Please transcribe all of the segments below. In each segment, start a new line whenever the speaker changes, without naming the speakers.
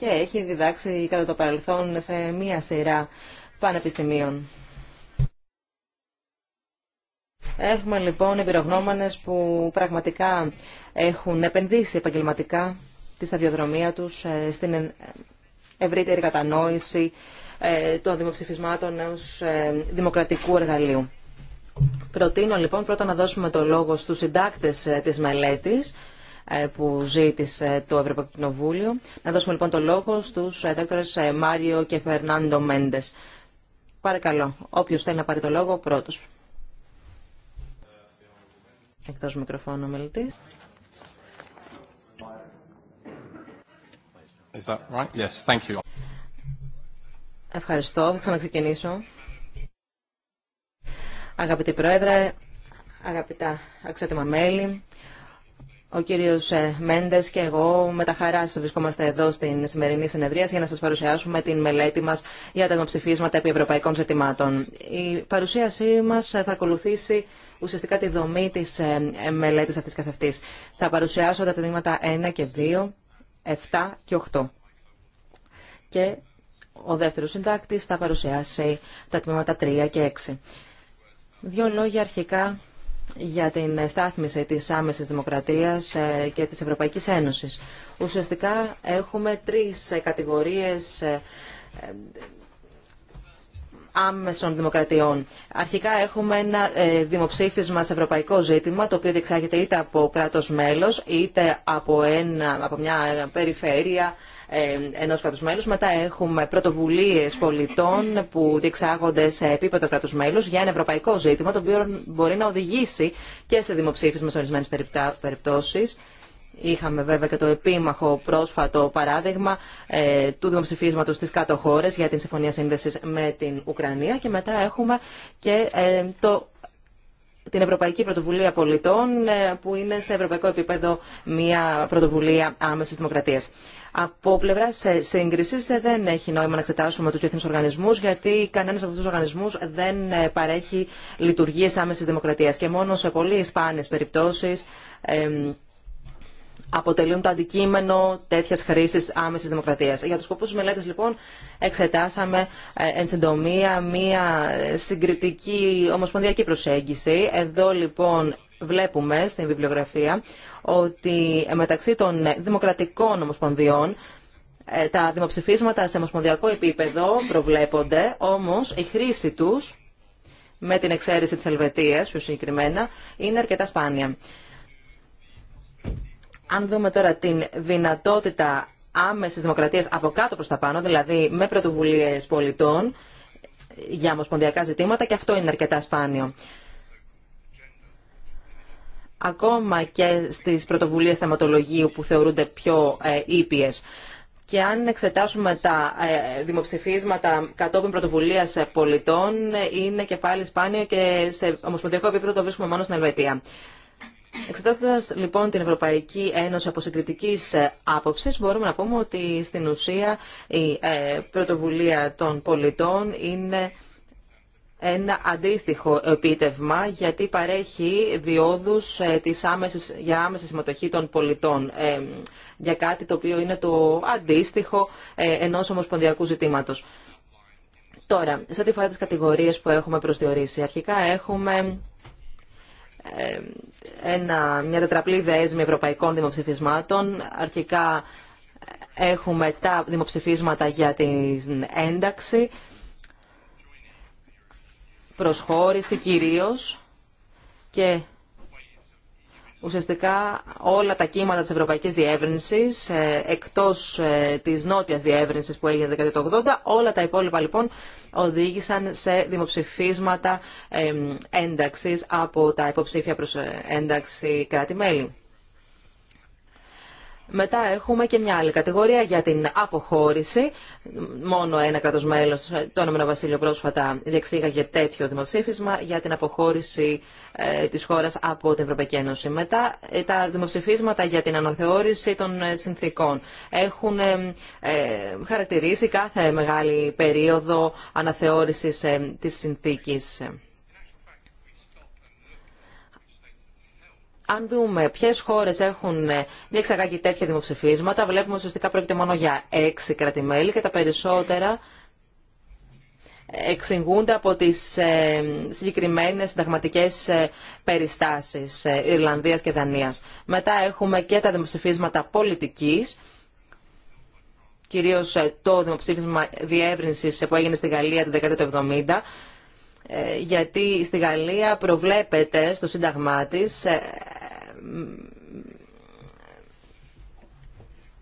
και έχει διδάξει κατά το παρελθόν σε μία σειρά πανεπιστημίων. Έχουμε λοιπόν εμπειρογνώμονες που πραγματικά έχουν επενδύσει επαγγελματικά τη σταδιοδρομία τους ε, στην ευρύτερη κατανόηση ε, των δημοψηφισμάτων ως ε, δημοκρατικού εργαλείου. Προτείνω λοιπόν πρώτα να δώσουμε το λόγο στους συντάκτες της μελέτης ε, που ζήτησε το Ευρωπαϊκό Κοινοβούλιο. Να δώσουμε λοιπόν το λόγο στους ε, δόκτωρες ε, Μάριο και Φερνάντο Μέντες. Παρακαλώ, όποιος θέλει να πάρει το λόγο, πρώτος. μελητή. Is that right? Yes, thank you. Ευχαριστώ. Θα ξαναξεκινήσω. Αγαπητή Πρόεδρε, αγαπητά αξιότιμα μέλη, ο κύριο ε, Μέντε και εγώ με τα χαρά βρισκόμαστε εδώ στην σημερινή συνεδρία για να σα παρουσιάσουμε την μελέτη μα για τα δημοψηφίσματα επί ευρωπαϊκών ζητημάτων. Η παρουσίασή μα ε, θα ακολουθήσει ουσιαστικά τη δομή τη ε, μελέτη αυτή καθ' Θα παρουσιάσω τα τμήματα 1 και 2, 7 και 8. Και ο δεύτερο συντάκτη θα παρουσιάσει τα τμήματα 3 και 6. Δύο λόγια αρχικά για την στάθμιση της άμεσης δημοκρατίας ε, και της Ευρωπαϊκής Ένωσης. Ουσιαστικά έχουμε τρεις κατηγορίες ε, ε, άμεσων δημοκρατιών. Αρχικά έχουμε ένα δημοψήφισμα σε ευρωπαϊκό ζήτημα, το οποίο διεξάγεται είτε από κράτος μέλος, είτε από, ένα, από μια περιφέρεια, Ενό κράτου μέλου. Μετά έχουμε πρωτοβουλίε πολιτών που διεξάγονται σε επίπεδο κρατου μέλου για ένα ευρωπαϊκό ζήτημα, το οποίο μπορεί να οδηγήσει και σε δημοψήφισμα σε ορισμένε περιπτώσει. Είχαμε βέβαια και το επίμαχο πρόσφατο παράδειγμα ε, του δημοψηφίσματος στις κάτω χώρε για την Συμφωνία Σύνδεσης με την Ουκρανία και μετά έχουμε και ε, το, την Ευρωπαϊκή Πρωτοβουλία Πολιτών ε, που είναι σε ευρωπαϊκό επίπεδο μια πρωτοβουλία άμεσης δημοκρατίας. Από πλευρά σύγκριση δεν έχει νόημα να εξετάσουμε του διεθνεί οργανισμού, γιατί κανένα από αυτού του οργανισμού δεν ε, παρέχει λειτουργίε άμεση δημοκρατία. Και μόνο σε πολύ σπάνιε περιπτώσει αποτελούν το αντικείμενο τέτοια χρήση άμεση δημοκρατία. Για του σκοπού τη μελέτη, λοιπόν, εξετάσαμε ε, εν συντομία μία συγκριτική ομοσπονδιακή προσέγγιση. Εδώ, λοιπόν, βλέπουμε στην βιβλιογραφία ότι ε, μεταξύ των ε, δημοκρατικών ομοσπονδιών ε, τα δημοψηφίσματα σε ομοσπονδιακό επίπεδο προβλέπονται, όμως η χρήση τους, με την εξαίρεση της Ελβετίας πιο συγκεκριμένα, είναι αρκετά σπάνια. Αν δούμε τώρα την δυνατότητα άμεσης δημοκρατίας από κάτω προς τα πάνω, δηλαδή με πρωτοβουλίες πολιτών για ομοσπονδιακά ζητήματα, και αυτό είναι αρκετά σπάνιο ακόμα και στις πρωτοβουλίες θεματολογίου που θεωρούνται πιο ε, ήπιες. Και αν εξετάσουμε τα ε, δημοψηφίσματα κατόπιν πρωτοβουλία πολιτών, είναι και πάλι σπάνιο και σε ομοσπονδιακό επίπεδο το βρίσκουμε μόνο στην Ελβετία. Εξετάζοντα λοιπόν την Ευρωπαϊκή Ένωση από συγκριτική ε, άποψη, μπορούμε να πούμε ότι στην ουσία η πρωτοβουλία των πολιτών είναι ένα αντίστοιχο επίτευγμα γιατί παρέχει διόδους ε, της για άμεση συμμετοχή των πολιτών ε, για κάτι το οποίο είναι το αντίστοιχο ε, ενός ομοσπονδιακού ζητήματος. Τώρα, σε ό,τι φορά τις κατηγορίες που έχουμε προσδιορίσει, αρχικά έχουμε ε, ένα, μια τετραπλή δέσμη ευρωπαϊκών δημοψηφισμάτων. Αρχικά έχουμε τα δημοψηφίσματα για την ένταξη, προσχώρηση κυρίως και ουσιαστικά όλα τα κύματα της ευρωπαϊκής διεύρυνσης ε, εκτός ε, της νότιας διεύρυνσης που έγινε το 1980, όλα τα υπόλοιπα λοιπόν οδήγησαν σε δημοψηφίσματα ε, ένταξης από τα υποψήφια προς ένταξη κράτη-μέλη. Μετά έχουμε και μια άλλη κατηγορία για την αποχώρηση. Μόνο ένα κράτος μέλος, το Ηνωμένο Βασίλειο πρόσφατα διεξήγαγε τέτοιο δημοψήφισμα για την αποχώρηση ε, της χώρας από την Ευρωπαϊκή Ένωση. Μετά ε, τα δημοψηφίσματα για την αναθεώρηση των ε, συνθήκων έχουν ε, χαρακτηρίσει κάθε μεγάλη περίοδο αναθεώρησης της συνθήκης. αν δούμε ποιε χώρε έχουν διεξαγάγει ε, τέτοια δημοψηφίσματα, βλέπουμε ουσιαστικά πρόκειται μόνο για έξι κρατημέλη και τα περισσότερα εξηγούνται από τις ε, συγκεκριμένες συνταγματικές ε, περιστάσεις Ιρλανδίας και Δανίας. Μετά έχουμε και τα δημοψηφίσματα πολιτικής, κυρίως το δημοψήφισμα διεύρυνσης που έγινε στη Γαλλία την δεκαετία του ε, γιατί στη Γαλλία προβλέπεται στο Σύνταγμά της ε,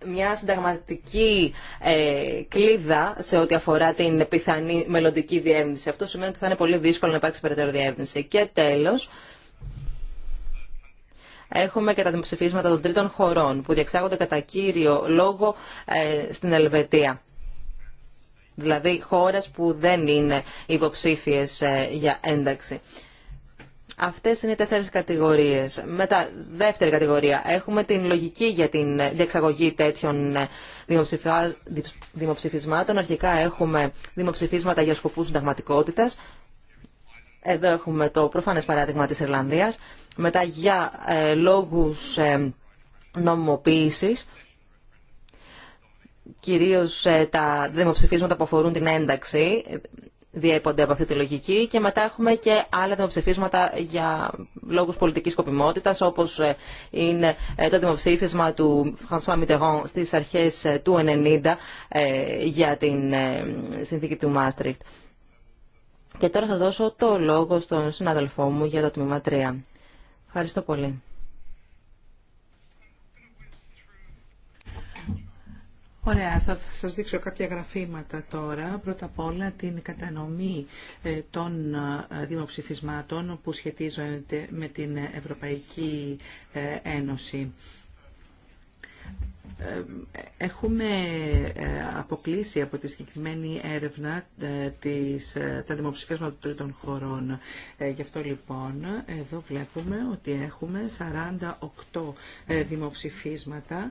μια συνταγματική ε, κλίδα σε ό,τι αφορά την πιθανή μελλοντική διεύνηση. Αυτό σημαίνει ότι θα είναι πολύ δύσκολο να υπάρξει περαιτέρω διεύνηση. Και τέλος, έχουμε και τα δημοψηφίσματα των τρίτων χωρών που διεξάγονται κατά κύριο λόγο στην Ελβετία δηλαδή χώρες που δεν είναι υποψήφιες ε, για ένταξη. Αυτές είναι οι τέσσερις κατηγορίες. Μετά, δεύτερη κατηγορία, έχουμε την λογική για την διεξαγωγή τέτοιων ε, δημοψηφισμάτων. Αρχικά έχουμε δημοψηφίσματα για σκοπούς συνταγματικότητα. Εδώ έχουμε το προφανές παράδειγμα της Ιρλανδίας. Μετά για ε, λόγους ε, κυρίως ε, τα δημοψηφίσματα που αφορούν την ένταξη ε, διέπονται από αυτή τη λογική και μετά έχουμε και άλλα δημοψηφίσματα για λόγους πολιτικής σκοπιμότητας όπως ε, είναι το δημοψήφισμα του François Μιτεγόν στις αρχές του 1990 για την συνθήκη του Μάστριχτ. Και τώρα θα δώσω το λόγο στον συναδελφό μου για το τμήμα 3. Ευχαριστώ πολύ.
Ωραία, θα σας δείξω κάποια γραφήματα τώρα. Πρώτα απ' όλα την κατανομή ε, των ε, δημοψηφισμάτων που σχετίζονται με την Ευρωπαϊκή ε, Ένωση. Έχουμε αποκλείσει από τη συγκεκριμένη έρευνα της, τα δημοψηφίσματα των τρίτων χωρών. Γι' αυτό λοιπόν εδώ βλέπουμε ότι έχουμε 48 δημοψηφίσματα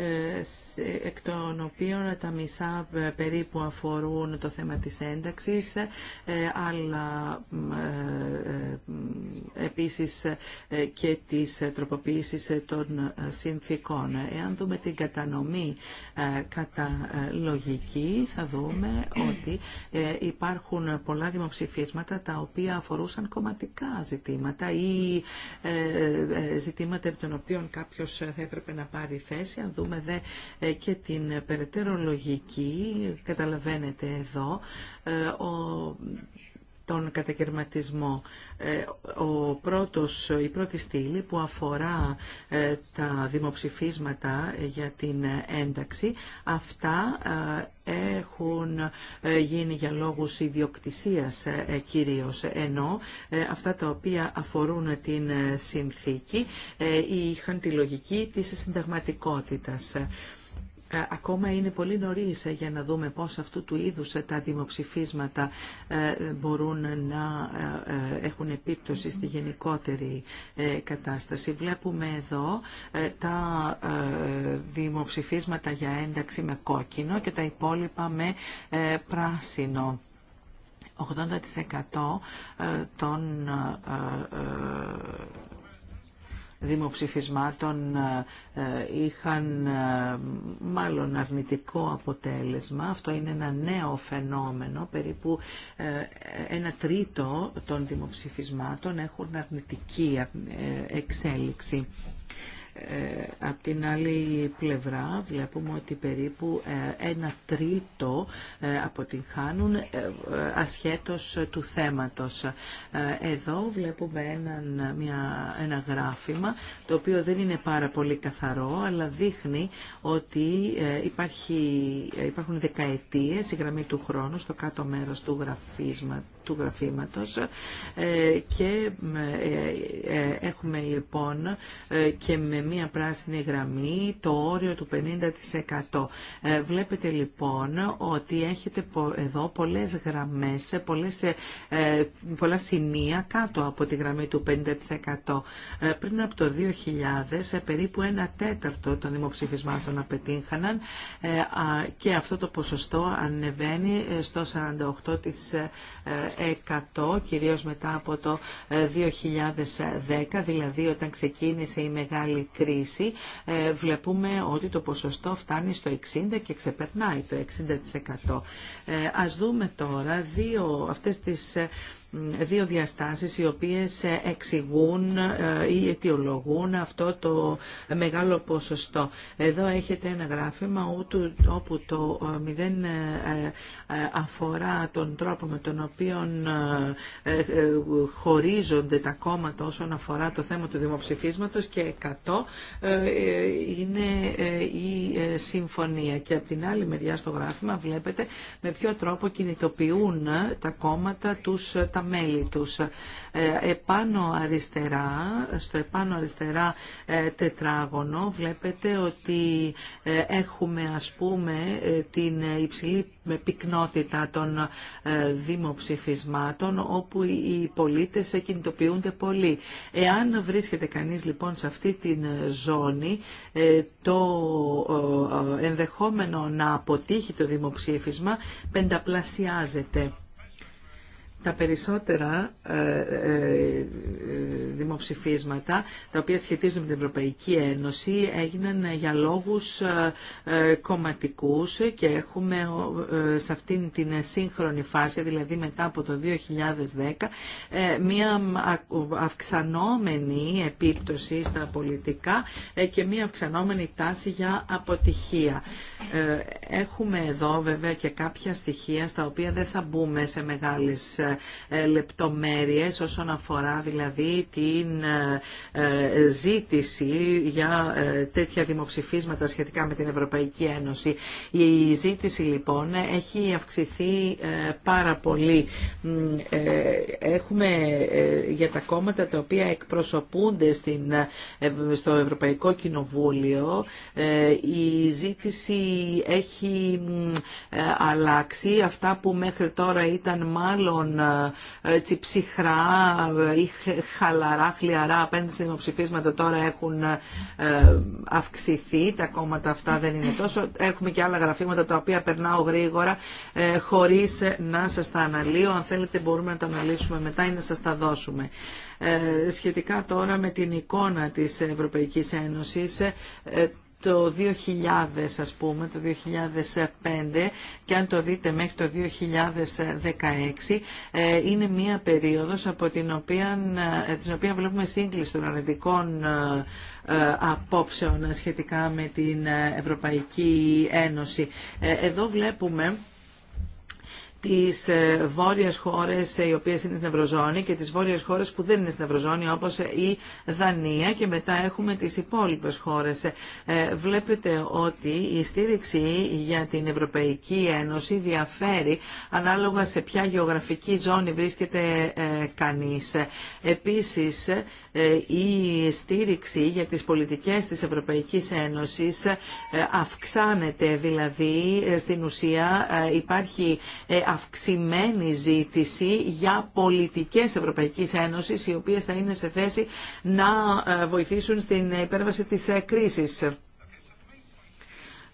Ε, εκ των οποίων τα μισά ε, περίπου αφορούν το θέμα της ένταξης, αλλά ε, επίσης και τις τροποποίησης των συνθήκων. Εάν δούμε την κατανομή κατά λογική, θα δούμε ότι υπάρχουν πολλά δημοψηφίσματα τα οποία αφορούσαν κομματικά ζητήματα ή ζητήματα από των οποίων κάποιος θα έπρεπε να πάρει θέση. Αν δε ε, και την περαιτέρω λογική, καταλαβαίνετε εδώ, ε, ο, τον κατακαιρματισμό. Ε, ο πρώτος, η πρώτη στήλη που αφορά ε, τα δημοψηφίσματα ε, για την ένταξη, αυτά έχουν γίνει για λόγους ιδιοκτησίας κυρίως, ενώ αυτά τα οποία αφορούν την συνθήκη είχαν τη λογική της συνταγματικότητας. Ε, ακόμα είναι πολύ νωρίς ε, για να δούμε πώς αυτού του είδους ε, τα δημοψηφίσματα μπορούν να έχουν επίπτωση στη γενικότερη κατάσταση. Βλέπουμε εδώ τα δημοψηφίσματα για ένταξη με κόκκινο και τα υπόλοιπα με πράσινο. 80% των δημοψηφισμάτων ε, ε, είχαν ε, μάλλον αρνητικό αποτέλεσμα. Αυτό είναι ένα νέο φαινόμενο. Περίπου ένα τρίτο των δημοψηφισμάτων έχουν αρνητική εξέλιξη. Ε, απ' την άλλη πλευρά βλέπουμε ότι περίπου ε, ένα τρίτο ε, αποτυγχάνουν ασχέτως του θέματος. Εδώ βλέπουμε ένα, μια, ένα γράφημα το οποίο δεν είναι πάρα πολύ καθαρό αλλά δείχνει ότι υπάρχει, υπάρχουν δεκαετίες η γραμμή του χρόνου στο κάτω μέρος του γραφίσματος του γραφήματος ε, και ε, ε, έχουμε λοιπόν και με μία πράσινη γραμμή το όριο του 50%. Βλέπετε λοιπόν ότι έχετε εδώ πολλές γραμμές, πολλές, πολλά σημεία κάτω από τη γραμμή του 50%. Πριν από το 2000 περίπου ένα τέταρτο των δημοψηφισμάτων απετύχαναν και αυτό το ποσοστό ανεβαίνει στο 48% 100, κυρίως μετά από το 2010, ε, δηλαδή όταν ξεκίνησε η μεγάλη κρίση, ε, βλέπουμε ότι το ποσοστό φτάνει στο 60 και ξεπερνάει το 60%. Ε, ας δούμε τώρα δύο αυτές τις δύο διαστάσεις οι οποίες εξηγούν ή αιτιολογούν αυτό το μεγάλο ποσοστό. Εδώ έχετε ένα γράφημα όπου το ε, αφορά τον τρόπο με τον οποίο ε, ε, χωρίζονται τα κόμματα όσον αφορά το θέμα του δημοψηφίσματος και 100 είναι η συμφωνία. Και από την άλλη μεριά στο γράφημα βλέπετε με ποιο τρόπο κινητοποιούν τα κόμματα τους, τα μέλη τους. Ε, επάνω αριστερά, στο επάνω αριστερά ε, τετράγωνο βλέπετε ότι ε, έχουμε ας πούμε την υψηλή πυκνότητα των δημοψηφισμάτων όπου οι πολίτες κινητοποιούνται πολύ. Εάν βρίσκεται κανείς λοιπόν σε αυτή την ζώνη το ενδεχόμενο να αποτύχει το δημοψήφισμα πενταπλασιάζεται τα περισσότερα ε, ε, δημοψηφίσματα τα οποία σχετίζονται με την Ευρωπαϊκή Ένωση έγιναν για λόγους ε, κομματικούς και έχουμε σε αυτήν την σύγχρονη φάση, δηλαδή μετά από το 2010, μία αυξανόμενη επίπτωση στα πολιτικά και μία αυξανόμενη τάση για αποτυχία. Έχουμε εδώ βέβαια και κάποια στοιχεία στα οποία δεν θα μπούμε σε μεγάλες ε, λεπτομέρειες όσον αφορά δηλαδή την ε, ε, ζήτηση για τέτοια δημοψηφίσματα σχετικά με την Ευρωπαϊκή Ένωση. Η ζήτηση λοιπόν έχει αυξηθεί πάρα πολύ. Έχουμε για τα κόμματα τα οποία εκπροσωπούνται στην, στο Ευρωπαϊκό Κοινοβούλιο η ζήτηση έχει αλλάξει. Αυτά που μέχρι τώρα ήταν μάλλον ε, έτσι ψυχρά ή χαλαρά, χλιαρά απέναντι στα δημοψηφίσματα τώρα έχουν ε, αυξηθεί. Τα κόμματα αυτά δεν είναι τόσο. Έχουμε και άλλα γραφήματα τα οποία περνάω γρήγορα ε, χωρίς να σας τα αναλύω. Αν θέλετε μπορούμε να τα αναλύσουμε μετά ή να σας τα δώσουμε. Σχετικά τώρα με την εικόνα της Ευρωπαϊκής Ένωσης, το 2000 ας πούμε, το 2005 και αν το δείτε μέχρι το 2016 ε, είναι μία περίοδος από την οποία, ε, την οποία βλέπουμε σύγκληση των αρνητικών ε, απόψεων σχετικά με την Ευρωπαϊκή Ένωση. Εδώ βλέπουμε τις ε, βόρειες χώρες ε, οι οποίες είναι στην Ευρωζώνη και τις βόρειες χώρες που δεν είναι στην Ευρωζώνη όπως ε, η Δανία και μετά έχουμε τις υπόλοιπες χώρες. Βλέπετε ότι η στήριξη για την Ευρωπαϊκή Ένωση διαφέρει ανάλογα σε ποια γεωγραφική ζώνη βρίσκεται κανείς. Επίσης η στήριξη για τις πολιτικές της Ευρωπαϊκής Ένωσης αυξάνεται δηλαδή στην ουσία υπάρχει αυξημένη ζήτηση για πολιτικές Ευρωπαϊκής Ένωσης οι οποίες θα είναι σε θέση να ε, βοηθήσουν στην υπέρβαση της ε, κρίσης.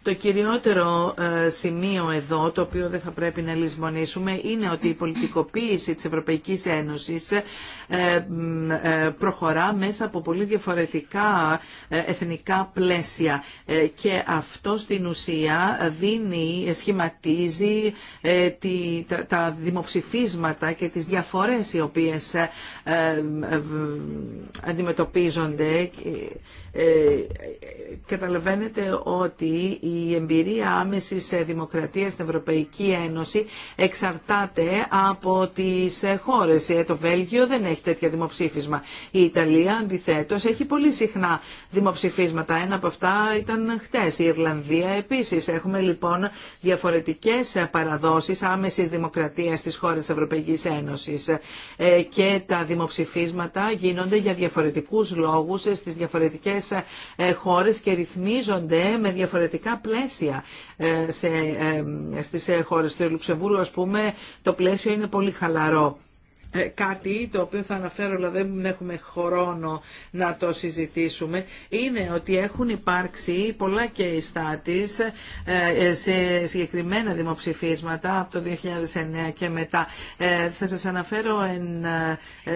Το κυριότερο ε, σημείο εδώ, το οποίο δεν θα πρέπει να λησμονήσουμε, είναι ότι η πολιτικοποίηση της Ευρωπαϊκής Ένωσης ε, ε, προχωρά μέσα από πολύ διαφορετικά εθνικά πλαίσια και αυτό στην ουσία δίνει, σχηματίζει τα δημοψηφίσματα και τις διαφορές οι οποίες αντιμετωπίζονται ε, καταλαβαίνετε ότι η εμπειρία άμεσης δημοκρατίας στην Ευρωπαϊκή Ένωση εξαρτάται από τις χώρες. Ε, το Βέλγιο δεν έχει τέτοια δημοψήφισμα. Η Ιταλία αντιθέτως έχει πολύ συχνά δημοψηφίσματα. Ένα από αυτά ήταν χτες. Η Ιρλανδία επίσης. Έχουμε λοιπόν διαφορετικές παραδόσεις άμεσης δημοκρατίας στις χώρες της Ευρωπαϊκής Ένωσης ε, και τα δημοψηφίσματα γίνονται για διαφορετικούς λόγους στις διαφορετικές ε, ε, χώρες και ρυθμίζονται με διαφορετικά πλαίσια ε, σε, στις χώρες. Στο Λουξεμβούργο, ας πούμε, το πλαίσιο είναι πολύ χαλαρό. Ε, κάτι το οποίο θα αναφέρω αλλά δεν έχουμε χρόνο να το συζητήσουμε είναι ότι έχουν υπάρξει πολλά και ιστάτης ε, ε, σε συγκεκριμένα δημοψηφίσματα από το 2009 και μετά. Θα σας αναφέρω εν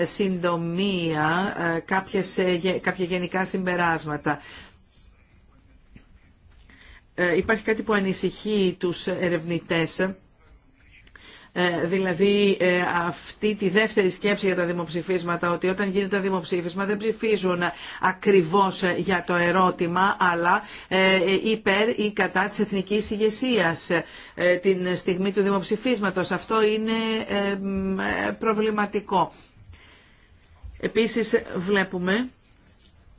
συντομία κάποιες, κάποια γενικά συμπεράσματα. Υπάρχει κάτι που ανησυχεί τους ερευνητές ε, δηλαδή ε, αυτή τη δεύτερη σκέψη για τα δημοψηφίσματα, ότι όταν γίνεται δημοψήφισμα δεν ψηφίζουν ακριβώς ε, για το ερώτημα, αλλά υπέρ ή κατά της εθνικής ηγεσία την στιγμή του δημοψηφίσματος. Αυτό είναι προβληματικό. Επίσης βλέπουμε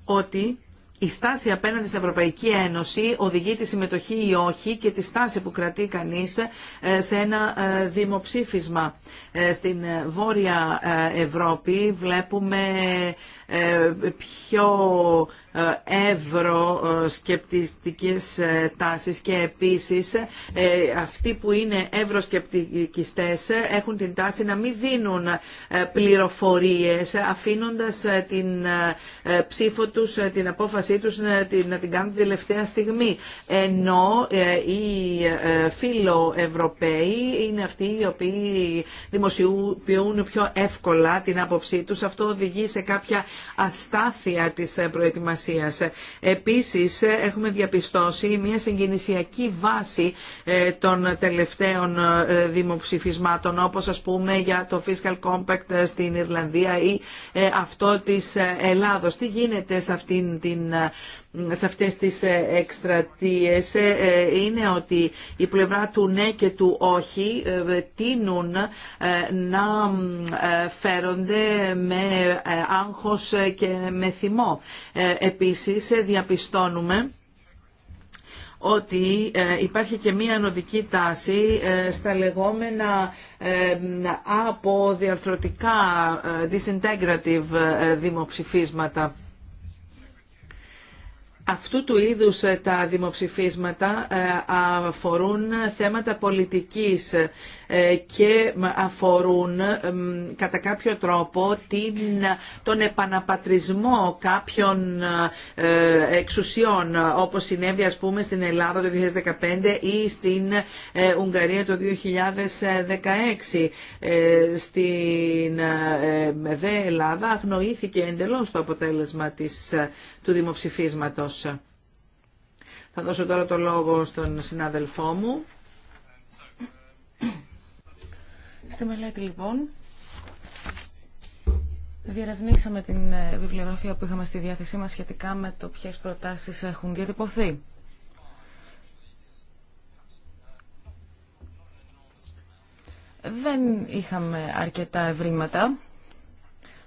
ότι η στάση απέναντι στην Ευρωπαϊκή Ένωση οδηγεί τη συμμετοχή ή όχι και τη στάση που κρατεί κανείς ε, σε ένα ε, δημοψήφισμα. Ε, στην Βόρεια Ευρώπη βλέπουμε ε, πιο εύρο ε, σκεπτιστικές ε, τάσεις και επίσης αυτοί που είναι ευρωσκεπτικιστές έχουν την τάση να μην δίνουν πληροφορίες αφήνοντας την ψήφο τους, την απόφασή τους να την κάνουν τελευταία στιγμή. Ενώ οι φιλοευρωπαίοι είναι αυτοί οι οποίοι δημοσιοποιούν πιο εύκολα την άποψή τους. Αυτό οδηγεί σε κάποια αστάθεια της προετοιμασίας. Επίσης έχουμε διαπιστώσει μια συγκινησιακή βάση ε, των τελευταίων ε, δημοψηφισμάτων όπως ας πούμε για το Fiscal Compact ε, στην Ιρλανδία ή αυτό της Ελλάδος. Τι γίνεται σε αυτήν την σε αυτές τις ε, εκστρατείες ε, ε, είναι ότι η πλευρά του ναι και του όχι τίνουν να φέρονται με άγχος και με θυμό. Επίσης διαπιστώνουμε ότι υπάρχει και μία ανωδική τάση στα λεγόμενα από διαρθρωτικά disintegrative δημοψηφίσματα. Αυτού του είδους ε, τα δημοψηφίσματα ε, αφορούν θέματα πολιτικής ε, και αφορούν κατά κάποιο τρόπο την, τον επαναπατρισμό κάποιων ε, εξουσιών όπως συνέβη ας πούμε στην Ελλάδα το 2015 ή στην ε, Ουγγαρία το 2016. Στην ΔΕ Ελλάδα αγνοήθηκε εντελώς το αποτέλεσμα της, του δημοψηφίσματος. Θα δώσω τώρα το λόγο στον συνάδελφό μου. Στη μελέτη
λοιπόν διερευνήσαμε την ε, βιβλιογραφία που είχαμε στη διάθεσή μας σχετικά με το ποιες προτάσεις έχουν διατυπωθεί. Δεν είχαμε αρκετά ευρήματα,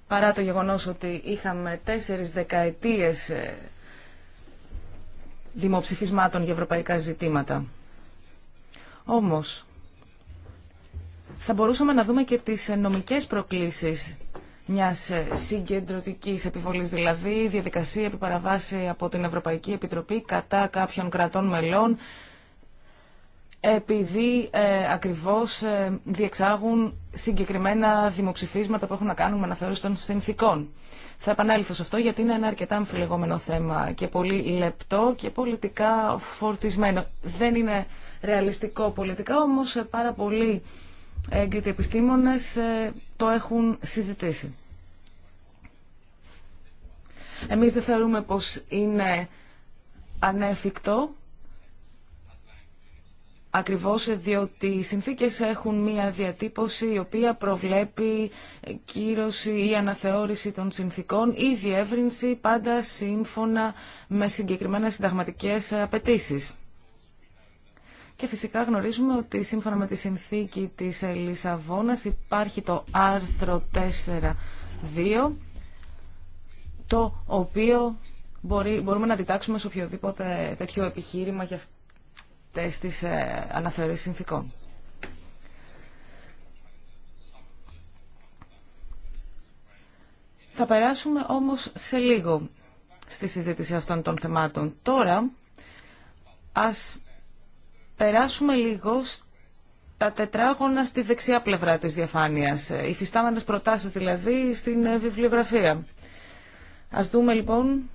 παρά το γεγονός ότι είχαμε τέσσερις δεκαετίες ε, δημοψηφισμάτων για ευρωπαϊκά ζητήματα. Όμως, θα μπορούσαμε να δούμε και τις νομικές προκλήσεις μιας συγκεντρωτικής επιβολής, δηλαδή διαδικασία επιπαραβάση από την Ευρωπαϊκή Επιτροπή κατά κάποιων κρατών μελών, επειδή ε, ακριβώς ε, διεξάγουν συγκεκριμένα δημοψηφίσματα που έχουν να κάνουν με αναθεώρηση των συνθήκων. Θα επανέλθω σε αυτό γιατί είναι ένα αρκετά αμφιλεγόμενο θέμα και πολύ λεπτό και πολιτικά φορτισμένο. Δεν είναι ρεαλιστικό πολιτικά, όμως ε, πάρα πολύ έγκριτοι επιστήμονες ε, το έχουν συζητήσει. Εμείς δεν θεωρούμε πως είναι ανέφικτο, ακριβώς διότι οι συνθήκες έχουν μία διατύπωση η οποία προβλέπει κύρωση ή αναθεώρηση των συνθήκων ή διεύρυνση πάντα σύμφωνα με συγκεκριμένες συνταγματικές απαιτήσεις. Και φυσικά γνωρίζουμε ότι σύμφωνα με τη συνθήκη της Λισαβόνας υπάρχει το άρθρο 4.2 το οποίο μπορεί, μπορούμε να διτάξουμε σε οποιοδήποτε τέτοιο επιχείρημα για αυτές τις ε, συνθήκων. Θα περάσουμε όμως σε λίγο στη συζήτηση αυτών των θεμάτων. Τώρα, ας περάσουμε λίγο τα τετράγωνα στη δεξιά πλευρά της διαφάνειας, υφιστάμενες προτάσεις δηλαδή στην ε, βιβλιογραφία. Ας δούμε λοιπόν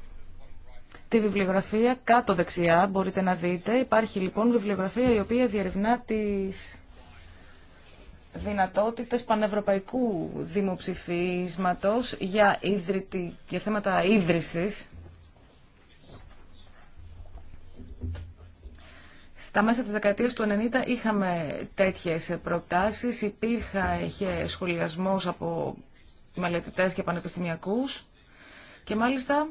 τη βιβλιογραφία κάτω δεξιά, μπορείτε να δείτε. Υπάρχει λοιπόν βιβλιογραφία η οποία διερευνά τις δυνατότητες πανευρωπαϊκού δημοψηφίσματος για, ίδρυτη, για θέματα ίδρυσης Στα μέσα της δεκαετίας του 90 είχαμε τέτοιες προτάσεις, υπήρχε σχολιασμός από μελετητές και πανεπιστημιακούς και μάλιστα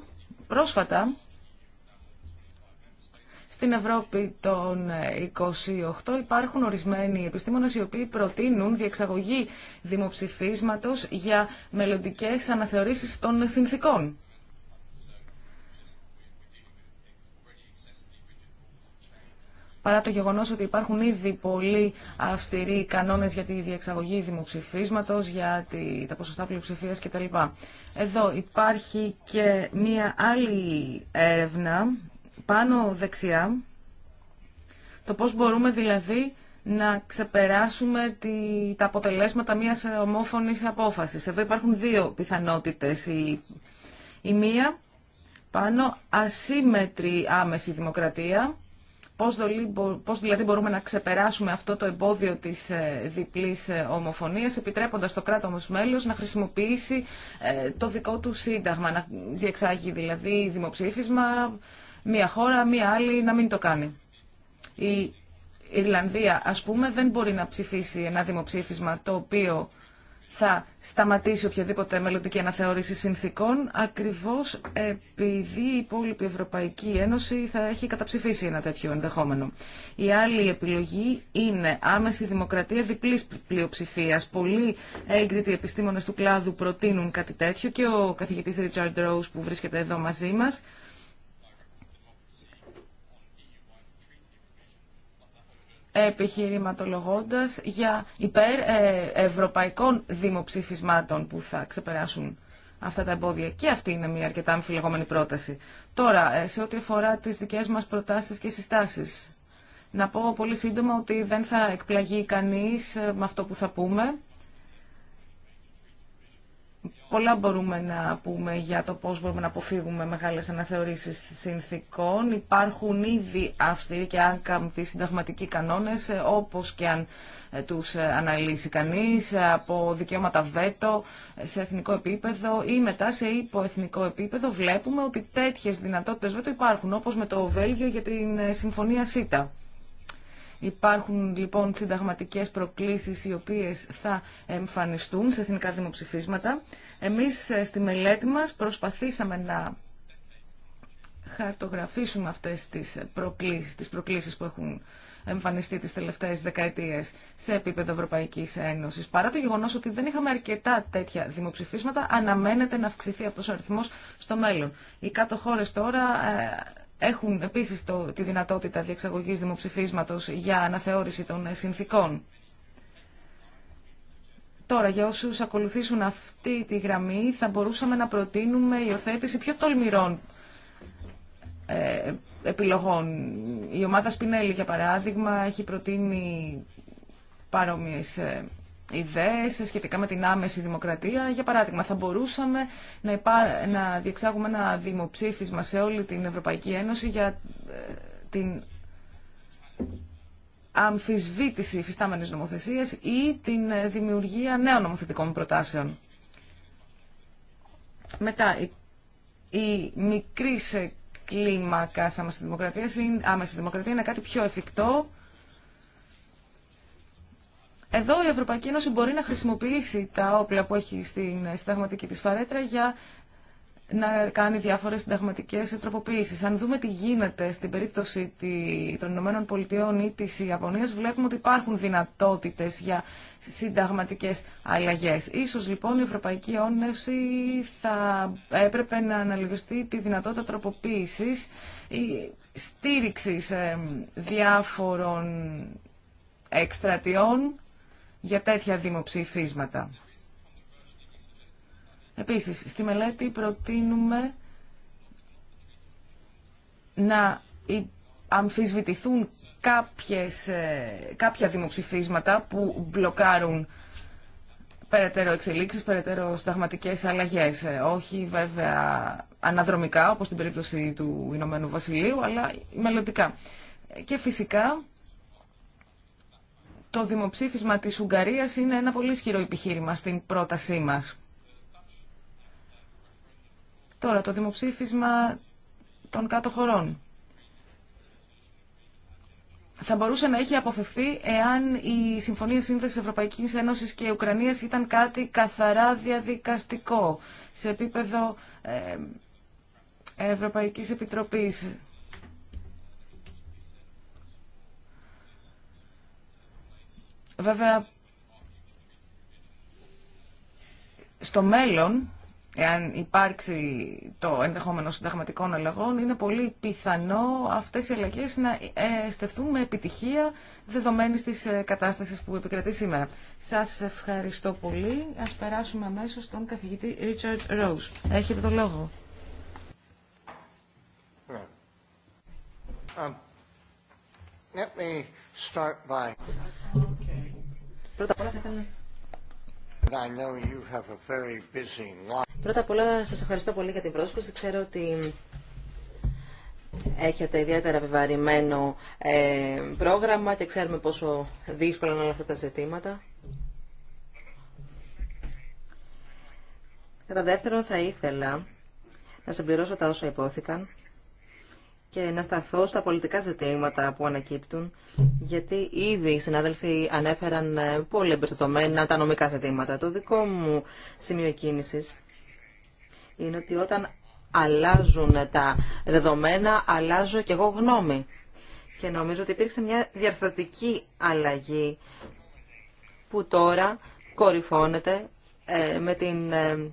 πρόσφατα στην Ευρώπη των 28 υπάρχουν ορισμένοι επιστήμονες οι οποίοι προτείνουν διεξαγωγή δημοψηφίσματος για μελλοντικές αναθεωρήσεις των συνθήκων. παρά το γεγονό ότι υπάρχουν ήδη πολύ αυστηροί κανόνες για τη διεξαγωγή δημοψηφίσματος, για τα ποσοστά πλειοψηφία κτλ. Εδώ υπάρχει και μία άλλη έρευνα πάνω δεξιά, το πώς μπορούμε δηλαδή να ξεπεράσουμε τη, τα αποτελέσματα μιας ομόφωνης απόφασης. Εδώ υπάρχουν δύο πιθανότητες. Η, η μία πάνω ασύμετρη άμεση δημοκρατία Πώς δηλαδή μπορούμε να ξεπεράσουμε αυτό το εμπόδιο της ε, διπλής ε, ομοφωνίας επιτρέποντας το κράτος μέλος να χρησιμοποιήσει ε, το δικό του σύνταγμα, να διεξάγει δηλαδή δημοψήφισμα μία χώρα, μία άλλη να μην το κάνει. Η Ιρλανδία ας πούμε δεν μπορεί να ψηφίσει ένα δημοψήφισμα το οποίο θα σταματήσει οποιαδήποτε μελλοντική αναθεώρηση συνθήκων, ακριβώς επειδή η υπόλοιπη Ευρωπαϊκή Ένωση θα έχει καταψηφίσει ένα τέτοιο ενδεχόμενο. Η άλλη επιλογή είναι άμεση δημοκρατία διπλής πλειοψηφίας. Πολλοί έγκριτοι επιστήμονες του κλάδου προτείνουν κάτι τέτοιο και ο καθηγητής Richard Rose που βρίσκεται εδώ μαζί μας επιχειρηματολογώντας για υπέρ ε, ευρωπαϊκών δημοψηφισμάτων που θα ξεπεράσουν αυτά τα εμπόδια. Και αυτή είναι μια αρκετά αμφιλεγόμενη πρόταση. Τώρα, ε, σε ό,τι αφορά τις δικές μας προτάσεις και συστάσεις. Να πω πολύ σύντομα ότι δεν θα εκπλαγεί κανείς ε, με αυτό που θα πούμε. Πολλά μπορούμε να πούμε για το πώς μπορούμε να αποφύγουμε μεγάλες αναθεωρήσεις συνθήκων. Υπάρχουν ήδη αυστηροί και άκαμπτοι συνταγματικοί κανόνες, όπως και αν ε, τους ε, αναλύσει κανείς, ε, από δικαιώματα βέτο σε εθνικό επίπεδο ή μετά σε υποεθνικό επίπεδο βλέπουμε ότι τέτοιες δυνατότητες βέτο υπάρχουν, όπως με το Βέλγιο για την Συμφωνία ΣΥΤΑ. Υπάρχουν λοιπόν συνταγματικέ προκλήσει, οι οποίες θα εμφανιστούν σε εθνικά δημοψηφίσματα. Εμείς ε, στη μελέτη μας προσπαθήσαμε να χαρτογραφήσουμε αυτές τις προκλήσεις, που έχουν εμφανιστεί τις τελευταίες δεκαετίες σε επίπεδο Ευρωπαϊκής Ένωσης. Παρά το γεγονός ότι δεν είχαμε αρκετά τέτοια δημοψηφίσματα, αναμένεται να αυξηθεί αυτός ο αριθμός στο μέλλον. Οι κάτω τώρα ε, έχουν επίσης τη δυνατότητα διεξαγωγής δημοψηφίσματος για αναθεώρηση των συνθήκων. Τώρα, για όσους ακολουθήσουν αυτή τη γραμμή, θα μπορούσαμε να προτείνουμε υιοθέτηση πιο τολμηρών ε, επιλογών. Η ομάδα Σπινέλη, για παράδειγμα, έχει προτείνει παρόμοιες ε, ιδέε σχετικά με την άμεση δημοκρατία. Για παράδειγμα, θα μπορούσαμε να, να διεξάγουμε ένα δημοψήφισμα σε όλη την Ευρωπαϊκή Ένωση για ε, την αμφισβήτηση υφιστάμενης νομοθεσίας ε, υφιστάμενη νομοθεσία η μικρή κλίμακα άμεση δημοκρατία είναι κάτι πιο εφικτό εδώ η Ευρωπαϊκή Ένωση μπορεί να χρησιμοποιήσει τα όπλα που έχει στην συνταγματική της φαρέτρα για να κάνει διάφορες συνταγματικές τροποποιήσεις. Αν δούμε τι γίνεται στην περίπτωση των Ηνωμένων Πολιτειών ή της Ιαπωνίας, βλέπουμε ότι υπάρχουν δυνατότητες για συνταγματικές αλλαγές. Ίσως λοιπόν η Ευρωπαϊκή Ένωση θα έπρεπε να αναλογιστεί τη δυνατότητα τροποποίησης ή στήριξης διάφορων εκστρατιών για τέτοια δημοψηφίσματα. Επίσης, στη μελέτη προτείνουμε να αμφισβητηθούν κάποιες, ε, κάποια δημοψηφίσματα που μπλοκάρουν περαιτέρω εξελίξεις, περαιτέρω σταγματικές αλλαγές. Ε, όχι βέβαια αναδρομικά, όπως στην περίπτωση του Ηνωμένου Βασιλείου, αλλά μελλοντικά. Και φυσικά το δημοψήφισμα της Ουγγαρίας είναι ένα πολύ ισχυρό επιχείρημα στην πρότασή μας. Τώρα, το δημοψήφισμα των κάτω χωρών. Θα μπορούσε να έχει αποφευθεί εάν η Συμφωνία Σύνδεση Ευρωπαϊκή Ένωση και Ουκρανία ήταν κάτι καθαρά διαδικαστικό σε επίπεδο ε, Ευρωπαϊκή Επιτροπή. Βέβαια, στο μέλλον, εάν υπάρξει το ενδεχόμενο συνταγματικών αλλαγών, είναι πολύ πιθανό αυτές οι αλλαγές να ε, στεφτούν με επιτυχία δεδομένης της ε, κατάστασης που επικρατεί σήμερα. Σας ευχαριστώ πολύ. Ας περάσουμε αμέσως στον καθηγητή Richard Rose. Έχετε το λόγο.
Um, Start by. Πρώτα απ' όλα σας... Πρώτα απ' όλα σας ευχαριστώ πολύ για την πρόσκληση. Ξέρω ότι έχετε ιδιαίτερα βεβαρημένο ε, πρόγραμμα και ξέρουμε πόσο δύσκολα είναι όλα αυτά τα ζητήματα. Κατά δεύτερον θα ήθελα να συμπληρώσω τα όσα υπόθηκαν και να σταθώ στα πολιτικά ζητήματα που ανακύπτουν, γιατί ήδη οι συνάδελφοι ανέφεραν ε, πολύ εμπεριστατωμένα τα νομικά ζητήματα. Το δικό μου σημείο κίνηση είναι ότι όταν αλλάζουν τα δεδομένα, αλλάζω και εγώ γνώμη. Και νομίζω ότι υπήρξε μια διαρθρωτική αλλαγή που τώρα κορυφώνεται ε, με την ε,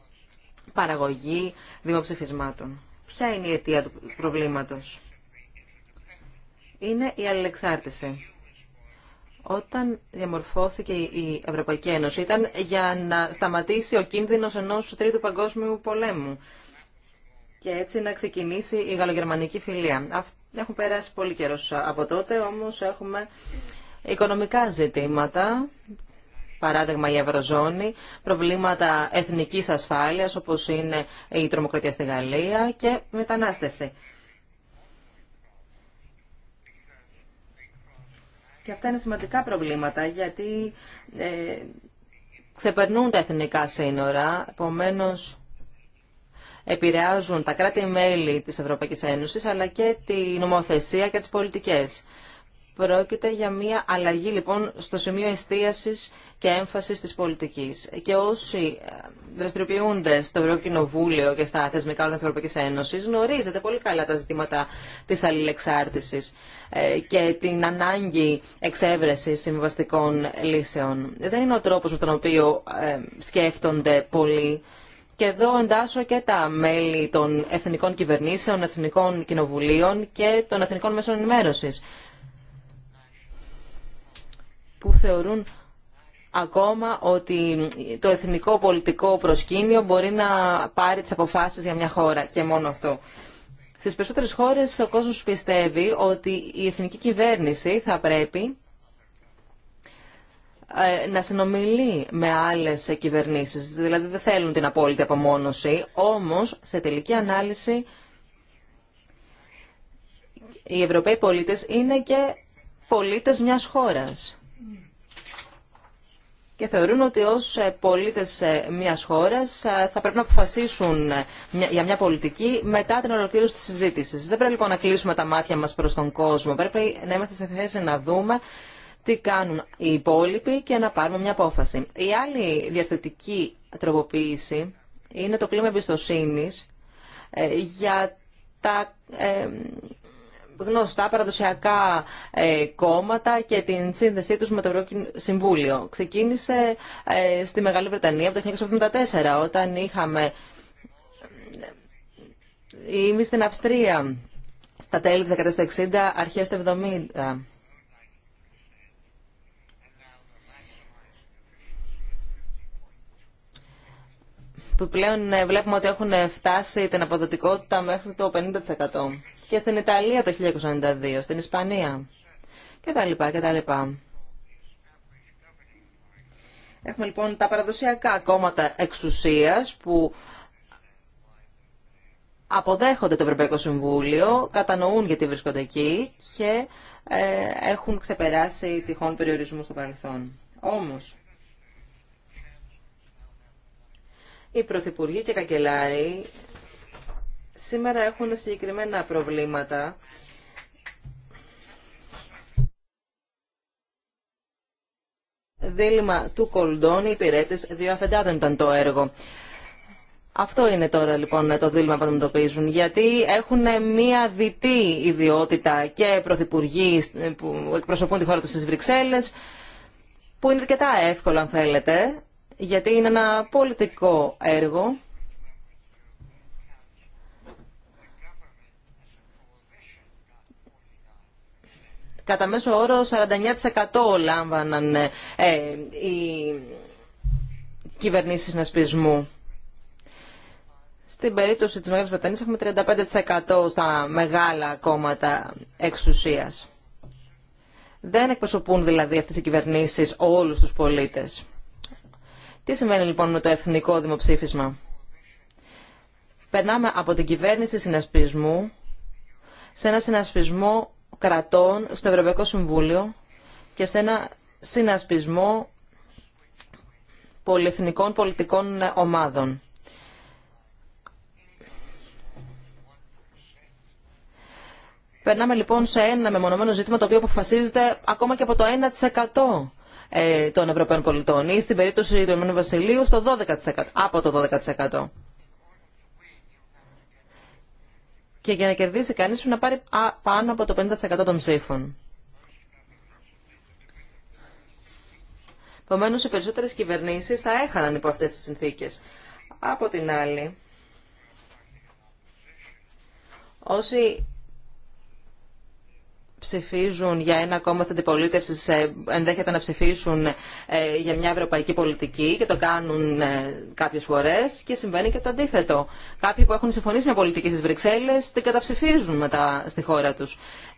παραγωγή δημοψηφισμάτων. Ποια είναι η αιτία του προβλήματος. Είναι η αλληλεξάρτηση. Όταν διαμορφώθηκε η Ευρωπαϊκή Ένωση ήταν για να σταματήσει ο κίνδυνος ενός τρίτου παγκόσμιου πολέμου και έτσι να ξεκινήσει η γαλλογερμανική φιλία. Έχουν πέρασει πολύ καιρός από τότε, όμως έχουμε οικονομικά ζητήματα παράδειγμα η Ευρωζώνη, προβλήματα εθνικής ασφάλειας όπως είναι η τρομοκρατία στη Γαλλία και μετανάστευση. Και αυτά είναι σημαντικά προβλήματα γιατί ε, ξεπερνούν τα εθνικά σύνορα, επομένως επηρεάζουν τα κράτη-μέλη της Ευρωπαϊκής Ένωσης αλλά και τη νομοθεσία και τις πολιτικές. Πρόκειται για μια αλλαγή λοιπόν στο σημείο εστίασης και έμφασης της πολιτικής. Και όσοι ε, δραστηριοποιούνται στο Ευρωκοινοβούλιο και στα θεσμικά όργανα της Ευρωπαϊκής Ένωσης γνωρίζετε πολύ καλά τα ζητήματα της αλληλεξάρτησης ε, και την ανάγκη εξέβρεσης συμβαστικών λύσεων. Δεν είναι ο τρόπος με τον οποίο ε, σκέφτονται πολλοί και εδώ εντάσσω και τα μέλη των εθνικών κυβερνήσεων, εθνικών κοινοβουλίων και των εθνικών μέσων ενημέρωση που θεωρούν ακόμα ότι το εθνικό πολιτικό προσκήνιο μπορεί να πάρει τις αποφάσεις για μια χώρα και μόνο αυτό. Στις περισσότερες χώρες ο κόσμος πιστεύει ότι η εθνική κυβέρνηση θα πρέπει ε, να συνομιλεί με άλλες κυβερνήσεις. Δηλαδή δεν θέλουν την απόλυτη απομόνωση, όμως σε τελική ανάλυση οι Ευρωπαίοι πολίτες είναι και πολίτες μιας χώρας και θεωρούν ότι ως ε, πολίτες ε, μιας χώρας ε, θα πρέπει να αποφασίσουν για μια πολιτική μετά την ολοκλήρωση της συζήτησης. Δεν πρέπει λοιπόν να κλείσουμε τα μάτια μας προς τον κόσμο. Πρέπει να είμαστε σε θέση να δούμε τι κάνουν οι υπόλοιποι και να πάρουμε μια απόφαση. Η άλλη διαθετική τροποποίηση είναι το κλίμα εμπιστοσύνη για τα γνωστά παραδοσιακά ε, κόμματα και την σύνδεσή τους με το Συμβούλιο. Ξεκίνησε ε, στη Μεγάλη Βρετανία από το 1974 όταν είχαμε η ε, στην Αυστρία στα τέλη της δεκαετίας του 1960 αρχές του 70. που πλέον βλέπουμε ότι έχουν φτάσει την αποδοτικότητα μέχρι το 50% και στην Ιταλία το 1992, στην Ισπανία και τα λοιπά. Έχουμε λοιπόν τα παραδοσιακά κόμματα εξουσίας που αποδέχονται το Ευρωπαϊκό Συμβούλιο, κατανοούν γιατί βρίσκονται εκεί και ε, έχουν ξεπεράσει τυχόν περιορισμού στο παρελθόν. Όμως, οι πρωθυπουργοί και καγκελάροι σήμερα έχουν συγκεκριμένα προβλήματα. Δίλημα του Κολντών, οι υπηρέτες δύο αφεντάδων ήταν το έργο. Αυτό είναι τώρα λοιπόν το δίλημα που αντιμετωπίζουν, γιατί έχουν μία διτή ιδιότητα και πρωθυπουργοί που εκπροσωπούν τη χώρα τους στις Βρυξέλλες, που είναι αρκετά εύκολο αν θέλετε, γιατί είναι ένα πολιτικό έργο Κατά μέσο όρο 49% λάμβαναν ε, ε, οι κυβερνήσεις συνασπισμού. Στην περίπτωση της Μεγάλης Βρετανίας έχουμε 35% στα μεγάλα κόμματα εξουσίας. Δεν εκπροσωπούν δηλαδή αυτές οι κυβερνήσεις όλους τους πολίτες. Τι σημαίνει λοιπόν με το εθνικό δημοψήφισμα. Περνάμε από την κυβέρνηση συνασπισμού σε ένα συνασπισμό κρατών στο Ευρωπαϊκό Συμβούλιο και σε ένα συνασπισμό πολυεθνικών πολιτικών ομάδων. Περνάμε λοιπόν σε ένα μεμονωμένο ζήτημα το οποίο αποφασίζεται ακόμα και από το 1% ε, των Ευρωπαίων πολιτών ή στην περίπτωση του Ηνωμένου Βασιλείου 12%, από το 12%. και για να κερδίσει κανείς πρέπει να πάρει πάνω από το 50% των ψήφων. Επομένω, οι περισσότερες κυβερνήσεις θα έχαναν υπό αυτές τις συνθήκες. Από την άλλη, όσοι ψηφίζουν για ένα κόμμα τη αντιπολίτευση ε, ενδέχεται να ψηφίσουν ε, για μια ευρωπαϊκή πολιτική και το κάνουν ε, κάποιε φορέ και συμβαίνει και το αντίθετο. Κάποιοι που έχουν συμφωνήσει με πολιτική στι Βρυξέλλε την καταψηφίζουν μετά στη χώρα του.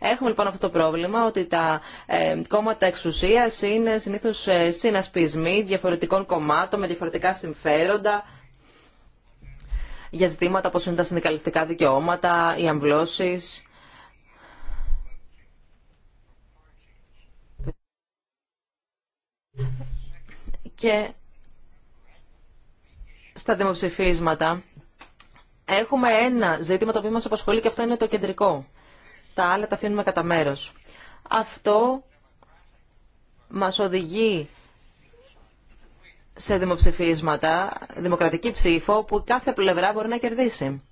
Έχουμε λοιπόν αυτό το πρόβλημα ότι τα κόμματα εξουσία είναι συνήθω συνασπισμοί διαφορετικών κομμάτων με διαφορετικά συμφέροντα για ζητήματα όπως είναι τα συνδικαλιστικά δικαιώματα, οι αμβλώσεις Και στα δημοψηφίσματα έχουμε ένα ζήτημα το οποίο μας απασχολεί και αυτό είναι το κεντρικό. Τα άλλα τα αφήνουμε κατά μέρο. Αυτό μας οδηγεί σε δημοψηφίσματα, δημοκρατική ψήφο, που κάθε πλευρά μπορεί να κερδίσει.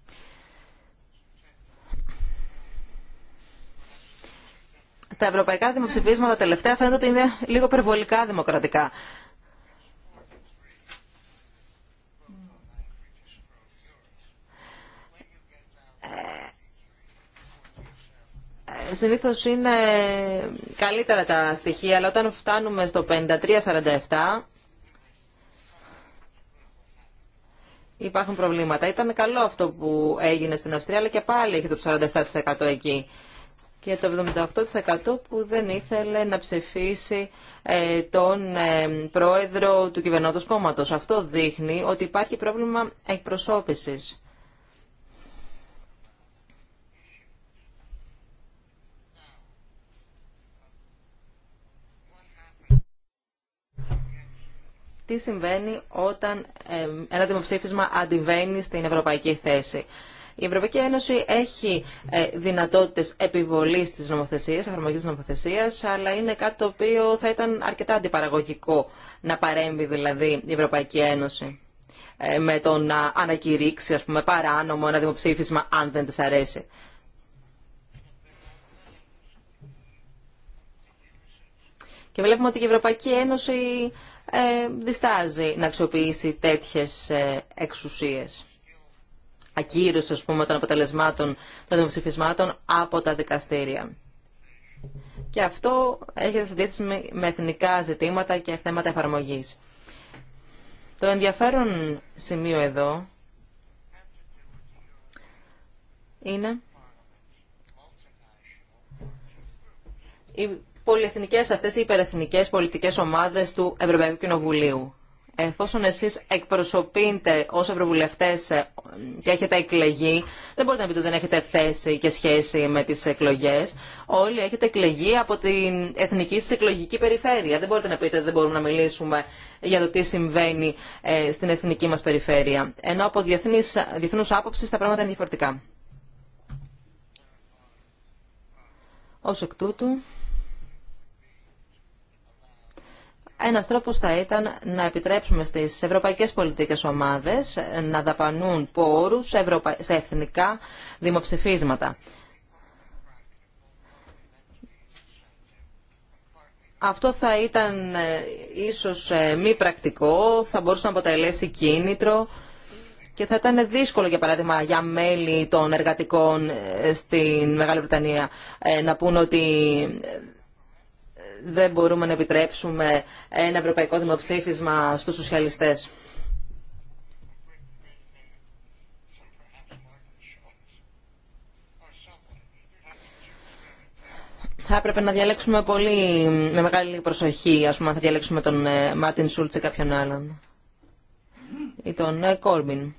τα ευρωπαϊκά δημοψηφίσματα τελευταία φαίνεται ότι είναι λίγο περιβολικά δημοκρατικά. Ε, συνήθως είναι καλύτερα τα στοιχεία, αλλά όταν φτάνουμε στο 53-47 υπάρχουν προβλήματα. Ήταν καλό αυτό που έγινε στην Αυστρία, αλλά και πάλι έχει το 47% εκεί για το 78% που δεν ήθελε να ψηφίσει ε, τον ε, πρόεδρο του κυβερνώντος κόμματος. Αυτό δείχνει ότι υπάρχει πρόβλημα εκπροσώπησης. Τι συμβαίνει όταν ε, ένα δημοψήφισμα αντιβαίνει στην ευρωπαϊκή θέση. Η Ευρωπαϊκή Ένωση έχει ε, δυνατότητε επιβολής τη Νομοθεσία εφαρμογής της νομοθεσίας, αλλά είναι κάτι το οποίο θα ήταν αρκετά αντιπαραγωγικό να παρέμβει δηλαδή η Ευρωπαϊκή Ένωση ε, με το να ανακηρύξει ας πούμε, παράνομο ένα δημοψήφισμα αν δεν της αρέσει. Και βλέπουμε ότι η Ευρωπαϊκή Ένωση ε, διστάζει να αξιοποιήσει τέτοιες ε, εξουσίες ακύρωση πούμε, των αποτελεσμάτων των δημοψηφισμάτων από τα δικαστήρια. Και αυτό έχει σε με εθνικά ζητήματα και θέματα εφαρμογής. Το ενδιαφέρον σημείο εδώ είναι οι πολυεθνικές αυτές οι υπερεθνικές πολιτικές ομάδες του Ευρωπαϊκού Κοινοβουλίου εφόσον εσείς εκπροσωπείτε ως ευρωβουλευτές ε, και έχετε εκλεγεί, δεν μπορείτε να πείτε ότι δεν έχετε θέση και σχέση με τις εκλογές. Όλοι έχετε εκλεγεί από την εθνική σας εκλογική περιφέρεια. Δεν μπορείτε να πείτε ότι δεν μπορούμε να μιλήσουμε για το τι συμβαίνει ε, στην εθνική μας περιφέρεια. Ενώ από διεθνούς άποψης τα πράγματα είναι διαφορετικά. Ως εκ τούτου... Ένα τρόπος θα ήταν να επιτρέψουμε στις ευρωπαϊκές πολιτικές ομάδες να δαπανούν πόρους σε εθνικά δημοψηφίσματα. Αυτό θα ήταν ε, ίσως ε, μη πρακτικό, θα μπορούσε να αποτελέσει κίνητρο και θα ήταν δύσκολο για παράδειγμα για μέλη των εργατικών ε, στην Μεγάλη Βρετανία να πούν ότι δεν μπορούμε να επιτρέψουμε ένα ευρωπαϊκό δημοψήφισμα στους σοσιαλιστές. θα έπρεπε να διαλέξουμε πολύ με μεγάλη προσοχή, ας πούμε, θα διαλέξουμε τον ε, Μάρτιν Σούλτ ή κάποιον άλλον. Ή τον ε, Κόρμπιν.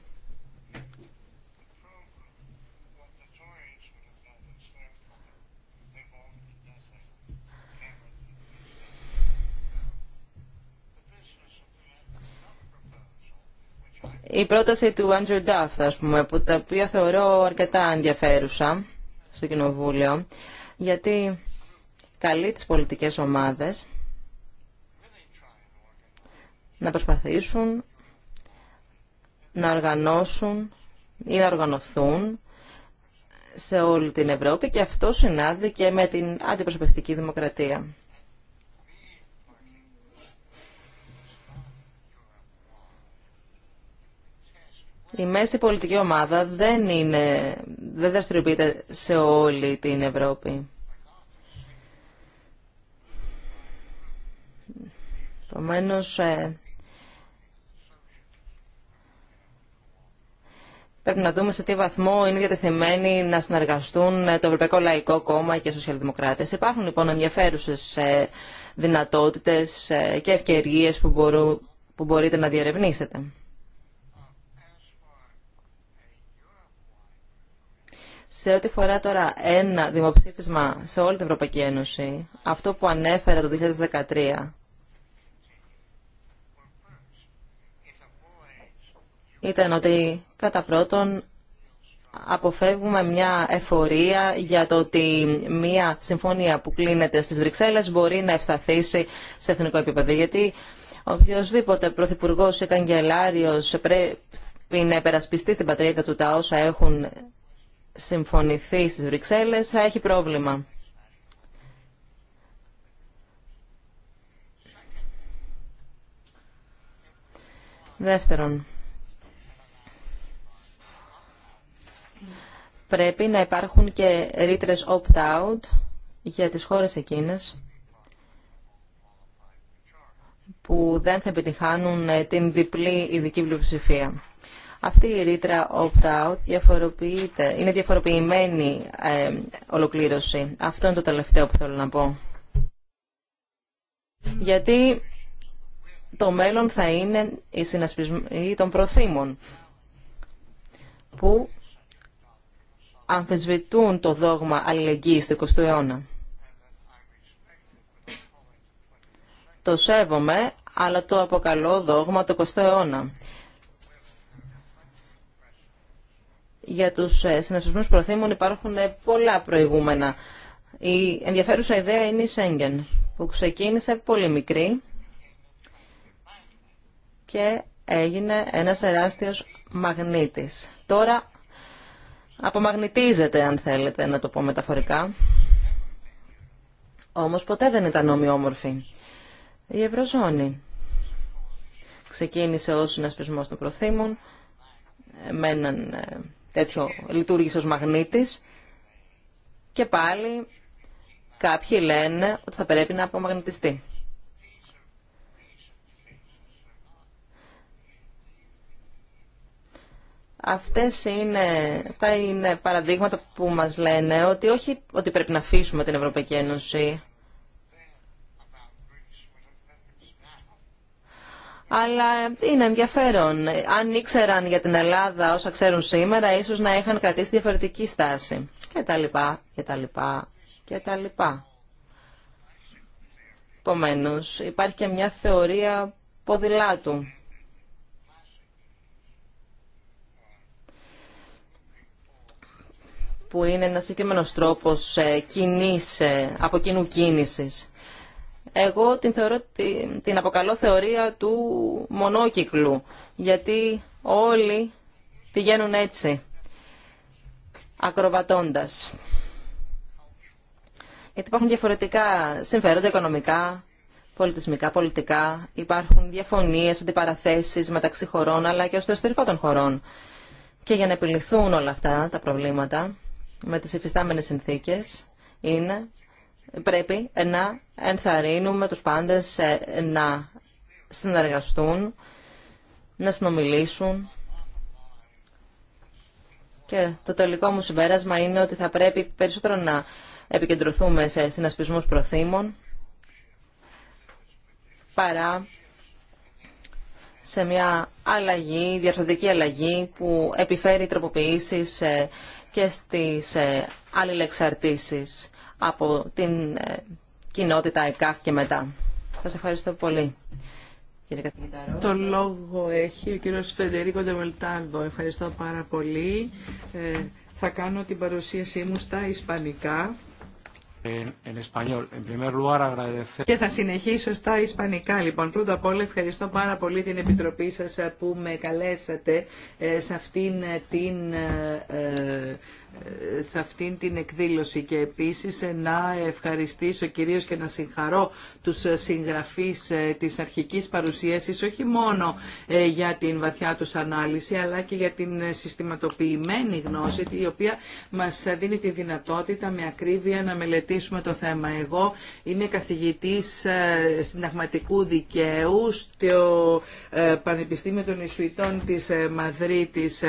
η πρόταση του Andrew Duff, ας πούμε, που τα οποία θεωρώ αρκετά ενδιαφέρουσα στο Κοινοβούλιο, γιατί καλεί τις πολιτικές ομάδες να προσπαθήσουν να οργανώσουν ή να οργανωθούν σε όλη την Ευρώπη και αυτό συνάδει και με την αντιπροσωπευτική δημοκρατία. Η μέση πολιτική ομάδα δεν, είναι, δεν δραστηριοποιείται σε όλη την Ευρώπη. Επομένω, ε, πρέπει να δούμε σε τι βαθμό είναι διατεθειμένοι να συνεργαστούν ε, το Ευρωπαϊκό Λαϊκό Κόμμα και οι Σοσιαλδημοκράτες. Υπάρχουν λοιπόν ενδιαφέρουσες ε, δυνατότητες και ευκαιρίες που, μπορείτε να διερευνήσετε. Σε ό,τι φορά τώρα ένα δημοψήφισμα σε όλη την Ευρωπαϊκή Ένωση, αυτό που ανέφερα το 2013, ήταν ότι κατά πρώτον αποφεύγουμε μια εφορία για το ότι μια συμφωνία που κλείνεται στις Βρυξέλλες μπορεί να ευσταθήσει σε εθνικό επίπεδο. Γιατί οποιοδήποτε πρωθυπουργός ή καγκελάριο πρέπει να υπερασπιστεί στην πατρίδα του τα όσα έχουν συμφωνηθεί στις Βρυξέλλες θα έχει πρόβλημα. Δεύτερον, πρέπει να υπάρχουν και ρήτρε opt-out για τις χώρες εκείνες που δεν θα επιτυχάνουν ε, την διπλή ειδική πλειοψηφία. Αυτή η ρήτρα opt-out είναι διαφοροποιημένη ε, ολοκλήρωση. Αυτό είναι το τελευταίο που θέλω να πω. Γιατί το μέλλον θα είναι η συνασπισμή των προθήμων που αμφισβητούν το δόγμα αλληλεγγύης του 20ου αιώνα. Το σέβομαι, αλλά το αποκαλώ δόγμα του 20ου αιώνα. για τους ε, συνασπισμούς προθήμων υπάρχουν ε, πολλά προηγούμενα. Η ενδιαφέρουσα ιδέα είναι η Σέγγεν, που ξεκίνησε πολύ μικρή και έγινε ένας τεράστιος μαγνήτης. Τώρα απομαγνητίζεται, αν θέλετε να το πω μεταφορικά, όμως ποτέ δεν ήταν ομοιόμορφη. Η Ευρωζώνη ξεκίνησε ως συνασπισμός των προθήμων ε, με έναν τέτοιο λειτουργήσε ως μαγνήτης. Και πάλι κάποιοι λένε ότι θα πρέπει να απομαγνητιστεί. Αυτές είναι, αυτά είναι παραδείγματα που μας λένε ότι όχι ότι πρέπει να αφήσουμε την Ευρωπαϊκή Ένωση Αλλά είναι ενδιαφέρον. Αν ήξεραν για την Ελλάδα όσα ξέρουν σήμερα, ίσως να είχαν κρατήσει διαφορετική στάση. Και τα λοιπά, και τα λοιπά, και τα λοιπά. Επομένω, υπάρχει και μια θεωρία ποδηλάτου. που είναι ένας συγκεκριμένος τρόπος ε, κοινής, ε, από κοινού κίνησης. Εγώ την, θεωρώ, την, την αποκαλώ θεωρία του μονόκυκλου, γιατί όλοι πηγαίνουν έτσι, ακροβατώντας. Γιατί υπάρχουν διαφορετικά συμφέροντα οικονομικά, πολιτισμικά, πολιτικά, υπάρχουν διαφωνίες, αντιπαραθέσεις μεταξύ χωρών, αλλά και στο εσωτερικό των χωρών. Και για να επιληθούν όλα αυτά τα προβλήματα με τις υφιστάμενες συνθήκες είναι πρέπει να ενθαρρύνουμε τους πάντες ε, να συνεργαστούν, να συνομιλήσουν. Και το τελικό μου συμπέρασμα είναι ότι θα πρέπει περισσότερο να επικεντρωθούμε σε συνασπισμούς προθήμων παρά σε μια αλλαγή, διαρθωτική αλλαγή που επιφέρει τροποποιήσεις ε, και στις ε, αλληλεξαρτήσεις από την ε, κοινότητα ΕΚΑΧ και μετά. Σας ευχαριστώ πολύ. Κύριε Το λόγο έχει ο κύριος Φεντερίκο Ντεμελτάλβο. Ευχαριστώ
πάρα πολύ. Ε, θα κάνω την παρουσίασή μου στα ισπανικά.
Ε, και θα
συνεχίσω στα ισπανικά λοιπόν. Πρώτα απ' όλα ευχαριστώ πάρα πολύ την Επιτροπή σας που με καλέσατε σε αυτήν την σε αυτήν την εκδήλωση και επίσης να ευχαριστήσω κυρίως και να συγχαρώ τους συγγραφείς ε, της αρχικής παρουσίασης όχι μόνο ε, για την βαθιά τους ανάλυση αλλά και για την συστηματοποιημένη γνώση η οποία μας δίνει τη δυνατότητα με ακρίβεια να μελετήσουμε το θέμα. Εγώ είμαι καθηγητής ε, συνταγματικού δικαίου στο Πανεπιστήμιο των Ισουητών της Μαδρίτης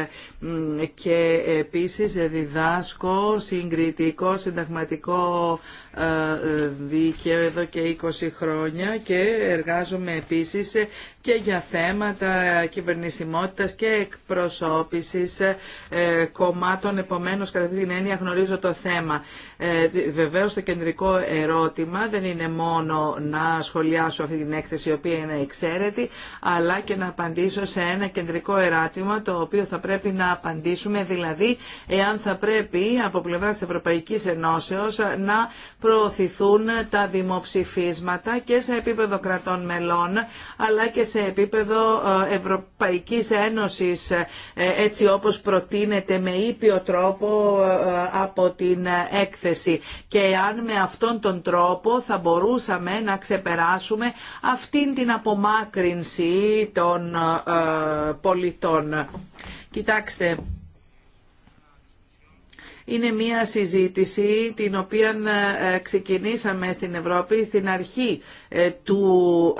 και επίσης διδάσκω συγκριτικό συνταγματικό δίκαιο ε, εδώ και 20 χρόνια και εργάζομαι επίσης και για θέματα κυβερνησιμότητας και εκπροσώπησης ε, κομμάτων. Επομένως, κατά την έννοια γνωρίζω το θέμα. Ε, βεβαίως, το κεντρικό ερώτημα δεν είναι μόνο να σχολιάσω αυτή την έκθεση, η οποία είναι εξαίρετη, αλλά και να απαντήσω σε ένα κεντρικό ερώτημα, το οποίο θα πρέπει να απαντήσουμε, δηλαδή, εάν θα πρέπει από πλευρά της Ευρωπαϊκής Ενώσεως να προωθηθούν τα δημοψηφίσματα και σε επίπεδο κρατών μελών αλλά και σε επίπεδο ε, Ευρωπαϊκής Ένωσης ε, έτσι όπως προτείνεται με ήπιο τρόπο ε, από την έκθεση και αν με αυτόν τον τρόπο θα μπορούσαμε να ξεπεράσουμε αυτήν την απομάκρυνση των πολιτών. Κοιτάξτε, είναι μια συζήτηση την οποία ε, ξεκινήσαμε στην Ευρώπη στην αρχή ε, του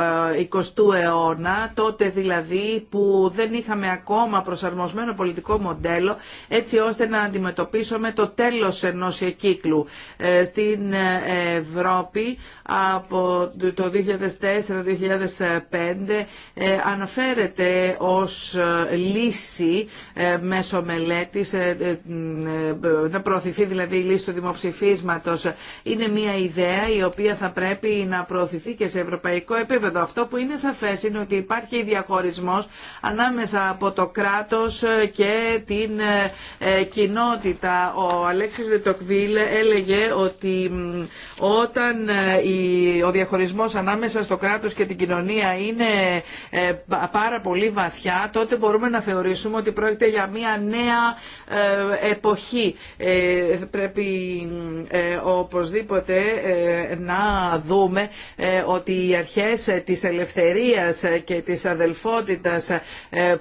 20ου ε, αιώνα, τότε δηλαδή που δεν είχαμε ακόμα προσαρμοσμένο πολιτικό μοντέλο έτσι ώστε να αντιμετωπίσουμε το τέλος ενός κύκλου. Ε, στην Ευρώπη από το 2004-2005 αναφέρεται ως λύση μέσω μελέτης, να προωθηθεί δηλαδή η λύση του δημοψηφίσματος. Είναι μια ιδέα η οποία θα πρέπει να προωθηθεί και σε ευρωπαϊκό επίπεδο. Αυτό που είναι σαφές είναι ότι υπάρχει διαχωρισμός ανάμεσα από το κράτος ε, και την ε, ε, κοινότητα. Ο Αλέξης Δετοκβίλ έλεγε ότι όταν ο διαχωρισμός ανάμεσα στο κράτος και την κοινωνία είναι πάρα πολύ βαθιά, τότε μπορούμε να θεωρήσουμε ότι πρόκειται για μια νέα εποχή. Πρέπει οπωσδήποτε να δούμε ότι οι αρχές της ελευθερίας και της αδελφότητας ε,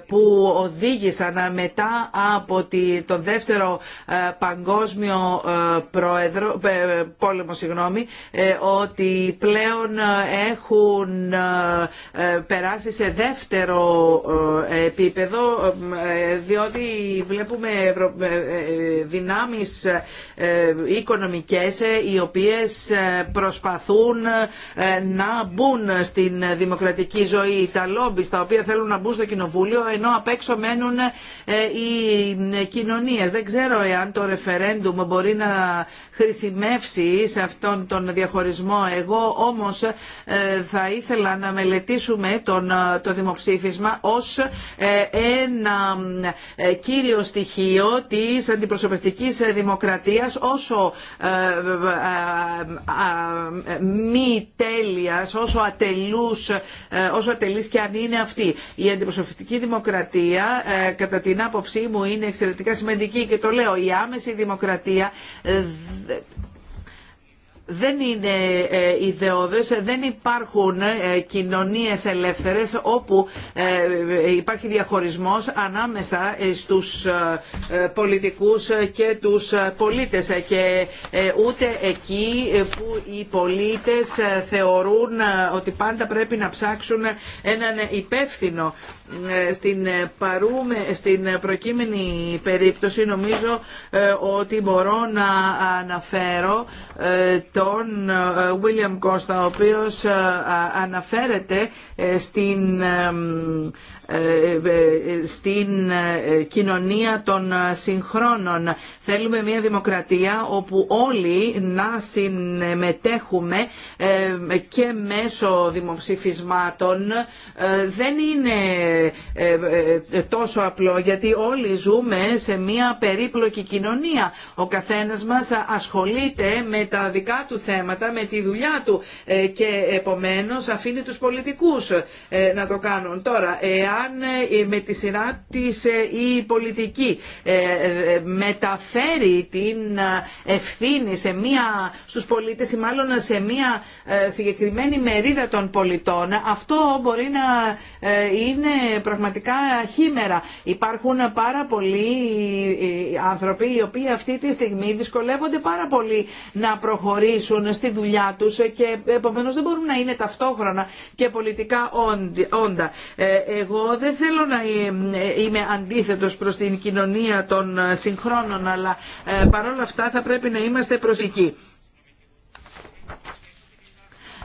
που οδήγησαν μετά από τον δεύτερο ε, παγκόσμιο ε, πρόεδρο, πόλεμο συγγνώμη, ότι πλέον έχουν περάσει σε δεύτερο επίπεδο διότι βλέπουμε δυνάμεις οικονομικές οι οποίες προσπαθούν να μπουν στην δημοκρατική ζωή τα λόμπι τα οποία θέλουν να μπουν στο κοινοβούλιο ενώ απ' έξω μένουν ε, οι κοινωνίες. Δεν ξέρω εάν το ρεφερέντουμ μπορεί να χρησιμεύσει σε αυτόν τον διαχωρισμό. Εγώ όμως ε, θα ήθελα να μελετήσουμε τον, ε, το δημοψήφισμα ως ένα κύριο στοιχείο της αντιπροσωπευτικής δημοκρατίας όσο μη τέλεια όσο, ατελούς, ε, όσο ατελής και αν είναι αυτή. Η αντιπροσωπευτική δημοκρατία, ε, κατά την άποψή μου, είναι εξαιρετικά σημαντική και το λέω, η άμεση δημοκρατία ε, δεν είναι ε, ιδεώδες, δεν υπάρχουν ε, κοινωνίες ελεύθερες όπου ε, υπάρχει διαχωρισμός ανάμεσα στους πολιτικούς και τους πολίτες και ούτε εκεί που οι πολίτες θεωρούν ότι πάντα πρέπει να ψάξουν έναν υπεύθυνο ε, στην, ε, παρούμε, ε, στην προκείμενη περίπτωση νομίζω ότι μπορώ να αναφέρω τον William Κώστα, ο οποίος αναφέρεται στην ε, ε, στην ε, κοινωνία των συγχρόνων. Θέλουμε μια δημοκρατία όπου όλοι να συμμετέχουμε και μέσω δημοψηφισμάτων. Δεν είναι τόσο απλό γιατί όλοι ζούμε σε μια περίπλοκη κοινωνία. Ο καθένας μας ασχολείται με τα δικά του θέματα, με τη δουλειά του και επομένως αφήνει τους πολιτικούς να το κάνουν. Τώρα, εάν αν ε, με τη σειρά της ε, η πολιτική ε, μεταφέρει την ευθύνη σε μία, στους πολίτες ή μάλλον σε μία συγκεκριμένη μερίδα των πολιτών αυτό μπορεί να είναι πραγματικά χήμερα. Υπάρχουν πάρα πολλοί άνθρωποι οι οποίοι αυτή τη στιγμή δυσκολεύονται πάρα πολύ να προχωρήσουν στη δουλειά τους και επομένως δεν μπορούν να είναι ταυτόχρονα και πολιτικά όντα. Εγώ δεν θέλω να ε, ε, είμαι αντίθετος προς την κοινωνία των ε, συγχρόνων, αλλά παρόλα αυτά θα πρέπει να είμαστε προσεκτικοί.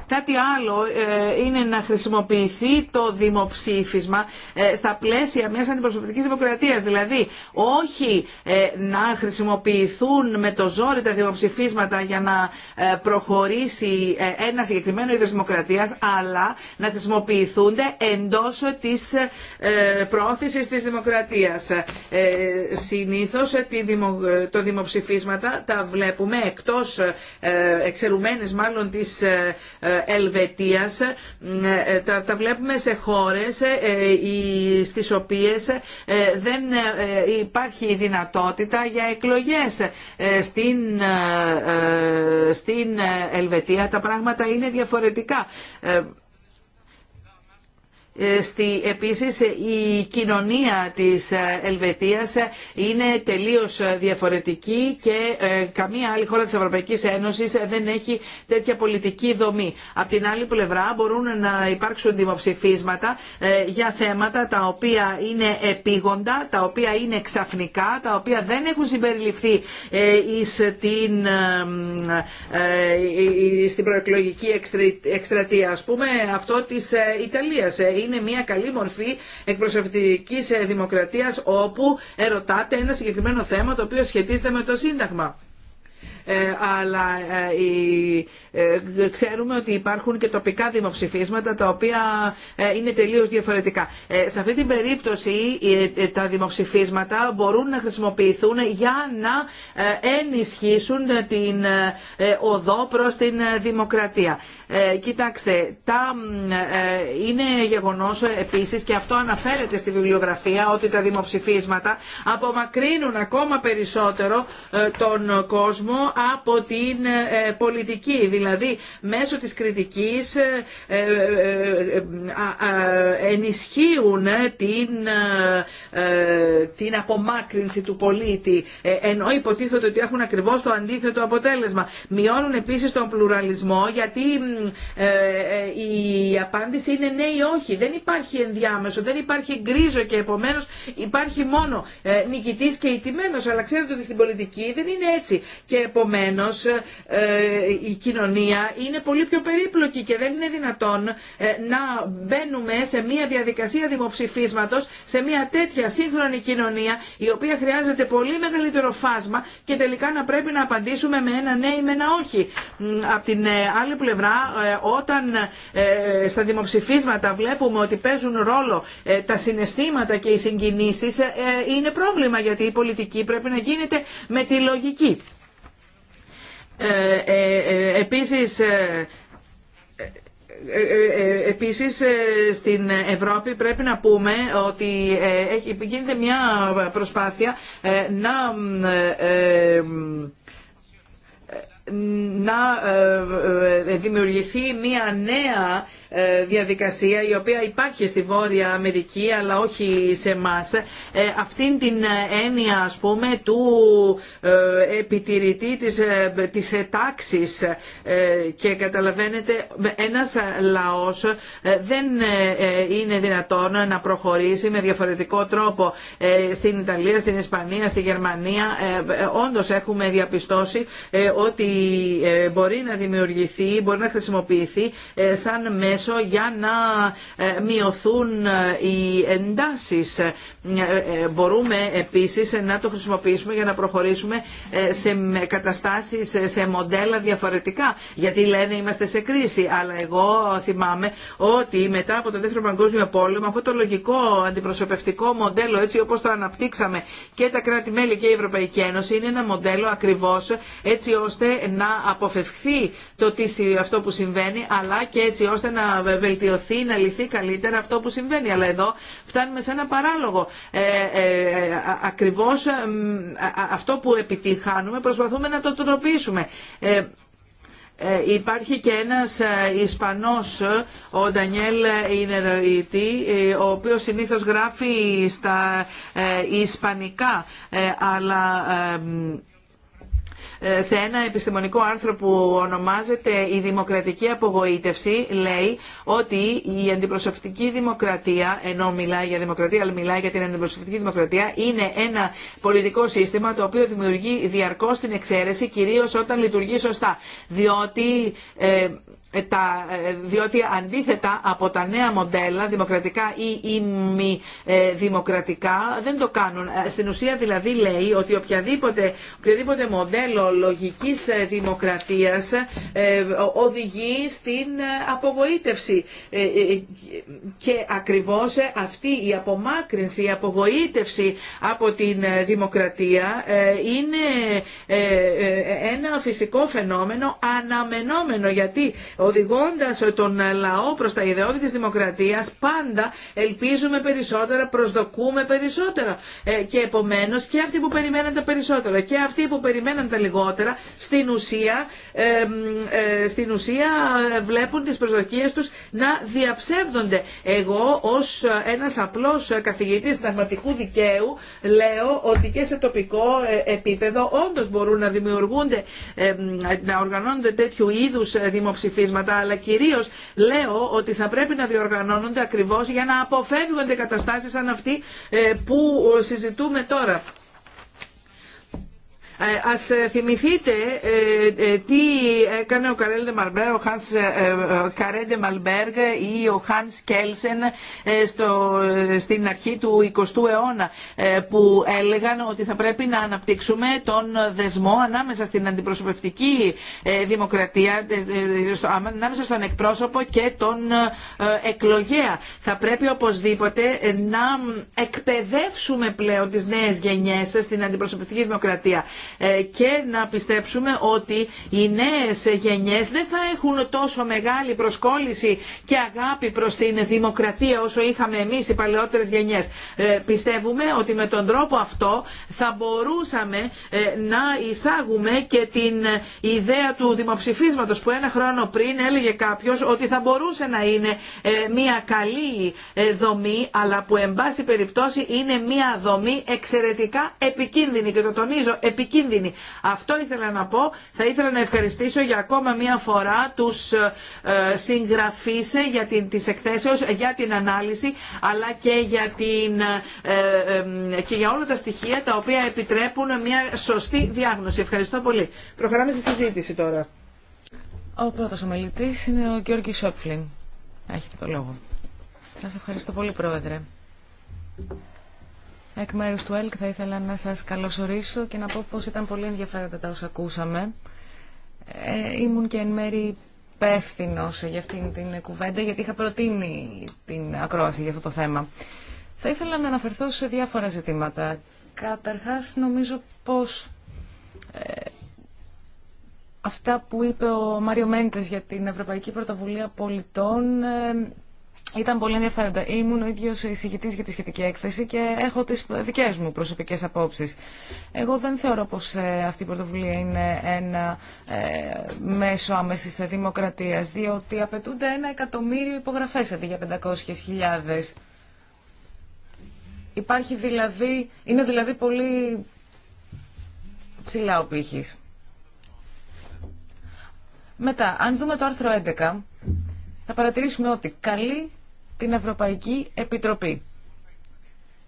Κάτι άλλο ε, είναι να χρησιμοποιηθεί το δημοψήφισμα ε, στα πλαίσια μιας αντιπροσωπευτικής δημοκρατίας. Δηλαδή, όχι ε, να χρησιμοποιηθούν με το ζόρι τα δημοψηφίσματα για να προχωρήσει ένα συγκεκριμένο είδος δημοκρατίας, αλλά να χρησιμοποιηθούνται εντός της πρόθεσης της δημοκρατίας. Συνήθως το δημοψηφίσματα τα βλέπουμε εκτός εξαιρουμένες μάλλον της Ελβετίας τα, τα βλέπουμε σε χώρες ε, στις οποίες ε, δεν ε, υπάρχει δυνατότητα για εκλογές. Στην, στην Ελβετία τα πράγματα είναι διαφορετικά. Ε, στη, επίσης η κοινωνία της ε, Ελβετίας είναι τελείως ε, διαφορετική και καμία άλλη χώρα της Ευρωπαϊκής Ένωσης δεν έχει τέτοια πολιτική δομή. Απ' την άλλη πλευρά μπορούν να υπάρξουν δημοψηφίσματα για θέματα τα οποία είναι επίγοντα, τα οποία είναι ξαφνικά, τα οποία δεν έχουν συμπεριληφθεί στην προεκλογική εκστρατεία. Ας πούμε αυτό της Ιταλίας είναι μια καλή μορφή εκπροσωπητική ε, δημοκρατία, όπου ερωτάται ένα συγκεκριμένο θέμα το οποίο σχετίζεται με το Σύνταγμα. Ε, αλλά ε, ε, ξέρουμε ότι υπάρχουν και τοπικά δημοψηφίσματα τα οποία είναι τελείως διαφορετικά. Σε αυτή την περίπτωση τα δημοψηφίσματα μπορούν να χρησιμοποιηθούν για να ενισχύσουν την οδό προς την δημοκρατία. Κοιτάξτε, τα, είναι γεγονός επίσης και αυτό αναφέρεται στη βιβλιογραφία ότι τα δημοψηφίσματα απομακρύνουν ακόμα περισσότερο τον κόσμο από την ε, πολιτική. Δηλαδή μέσω της κριτικής ε, ε, ενισχύουν την, την απομάκρυνση του πολίτη ενώ υποτίθεται ότι έχουν ακριβώς το αντίθετο αποτέλεσμα. Μειώνουν επίσης τον πλουραλισμό γιατί η απάντηση είναι ναι ή όχι. Δεν υπάρχει ενδιάμεσο, δεν υπάρχει γκρίζο και επομένως υπάρχει μόνο νικητής και ηττημένος. Αλλά ξέρετε ότι στην πολιτική δεν είναι έτσι. Και Επομένως ε, η κοινωνία είναι πολύ πιο περίπλοκη και δεν είναι δυνατόν ε, να μπαίνουμε σε μια διαδικασία δημοψηφίσματος σε μια τέτοια σύγχρονη κοινωνία η οποία χρειάζεται πολύ μεγαλύτερο φάσμα και τελικά να πρέπει να απαντήσουμε με ένα ναι ή με ένα όχι. Από την ε, άλλη πλευρά όταν στα δημοψηφίσματα βλέπουμε ότι παίζουν ρόλο τα συναισθήματα και οι συγκινήσεις είναι πρόβλημα γιατί η πολιτική πρέπει να γίνεται με τη λογική. Ε, ε, ε, επίσης, Επίσης στην Ευρώπη πρέπει να πούμε ότι γίνεται μια προσπάθεια να να δημιουργηθεί μια νέα ε, διαδικασία η οποία υπάρχει στη Βόρεια Αμερική αλλά όχι σε εμά. Ε, αυτήν την έννοια ας πούμε του ε, επιτηρητή της, της και καταλαβαίνετε ένας λαός δεν είναι δυνατόν να προχωρήσει με διαφορετικό τρόπο στην Ιταλία, στην Ισπανία, στη Γερμανία. Όντως έχουμε διαπιστώσει ότι μπορεί να δημιουργηθεί, μπορεί να χρησιμοποιηθεί σαν μέσο για να ε, μειωθούν ε, οι εντάσεις. Ε, μπορούμε επίσης να το χρησιμοποιήσουμε για να προχωρήσουμε σε καταστάσεις, σε μοντέλα διαφορετικά. Γιατί λένε είμαστε σε κρίση. Αλλά εγώ θυμάμαι ότι μετά από το Δεύτερο Παγκόσμιο Πόλεμο αυτό το λογικό αντιπροσωπευτικό μοντέλο έτσι όπως το αναπτύξαμε και τα κράτη-μέλη και η Ευρωπαϊκή Ένωση είναι ένα μοντέλο ακριβώς έτσι ώστε να αποφευχθεί το τι, αυτό που συμβαίνει αλλά και έτσι ώστε να βελτιωθεί, να λυθεί καλύτερα αυτό που συμβαίνει. Αλλά εδώ φτάνουμε σε ένα παράλογο. Ε, ε, ε ακριβώς αυτό που επιτυχάνουμε προσπαθούμε να το τροποποιήσουμε. Ε, υπάρχει και ένας Ισπανός, ο Ντανιέλ ε, ο οποίος συνήθως γράφει στα Ισπανικά, αλλά σε ένα επιστημονικό άρθρο που ονομάζεται «Η δημοκρατική απογοήτευση» λέει ότι η αντιπροσωπευτική δημοκρατία, αντιπροσωπικη δημοκρατια μιλάει για δημοκρατία αλλά μιλάει για την αντιπροσωπευτική δημοκρατία, είναι ένα πολιτικό σύστημα το οποίο δημιουργεί διαρκώς την εξαίρεση κυρίως όταν λειτουργεί σωστά. Διότι ε, ε, τα, ε, διότι αντίθετα από τα νέα μοντέλα, δημοκρατικά ή μη δημοκρατικά, δεν το κάνουν. Ε, στην ουσία δηλαδή λέει ότι οποιαδήποτε, οποιαδήποτε μοντέλο λογικής δημοκρατίας οδηγεί στην απογοήτευση. Και ακριβώς αυτή η απομάκρυνση, η απογοήτευση από την δημοκρατία είναι ένα φυσικό φαινόμενο αναμενόμενο γιατί οδηγώντας τον λαό προς τα ιδεώδη της δημοκρατίας, πάντα ελπίζουμε περισσότερα, προσδοκούμε περισσότερα ε, και επομένως και αυτοί που περιμέναν τα περισσότερα και αυτοί που περιμέναν τα λιγότερα στην ουσία, ε, στην ουσία βλέπουν τις προσδοκίες τους να διαψεύδονται. Εγώ ως ένας απλός καθηγητής πραγματικού δικαίου λέω ότι και σε τοπικό ε, επίπεδο όντως μπορούν να δημιουργούνται, να οργανώνονται τέτοιου είδους δημοψηφίσματα αλλά κυρίως λέω ότι θα πρέπει να διοργανώνονται ακριβώ για να αποφεύγονται καταστάσεις σαν αυτή ε, που συζητούμε τώρα. Ε, ας ε, θυμηθείτε ε, τι έκανε ο Καρέλ ο Χάνς Καρέντε Μαλμπέργ ή ο Χάνς Κέλσεν στο, στην αρχή του 20ου αιώνα που έλεγαν ότι θα πρέπει να αναπτύξουμε τον δεσμό ανάμεσα στην αντιπροσωπευτική δημοκρατία, ανάμεσα στον εκπρόσωπο και τον εκλογέα. Θα πρέπει οπωσδήποτε να εκπαιδεύσουμε πλέον τις νέες γενιές στην αντιπροσωπευτική δημοκρατία ε, και να πιστέψουμε ότι οι νέες γενιές δεν θα έχουν τόσο μεγάλη προσκόλληση και αγάπη προς την δημοκρατία όσο είχαμε εμείς οι παλαιότερες γενιές. Ε, πιστεύουμε ότι με τον τρόπο αυτό θα μπορούσαμε ε, να εισάγουμε και την ιδέα του δημοψηφίσματος που ένα χρόνο πριν έλεγε κάποιος ότι θα μπορούσε να είναι μια καλή δομή αλλά που εν πάση περιπτώσει είναι μια δομή εξαιρετικά επικίνδυνη και το τονίζω επικίνδυνη επικίνδυνη. Αυτό ήθελα να πω. Θα ήθελα να ευχαριστήσω για ακόμα μία φορά τους ε, συγγραφείς ε, για την, τις για την ανάλυση, αλλά και για, την, ε, και για όλα τα στοιχεία τα οποία επιτρέπουν μία σωστή διάγνωση. Ευχαριστώ πολύ. Προχωράμε στη συζήτηση τώρα.
Ο πρώτος ομιλητής είναι ο Γιώργη Σόπφλιν. Έχετε το λόγο. Σας ευχαριστώ πολύ, Πρόεδρε. Εκ μέρου του ΕΛΚ θα ήθελα να σας καλωσορίσω και να πω πως ήταν πολύ ενδιαφέροντα τα όσα ακούσαμε. Ε, ήμουν και εν μέρη υπεύθυνο για αυτήν την κουβέντα, γιατί είχα προτείνει την ακρόαση για αυτό το θέμα. Θα ήθελα να αναφερθώ σε διάφορα ζητήματα. Καταρχάς, νομίζω πως ε, αυτά που είπε ο Μάριο Μέντες για την Ευρωπαϊκή Πρωτοβουλία Πολιτών ε, ήταν πολύ ενδιαφέροντα. Ήμουν ο ίδιο εισηγητή για τη σχετική έκθεση και έχω τι δικέ μου προσωπικέ απόψει. Εγώ δεν θεωρώ πω ε, αυτή η πρωτοβουλία είναι ένα ε, μέσο άμεση δημοκρατία, διότι απαιτούνται ένα εκατομμύριο υπογραφέ αντί για 500.000. Υπάρχει δηλαδή, είναι δηλαδή πολύ ψηλά ο πύχης. Μετά, αν δούμε το άρθρο 11, θα παρατηρήσουμε ότι καλή την Ευρωπαϊκή Επιτροπή.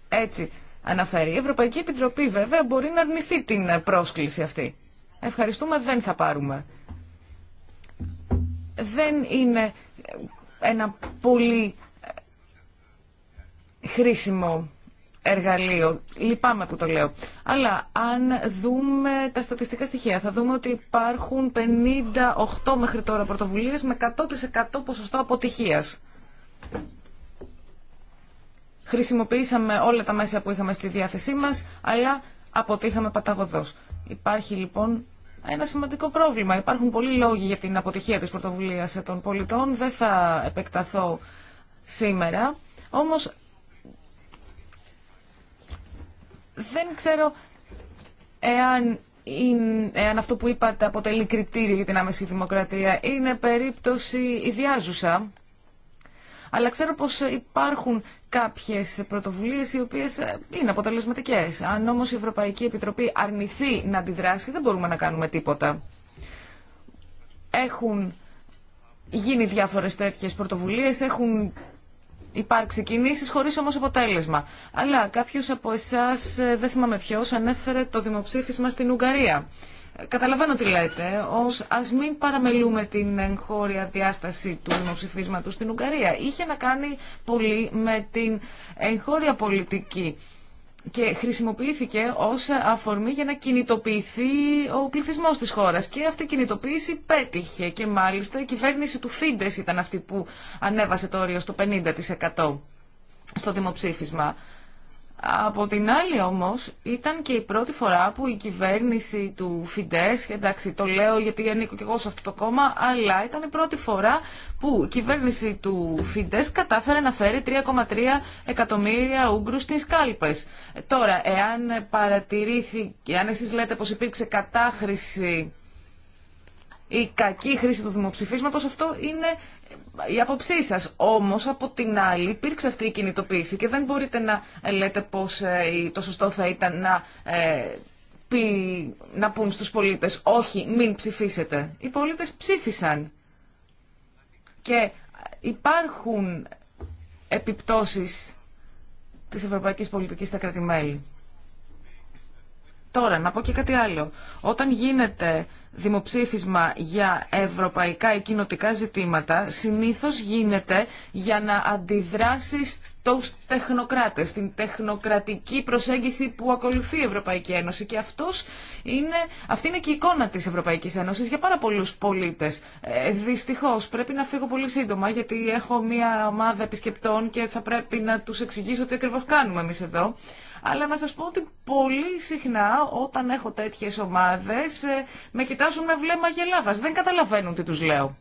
Έτσι αναφέρει. Η Ευρωπαϊκή Επιτροπή βέβαια μπορεί να αρνηθεί την πρόσκληση αυτή. Ευχαριστούμε, δεν θα πάρουμε. Δεν είναι ένα πολύ χρήσιμο εργαλείο. Λυπάμαι που το λέω. Αλλά αν δούμε τα στατιστικά στοιχεία, θα δούμε ότι υπάρχουν 58 μέχρι τώρα πρωτοβουλίες με 100% ποσοστό αποτυχίας χρησιμοποιήσαμε όλα τα μέσα που είχαμε στη διάθεσή μας, αλλά αποτύχαμε παταγωδός. Υπάρχει λοιπόν ένα σημαντικό πρόβλημα. Υπάρχουν πολλοί λόγοι για την αποτυχία της πρωτοβουλίας των πολιτών. Δεν θα επεκταθώ σήμερα. Όμως δεν ξέρω εάν, εάν αυτό που είπατε αποτελεί κριτήριο για την άμεση δημοκρατία. Είναι περίπτωση ιδιάζουσα αλλά ξέρω πως υπάρχουν κάποιες πρωτοβουλίες οι οποίες ε, είναι αποτελεσματικές. Αν όμως η Ευρωπαϊκή Επιτροπή αρνηθεί να αντιδράσει δεν μπορούμε να κάνουμε τίποτα. Έχουν γίνει διάφορες τέτοιες πρωτοβουλίες, έχουν υπάρξει κινήσεις χωρίς όμως αποτέλεσμα. Αλλά κάποιος από εσάς, ε, δεν θυμάμαι ποιος, ανέφερε το δημοψήφισμα στην Ουγγαρία. Ε, καταλαβαίνω τι λέτε, ως ας μην παραμελούμε την εγχώρια διάσταση του δημοψηφίσματος στην Ουγγαρία. Είχε να κάνει πολύ με την εγχώρια πολιτική και χρησιμοποιήθηκε ως αφορμή για να κινητοποιηθεί ο πληθυσμός της χώρας και αυτή η κινητοποίηση πέτυχε και μάλιστα η κυβέρνηση του Φίντες ήταν αυτή που ανέβασε το όριο στο 50% στο δημοψήφισμα. Από την άλλη όμως ήταν και η πρώτη φορά που η κυβέρνηση του Φιντές, εντάξει το λέω γιατί ανήκω και εγώ σε αυτό το κόμμα, αλλά ήταν η πρώτη φορά που η κυβέρνηση του Φιντές κατάφερε να φέρει 3,3 εκατομμύρια Ούγγρους στις κάλπες. Ε, τώρα, εάν παρατηρήθηκε, αν εσείς λέτε πως υπήρξε κατάχρηση η κακή χρήση του δημοψηφίσματος, αυτό είναι η άποψή σας. Όμως από την άλλη υπήρξε αυτή η κινητοποίηση και δεν μπορείτε να λέτε πως ε, το σωστό θα ήταν να, ε, πει, να πούν στους πολίτες όχι μην ψηφίσετε. Οι πολίτες ψήφισαν και υπάρχουν επιπτώσεις της ευρωπαϊκής πολιτικής στα κράτη-μέλη. Τώρα, να πω και κάτι άλλο. Όταν γίνεται δημοψήφισμα για ευρωπαϊκά ή κοινοτικά ζητήματα, συνήθως γίνεται για να αντιδράσει στους τεχνοκράτες, την τεχνοκρατική προσέγγιση που ακολουθεί η Ευρωπαϊκή Ένωση. Και αυτός είναι, αυτή είναι και η εικόνα της Ευρωπαϊκής Ένωσης για πάρα πολλούς πολίτες. Ε, δυστυχώς, πρέπει να φύγω πολύ σύντομα, γιατί έχω μια ομάδα επισκεπτών και θα πρέπει να τους εξηγήσω τι ακριβώς κάνουμε εμείς εδώ αλλά να σας πω ότι πολύ συχνά όταν έχω τέτοιες ομάδες ε, με κοιτάζουν με βλέμμα γελάδας. Δεν καταλαβαίνουν τι τους λέω.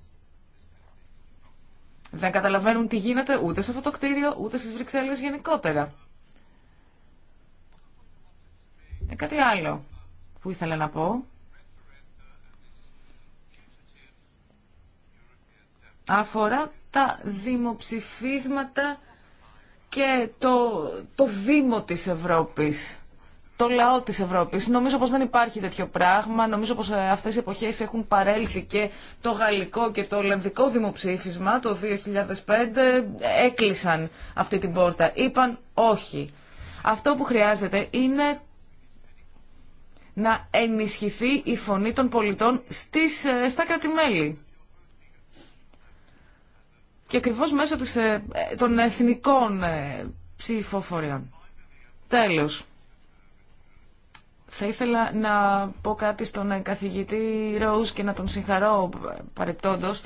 Δεν καταλαβαίνουν τι γίνεται ούτε σε αυτό το κτίριο, ούτε στις Βρυξέλλες γενικότερα. Ε, κάτι άλλο που ήθελα να πω. Αφορά τα δημοψηφίσματα και το, το Δήμο της Ευρώπης, το λαό της Ευρώπης. Νομίζω πως δεν υπάρχει τέτοιο πράγμα, νομίζω πως ε, αυτές οι εποχές έχουν παρέλθει και το γαλλικό και το ολλανδικό δημοψήφισμα το 2005 έκλεισαν αυτή την πόρτα, είπαν όχι. Αυτό που χρειάζεται είναι να ενισχυθεί η φωνή των πολιτών στις, ε, στα κρατημέλη και ακριβώς μέσω ε, των εθνικών ε, ψηφοφοριών. Τέλος. Θα ήθελα να πω κάτι στον ε, καθηγητή Ροούς και να τον συγχαρώ παρεπτόντος.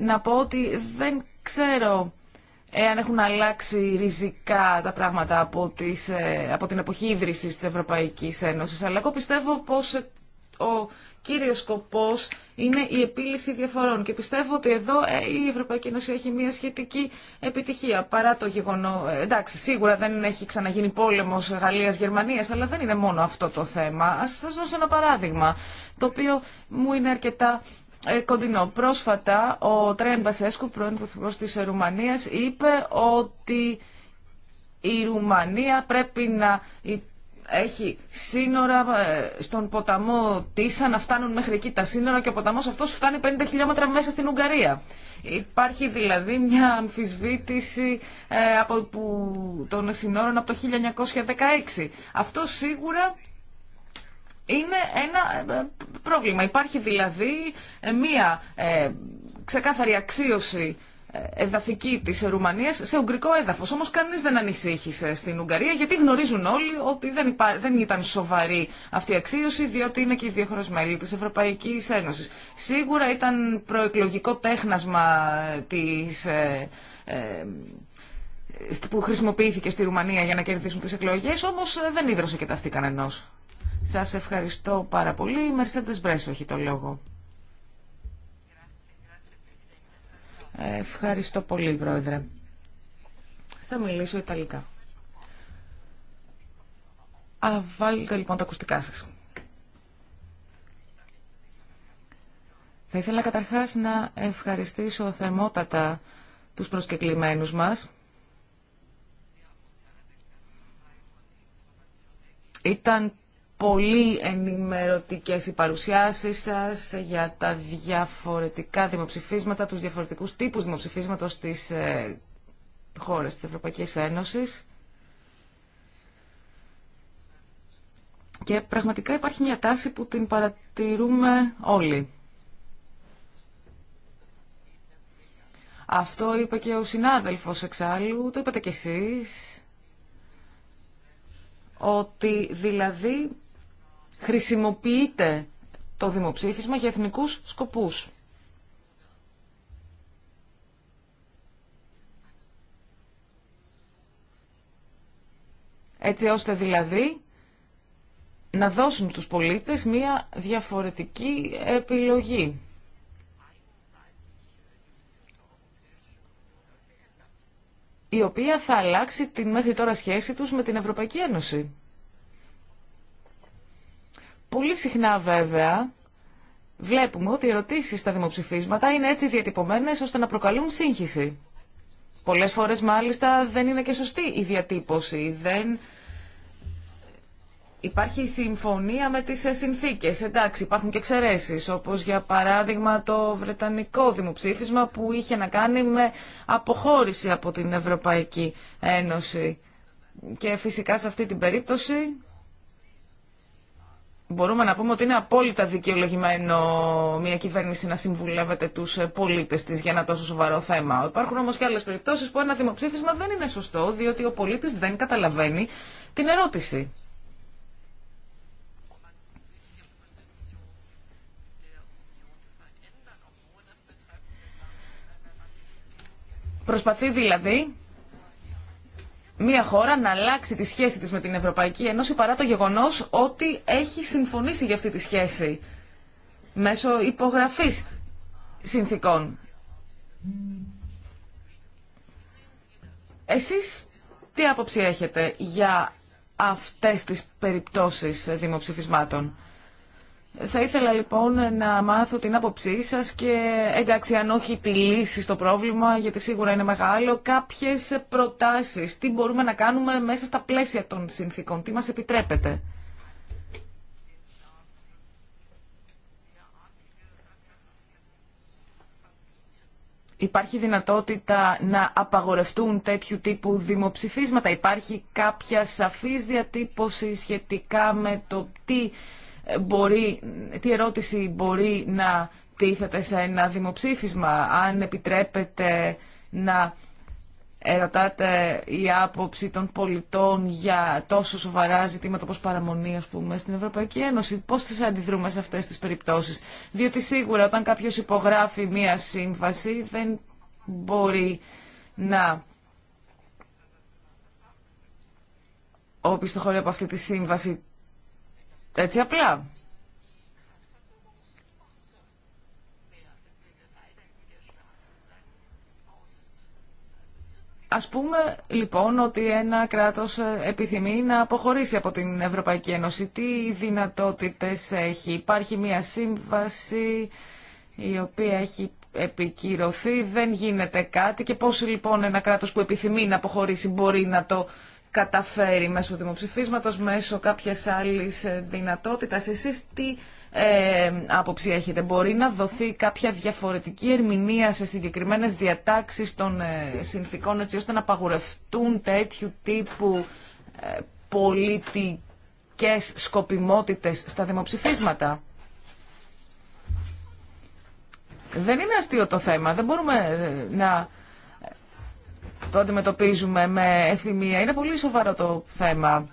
Να πω ότι δεν ξέρω εάν έχουν αλλάξει ριζικά τα πράγματα από, τις, από την εποχή ίδρυσης της Ευρωπαϊκής Ένωσης. Αλλά εγώ πιστεύω πως ο κύριος σκοπός είναι η επίλυση διαφορών και πιστεύω ότι εδώ ε, η Ευρωπαϊκή Ένωση έχει μια σχετική επιτυχία παρά το γεγονό, ε, εντάξει σίγουρα δεν έχει ξαναγίνει πόλεμος Γαλλίας-Γερμανίας αλλά δεν είναι μόνο αυτό το θέμα. Ας σας δώσω ένα παράδειγμα το οποίο μου είναι αρκετά ε, κοντινό. Πρόσφατα ο Τρέν Μπασέσκου, πρώην Πρωθυπουργός της Ρουμανίας, είπε ότι η Ρουμανία πρέπει να έχει σύνορα ε, στον ποταμό Τίσα να φτάνουν μέχρι εκεί τα σύνορα και ο ποταμός αυτός φτάνει 50 χιλιόμετρα μέσα στην Ουγγαρία. Υπάρχει δηλαδή μια αμφισβήτηση ε, από, που, των σύνορων από το 1916. Αυτό σίγουρα είναι ένα ε, πρόβλημα. Υπάρχει δηλαδή μια ε, ξεκάθαρη αξίωση εδαφική τη Ρουμανία σε ουγγρικό έδαφο. Όμω κανεί δεν ανησύχησε στην Ουγγαρία γιατί γνωρίζουν όλοι ότι δεν, δεν ήταν σοβαρή αυτή η αξίωση διότι είναι και οι δύο χώρε μέλη τη Ευρωπαϊκή Ένωση. Σίγουρα ήταν προεκλογικό τέχνασμα της... Ε, ε, που χρησιμοποιήθηκε στη Ρουμανία για να κερδίσουν τις εκλογές, όμως δεν ίδρωσε και ταυτή Σας ευχαριστώ πάρα πολύ. Η Μπρέσο έχει το λόγο. Ευχαριστώ πολύ, Πρόεδρε. Θα μιλήσω Ιταλικά. Α, βάλτε λοιπόν τα ακουστικά σας. Θα ήθελα καταρχάς να ευχαριστήσω θερμότατα τους προσκεκλημένους μας. Ήταν πολύ ενημερωτικές οι παρουσιάσεις σας για τα διαφορετικά δημοψηφίσματα, τους διαφορετικούς τύπους δημοψηφίσματος στις ε, χώρες της Ευρωπαϊκής Ένωσης. Και πραγματικά υπάρχει μια τάση που την παρατηρούμε όλοι. Αυτό είπε και ο συνάδελφος εξάλλου, το είπατε κι εσείς, ότι δηλαδή χρησιμοποιείται το δημοψήφισμα για εθνικούς σκοπούς. Έτσι ώστε δηλαδή να δώσουν στους πολίτες μία διαφορετική επιλογή. η οποία θα αλλάξει την μέχρι τώρα σχέση τους με την Ευρωπαϊκή Ένωση. Πολύ συχνά βέβαια βλέπουμε ότι οι ερωτήσεις στα δημοψηφίσματα είναι έτσι διατυπωμένες ώστε να προκαλούν σύγχυση. Πολλές φορές μάλιστα δεν είναι και σωστή η διατύπωση, δεν υπάρχει συμφωνία με τις συνθήκες. Εντάξει, υπάρχουν και εξαιρέσεις, όπως για παράδειγμα το Βρετανικό δημοψήφισμα που είχε να κάνει με αποχώρηση από την Ευρωπαϊκή Ένωση. Και φυσικά σε αυτή την περίπτωση μπορούμε να πούμε ότι είναι απόλυτα δικαιολογημένο μια κυβέρνηση να συμβουλεύεται τους ε, πολίτες της για ένα τόσο σοβαρό θέμα. Υπάρχουν όμως και άλλες περιπτώσεις που ένα δημοψήφισμα δεν είναι σωστό, διότι ο πολίτης δεν καταλαβαίνει την ερώτηση. Προσπαθεί δηλαδή μια χώρα να αλλάξει τη σχέση της με την Ευρωπαϊκή Ένωση παρά το γεγονός ότι έχει συμφωνήσει για αυτή τη σχέση μέσω υπογραφής συνθήκων. Εσείς τι άποψη έχετε για αυτές τις περιπτώσεις δημοψηφισμάτων. Θα ήθελα λοιπόν να μάθω την άποψή σα και εντάξει αν όχι τη λύση στο πρόβλημα γιατί σίγουρα είναι μεγάλο κάποιες προτάσεις, τι μπορούμε να κάνουμε μέσα στα πλαίσια των συνθήκων, τι μας επιτρέπεται. Υπάρχει δυνατότητα να απαγορευτούν τέτοιου τύπου δημοψηφίσματα. Υπάρχει κάποια σαφής διατύπωση σχετικά με το τι μπορεί, τι ερώτηση μπορεί να τίθεται σε ένα δημοψήφισμα, αν επιτρέπεται να ερωτάτε η άποψη των πολιτών για τόσο σοβαρά ζητήματα όπως παραμονή ας πούμε, στην Ευρωπαϊκή Ένωση. Πώς θα αντιδρούμε σε αυτές τις περιπτώσεις. Διότι σίγουρα όταν κάποιος υπογράφει μία σύμβαση δεν μπορεί να χωρί από αυτή τη σύμβαση έτσι απλά. Ας πούμε λοιπόν ότι ένα κράτος ε, επιθυμεί να αποχωρήσει από την Ευρωπαϊκή Ένωση. Τι δυνατότητες έχει. Υπάρχει μια σύμβαση η οποία έχει επικυρωθεί, δεν γίνεται κάτι και πώς λοιπόν ένα κράτος που επιθυμεί να αποχωρήσει μπορεί να το καταφέρει μέσω δημοψηφίσματος, μέσω κάποιας άλλης ε, δυνατότητας. Εσείς τι ε, άποψη έχετε. Μπορεί να δοθεί κάποια διαφορετική ερμηνεία σε συγκεκριμένες διατάξεις των ε, συνθήκων έτσι ώστε να παγουρευτούν τέτοιου τύπου ε, πολιτικές σκοπιμότητες στα δημοψηφίσματα. Δεν είναι αστείο το θέμα. Δεν μπορούμε ε, να το αντιμετωπίζουμε με ευθυμία. Είναι πολύ σοβαρό το θέμα.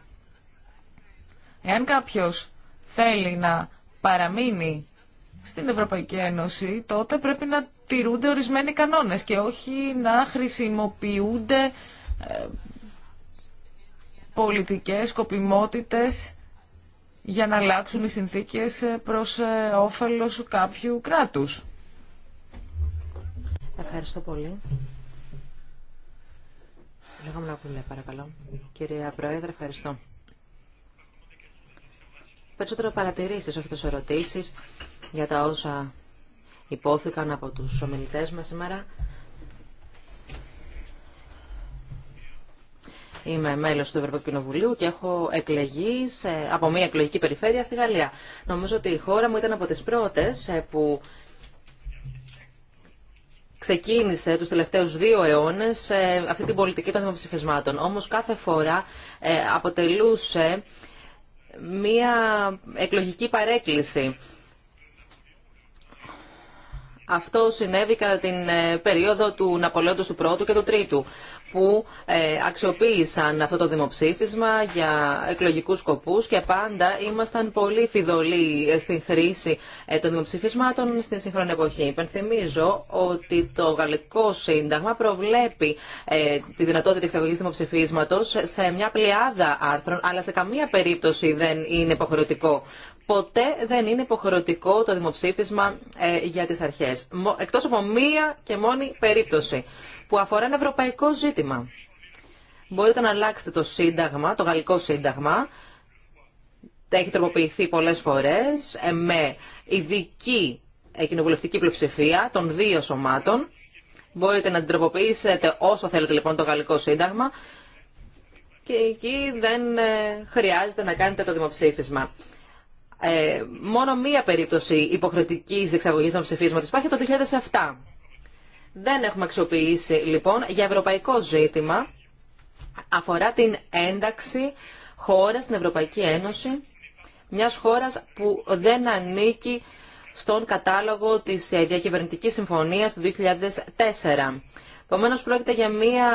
Εάν κάποιος θέλει να παραμείνει στην Ευρωπαϊκή Ένωση, τότε πρέπει να τηρούνται ορισμένοι κανόνες και όχι να χρησιμοποιούνται ε, πολιτικές σκοπιμότητες για να αλλάξουν οι συνθήκες ε, προς ε, όφελος κάποιου κράτους.
Ευχαριστώ πολύ πούμε παρακαλώ. Κυρία Πρόεδρε, ευχαριστώ. Περισσότερο παρατηρήσεις, όχι τόσο ερωτήσει για τα όσα υπόθηκαν από τους ομιλητέ μας σήμερα. Είμαι μέλος του Ευρωπαϊκού Κοινοβουλίου και έχω εκλεγεί από μια εκλογική περιφέρεια στη Γαλλία. Νομίζω ότι η χώρα μου ήταν από τις πρώτες ε, που ξεκίνησε τους τελευταίους δύο αιώνες ε, αυτή την πολιτική των δημοψηφισμάτων. Όμως κάθε φορά ε, αποτελούσε μία εκλογική παρέκκληση. Αυτό συνέβη κατά την ε, περίοδο του Ναπολέοντος του Πρώτου και του Τρίτου που ε, αξιοποίησαν αυτό το δημοψήφισμα για εκλογικούς σκοπούς και πάντα ήμασταν πολύ φιδωλοί ε, στην χρήση ε, των δημοψηφισμάτων στην σύγχρονη εποχή. Υπενθυμίζω ότι το Γαλλικό Σύνταγμα προβλέπει τη δυνατότητα εξαγωγής δημοψηφίσματος σε μια πλειάδα άρθρων, αλλά σε καμία περίπτωση δεν είναι υποχρεωτικό ποτέ δεν είναι υποχρεωτικό το δημοψήφισμα ε, για τις αρχές. Εκτός από μία και μόνη περίπτωση που αφορά ένα ευρωπαϊκό ζήτημα. Μπορείτε να αλλάξετε το σύνταγμα, το γαλλικό σύνταγμα, έχει τροποποιηθεί πολλές φορές ε, με ειδική ε, κοινοβουλευτική πλειοψηφία των δύο σωμάτων. Μπορείτε να την τροποποιήσετε όσο θέλετε λοιπόν το γαλλικό σύνταγμα και εκεί δεν χρειάζεται να κάνετε το δημοψήφισμα ε, μόνο μία περίπτωση υποχρεωτικής εξαγωγής των τη υπάρχει από το 2007. Δεν έχουμε αξιοποιήσει λοιπόν για ευρωπαϊκό ζήτημα αφορά την ένταξη χώρα στην Ευρωπαϊκή Ένωση, μιας χώρας που δεν ανήκει στον κατάλογο της ε, Διακυβερνητικής Συμφωνίας του 2004. Επομένως πρόκειται για μια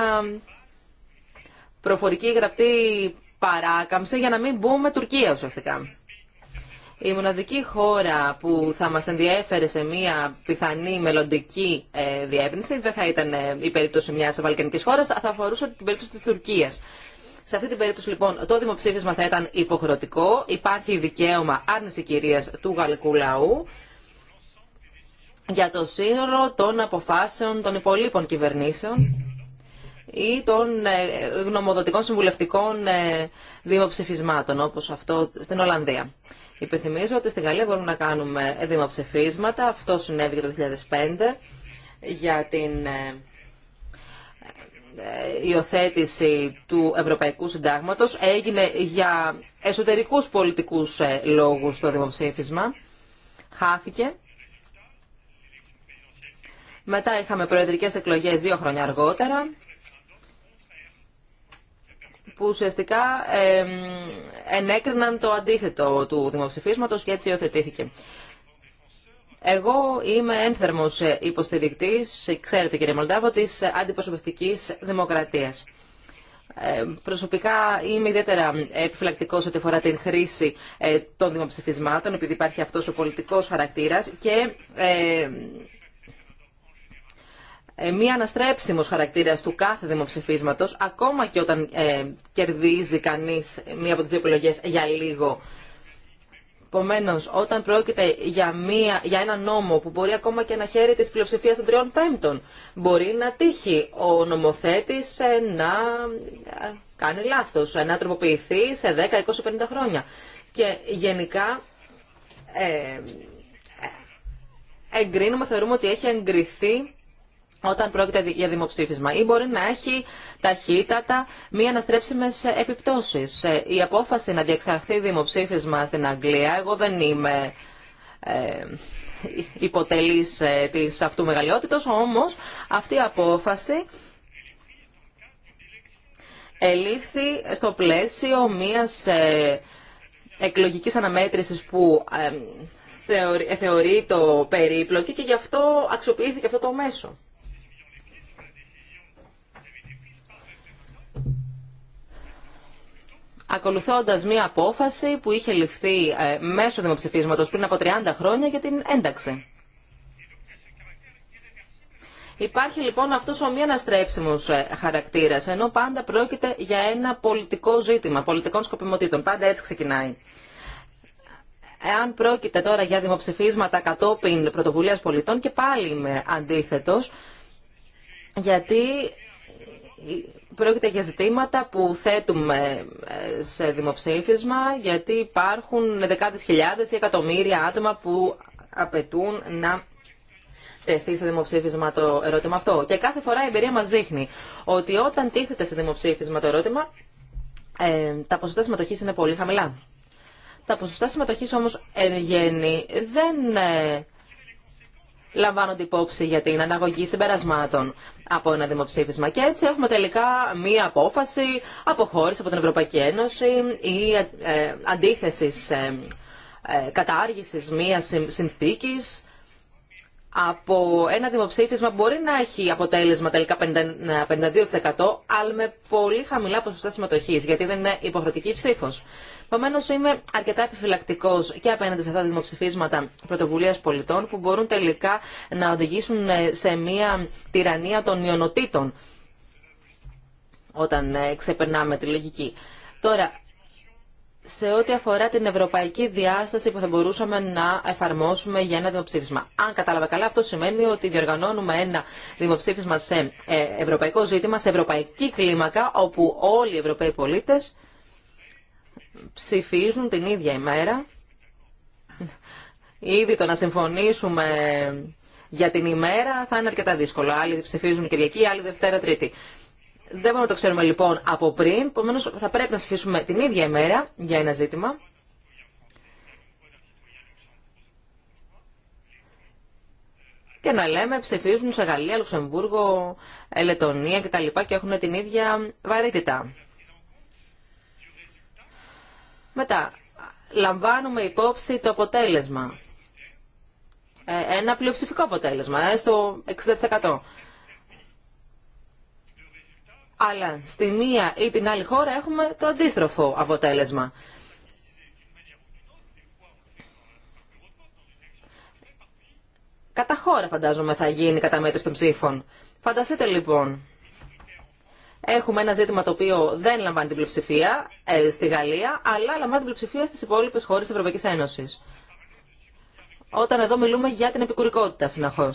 προφορική γραπτή παράκαμψη για να μην μπούμε Τουρκία ουσιαστικά. Η μοναδική χώρα που θα μας ενδιέφερε σε μια πιθανή μελλοντική ε, διεύρυνση δεν θα ήταν ε, η περίπτωση μιας βαλκανικής χώρας, θα αφορούσε την περίπτωση της Τουρκίας. Σε αυτή την περίπτωση λοιπόν το δημοψήφισμα θα ήταν υποχρεωτικό. Υπάρχει δικαίωμα άρνηση κυρίας του γαλλικού λαού για το σύνολο των αποφάσεων των υπολείπων κυβερνήσεων ή των ε, γνωμοδοτικών συμβουλευτικών δημοψηφισμάτων όπως αυτό στην Ολλανδία. Υπενθυμίζω ότι στην Γαλλία μπορούμε να κάνουμε δημοψηφίσματα. Αυτό συνέβη και το 2005 για την ε, ε, υιοθέτηση του Ευρωπαϊκού Συντάγματος. Έγινε για εσωτερικούς πολιτικούς ε, λόγους το δημοψήφισμα. Χάθηκε. Μετά είχαμε προεδρικές εκλογές δύο χρόνια αργότερα που ουσιαστικά ενέκριναν το αντίθετο του δημοψηφίσματος και έτσι υιοθετήθηκε. Εγώ είμαι ένθερμος υποστηρικτής, ξέρετε κύριε Μολτάβο, της αντιπροσωπευτικής δημοκρατίας. Προσωπικά είμαι ιδιαίτερα επιφυλακτικό ό,τι αφορά την χρήση ε, των δημοψηφισμάτων, επειδή υπάρχει αυτός ο πολιτικός χαρακτήρας και ε, ε, μη αναστρέψιμος χαρακτήρας του κάθε δημοψηφίσματος, ακόμα και όταν ε, κερδίζει κανείς μία από τις δύο επιλογές για λίγο. Επομένω, όταν πρόκειται για, μία, για ένα νόμο που μπορεί ακόμα και να χαίρει τη πλειοψηφία των τριών πέμπτων, μπορεί να τύχει ο νομοθέτης ε, να κάνει λάθος, να τροποποιηθεί σε 10, 20, 50 χρόνια. Και γενικά ε, εγκρίνουμε, θεωρούμε ότι έχει εγκριθεί όταν πρόκειται για δημοψήφισμα ή μπορεί να έχει ταχύτατα μη αναστρέψιμες επιπτώσεις. Ε, η απόφαση να διεξαχθεί δημοψήφισμα στην Αγγλία, εγώ δεν είμαι ε, υποτελής ε, της αυτού μεγαλειότητος, όμως αυτή η απόφαση ελήφθη στο πλαίσιο μιας ε, εκλογικής αναμέτρησης που ε, θεωρεί, θεωρεί το περίπλοκη και γι' αυτό αξιοποιήθηκε αυτό το μέσο. ακολουθώντας μία απόφαση που είχε ληφθεί ε, μέσω δημοψηφίσματος πριν από 30 χρόνια για την ένταξη. Υπάρχει λοιπόν αυτός ο μη αναστρέψιμο ε, χαρακτήρα ενώ πάντα πρόκειται για ένα πολιτικό ζήτημα, πολιτικών σκοπιμοτήτων. Πάντα έτσι ξεκινάει. Εάν πρόκειται τώρα για δημοψηφίσματα κατόπιν πρωτοβουλία πολιτών και πάλι είμαι αντίθετο, γιατί πρόκειται για ζητήματα που θέτουμε ε, σε δημοψήφισμα γιατί υπάρχουν δεκάδες χιλιάδες ή εκατομμύρια άτομα που απαιτούν να τεθεί σε δημοψήφισμα το ερώτημα αυτό. Και κάθε φορά η εμπειρία μας δείχνει ότι όταν τίθεται σε δημοψήφισμα το ερώτημα ε, τα ποσοστά συμμετοχή είναι πολύ χαμηλά. Τα ποσοστά συμμετοχή όμως εν γέννη δεν ε, λαμβάνονται υπόψη για την αναγωγή συμπερασμάτων από ένα δημοψήφισμα. Και έτσι έχουμε τελικά μία απόφαση αποχώρηση από την Ευρωπαϊκή Ένωση ή ε, αντίθεσης ε, ε, κατάργησης μίας συνθήκη από ένα δημοψήφισμα που μπορεί να έχει αποτέλεσμα τελικά 52% αλλά με πολύ χαμηλά ποσοστά συμμετοχής γιατί δεν είναι υποχρεωτική ψήφος. Επομένω, είμαι αρκετά επιφυλακτικό και απέναντι σε αυτά τα δημοψηφίσματα πρωτοβουλία πολιτών που μπορούν τελικά να οδηγήσουν ε, σε μια τυραννία των μειονοτήτων όταν ε, ξεπερνάμε τη λογική. Τώρα, σε ό,τι αφορά την ευρωπαϊκή διάσταση που θα μπορούσαμε να εφαρμόσουμε για ένα δημοψήφισμα. Αν κατάλαβα καλά, αυτό σημαίνει ότι διοργανώνουμε ένα δημοψήφισμα σε ε, ευρωπαϊκό ζήτημα, σε ευρωπαϊκή κλίμακα, όπου όλοι οι Ευρωπαίοι πολίτες ψηφίζουν την ίδια ημέρα. Ήδη το να συμφωνήσουμε για την ημέρα θα είναι αρκετά δύσκολο. Άλλοι ψηφίζουν Κυριακή, άλλοι Δευτέρα, Τρίτη. Δεν μπορούμε να το ξέρουμε λοιπόν από πριν. Επομένω θα πρέπει να ψηφίσουμε την ίδια ημέρα για ένα ζήτημα. Και να λέμε ψηφίζουν σε Γαλλία, Λουξεμβούργο, Ελετονία κτλ. και έχουν την ίδια βαρύτητα. Μετά, λαμβάνουμε υπόψη το αποτέλεσμα. Ε, ένα πλειοψηφικό αποτέλεσμα, ε, στο 60%. Αλλά στη μία ή την άλλη χώρα έχουμε το αντίστροφο αποτέλεσμα. Κατά χώρα φαντάζομαι θα γίνει η την αλλη χωρα εχουμε το αντιστροφο αποτελεσμα κατα χωρα φανταζομαι θα γινει κατά μέτρηση των ψήφων. Φανταστείτε λοιπόν Έχουμε ένα ζήτημα το οποίο δεν λαμβάνει την πλειοψηφία ε, στη Γαλλία, αλλά λαμβάνει την πλειοψηφία στις υπόλοιπε χώρες τη Ευρωπαϊκής Ένωση. Όταν εδώ μιλούμε για την επικουρικότητα συνεχώ.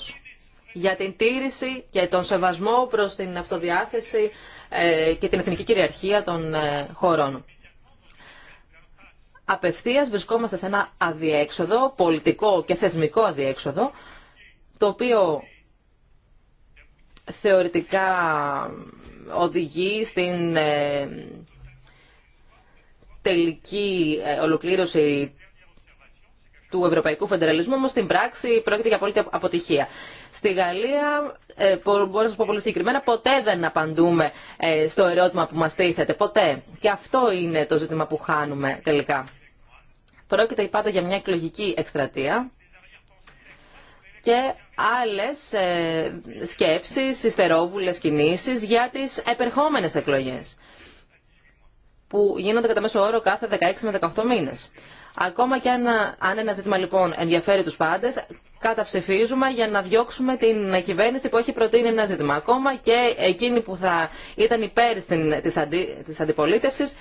για την τήρηση και τον σεβασμό προς την αυτοδιάθεση ε, και την εθνική κυριαρχία των ε, χωρών. Απευθείας βρισκόμαστε σε ένα αδιέξοδο, πολιτικό και θεσμικό αδιέξοδο, το οποίο θεωρητικά οδηγεί στην ε, τελική ε, ολοκλήρωση του ευρωπαϊκού φεντεραλισμού, όμω στην πράξη πρόκειται για απόλυτη αποτυχία. Στη Γαλλία, ε, μπορώ να σα πω πολύ συγκεκριμένα, ποτέ δεν απαντούμε ε, στο ερώτημα που μα τίθεται. Ποτέ. Και αυτό είναι το ζήτημα που χάνουμε τελικά. Πρόκειται πάντα για μια εκλογική εκστρατεία άλλες ε, σκέψεις, ιστερόβουλες κινήσεις για τις επερχόμενες εκλογές που γίνονται κατά μέσο όρο κάθε 16 με 18 μήνες. Ακόμα και αν ένα ζήτημα λοιπόν ενδιαφέρει τους πάντες, καταψηφίζουμε για να διώξουμε την κυβέρνηση που έχει προτείνει ένα ζήτημα. Ακόμα και εκείνη που θα ήταν υπέρ της, αντι, της αντιπολίτευσης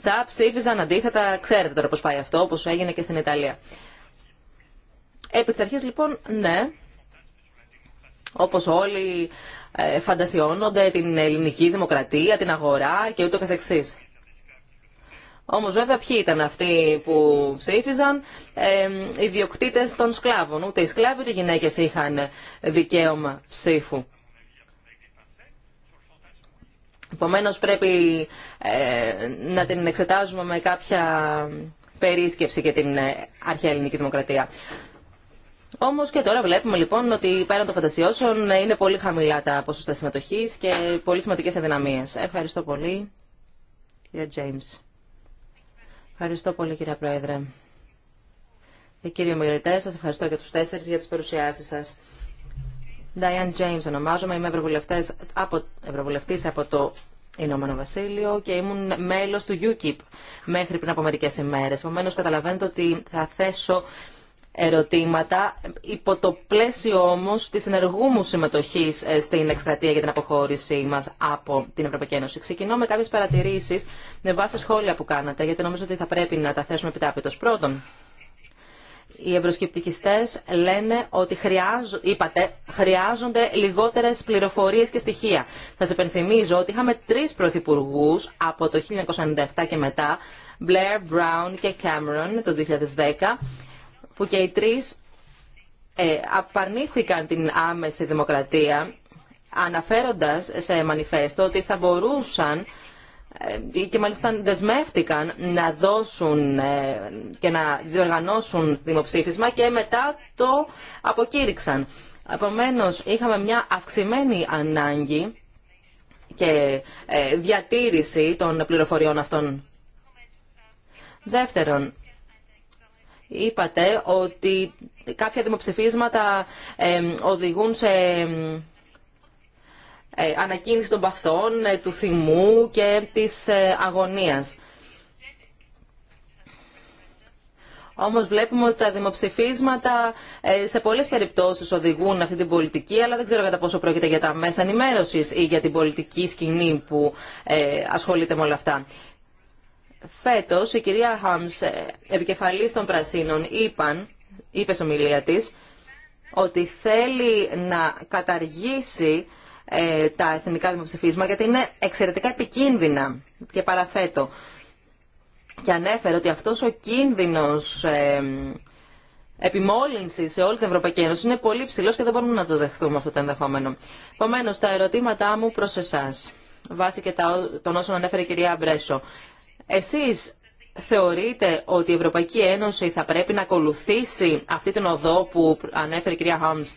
θα ψήφιζαν αντίθετα. Ξέρετε τώρα πώς πάει αυτό, όπως έγινε και στην Ιταλία. Επί της αρχής λοιπόν, ναι, όπως όλοι ε, φαντασιώνονται την ελληνική δημοκρατία, την αγορά και ούτω καθεξής. Όμως βέβαια ποιοι ήταν αυτοί που ψήφιζαν, οι ε, διοκτήτες των σκλάβων. Ούτε οι σκλάβοι ούτε οι γυναίκες είχαν δικαίωμα ψήφου. Επομένω πρέπει ε, να την εξετάζουμε με κάποια περίσκεψη και την αρχαία ελληνική δημοκρατία. Όμω και τώρα βλέπουμε λοιπόν ότι πέραν των φαντασιώσεων είναι πολύ χαμηλά τα ποσοστά συμμετοχή και πολύ σημαντικέ αδυναμίε. Ευχαριστώ πολύ, κύριε Τζέιμ. Ευχαριστώ πολύ, κύριε Πρόεδρε. Και ε, κύριοι ομιλητέ, σα ευχαριστώ και του τέσσερι για τι παρουσιάσει σα. Ντάιαν Τζέιμ ονομάζομαι, είμαι ευρωβουλευτή από, από το Ηνωμένο Βασίλειο και ήμουν μέλο του UKIP μέχρι πριν από μερικέ ημέρε. Επομένω, καταλαβαίνετε ότι θα θέσω ερωτήματα, υπό το πλαίσιο όμως της ενεργού μου συμμετοχής ε, στην εκστρατεία για την αποχώρησή μας από την Ευρωπαϊκή Ένωση. Ξεκινώ με κάποιες παρατηρήσεις με βάση σχόλια που κάνατε, γιατί νομίζω ότι θα πρέπει να τα θέσουμε επιτάπητος. Πρώτον, οι ευρωσκεπτικιστές λένε ότι είπατε, χρειάζονται λιγότερες πληροφορίες και στοιχεία. Θα σας υπενθυμίζω ότι είχαμε τρεις πρωθυπουργού από το 1997 και μετά, Blair, Brown και Cameron το 2010, που και οι τρεις ε, απαρνήθηκαν την άμεση δημοκρατία αναφέροντας σε μανιφέστο ότι θα μπορούσαν ε, και μάλιστα δεσμεύτηκαν να δώσουν ε, και να διοργανώσουν δημοψήφισμα και μετά το αποκήρυξαν. Επομένω, είχαμε μια αυξημένη ανάγκη και ε, διατήρηση των πληροφοριών αυτών. Δεύτερον, είπατε ότι κάποια δημοψηφίσματα οδηγούν σε ε, ανακίνηση των παθών, ε, του θυμού και της ε, αγωνίας. Όμως βλέπουμε ότι τα δημοψηφίσματα σε πολλές περιπτώσεις οδηγούν αυτή την πολιτική, αλλά δεν ξέρω κατά πόσο πρόκειται για τα μέσα ενημέρωσης ή για την πολιτική σκηνή που ασχολείται με όλα αυτά. Φέτος η κυρία Χάμς, ε, επικεφαλής των Πρασίνων, είπαν, είπε σε ομιλία της, ότι θέλει να καταργήσει ε, τα εθνικά δημοψηφίσματα γιατί είναι εξαιρετικά επικίνδυνα και παραθέτω. Και ανέφερε ότι αυτός ο κίνδυνος ε, επιμόλυνση σε όλη την Ευρωπαϊκή Ένωση είναι πολύ ψηλός και δεν μπορούμε να το δεχθούμε αυτό το ενδεχόμενο. Επομένω, τα ερωτήματά μου προς εσά, βάσει και των όσων ανέφερε η κυρία Μπρέσο. Εσείς θεωρείτε ότι η Ευρωπαϊκή Ένωση θα πρέπει να ακολουθήσει αυτή την οδό που ανέφερε η κυρία Χάμς.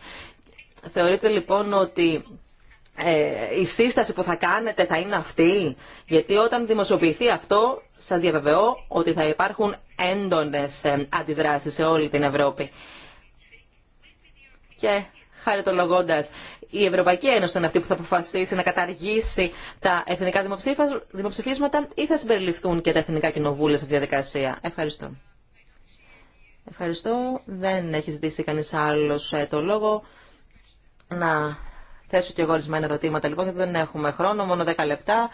Θεωρείτε λοιπόν ότι ε, η σύσταση που θα κάνετε θα είναι αυτή. Γιατί όταν δημοσιοποιηθεί αυτό, σας διαβεβαιώ ότι θα υπάρχουν έντονες ε, αντιδράσεις σε όλη την Ευρώπη. Και χαριτολογώντας η Ευρωπαϊκή Ένωση θα είναι αυτή που θα αποφασίσει να καταργήσει τα εθνικά δημοψηφίσματα ή θα συμπεριληφθούν και τα εθνικά κοινοβούλια στη διαδικασία. Ευχαριστώ. Ευχαριστώ. Δεν έχει ζητήσει κανεί άλλο ε, το λόγο. Να θέσω και εγώ ορισμένα ερωτήματα λοιπόν, γιατί δεν έχουμε χρόνο, μόνο 10 λεπτά.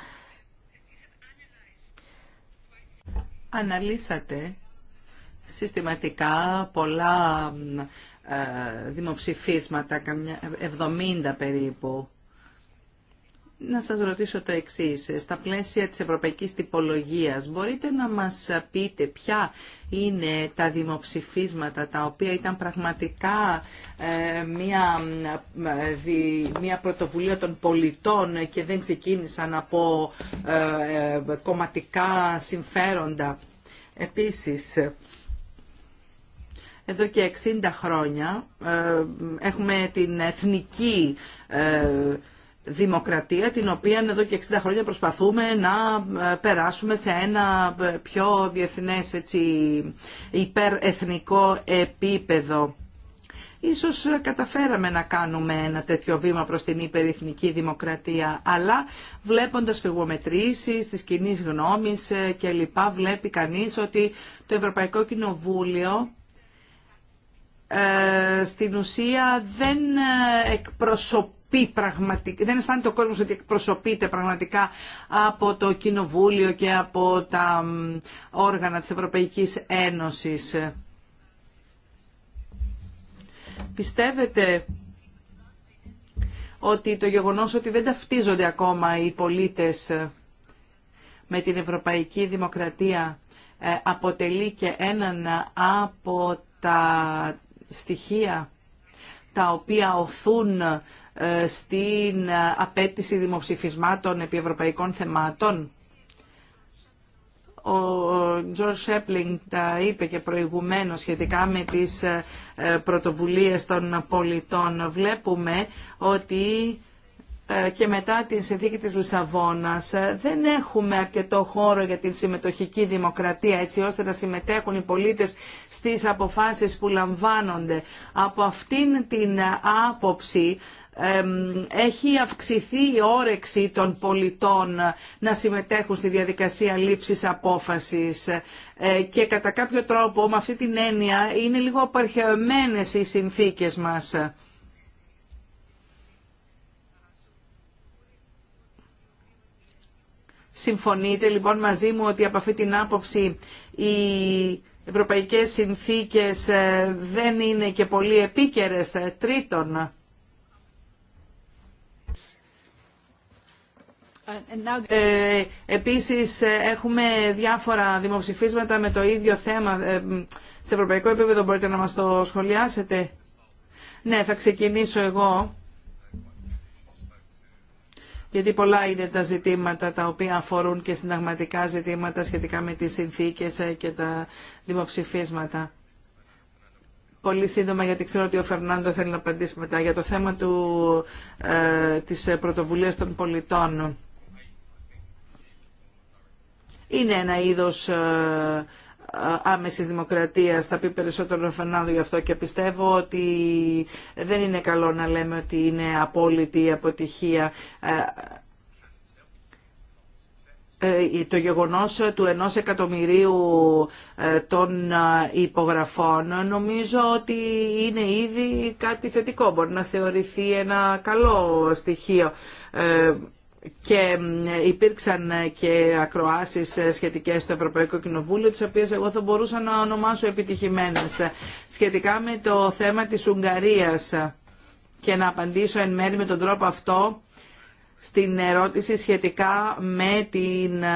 Αναλύσατε
συστηματικά πολλά ε, δημοψηφίσματα, καμιά 70 περίπου. Να σας ρωτήσω το εξής. Στα πλαίσια της ευρωπαϊκής τυπολογίας, μπορείτε να μας πείτε ποια είναι τα δημοψηφίσματα τα οποία ήταν πραγματικά ε, μια, ε, μια πρωτοβουλία των πολιτών και δεν ξεκίνησαν από κομματικά συμφέροντα. Επίσης, εδώ και 60 χρόνια ε, έχουμε την εθνική ε, δημοκρατία την οποία εδώ και 60 χρόνια προσπαθούμε να ε, περάσουμε σε ένα πιο διεθνές έτσι, υπερεθνικό επίπεδο. Ίσως καταφέραμε να κάνουμε ένα τέτοιο βήμα προς την υπερεθνική δημοκρατία, αλλά βλέποντας φυγομετρήσεις της κοινή γνώμης και βλέπει κανείς ότι το Ευρωπαϊκό Κοινοβούλιο ε, στην ουσία δεν ε, εκπροσωπεί Πραγματικά, δεν αισθάνεται ο κόσμος ότι εκπροσωπείται πραγματικά από το Κοινοβούλιο και από τα όργανα της Ευρωπαϊκής Ένωσης. Πιστεύετε ότι το γεγονός ότι δεν ταυτίζονται ακόμα οι πολίτες με την Ευρωπαϊκή Δημοκρατία ε, αποτελεί και έναν από τα στοιχεία τα οποία οθούν ε, στην απέτηση δημοψηφισμάτων επί ευρωπαϊκών θεμάτων. Ο Τζορ Σέπλινγκ τα είπε και προηγουμένως σχετικά με τις ε, πρωτοβουλίες των πολιτών. Βλέπουμε ότι ε, και μετά την συνθήκη της Λισαβόνας ε, δεν έχουμε αρκετό χώρο για την συμμετοχική δημοκρατία έτσι ώστε να συμμετέχουν οι πολίτες στις αποφάσεις που λαμβάνονται. Από αυτήν την άποψη έχει αυξηθεί η όρεξη των πολιτών να συμμετέχουν στη διαδικασία λήψης απόφασης ε, και κατά κάποιο τρόπο με αυτή την έννοια είναι λίγο απαρχαιωμένες οι συνθήκες μας. Συμφωνείτε λοιπόν μαζί μου ότι από αυτή την άποψη οι ευρωπαϊκές συνθήκες ε, δεν είναι και πολύ επίκαιρες ε, τρίτον. Ε, επίσης ε, έχουμε διάφορα δημοψηφίσματα με το ίδιο θέμα. σε ευρωπαϊκό επίπεδο μπορείτε να μας το σχολιάσετε. Ναι, θα ξεκινήσω εγώ γιατί πολλά είναι τα ζητήματα τα οποία αφορούν και συνταγματικά ζητήματα σχετικά με τις συνθήκες ε, και τα δημοψηφίσματα. Πολύ σύντομα, γιατί ξέρω ότι ο Φερνάντο θέλει να απαντήσει μετά, για το θέμα του, ε, της πρωτοβουλίας των πολιτών. Είναι ένα είδος... Ε, άμεσης δημοκρατίας θα πει περισσότερο Φερνάνδο γι' αυτό και πιστεύω ότι δεν είναι καλό να λέμε ότι είναι απόλυτη η αποτυχία ε, ε, το γεγονός του ενός εκατομμυρίου ε, των υπογραφών νομίζω ότι είναι ήδη κάτι θετικό. Μπορεί να θεωρηθεί ένα καλό στοιχείο και υπήρξαν ε, και ακροάσεις ε, σχετικές στο Ευρωπαϊκό Κοινοβούλιο, τις οποίες εγώ θα μπορούσα να ονομάσω επιτυχημένες, σχετικά με το θέμα της Ουγγαρίας και να απαντήσω εν μέρη με τον τρόπο αυτό στην ερώτηση σχετικά με την ε,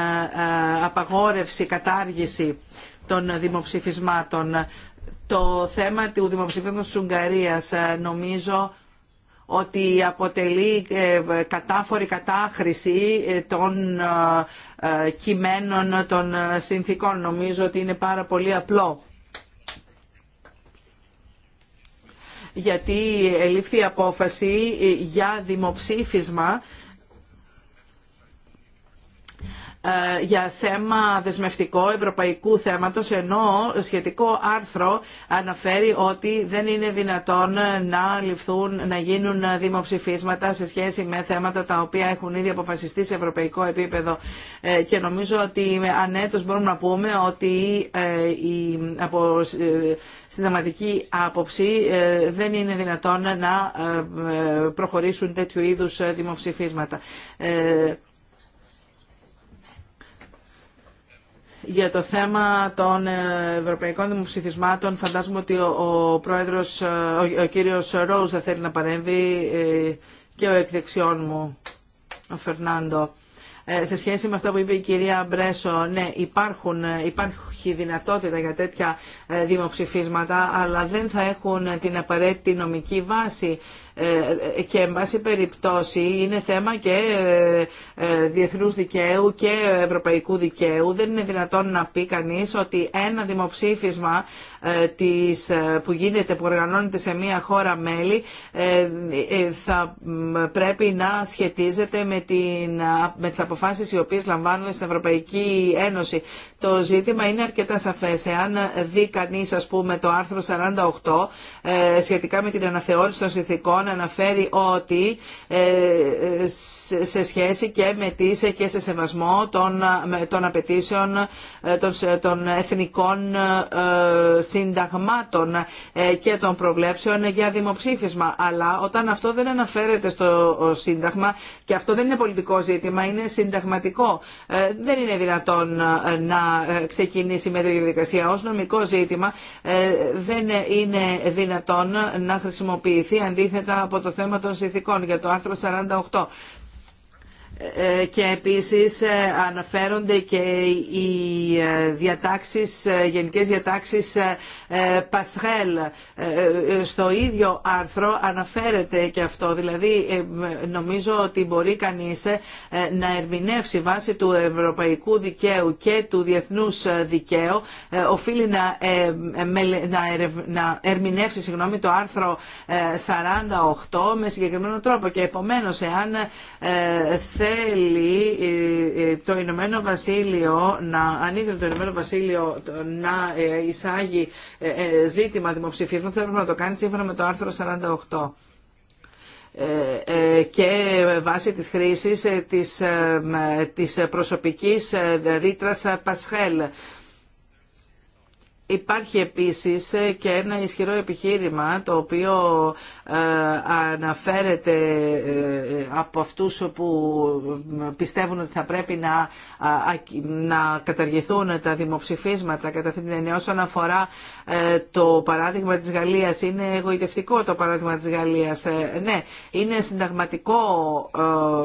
απαγόρευση, κατάργηση των δημοψηφισμάτων. Το θέμα του δημοψηφίσματος της Ουγγαρίας νομίζω ότι αποτελεί ε, κατάφορη κατάχρηση ε, των ε, κειμένων των συνθήκων. Νομίζω ότι είναι πάρα πολύ απλό. γιατί ελήφθη απόφαση για δημοψήφισμα ε, για θέμα δεσμευτικό ευρωπαϊκού θέματος ενώ σχετικό άρθρο αναφέρει ότι δεν είναι δυνατόν να ληφθούν, να γίνουν δημοψηφίσματα σε σχέση με θέματα τα οποία έχουν ήδη αποφασιστεί σε ευρωπαϊκό επίπεδο ε, και νομίζω ότι ανέτος ναι, μπορούμε να πούμε ότι ε, η από συνταγματική άποψη δεν είναι δυνατόν να προχωρήσουν τέτοιου είδους δημοψηφίσματα. Για το θέμα των ε, ευρωπαϊκών δημοψηφισμάτων φαντάζομαι ότι ο πρόεδρος, ε, ο κύριος Ρόουζ δεν θέλει να παρέμβει ε, και ο εκδεξιών μου, ο Φερνάντο. Σε σχέση με αυτό που είπε η κυρία Μπρέσο, ναι, υπάρχουν, υπάρχουν υπάρχει δυνατότητα για τέτοια ε, δημοψηφίσματα, αλλά δεν θα έχουν την απαραίτητη νομική βάση ε, ε, και εν πάση περιπτώσει είναι θέμα και διεθνούς δικαίου και ευρωπαϊκού δικαίου. Δεν είναι δυνατόν να πει κανείς ότι ένα δημοψήφισμα της, που γίνεται, που οργανώνεται σε μία χώρα μέλη θα πρέπει να σχετίζεται με, την, με τις αποφάσεις οι οποίες λαμβάνονται στην Ευρωπαϊκή Ένωση. Το ζήτημα είναι αρκετά σαφές. Εάν δει κανείς, ας πούμε, το άρθρο 48 ε, σχετικά με την αναθεώρηση των συνθηκών αναφέρει ότι ε, σε σχέση και με τις και σε σεβασμό των, των απαιτήσεων ε, των, των εθνικών συνταγμάτων και των προβλέψεων για δημοψήφισμα. Αλλά όταν αυτό δεν αναφέρεται στο Σύνταγμα και αυτό δεν είναι πολιτικό ζήτημα, είναι συνταγματικό. Δεν είναι δυνατόν να ξεκινήσει η με τη διαδικασία. Ως νομικό ζήτημα ε, δεν είναι δυνατόν να χρησιμοποιηθεί αντίθετα από το θέμα των συνθηκών για το άρθρο 48 και επίσης ε, αναφέρονται και οι ε, διατάξεις, ε, γενικές διατάξεις Πασχέλ. Στο ίδιο άρθρο αναφέρεται και αυτό, δηλαδή νομίζω ότι μπορεί κανείς να ερμηνεύσει βάσει του ευρωπαϊκού δικαίου και του διεθνούς δικαίου, οφείλει να, να ερμηνεύσει συγγνώμη, το άρθρο 48 με συγκεκριμένο τρόπο και επομένως εάν θέλει ε, ε, το Ηνωμένο Βασίλειο να, το Ηνωμένο Βασίλειο να ε, εισάγει ζήτημα δημοψηφίσμα, θα να το κάνει σύμφωνα με το άρθρο 48 και βάσει της χρήσης της, της προσωπικής ρήτρας Πασχέλ Υπάρχει επίσης και ένα ισχυρό επιχείρημα το οποίο ε, αναφέρεται ε, από αυτούς που πιστεύουν ότι θα πρέπει να, να καταργηθούν τα δημοψηφίσματα κατά αυτήν την έννοια όσον αφορά ε, το παράδειγμα της Γαλλίας. Είναι εγωιτευτικό το παράδειγμα της Γαλλίας. Ναι, είναι συνταγματικό,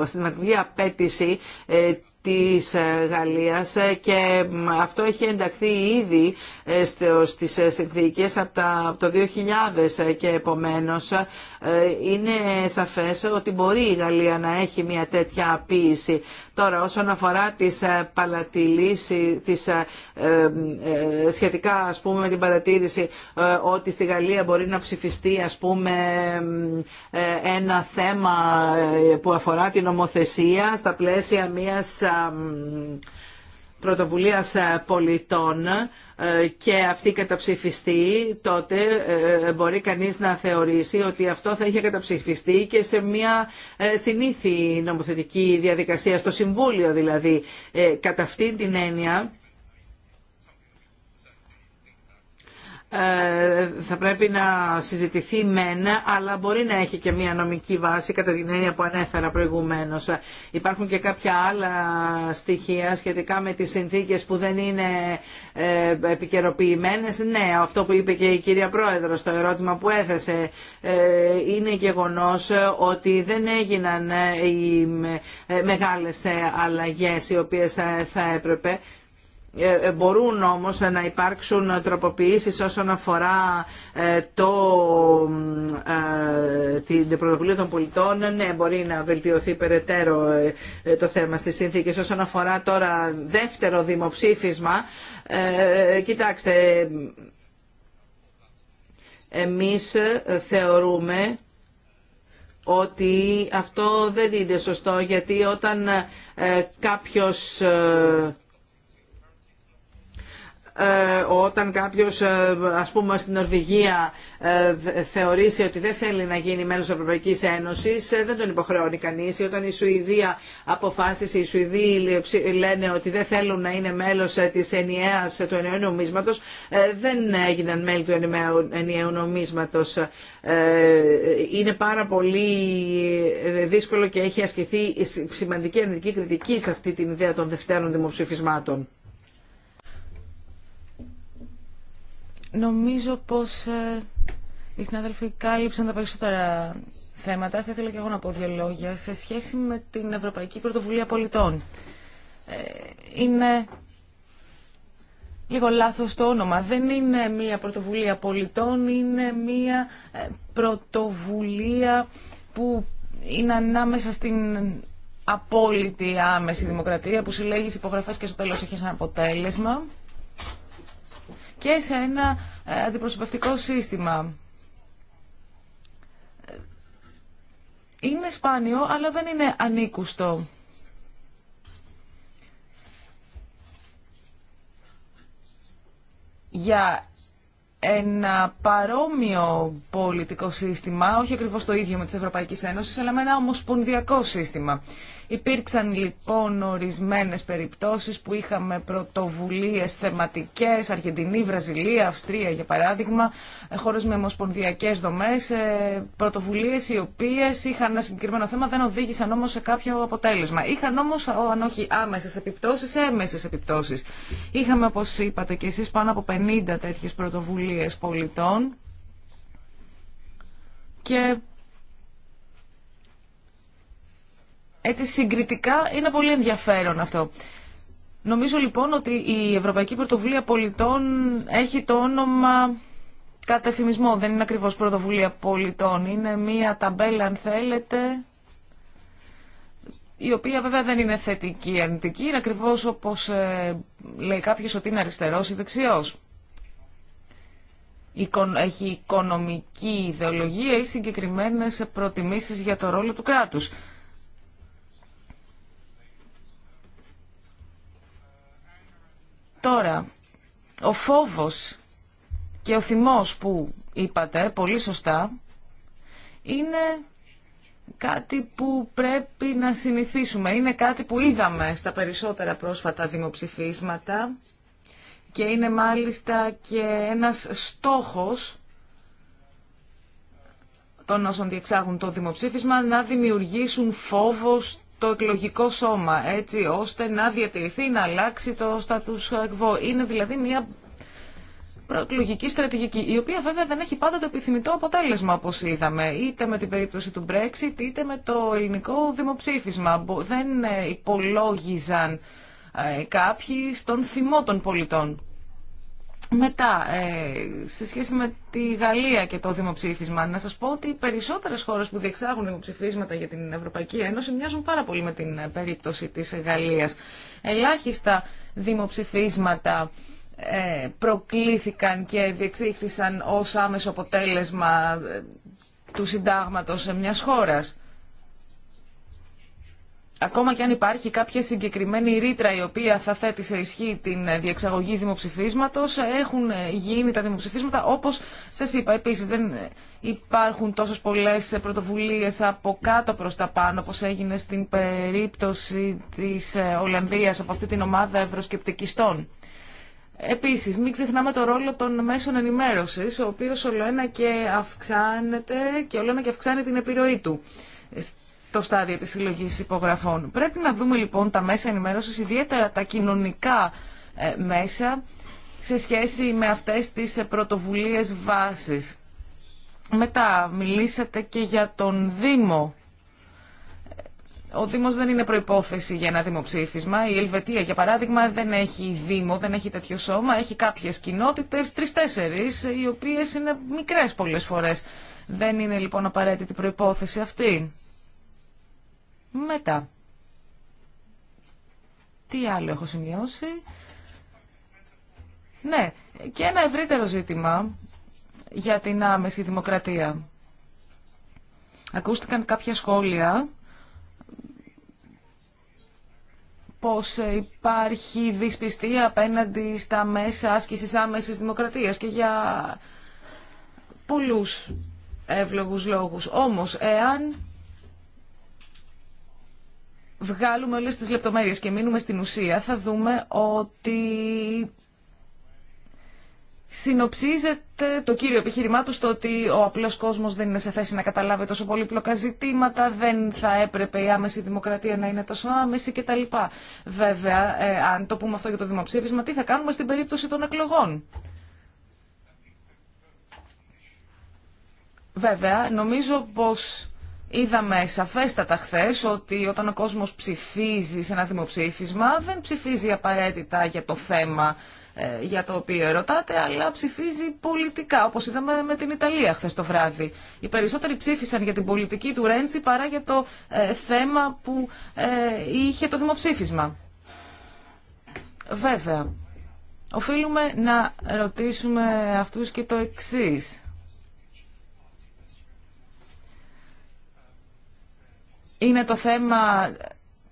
συνταγματική απέτηση της ε, Γαλλίας ε, και αυτό έχει ενταχθεί ήδη ε, στις συνθήκες από το 2000 και επομένως είναι σαφές ότι μπορεί η Γαλλία να έχει μια τέτοια ποίηση. Τώρα όσον αφορά τις ε, ε, ε, σχετικά ας πούμε με την παρατήρηση ότι στη Γαλλία μπορεί να ψηφιστεί ας πούμε ένα θέμα που αφορά την νομοθεσία στα πλαίσια μιας πρωτοβουλίας ε, πολιτών ε, και αυτή καταψηφιστεί, τότε ε, μπορεί κανείς να θεωρήσει ότι αυτό θα είχε καταψηφιστεί και σε μια συνήθη νομοθετική διαδικασία, στο Συμβούλιο δηλαδή. Κατά αυτή την έννοια Ε, θα πρέπει να συζητηθεί μεν, αλλά μπορεί να έχει και μια νομική βάση κατά την έννοια που ανέφερα προηγουμένως. Υπάρχουν και κάποια άλλα στοιχεία σχετικά με τις συνθήκες που δεν είναι ε, επικαιροποιημένες. Ναι, αυτό που είπε και η κυρία Πρόεδρος, στο ερώτημα που έθεσε, ε, είναι γεγονός ότι δεν έγιναν οι μεγάλες αλλαγές οι οποίες θα έπρεπε ε, ε, μπορούν όμως να υπάρξουν τροποποιήσεις όσον αφορά ε, το, την πρωτοβουλία των πολιτών. Ναι, μπορεί να βελτιωθεί περαιτέρω το θέμα στις συνθήκες. Όσον αφορά τώρα δεύτερο δημοψήφισμα, κοιτάξτε, εμείς θεωρούμε ότι αυτό δεν είναι σωστό γιατί όταν κάποιος ε, όταν κάποιος ε, ας πούμε στην Νορβηγία ε, θεωρήσει ότι δεν θέλει να γίνει μέλος της Ευρωπαϊκής Ένωσης δεν τον υποχρεώνει κανείς όταν η Σουηδία αποφάσισε οι Σουηδοί λένε ότι δεν θέλουν να είναι μέλος της ενιαίας του ενιαίου νομίσματος δεν έγιναν μέλη του ενιαίου νομίσματος είναι πάρα πολύ δύσκολο και έχει ασκηθεί σημαντική αρνητική κριτική σε αυτή την ιδέα των δευτέρων δημοψηφισμάτων Νομίζω
πως ε, οι συνάδελφοι κάλυψαν τα περισσότερα θέματα. Θα ήθελα και εγώ να πω δύο λόγια σε σχέση με την Ευρωπαϊκή Πρωτοβουλία Πολιτών. Ε, είναι λίγο λάθος το όνομα. Δεν είναι μία πρωτοβουλία πολιτών, είναι μία ε, πρωτοβουλία που είναι ανάμεσα στην απόλυτη άμεση δημοκρατία που συλλέγει υπογραφές και στο τέλος έχει ένα αποτέλεσμα και σε ένα ε, αντιπροσωπευτικό σύστημα. Είναι σπάνιο, αλλά δεν είναι ανήκουστο. Για ένα παρόμοιο πολιτικό σύστημα, όχι ακριβώς το ίδιο με τις Ευρωπαϊκές Ένωσης, αλλά με ένα ομοσπονδιακό σύστημα. Υπήρξαν λοιπόν ορισμένες περιπτώσεις που είχαμε πρωτοβουλίες θεματικές, Αργεντινή, Βραζιλία, Αυστρία για παράδειγμα, χώρες με ομοσπονδιακέ δομές, ε, πρωτοβουλίες οι οποίες είχαν ένα συγκεκριμένο θέμα, δεν οδήγησαν όμως σε κάποιο αποτέλεσμα. Είχαν όμως, αν όχι άμεσες επιπτώσεις, έμεσες επιπτώσεις. Είχαμε, όπως είπατε και εσείς, πάνω από 50 τέτοιες πρωτοβουλίες πολιτών και έτσι συγκριτικά είναι πολύ ενδιαφέρον αυτό. Νομίζω λοιπόν ότι η Ευρωπαϊκή Πρωτοβουλία Πολιτών έχει το όνομα κατά Δεν είναι ακριβώς πρωτοβουλία πολιτών. Είναι μία ταμπέλα αν θέλετε η οποία βέβαια δεν είναι θετική ή αρνητική. Είναι ακριβώς όπως ε, λέει κάποιος ότι είναι αριστερός ή δεξιός. Έχει οικονομική ιδεολογία ή συγκεκριμένες προτιμήσεις για το ρόλο του κράτους. Τώρα, ο φόβος και ο θυμός που είπατε πολύ σωστά είναι κάτι που πρέπει να συνηθίσουμε. Είναι κάτι που είδαμε στα περισσότερα πρόσφατα δημοψηφίσματα και είναι μάλιστα και ένας στόχος των όσων διεξάγουν το δημοψήφισμα να δημιουργήσουν φόβο το εκλογικό σώμα, έτσι ώστε να διατηρηθεί, να αλλάξει το status quo. Είναι δηλαδή μια προεκλογική στρατηγική, η οποία βέβαια δεν έχει πάντα το επιθυμητό αποτέλεσμα, όπως είδαμε, είτε με την περίπτωση του Brexit, είτε με το ελληνικό δημοψήφισμα. Δεν ε, υπολόγιζαν ε, κάποιοι στον θυμό των πολιτών. Μετά, ε, σε σχέση με τη Γαλλία και το δημοψήφισμα, να σας πω ότι οι περισσότερες χώρες που διεξάγουν δημοψηφίσματα για την Ευρωπαϊκή Ένωση μοιάζουν πάρα πολύ με την ε, περίπτωση της Γαλλίας. Ελάχιστα δημοψηφίσματα ε, προκλήθηκαν και διεξήχθησαν ως άμεσο αποτέλεσμα του συντάγματος μια χώρας ακόμα και αν υπάρχει κάποια συγκεκριμένη ρήτρα η οποία θα θέτει σε ισχύ την διεξαγωγή δημοψηφίσματος, έχουν γίνει τα δημοψηφίσματα όπως σας είπα. Επίσης δεν υπάρχουν τόσες πολλές πρωτοβουλίες από κάτω προς τα πάνω όπως έγινε στην περίπτωση της Ολλανδίας από αυτή την ομάδα ευρωσκεπτικιστών. Επίσης, μην ξεχνάμε το ρόλο των μέσων ενημέρωσης, ο οποίος ολοένα και αυξάνεται και ολοένα και αυξάνει την επιρροή του το στάδιο της συλλογή υπογραφών. Πρέπει να δούμε λοιπόν τα μέσα ενημέρωσης, ιδιαίτερα τα κοινωνικά ε, μέσα, σε σχέση με αυτές τις ε, πρωτοβουλίες βάσης. Μετά μιλήσατε και για τον Δήμο. Ο Δήμος δεν είναι προϋπόθεση για ένα δημοψήφισμα. Η Ελβετία, για παράδειγμα, δεν έχει Δήμο, δεν έχει τέτοιο σώμα. Έχει κάποιες κοινότητες, τρεις-τέσσερις, οι οποίες είναι μικρές πολλές φορές. Δεν είναι λοιπόν απαραίτητη προϋπόθεση αυτή. Μετά, τι άλλο έχω σημειώσει. Ναι, και ένα ευρύτερο ζήτημα για την άμεση δημοκρατία. Ακούστηκαν κάποια σχόλια πως υπάρχει δυσπιστία απέναντι στα μέσα άσκησης άμεσης δημοκρατίας και για πολλούς εύλογους λόγους. Όμως, εάν βγάλουμε όλες τις λεπτομέρειες και μείνουμε στην ουσία, θα δούμε ότι συνοψίζεται το κύριο επιχείρημά του στο ότι ο απλός κόσμος δεν είναι σε θέση να καταλάβει τόσο πολύπλοκα ζητήματα, δεν θα έπρεπε η άμεση δημοκρατία να είναι τόσο άμεση κτλ. Βέβαια, ε, αν το πούμε αυτό για το δημοψήφισμα, τι θα κάνουμε στην περίπτωση των εκλογών. Βέβαια, νομίζω πως Είδαμε σαφέστατα χθε ότι όταν ο κόσμος ψηφίζει σε ένα δημοψήφισμα δεν ψηφίζει απαραίτητα για το θέμα ε, για το οποίο ερωτάτε, αλλά ψηφίζει πολιτικά, όπως είδαμε με την Ιταλία χθε το βράδυ. Οι περισσότεροι ψήφισαν για την πολιτική του Ρέντσι παρά για το ε, θέμα που ε, είχε το δημοψήφισμα. Βέβαια, οφείλουμε να ρωτήσουμε αυτούς και το εξής. είναι το θέμα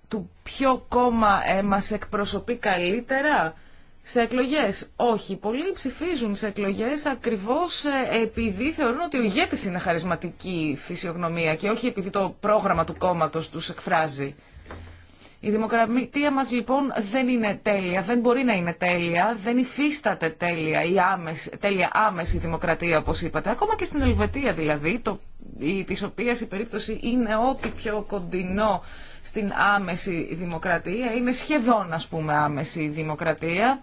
του ποιο κόμμα ε, μας εκπροσωπεί καλύτερα σε εκλογές. Όχι, πολλοί ψηφίζουν σε εκλογές ακριβώς ε, επειδή θεωρούν ότι ο ηγέτης είναι χαρισματική φυσιογνωμία και όχι επειδή το πρόγραμμα του κόμματος τους εκφράζει. Η δημοκρατία μας λοιπόν δεν είναι τέλεια, δεν μπορεί να είναι τέλεια, δεν υφίσταται τέλεια, η άμεση, τέλεια άμεση δημοκρατία όπως είπατε. Ακόμα και στην Ελβετία δηλαδή, το η, οποία οποίας η περίπτωση είναι ό,τι πιο κοντινό στην άμεση δημοκρατία, είναι σχεδόν ας πούμε άμεση δημοκρατία,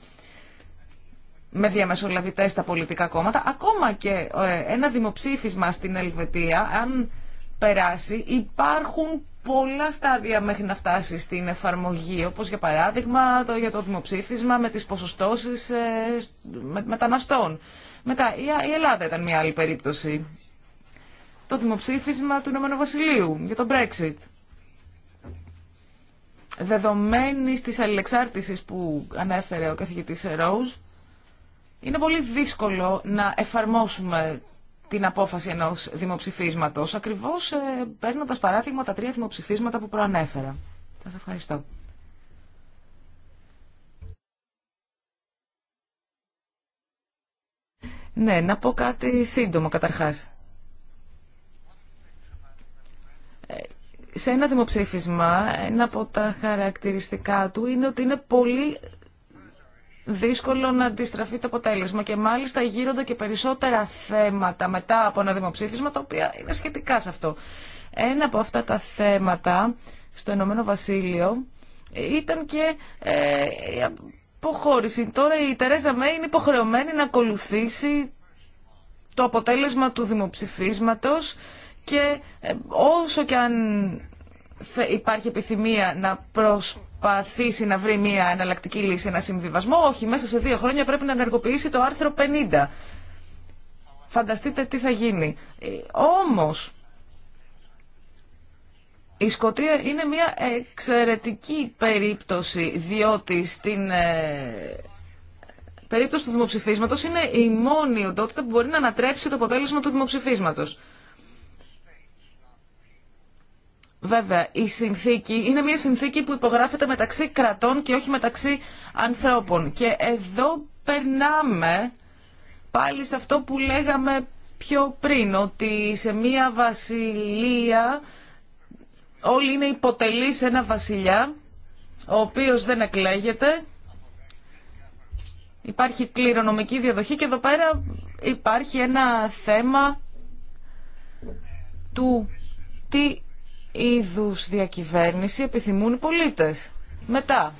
με διαμεσολαβητές στα πολιτικά κόμματα, ακόμα και ε, ένα δημοψήφισμα στην Ελβετία, αν περάσει, υπάρχουν πολλά στάδια μέχρι να φτάσει στην εφαρμογή, όπως για παράδειγμα το, για το δημοψήφισμα με τις ποσοστώσεις ε, μεταναστών. Μετά η, η Ελλάδα ήταν μια άλλη περίπτωση το δημοψήφισμα του Ηνωμένου Βασιλείου για τον Brexit. Δεδομένης τη αλληλεξάρτηση που ανέφερε ο καθηγητή Ρόουζ, είναι πολύ δύσκολο να εφαρμόσουμε την απόφαση ενός δημοψηφίσματος, ακριβώς ε, παίρνοντας παράδειγμα τα τρία δημοψηφίσματα που προανέφερα. Σα ευχαριστώ. Ναι, να πω κάτι σύντομο καταρχάς. σε ένα δημοψήφισμα, ένα από τα χαρακτηριστικά του είναι ότι είναι πολύ δύσκολο να αντιστραφεί το αποτέλεσμα και μάλιστα γύρονται και περισσότερα θέματα μετά από ένα δημοψήφισμα τα οποία είναι σχετικά σε αυτό. Ένα από αυτά τα θέματα στο Ηνωμένο Βασίλειο ήταν και ε, η αποχώρηση. Τώρα η Τερέζα Μέι είναι υποχρεωμένη να ακολουθήσει το αποτέλεσμα του δημοψηφίσματος και ε, όσο και αν υπάρχει επιθυμία να προσπαθήσει να βρει μια εναλλακτική λύση, ένα συμβιβασμό, όχι, μέσα σε δύο χρόνια πρέπει να ενεργοποιήσει το άρθρο 50. Φανταστείτε τι θα γίνει. Ε, όμως, η Σκοτία είναι μια εξαιρετική περίπτωση, διότι στην ε, περίπτωση του δημοψηφίσματος είναι η μόνη οντότητα που μπορεί να ανατρέψει το αποτέλεσμα του δημοψηφίσματος. Βέβαια, η συνθήκη είναι μια συνθήκη που υπογράφεται μεταξύ κρατών και όχι μεταξύ ανθρώπων. Και εδώ περνάμε πάλι σε αυτό που λέγαμε πιο πριν, ότι σε μια βασιλεία όλοι είναι υποτελεί σε ένα βασιλιά, ο οποίος δεν εκλέγεται. Υπάρχει κληρονομική διαδοχή και εδώ πέρα υπάρχει ένα θέμα του τι είδους διακυβέρνηση επιθυμούν οι πολίτες. Μετά,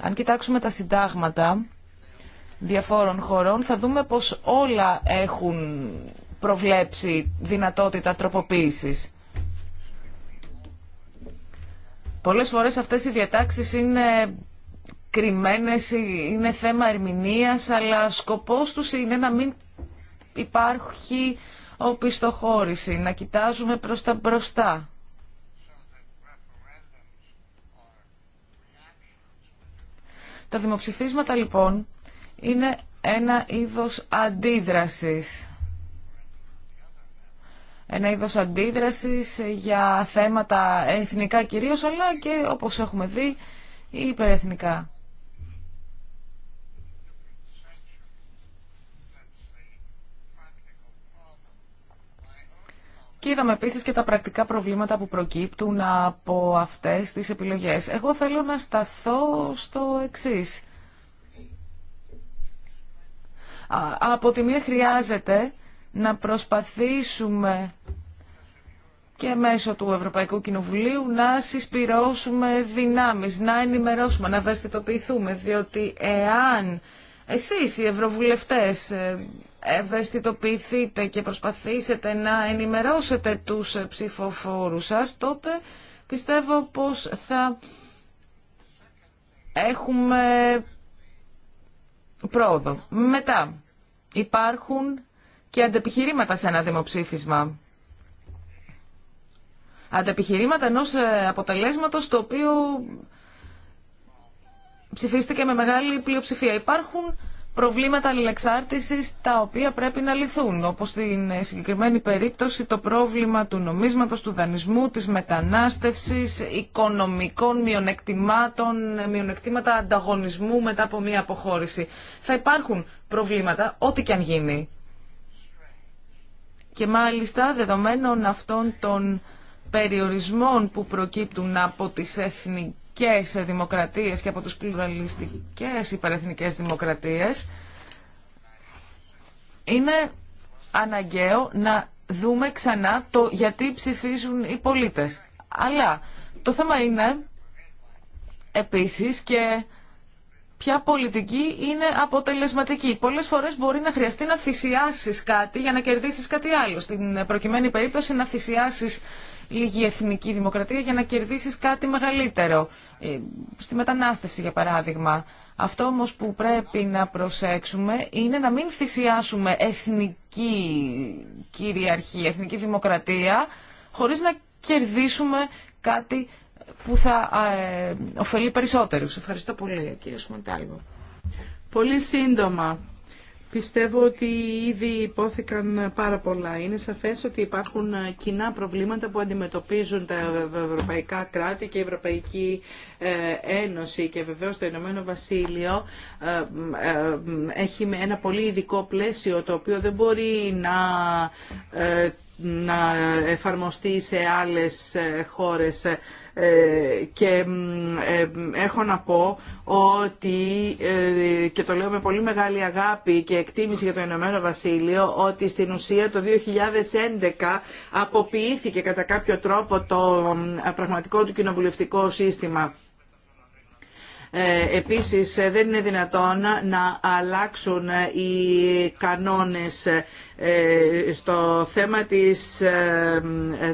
αν κοιτάξουμε τα συντάγματα διαφόρων χωρών, θα δούμε πως όλα έχουν προβλέψει δυνατότητα τροποποίησης. Πολλές φορές αυτές οι διατάξεις είναι κρυμμένες, είναι θέμα ερμηνείας, αλλά σκοπός τους είναι να μην υπάρχει οπισθοχώρηση, να κοιτάζουμε προς τα μπροστά. Τα δημοψηφίσματα λοιπόν είναι ένα είδος αντίδρασης. Ένα είδος αντίδρασης για θέματα εθνικά κυρίως, αλλά και όπως έχουμε δει υπερεθνικά. Και είδαμε επίση και τα πρακτικά προβλήματα που προκύπτουν από αυτέ τι επιλογέ. Εγώ θέλω να σταθώ στο εξή. Από τη μία χρειάζεται να προσπαθήσουμε και μέσω του Ευρωπαϊκού Κοινοβουλίου να συσπυρώσουμε δυνάμεις, να ενημερώσουμε, να βεστιτοποιηθούμε. διότι εάν εσείς οι ευρωβουλευτές ε, ευαισθητοποιηθείτε και προσπαθήσετε να ενημερώσετε τους ψηφοφόρους σας, τότε πιστεύω πως θα έχουμε πρόοδο. Μετά υπάρχουν και αντεπιχειρήματα σε ένα δημοψήφισμα. Αντεπιχειρήματα ενός ε, αποτελέσματος το οποίο ψηφίστηκε με μεγάλη πλειοψηφία. Υπάρχουν προβλήματα αλληλεξάρτησης τα οποία πρέπει να λυθούν, όπως στην συγκεκριμένη περίπτωση το πρόβλημα του νομίσματος, του δανεισμού, της μετανάστευσης, οικονομικών μειονεκτημάτων, μειονεκτήματα ανταγωνισμού μετά από μια αποχώρηση. Θα υπάρχουν προβλήματα, ό,τι και αν γίνει. Και μάλιστα δεδομένων αυτών των περιορισμών που προκύπτουν από τις εθνικές σε δημοκρατίες και από τους πλουραλιστικές υπερεθνικές δημοκρατίες είναι αναγκαίο να δούμε ξανά το γιατί ψηφίζουν οι πολίτες. Αλλά το θέμα είναι επίσης και ποια πολιτική είναι αποτελεσματική. Πολλές φορές μπορεί να χρειαστεί να θυσιάσεις κάτι για να κερδίσεις κάτι άλλο. Στην προκειμένη περίπτωση να θυσιάσεις λίγη εθνική δημοκρατία για να κερδίσεις κάτι μεγαλύτερο. Ε, στη μετανάστευση για παράδειγμα. Αυτό όμως που πρέπει να προσέξουμε είναι να μην θυσιάσουμε εθνική κυριαρχία, εθνική δημοκρατία χωρίς να κερδίσουμε κάτι που θα ε, ωφελεί περισσότερου. Ευχαριστώ
πολύ, κύριε Σμοντάλβο. Πολύ σύντομα. Πιστεύω ότι ήδη υπόθηκαν πάρα πολλά. Είναι σαφές ότι υπάρχουν κοινά προβλήματα που αντιμετωπίζουν τα ευρωπαϊκά κράτη και η Ευρωπαϊκή ε, Ένωση και βεβαίως το Ηνωμένο Βασίλειο ε, ε, έχει ένα πολύ ειδικό πλαίσιο το οποίο δεν μπορεί να να εφαρμοστεί σε άλλες χώρες ε, και ε, έχω να πω ότι, ε, και το λέω με πολύ μεγάλη αγάπη και εκτίμηση για το Ηνωμένο Βασίλειο, ότι στην ουσία το 2011 αποποιήθηκε κατά κάποιο τρόπο το πραγματικό του κοινοβουλευτικό σύστημα. Επίσης δεν είναι δυνατόν να αλλάξουν οι κανόνες στο θέμα της,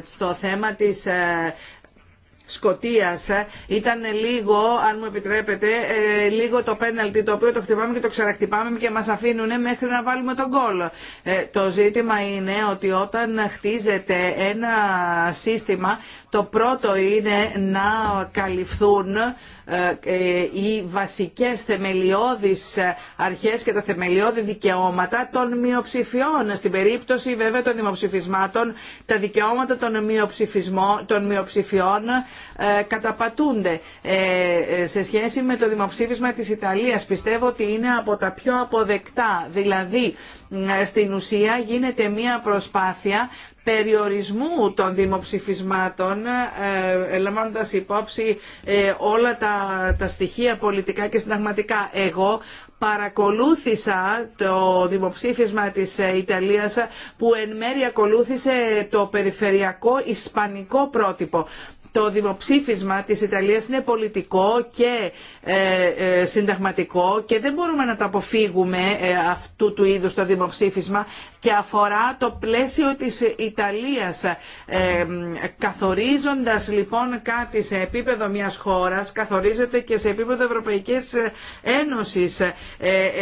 στο θέμα της Σκοτίας ε, ήταν λίγο, αν μου επιτρέπετε, ε, λίγο το πέναλτι το οποίο το χτυπάμε και το ξαναχτυπάμε, και μας αφήνουν μέχρι να βάλουμε τον γκολ. Ε, το ζήτημα είναι ότι όταν χτίζεται ένα σύστημα το πρώτο είναι να καλυφθούν ε, οι βασικές θεμελιώδεις αρχές και τα θεμελιώδη δικαιώματα των μειοψηφιών. Στην περίπτωση βέβαια των δημοψηφισμάτων τα δικαιώματα των, των μειοψηφιών ε, καταπατούνται. Ε, σε σχέση με το δημοψήφισμα της Ιταλίας πιστεύω ότι είναι από τα πιο αποδεκτά. Δηλαδή στην ουσία γίνεται μια προσπάθεια περιορισμού των δημοψηφισμάτων, ε, ε, λαμβάνοντα υπόψη ε, όλα τα, τα στοιχεία πολιτικά και συνταγματικά. Εγώ παρακολούθησα το δημοψήφισμα της Ιταλίας που εν μέρει ακολούθησε το περιφερειακό ισπανικό πρότυπο. Το δημοψήφισμα της Ιταλίας είναι πολιτικό και ε, ε, συνταγματικό και δεν μπορούμε να τα αποφύγουμε ε, αυτού του είδους το δημοψήφισμα και αφορά το πλαίσιο της Ιταλίας καθορίζοντας λοιπόν κάτι σε επίπεδο μιας χώρας καθορίζεται και σε επίπεδο Ευρωπαϊκής Ένωσης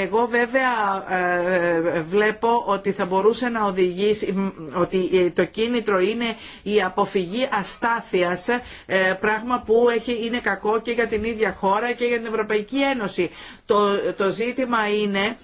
εγώ βέβαια βλέπω ότι θα μπορούσε να οδηγήσει ότι το κίνητρο είναι η αποφυγή αστάθειας πράγμα που είναι κακό και για την ίδια χώρα και για την Ευρωπαϊκή Ένωση. Το, το ζήτημα είναι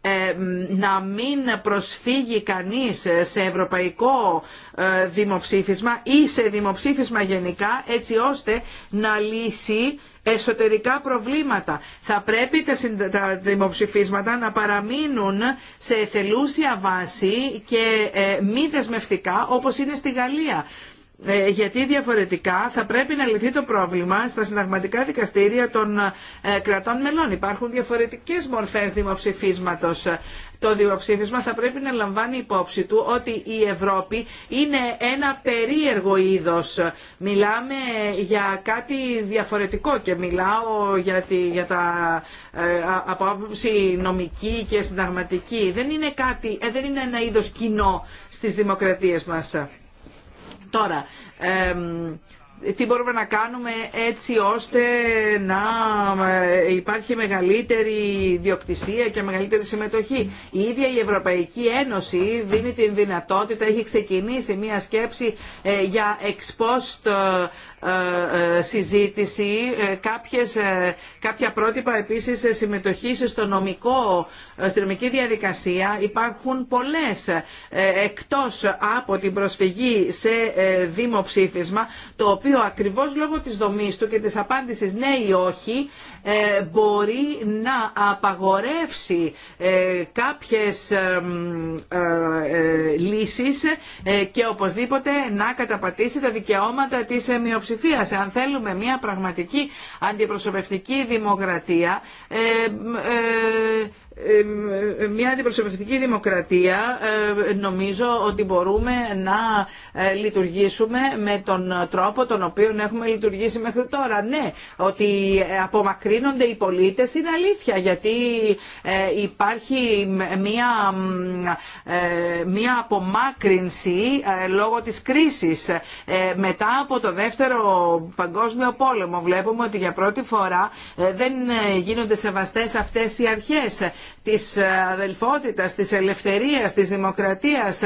ε, να μην προσφύγει κανείς σε ευρωπαϊκό ε, δημοψήφισμα ή σε δημοψήφισμα γενικά έτσι ώστε να λύσει εσωτερικά προβλήματα. Θα πρέπει τα δημοψηφίσματα να παραμείνουν σε εθελούσια βάση και ε, μη δεσμευτικά όπως είναι στη Γαλλία ε, γιατί διαφορετικά θα πρέπει να λυθεί το πρόβλημα στα συνταγματικά δικαστήρια των ε, κρατών μελών. Υπάρχουν διαφορετικές μορφές δημοψηφίσματος. Το δημοψήφισμα θα πρέπει να λαμβάνει υπόψη του ότι η Ευρώπη είναι ένα περίεργο είδος. Μιλάμε για κάτι διαφορετικό και μιλάω για, τα ε, άποψη νομική και συνταγματική. Δεν είναι, κάτι, δεν είναι ένα είδος κοινό στις δημοκρατίες μας. Τώρα, τι μπορούμε να κάνουμε έτσι ώστε να ε, υπάρχει μεγαλύτερη διοκτησία και μεγαλύτερη συμμετοχή. Η ίδια η Ευρωπαϊκή Ένωση δίνει την δυνατότητα, έχει ξεκινήσει μια σκέψη ε, για ε, ε, ε, συζήτηση, ε, κάποιες, κάποια πρότυπα επίσης συμμετοχής στο νομικό, στη νομική διαδικασία υπάρχουν πολλές εκτός από την προσφυγή σε δημοψήφισμα το οποίο ακριβώς λόγω της δομής του και της απάντησης ναι ή όχι μπορεί να απαγορεύσει κάποιες λύσεις και οπωσδήποτε να καταπατήσει τα δικαιώματα της μειοψηφίας αν θέλουμε μια πραγματική αντιπροσωπευτική δημοκρατία, ε, ε, μια αντιπροσωπευτική δημοκρατία νομίζω ότι μπορούμε να ε, λειτουργήσουμε με τον τρόπο τον οποίο έχουμε λειτουργήσει μέχρι τώρα. Ναι, ότι απομακρύνονται οι πολίτες είναι αλήθεια γιατί ε, υπάρχει μια, μια ε, απομάκρυνση λόγω της κρίσης. Μετά από το δεύτερο παγκόσμιο πόλεμο βλέπουμε ότι για πρώτη φορά δεν γίνονται σεβαστές αυτές οι αρχές της αδελφότητας, της ελευθερίας, της δημοκρατίας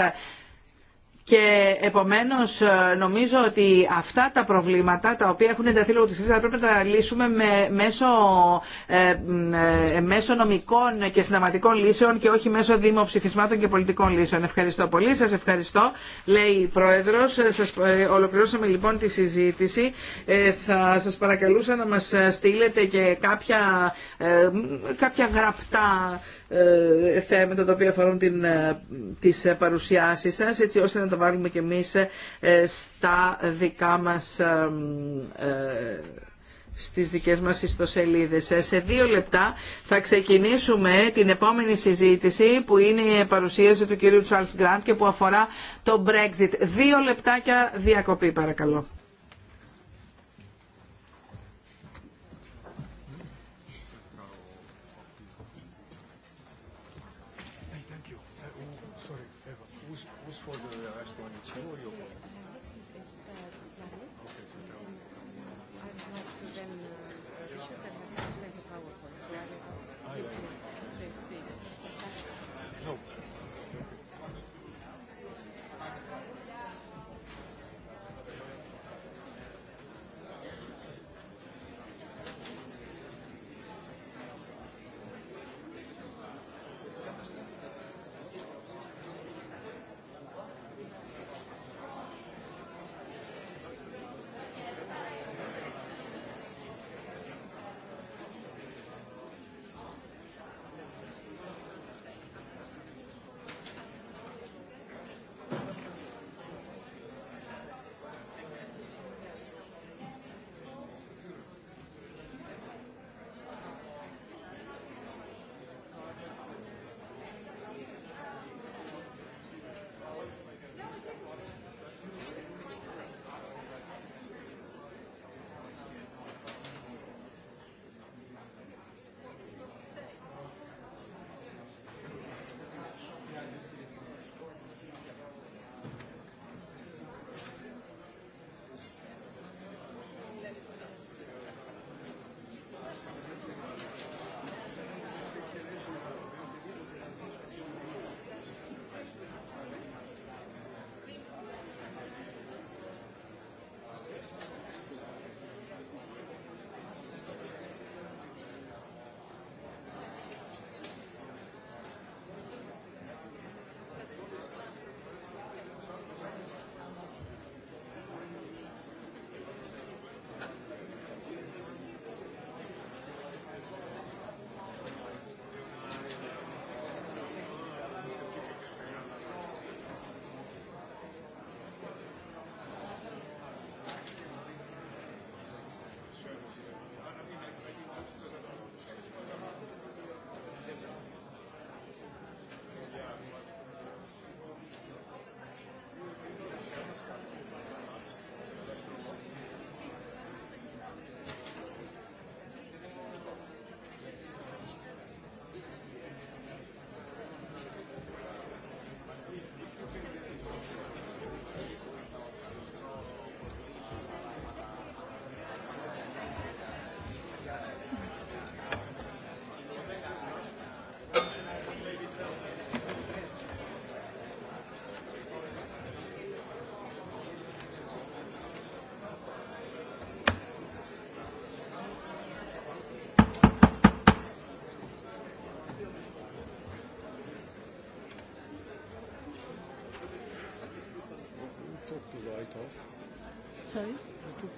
και επομένως ε, νομίζω ότι αυτά τα προβλήματα τα οποία έχουν ενταθεί λόγω της κρίσης θα πρέπει να τα λύσουμε με, μέσω, ε, ε νομικών και συναματικών λύσεων και όχι μέσω δημοψηφισμάτων και πολιτικών λύσεων. Ευχαριστώ πολύ. Σας ευχαριστώ. Λέει η Πρόεδρος. Ε, ολοκληρώσαμε λοιπόν τη συζήτηση. θα σας παρακαλούσα να μας στείλετε και κάποια, κάποια γραπτά ε, θέματα τα οποία αφορούν την, ε, τις ε, παρουσιάσεις σας, έτσι ώστε να τα βάλουμε και εμείς στα δικά μας στις δικές μας ιστοσελίδες. Σε δύο λεπτά θα ξεκινήσουμε την επόμενη συζήτηση που είναι η παρουσίαση του κυρίου Charles Grant και που αφορά το Brexit. Δύο λεπτάκια διακοπή παρακαλώ.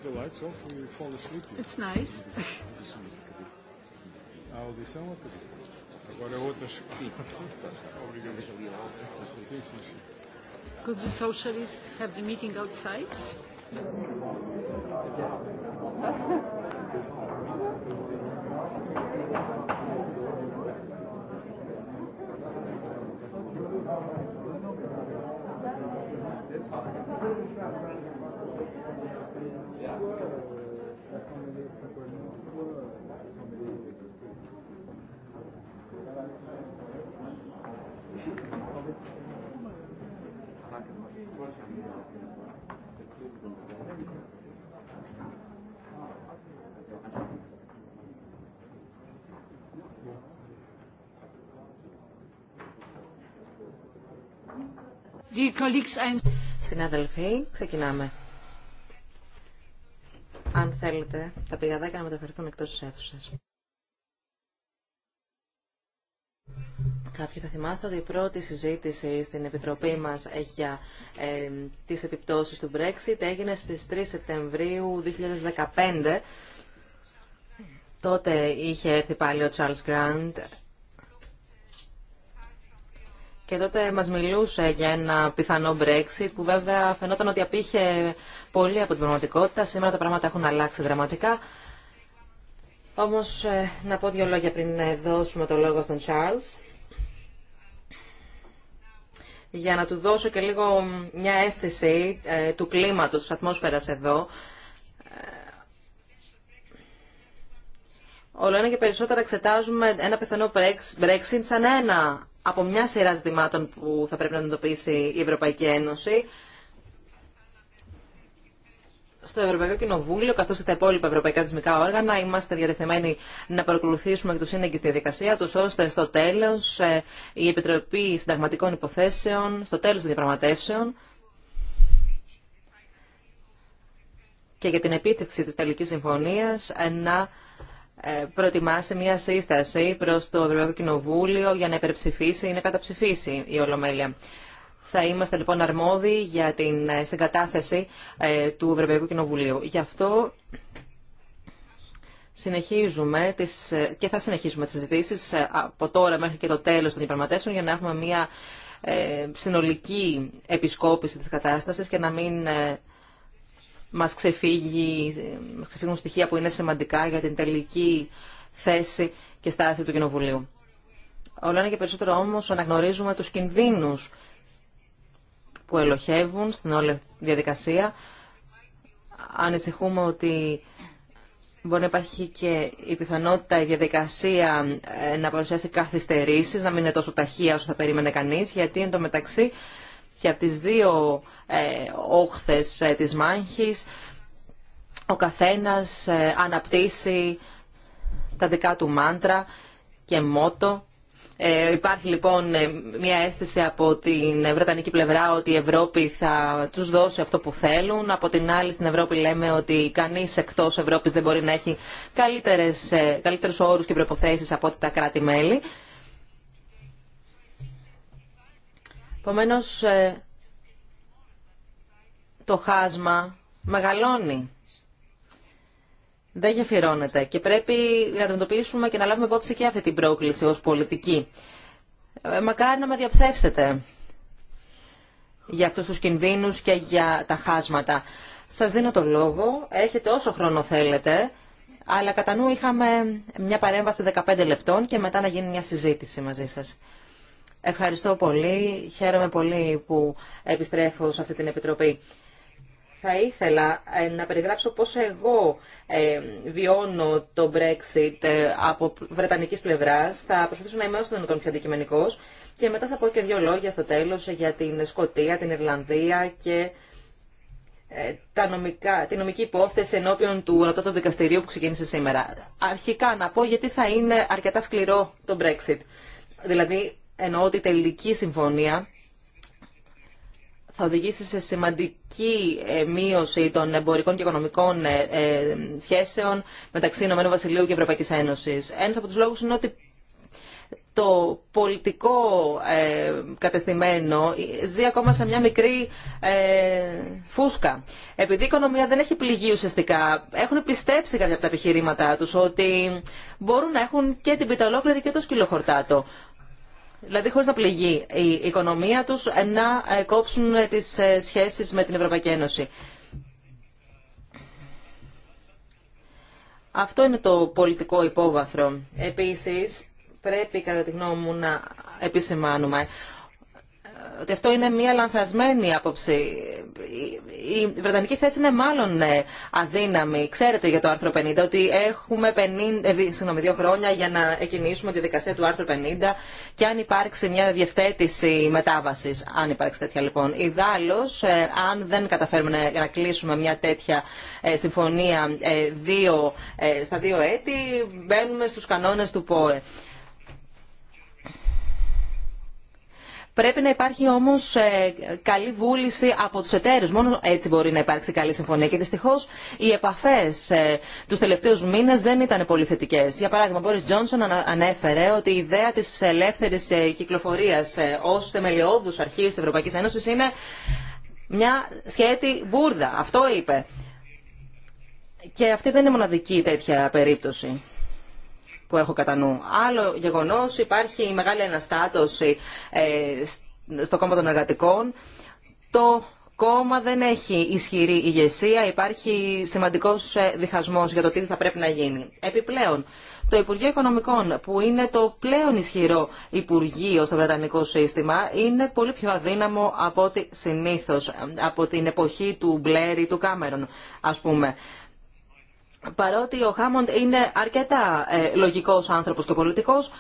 the lights off, we fall asleep. It's nice.
A audição ou tudo? Agora outras. Sim. Obrigado.
Could the socialists have the meeting outside? Συνάδελφοι, ξεκινάμε. Αν θέλετε, τα πηγαδάκια να μεταφερθούν εκτός της αίθουσας. Κάποιοι θα θυμάστε ότι η πρώτη συζήτηση στην Επιτροπή μας για ε, τις επιπτώσεις του Brexit έγινε στις 3 Σεπτεμβρίου 2015. Τότε είχε έρθει πάλι ο Charles Grant και τότε μας μιλούσε για ένα πιθανό Brexit που βέβαια φαινόταν ότι απήχε πολύ από την πραγματικότητα. Σήμερα τα πράγματα έχουν αλλάξει δραματικά. Όμως ε, να πω δύο λόγια πριν ε, δώσουμε το λόγο στον Charles για να του δώσω και λίγο μια αίσθηση ε, του κλίματος, της ατμόσφαιρας εδώ. Όλο ένα και περισσότερα εξετάζουμε ένα πιθανό Brexit σαν ένα από μια σειρά ζητημάτων που θα πρέπει να αντιμετωπίσει η Ευρωπαϊκή Ένωση στο Ευρωπαϊκό Κοινοβούλιο, καθώ και τα υπόλοιπα ευρωπαϊκά θεσμικά όργανα, είμαστε διατεθειμένοι να παρακολουθήσουμε και του σύνεγγυ στη διαδικασία του ώστε στο τέλος ε, η Επιτροπή Συνταγματικών Υποθέσεων, στο τέλο των διαπραγματεύσεων, και για την επίτευξη της τελικής συμφωνίας ε, να ε, προετοιμάσει μια σύσταση προς το Ευρωπαϊκό Κοινοβούλιο για να υπερψηφίσει ή να καταψηφίσει η Ολομέλεια. Θα είμαστε λοιπόν αρμόδιοι για την ε, συγκατάθεση ε, του Ευρωπαϊκού Κοινοβουλίου. Γι' αυτό συνεχίζουμε τις, και θα συνεχίσουμε τις συζητήσεις από τώρα μέχρι και το τέλος των διαπραγματεύσεων για να έχουμε μια συνολική επισκόπηση της κατάστασης και να μην μας, ξεφύγουν στοιχεία που είναι σημαντικά για την τελική θέση και στάση του Κοινοβουλίου. Όλο ένα και περισσότερο όμως αναγνωρίζουμε τους κινδύνους που ελοχεύουν στην όλη διαδικασία. Ανησυχούμε ότι μπορεί να υπάρχει και η πιθανότητα η διαδικασία ε, να παρουσιάσει καθυστερήσεις, να μην είναι τόσο ταχεία όσο θα περίμενε κανείς, γιατί εν τω μεταξύ για τις δύο ε, όχθες ε, της μάχης ο καθένας ε, αναπτύσσει τα δικά του μάντρα και μότο. υπάρχει λοιπόν μια αίσθηση από την Βρετανική πλευρά ότι η Ευρώπη θα τους δώσει αυτό που θέλουν. Από την άλλη στην Ευρώπη λέμε ότι κανείς εκτός Ευρώπης δεν μπορεί να έχει καλύτερες, καλύτερους όρους και προϋποθέσεις από ό,τι τα κράτη-μέλη. Επομένω, ε, το χάσμα μεγαλώνει. Δεν γεφυρώνεται και πρέπει να αντιμετωπίσουμε και να λάβουμε υπόψη και αυτή την πρόκληση ως πολιτική. Ε, μακάρι να με διαψεύσετε για αυτούς τους κινδύνους και για τα χάσματα. Σας δίνω το λόγο, έχετε όσο χρόνο θέλετε, αλλά κατά νου είχαμε μια παρέμβαση 15 λεπτών και μετά να γίνει μια συζήτηση μαζί σας. Ευχαριστώ πολύ. Χαίρομαι πολύ που επιστρέφω σε αυτή την Επιτροπή. Θα ήθελα ε, να περιγράψω πώς εγώ ε, βιώνω το Brexit ε, από βρετανικής πλευράς. Θα προσπαθήσω να είμαι όσο δυνατόν πιο αντικειμενικός και μετά θα πω και δύο λόγια στο τέλος για την Σκοτία, την Ιρλανδία και τα νομικά, τη νομική υπόθεση ενώπιον του του Δικαστηρίου που ξεκίνησε σήμερα. Αρχικά να πω γιατί θα είναι αρκετά σκληρό το Brexit. Δηλαδή εννοώ ότι η τελική συμφωνία θα οδηγήσει σε σημαντική ε, μείωση των εμπορικών και οικονομικών ε, ε, σχέσεων μεταξύ ΗΠΑ και Ευρωπαϊκής Ένωσης. Ένας από τους λόγους είναι ότι το πολιτικό κατεστημένο ζει ακόμα σε μια μικρή φούσκα. Επειδή η οικονομία δεν έχει πληγεί ουσιαστικά, έχουν πιστέψει κάποια από τα επιχειρήματά τους ότι μπορούν να έχουν και την πίτα και το σκυλοχορτάτο δηλαδή χωρίς να πληγεί η οικονομία τους, ε, να ε, κόψουν ε, τις σχέσεις με την Ευρωπαϊκή Ένωση. Αυτό είναι το πολιτικό υπόβαθρο. Επίσης, πρέπει κατά τη γνώμη μου να επισημάνουμε ότι αυτό είναι μια λανθασμένη άποψη. Η Βρετανική θέση είναι μάλλον ε, αδύναμη. Ξέρετε για το άρθρο 50 ότι έχουμε 50, ε, συγγνώμη, δύο χρόνια για να εκκινήσουμε τη δικασία του άρθρου 50 και αν υπάρξει μια διευθέτηση μετάβασης, αν υπάρξει τέτοια λοιπόν. Ιδάλλως, ε, αν δεν καταφέρουμε να κλείσουμε μια τέτοια συμφωνία δύο, στα δύο έτη, μπαίνουμε στου κανόνε του ΠΟΕ. Πρέπει να υπάρχει όμω ε, καλή βούληση από του εταίρου. Μόνο έτσι μπορεί να υπάρξει καλή συμφωνία. Και δυστυχώ οι επαφέ ε, του τελευταίου μήνε δεν ήταν πολύ θετικέ. Για παράδειγμα, ο Μπόρι Τζόνσον ανέφερε ότι η ιδέα τη ελεύθερη ε, κυκλοφορία ω θεμελιώδου αρχή τη Ευρωπαϊκή Ένωση είναι μια σχέτη βούρδα. Αυτό είπε. Και αυτή δεν είναι μοναδική τέτοια περίπτωση που έχω κατά νου. Άλλο γεγονό, υπάρχει η μεγάλη αναστάτωση ε, στο κόμμα των εργατικών. Το κόμμα δεν έχει ισχυρή ηγεσία, υπάρχει σημαντικό ε, διχασμό για το τι θα πρέπει να γίνει. Επιπλέον, το Υπουργείο Οικονομικών, που είναι το πλέον ισχυρό Υπουργείο στο Βρετανικό σύστημα, είναι πολύ πιο αδύναμο από ό,τι συνήθω ε, από την εποχή του Μπλέρ ή του Κάμερον, α πούμε παρότι ο Χάμοντ είναι αρκετά ε, λογικός άνθρωπος και πολιτικός,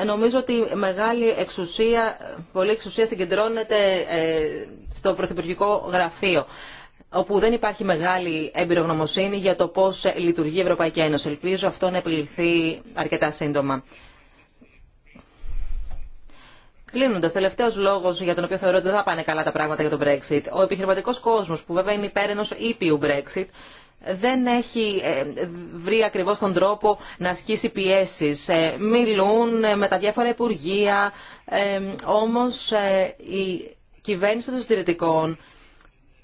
ε, νομίζω ότι μεγάλη εξουσία, πολλή εξουσία συγκεντρώνεται ε, στο Πρωθυπουργικό Γραφείο όπου δεν υπάρχει μεγάλη εμπειρογνωμοσύνη για το πώς λειτουργεί η Ευρωπαϊκή Ένωση. Ελπίζω αυτό να επιληθεί αρκετά σύντομα. Κλείνοντα, τελευταίο λόγο για τον οποίο θεωρώ ότι δεν θα πάνε καλά τα πράγματα για τον Brexit. Ο επιχειρηματικός κόσμος που βέβαια είναι υπέρ ενός ήπιου Brexit, δεν έχει ε, βρει ακριβώς τον τρόπο να ασκήσει πιέσεις. Ε, μιλούν ε, με τα διάφορα υπουργεία, όμως η κυβέρνηση των συντηρητικών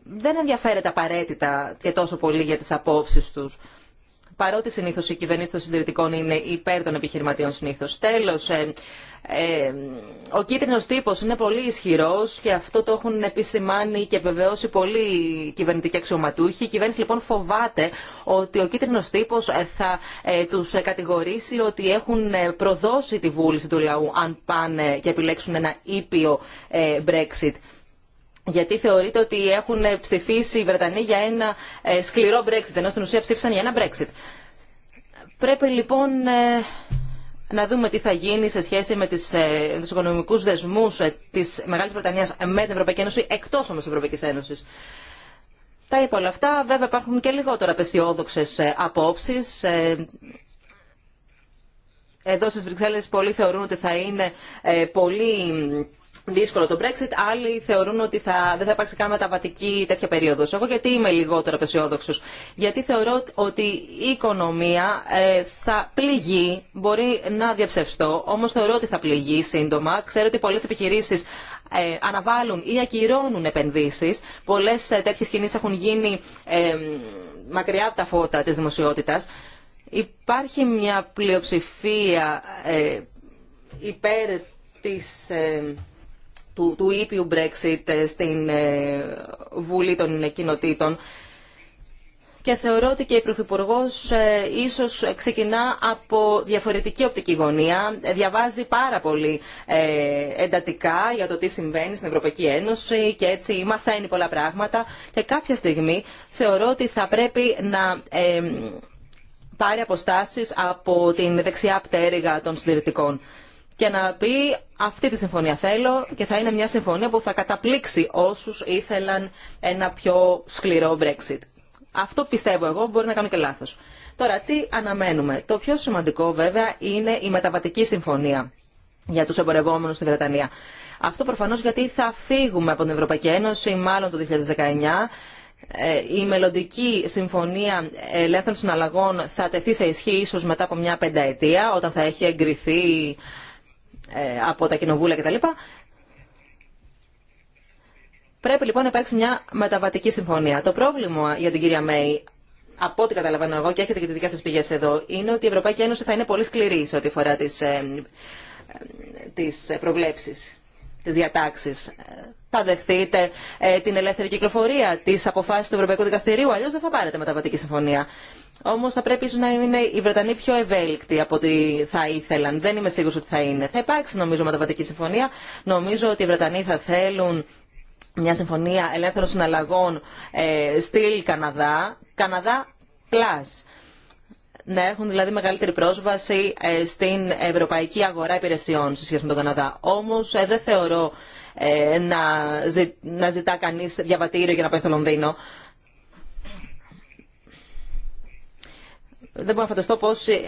δεν ενδιαφέρεται απαραίτητα και τόσο πολύ για τις απόψεις τους παρότι συνήθως οι κυβερνήσει των συντηρητικών είναι υπέρ των επιχειρηματιών συνήθως. Τέλος, ε, ε, ο κίτρινος τύπος είναι πολύ ισχυρός και αυτό το έχουν επισημάνει και βεβαιώσει πολλοί κυβερνητικοί αξιωματούχοι. Η κυβέρνηση λοιπόν φοβάται ότι ο κίτρινος τύπος ε, θα ε, τους κατηγορήσει ότι έχουν ε, προδώσει τη βούληση του λαού αν πάνε και επιλέξουν ένα ήπιο Brexit γιατί θεωρείται ότι έχουν ψηφίσει οι Βρετανοί για ένα ε, σκληρό Brexit, ενώ στην ουσία ψήφισαν για ένα Brexit. Πρέπει λοιπόν ε, να δούμε τι θα γίνει σε σχέση με τις, ε, τους οικονομικούς δεσμούς της Μεγάλης Βρετανίας με την Ευρωπαϊκή Ένωση, εκτός όμως της Ευρωπαϊκής Ένωσης. Τα είπα όλα αυτά. Βέβαια υπάρχουν και λιγότερα απεσιόδοξε απόψεις. Εδώ στις Βρυξέλλες πολλοί θεωρούν ότι θα είναι πολύ δύσκολο το Brexit. Άλλοι θεωρούν ότι θα, δεν θα υπάρξει καν μεταβατική τέτοια περίοδο. Εγώ γιατί είμαι λιγότερο απεσιόδοξο. Γιατί θεωρώ ότι η οικονομία ε, θα πληγεί, μπορεί να διαψευστώ, όμω θεωρώ ότι θα πληγεί σύντομα. Ξέρω ότι πολλέ επιχειρήσει ε, αναβάλουν ή ακυρώνουν επενδύσει. Πολλέ ε, τέτοιε κινήσει έχουν γίνει ε, μακριά από τα φώτα τη δημοσιότητα. Υπάρχει μια πλειοψηφία ε, υπέρ της ε, του, του ήπιου Brexit ε, στην ε, Βουλή των Κοινοτήτων. Και θεωρώ ότι και η Πρωθυπουργό ε, ίσως ξεκινά από διαφορετική οπτική γωνία. Διαβάζει πάρα πολύ εντατικά για το τι συμβαίνει στην Ευρωπαϊκή Ένωση και έτσι μαθαίνει πολλά πράγματα. Και κάποια στιγμή θεωρώ ότι θα πρέπει να πάρει αποστάσεις από την δεξιά πτέρυγα των συντηρητικών και να πει αυτή τη συμφωνία θέλω και θα είναι μια συμφωνία που θα καταπλήξει όσους ήθελαν ένα πιο σκληρό Brexit. Αυτό πιστεύω εγώ, μπορεί να κάνω και λάθος. Τώρα, τι αναμένουμε. Το πιο σημαντικό βέβαια είναι η μεταβατική συμφωνία για τους εμπορευόμενους στη Βρετανία. Αυτό προφανώς γιατί θα φύγουμε από την Ευρωπαϊκή Ένωση, μάλλον το 2019, ε, η μελλοντική συμφωνία ελεύθερων συναλλαγών θα τεθεί σε ισχύ ίσως μετά από μια πενταετία, όταν θα έχει εγκριθεί ε, από τα κοινοβούλια κτλ. Πρέπει λοιπόν να υπάρξει μια μεταβατική συμφωνία. Το πρόβλημα για την κυρία Μέη, από ό,τι καταλαβαίνω εγώ και έχετε και τη δικιά σα πηγέ εδώ, είναι ότι η Ευρωπαϊκή Ένωση θα είναι πολύ σκληρή σε ό,τι αφορά τι ε, ε, προβλέψει, τι διατάξει θα δεχτείτε ε, την ελεύθερη κυκλοφορία, τη αποφάση του Ευρωπαϊκού Δικαστηρίου, αλλιώ δεν θα πάρετε μεταβατική συμφωνία. Όμω θα πρέπει ίσω να είναι οι Βρετανοί πιο ευέλικτοι από ό,τι θα ήθελαν. Δεν είμαι σίγουρο ότι θα είναι. Θα υπάρξει νομίζω μεταβατική συμφωνία. Νομίζω ότι οι Βρετανοί θα θέλουν μια συμφωνία ελεύθερων συναλλαγών ε, στυλ Καναδά, Καναδά Plus. Να έχουν δηλαδή μεγαλύτερη πρόσβαση ε, στην ευρωπαϊκή αγορά υπηρεσιών σε σχέση με τον Καναδά. Όμω ε, δεν θεωρώ ε, να ζητά κανείς διαβατήριο για να πάει στο Λονδίνο. Δεν μπορώ να φανταστώ πώς ε,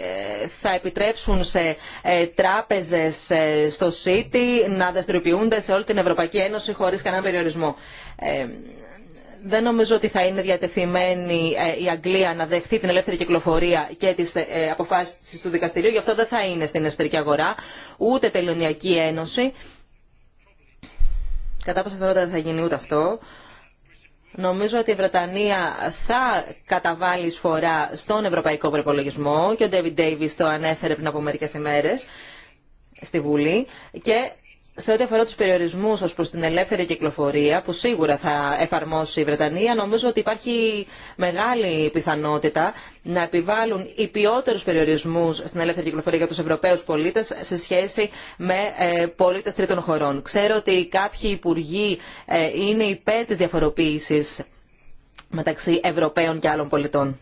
θα επιτρέψουν σε ε, τράπεζες στο ΣΥΤΙ να δραστηριοποιούνται σε όλη την Ευρωπαϊκή Ένωση χωρίς κανένα περιορισμό. Δεν νομίζω ότι θα είναι διατεθειμένη η Αγγλία να δεχθεί την ελεύθερη κυκλοφορία και τις αποφάσεις του δικαστηρίου. Γι' αυτό δεν θα είναι στην εσωτερική αγορά ούτε τελωνιακή ένωση. Κατά πάσα θεωρώ δεν θα γίνει ούτε αυτό. Νομίζω ότι η Βρετανία θα καταβάλει σφορά στον ευρωπαϊκό προπολογισμό και ο Ντέβιν Ντέιβις το ανέφερε πριν από μερικές ημέρες στη Βουλή και σε ό,τι αφορά τους περιορισμούς ως προς την ελεύθερη κυκλοφορία που σίγουρα θα εφαρμόσει η Βρετανία νομίζω ότι υπάρχει μεγάλη πιθανότητα να επιβάλλουν οι περιορισμού περιορισμούς στην ελεύθερη κυκλοφορία για του Ευρωπαίου πολίτε σε σχέση με ε, πολίτες τρίτων χωρών. Ξέρω ότι κάποιοι υπουργοί ε, είναι υπέρ τη διαφοροποίηση μεταξύ Ευρωπαίων και άλλων πολιτών.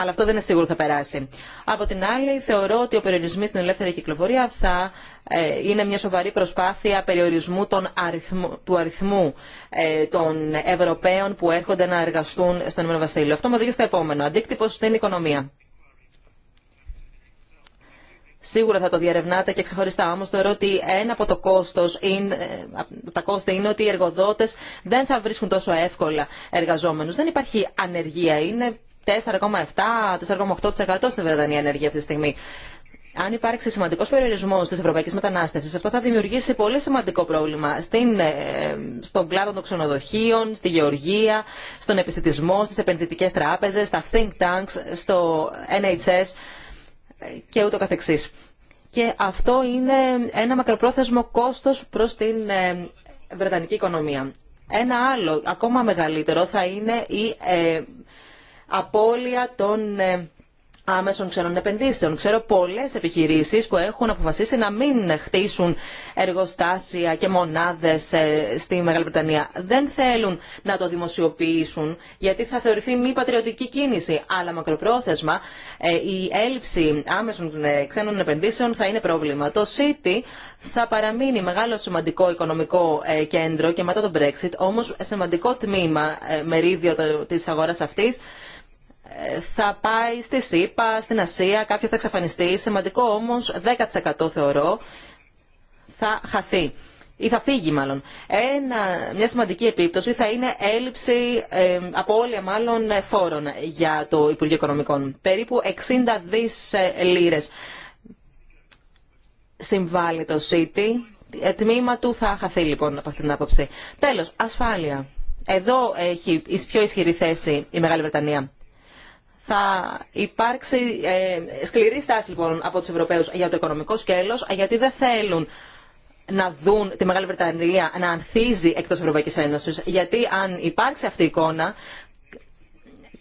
Αλλά αυτό δεν είναι σίγουρο θα περάσει. Από την άλλη, θεωρώ ότι ο περιορισμό στην ελεύθερη κυκλοφορία θα ε, είναι μια σοβαρή προσπάθεια περιορισμού των του αριθμού ε, των Ευρωπαίων που έρχονται να εργαστούν στον Ηνωμένο Βασίλειο. Αυτό με οδηγεί στο επόμενο. Αντίκτυπο στην οικονομία. Σίγουρα θα το διαρευνάτε και ξεχωριστά. Όμω θεωρώ ότι ένα από το κόστος είναι, ε, τα κόστη είναι ότι οι εργοδότες δεν θα βρίσκουν τόσο εύκολα εργαζόμενους Δεν υπάρχει ανεργία. Είναι 4,7-4,8% στην Βρετανία ενέργεια αυτή τη στιγμή. Αν υπάρξει σημαντικό περιορισμό τη ευρωπαϊκή μετανάστευση, αυτό θα δημιουργήσει πολύ σημαντικό πρόβλημα στην, ε, στον κλάδο των ξενοδοχείων, στη γεωργία, στον επιστημισμό, στι επενδυτικέ τράπεζε, στα think tanks, στο NHS και ούτω καθεξής. Και αυτό είναι ένα μακροπρόθεσμο κόστος προς την ε, βρετανική οικονομία. Ένα άλλο, ακόμα μεγαλύτερο, θα είναι η ε, απώλεια των ε, άμεσων ξένων επενδύσεων. Ξέρω πολλές επιχειρήσεις που έχουν αποφασίσει να μην χτίσουν εργοστάσια και μονάδες ε, στη Μεγάλη Βρετανία. Δεν θέλουν να το δημοσιοποιήσουν γιατί θα θεωρηθεί μη πατριωτική κίνηση. Αλλά μακροπρόθεσμα ε, η έλλειψη άμεσων ξένων επενδύσεων θα είναι πρόβλημα. Το City θα παραμείνει μεγάλο σημαντικό οικονομικό κέντρο και μετά τον Brexit, όμως σημαντικό τμήμα μερίδιο της αγοράς αυτής θα πάει στη ΣΥΠΑ, στην Ασία, κάποιο θα εξαφανιστεί. Σημαντικό όμως, 10% θεωρώ, θα χαθεί ή θα φύγει μάλλον. Ένα, μια σημαντική επίπτωση θα είναι έλλειψη ε, από όλοι μάλλον φόρων για το Υπουργείο Οικονομικών. Περίπου 60 δις ε, λίρες συμβάλλει το ΣΥΤΙ. Ε, τμήμα του θα χαθεί λοιπόν από αυτή την άποψη. Τέλος, ασφάλεια. Εδώ έχει πιο ισχυρή θέση η Μεγάλη Βρετανία θα υπάρξει ε, σκληρή στάση λοιπόν από τους Ευρωπαίους για το οικονομικό σκέλος, γιατί δεν θέλουν να δουν τη Μεγάλη Βρετανία να ανθίζει εκτός Ευρωπαϊκής Ένωσης. Γιατί αν υπάρξει αυτή η εικόνα,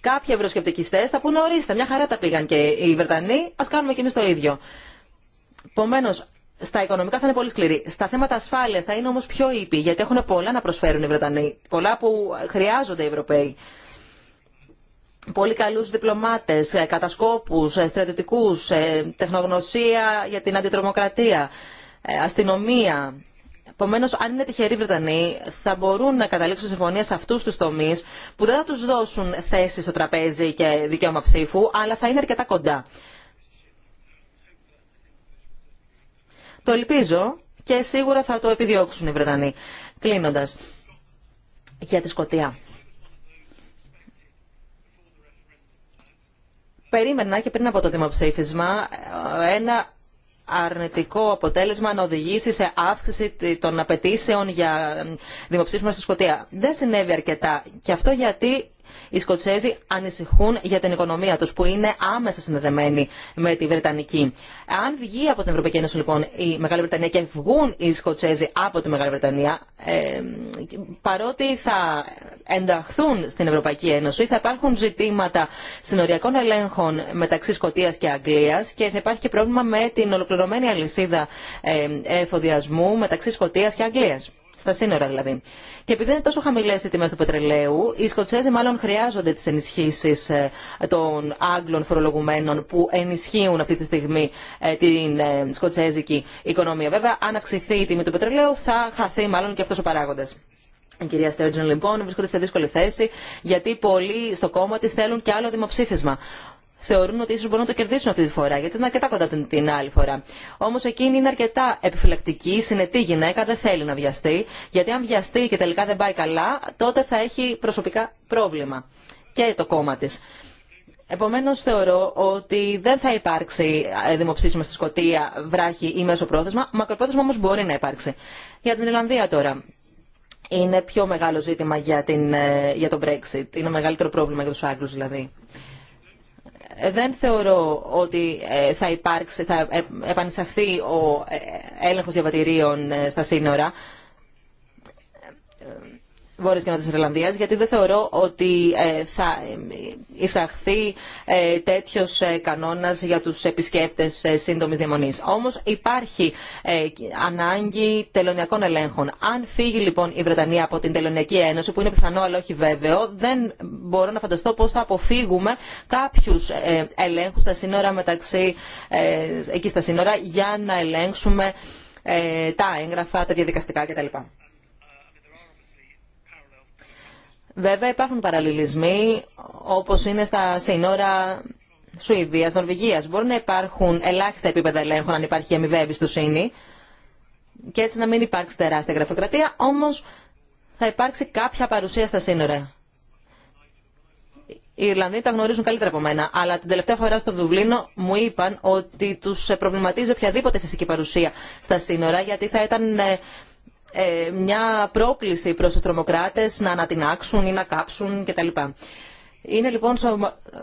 κάποιοι ευρωσκεπτικιστές θα πούνε ορίστε, μια χαρά τα πήγαν και οι Βρετανοί, ας κάνουμε και εμείς το ίδιο. Επομένω, στα οικονομικά θα είναι πολύ σκληρή. Στα θέματα ασφάλεια θα είναι όμω πιο ήπιοι, γιατί έχουν πολλά να προσφέρουν οι Βρετανοί. Πολλά που χρειάζονται οι Ευρωπαίοι πολύ καλούς διπλωμάτες, ε, κατασκόπους, ε, στρατιωτικούς, ε, τεχνογνωσία για την αντιτρομοκρατία, αστυνομία. Επομένω, αν είναι τυχεροί Βρετανοί, θα μπορούν να καταλήξουν συμφωνία σε αυτού του τομεί που δεν θα του δώσουν θέση στο τραπέζι και δικαίωμα ψήφου, αλλά θα είναι αρκετά κοντά. Το ελπίζω και σίγουρα θα το επιδιώξουν οι Βρετανοί. Κλείνοντα, για τη Σκοτία. περίμενα και πριν από το δημοψήφισμα ε, ένα αρνητικό αποτέλεσμα να οδηγήσει σε αύξηση των απαιτήσεων για ε, δημοψήφισμα στη Σκωτία. Δεν συνέβη αρκετά. Και αυτό γιατί οι Σκοτσέζοι ανησυχούν για την οικονομία του που είναι άμεσα συνδεδεμένη με τη Βρετανική. Αν βγει από την Ευρωπαϊκή Ένωση λοιπόν η Μεγάλη Βρετανία και βγουν οι Σκοτσέζοι από τη Μεγάλη Βρετανία, ε, παρότι θα ενταχθούν στην Ευρωπαϊκή Ένωση, θα υπάρχουν ζητήματα συνοριακών ελέγχων μεταξύ Σκοτίας και Αγγλία και θα υπάρχει και πρόβλημα με την ολοκληρωμένη αλυσίδα ε, εφοδιασμού μεταξύ Σκοτία και Αγγλία. Στα σύνορα δηλαδή. Και επειδή είναι τόσο χαμηλέ οι τιμέ του πετρελαίου, οι Σκοτσέζοι μάλλον χρειάζονται τι ενισχύσει ε, των Άγγλων φορολογουμένων που ενισχύουν αυτή τη στιγμή ε, την ε, σκοτσέζικη οικονομία. Βέβαια, αν αυξηθεί η τιμή του πετρελαίου, θα χαθεί μάλλον και αυτό ο παράγοντα. Η κυρία Στέρτζον λοιπόν βρίσκονται σε δύσκολη θέση γιατί πολλοί στο κόμμα τη θέλουν και άλλο δημοψήφισμα θεωρούν ότι ίσω μπορούν να το κερδίσουν αυτή τη φορά, γιατί ήταν αρκετά κοντά την, την άλλη φορά. Όμω εκείνη είναι αρκετά επιφυλακτική, συνετή γυναίκα, δεν θέλει να βιαστεί, γιατί αν βιαστεί και τελικά δεν πάει καλά, τότε θα έχει προσωπικά πρόβλημα και το κόμμα τη. Επομένω, θεωρώ ότι δεν θα υπάρξει ε, δημοψήφισμα στη Σκωτία βράχη ή μέσο πρόθεσμα. Μακροπρόθεσμα όμω μπορεί να υπάρξει. Για την Ιρλανδία τώρα. Είναι πιο μεγάλο ζήτημα για, την, ε, για το Brexit. Είναι μεγαλύτερο πρόβλημα για του Άγγλου δηλαδή δεν θεωρώ ότι ε, θα, υπάρξει, ε, ο ε, έλεγχος διαβατηρίων στα σύνορα. Βόρειας και Νότιας Ιρλανδίας, γιατί δεν θεωρώ ότι ε, θα ε, εισαχθεί ε, τέτοιος κανόνας για τους επισκέπτες σύντομης διαμονής. Όμως υπάρχει ανάγκη τελωνιακών ελέγχων. Αν φύγει λοιπόν η Βρετανία από την Τελωνιακή Ένωση, που είναι πιθανό αλλά όχι βέβαιο, δεν μπορώ να φανταστώ πώς θα αποφύγουμε κάποιους ελέγχους στα σύνορα μεταξύ, εκεί στα σύνορα για να ελέγξουμε τα έγγραφα, τα διαδικαστικά κτλ. Βέβαια υπάρχουν παραλληλισμοί όπως είναι στα σύνορα Σουηδίας, Νορβηγίας. Μπορεί να υπάρχουν ελάχιστα επίπεδα ελέγχων αν υπάρχει αμοιβή εμπιστοσύνη και έτσι να μην υπάρξει τεράστια γραφειοκρατία, όμως θα υπάρξει κάποια παρουσία στα σύνορα. Οι Ιρλανδοί τα γνωρίζουν καλύτερα από μένα, αλλά την τελευταία φορά στο Δουβλίνο μου είπαν ότι του προβληματίζει οποιαδήποτε φυσική παρουσία στα σύνορα, γιατί θα ήταν ε, ε, μια πρόκληση προς τους τρομοκράτες να ανατινάξουν ή να κάψουν κτλ. Είναι λοιπόν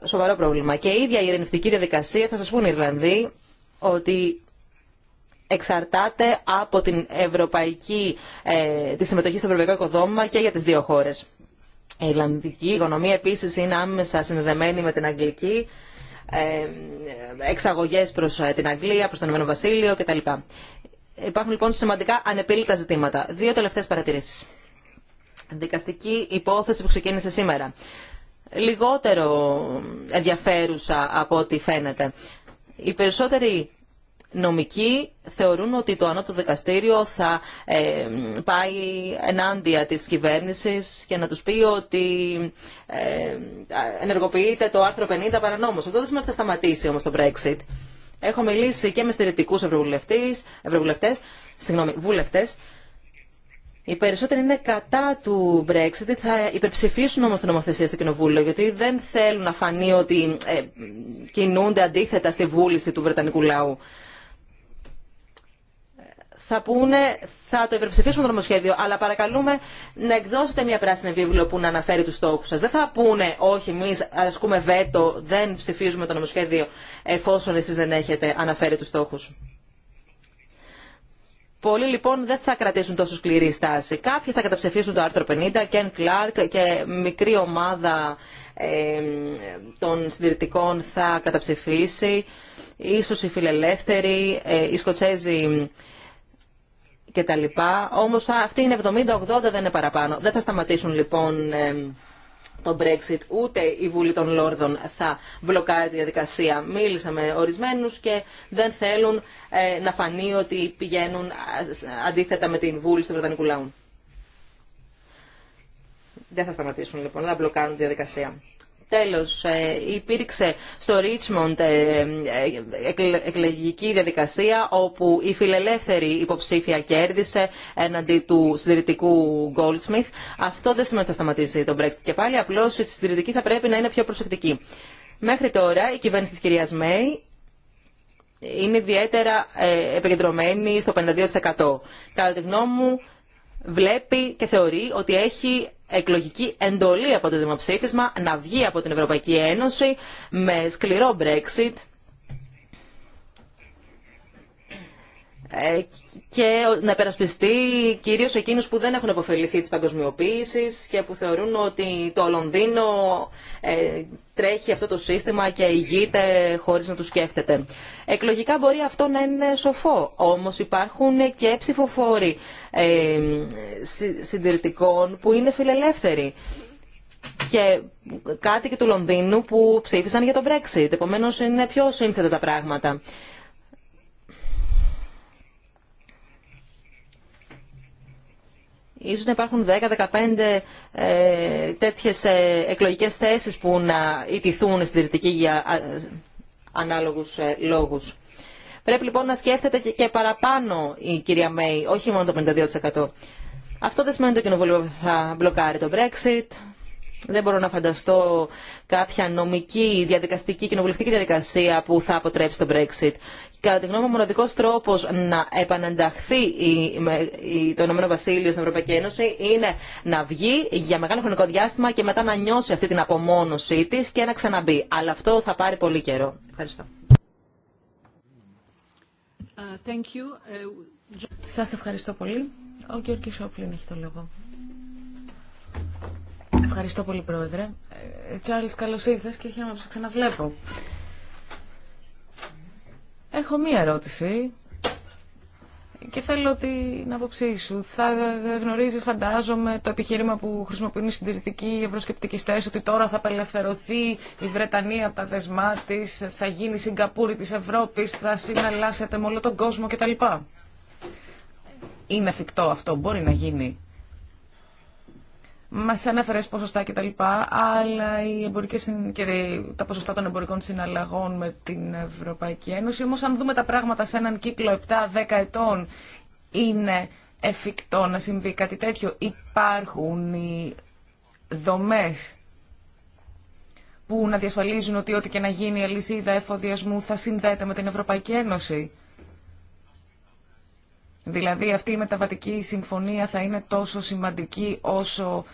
σοβαρό πρόβλημα. Και η ίδια η ειρηνευτική διαδικασία, θα σας πούν οι Ιρλανδοί, ότι εξαρτάται από την ευρωπαϊκή, ε, τη συμμετοχή στο ευρωπαϊκό οικοδόμημα και για τις δύο χώρες. Η Ιρλανδική οικονομία επίσης είναι άμεσα συνδεδεμένη με την Αγγλική, ε, εξαγωγές προς την Αγγλία, προς το Ηνωμένο Βασίλειο κτλ. Υπάρχουν λοιπόν σημαντικά ανεπίλητα ζητήματα. Δύο τελευταίε παρατηρήσει. Δικαστική υπόθεση που ξεκίνησε σήμερα. Λιγότερο ενδιαφέρουσα από ό,τι φαίνεται. Οι περισσότεροι νομικοί θεωρούν ότι το ανώτο δικαστήριο θα ε, πάει ενάντια της κυβέρνησης και να τους πει ότι ε, ενεργοποιείται το άρθρο 50 παρανόμως. Αυτό δεν σημαίνει ότι θα σταματήσει όμως το Brexit. Έχω μιλήσει και με στηρητικούς ευρωβουλευτές, συγγνώμη, βουλευτές. Οι περισσότεροι είναι κατά του Brexit, θα υπερψηφίσουν όμως την νομοθεσία στο Κοινοβούλιο, γιατί δεν θέλουν να φανεί ότι ε, κινούνται αντίθετα στη βούληση του Βρετανικού λαού θα πούνε θα το υπερψηφίσουμε το νομοσχέδιο, αλλά παρακαλούμε να εκδώσετε μια πράσινη βίβλο που να αναφέρει του στόχου σα. Δεν θα πούνε όχι, εμεί ασκούμε βέτο, δεν ψηφίζουμε το νομοσχέδιο εφόσον εσεί δεν έχετε αναφέρει του στόχου. Πολλοί λοιπόν δεν θα κρατήσουν τόσο σκληρή στάση. Κάποιοι θα καταψηφίσουν το άρθρο 50, Ken Clark και μικρή ομάδα ε, των συντηρητικών θα καταψηφίσει. Ίσως οι φιλελεύθεροι, ε, οι Σκοτσέζοι κτλ. Όμως αυτή είναι 70-80 δεν είναι παραπάνω. Δεν θα σταματήσουν λοιπόν το Brexit, ούτε η Βουλή των Λόρδων θα μπλοκάρει τη διαδικασία. Μίλησα με ορισμένους και δεν θέλουν ε, να φανεί ότι πηγαίνουν αντίθετα με την Βούλη του Βρετανικού Λαού. Δεν θα σταματήσουν λοιπόν, δεν θα μπλοκάρουν τη διαδικασία. Τέλος, ε, υπήρξε στο Ρίτσμοντ ε, ε, εκλεγική διαδικασία όπου η φιλελεύθερη υποψήφια κέρδισε εναντί του συντηρητικού Goldsmith. Αυτό δεν σημαίνει ότι θα σταματήσει τον Brexit και πάλι, απλώς η συντηρητική θα πρέπει να είναι πιο προσεκτική. Μέχρι τώρα η κυβέρνηση της κυρίας Μέη είναι ιδιαίτερα επικεντρωμένη στο 52%. Κατά τη γνώμη μου βλέπει και θεωρεί ότι έχει εκλογική εντολή από το δημοψήφισμα να βγει από την Ευρωπαϊκή Ένωση με σκληρό Brexit Ε, και να περασπιστεί κυρίως εκείνους που δεν έχουν αποφεληθεί της παγκοσμιοποίησης και που θεωρούν ότι το Λονδίνο ε, τρέχει αυτό το σύστημα και ηγείται χωρίς να του σκέφτεται. Εκλογικά μπορεί αυτό να είναι σοφό, όμως υπάρχουν και ψηφοφόροι ε, συντηρητικών που είναι φιλελεύθεροι και κάτοικοι του Λονδίνου που ψήφισαν για το Brexit. Επομένως είναι πιο σύνθετα τα πράγματα. Ίσως να υπάρχουν 10-15 ε, τέτοιες ε, εκλογικές θέσεις που να ιτηθούν στη Δυτική για ανάλογους ε, λόγους. Πρέπει λοιπόν να σκέφτεται και παραπάνω η κυρία Μέη, όχι μόνο το 52%. Αυτό δεν σημαίνει ότι το κοινοβούλιο θα μπλοκάρει το Brexit, δεν μπορώ να φανταστώ κάποια νομική, διαδικαστική, κοινοβουλευτική διαδικασία που θα αποτρέψει το Brexit. Κατά τη γνώμη μου, ο μοναδικό τρόπο να επανανταχθεί το Ηνωμένο Βασίλειο στην Ευρωπαϊκή Ένωση είναι να βγει για μεγάλο χρονικό διάστημα και μετά να νιώσει αυτή την απομόνωσή τη και να ξαναμπεί. Αλλά αυτό θα πάρει πολύ καιρό. Ευχαριστώ. Uh, thank uh,
Σας ευχαριστώ πολύ. Ο Γιώργη Όπλιν έχει το λόγο. Ευχαριστώ πολύ, Πρόεδρε. Τσάρλς, ε, καλώς ήρθες και χαίρομαι που σε ξαναβλέπω. Έχω μία ερώτηση και θέλω την άποψή σου. Θα γνωρίζεις, φαντάζομαι, το επιχείρημα που χρησιμοποιούν οι συντηρητικοί ευρωσκεπτικιστές ότι τώρα θα απελευθερωθεί η Βρετανία από τα δεσμά της, θα γίνει η Σιγκαπούρη της Ευρώπης, θα συναλλάσσεται με όλο τον κόσμο κτλ. Είναι εφικτό αυτό, μπορεί να γίνει. Μα ανέφερε ποσοστά και τα λοιπά, αλλά οι εμπορικές και τα ποσοστά των εμπορικών συναλλαγών με την Ευρωπαϊκή Ένωση. Όμω αν δούμε τα πράγματα σε έναν κύκλο 7-10 ετών είναι εφικτό να συμβεί κάτι τέτοιο. Υπάρχουν οι δομέ που να διασφαλίζουν ότι ό,τι και να γίνει η αλυσίδα εφοδιασμού θα συνδέεται με την Ευρωπαϊκή Ένωση. Δηλαδή αυτή η μεταβατική συμφωνία θα είναι τόσο σημαντική όσο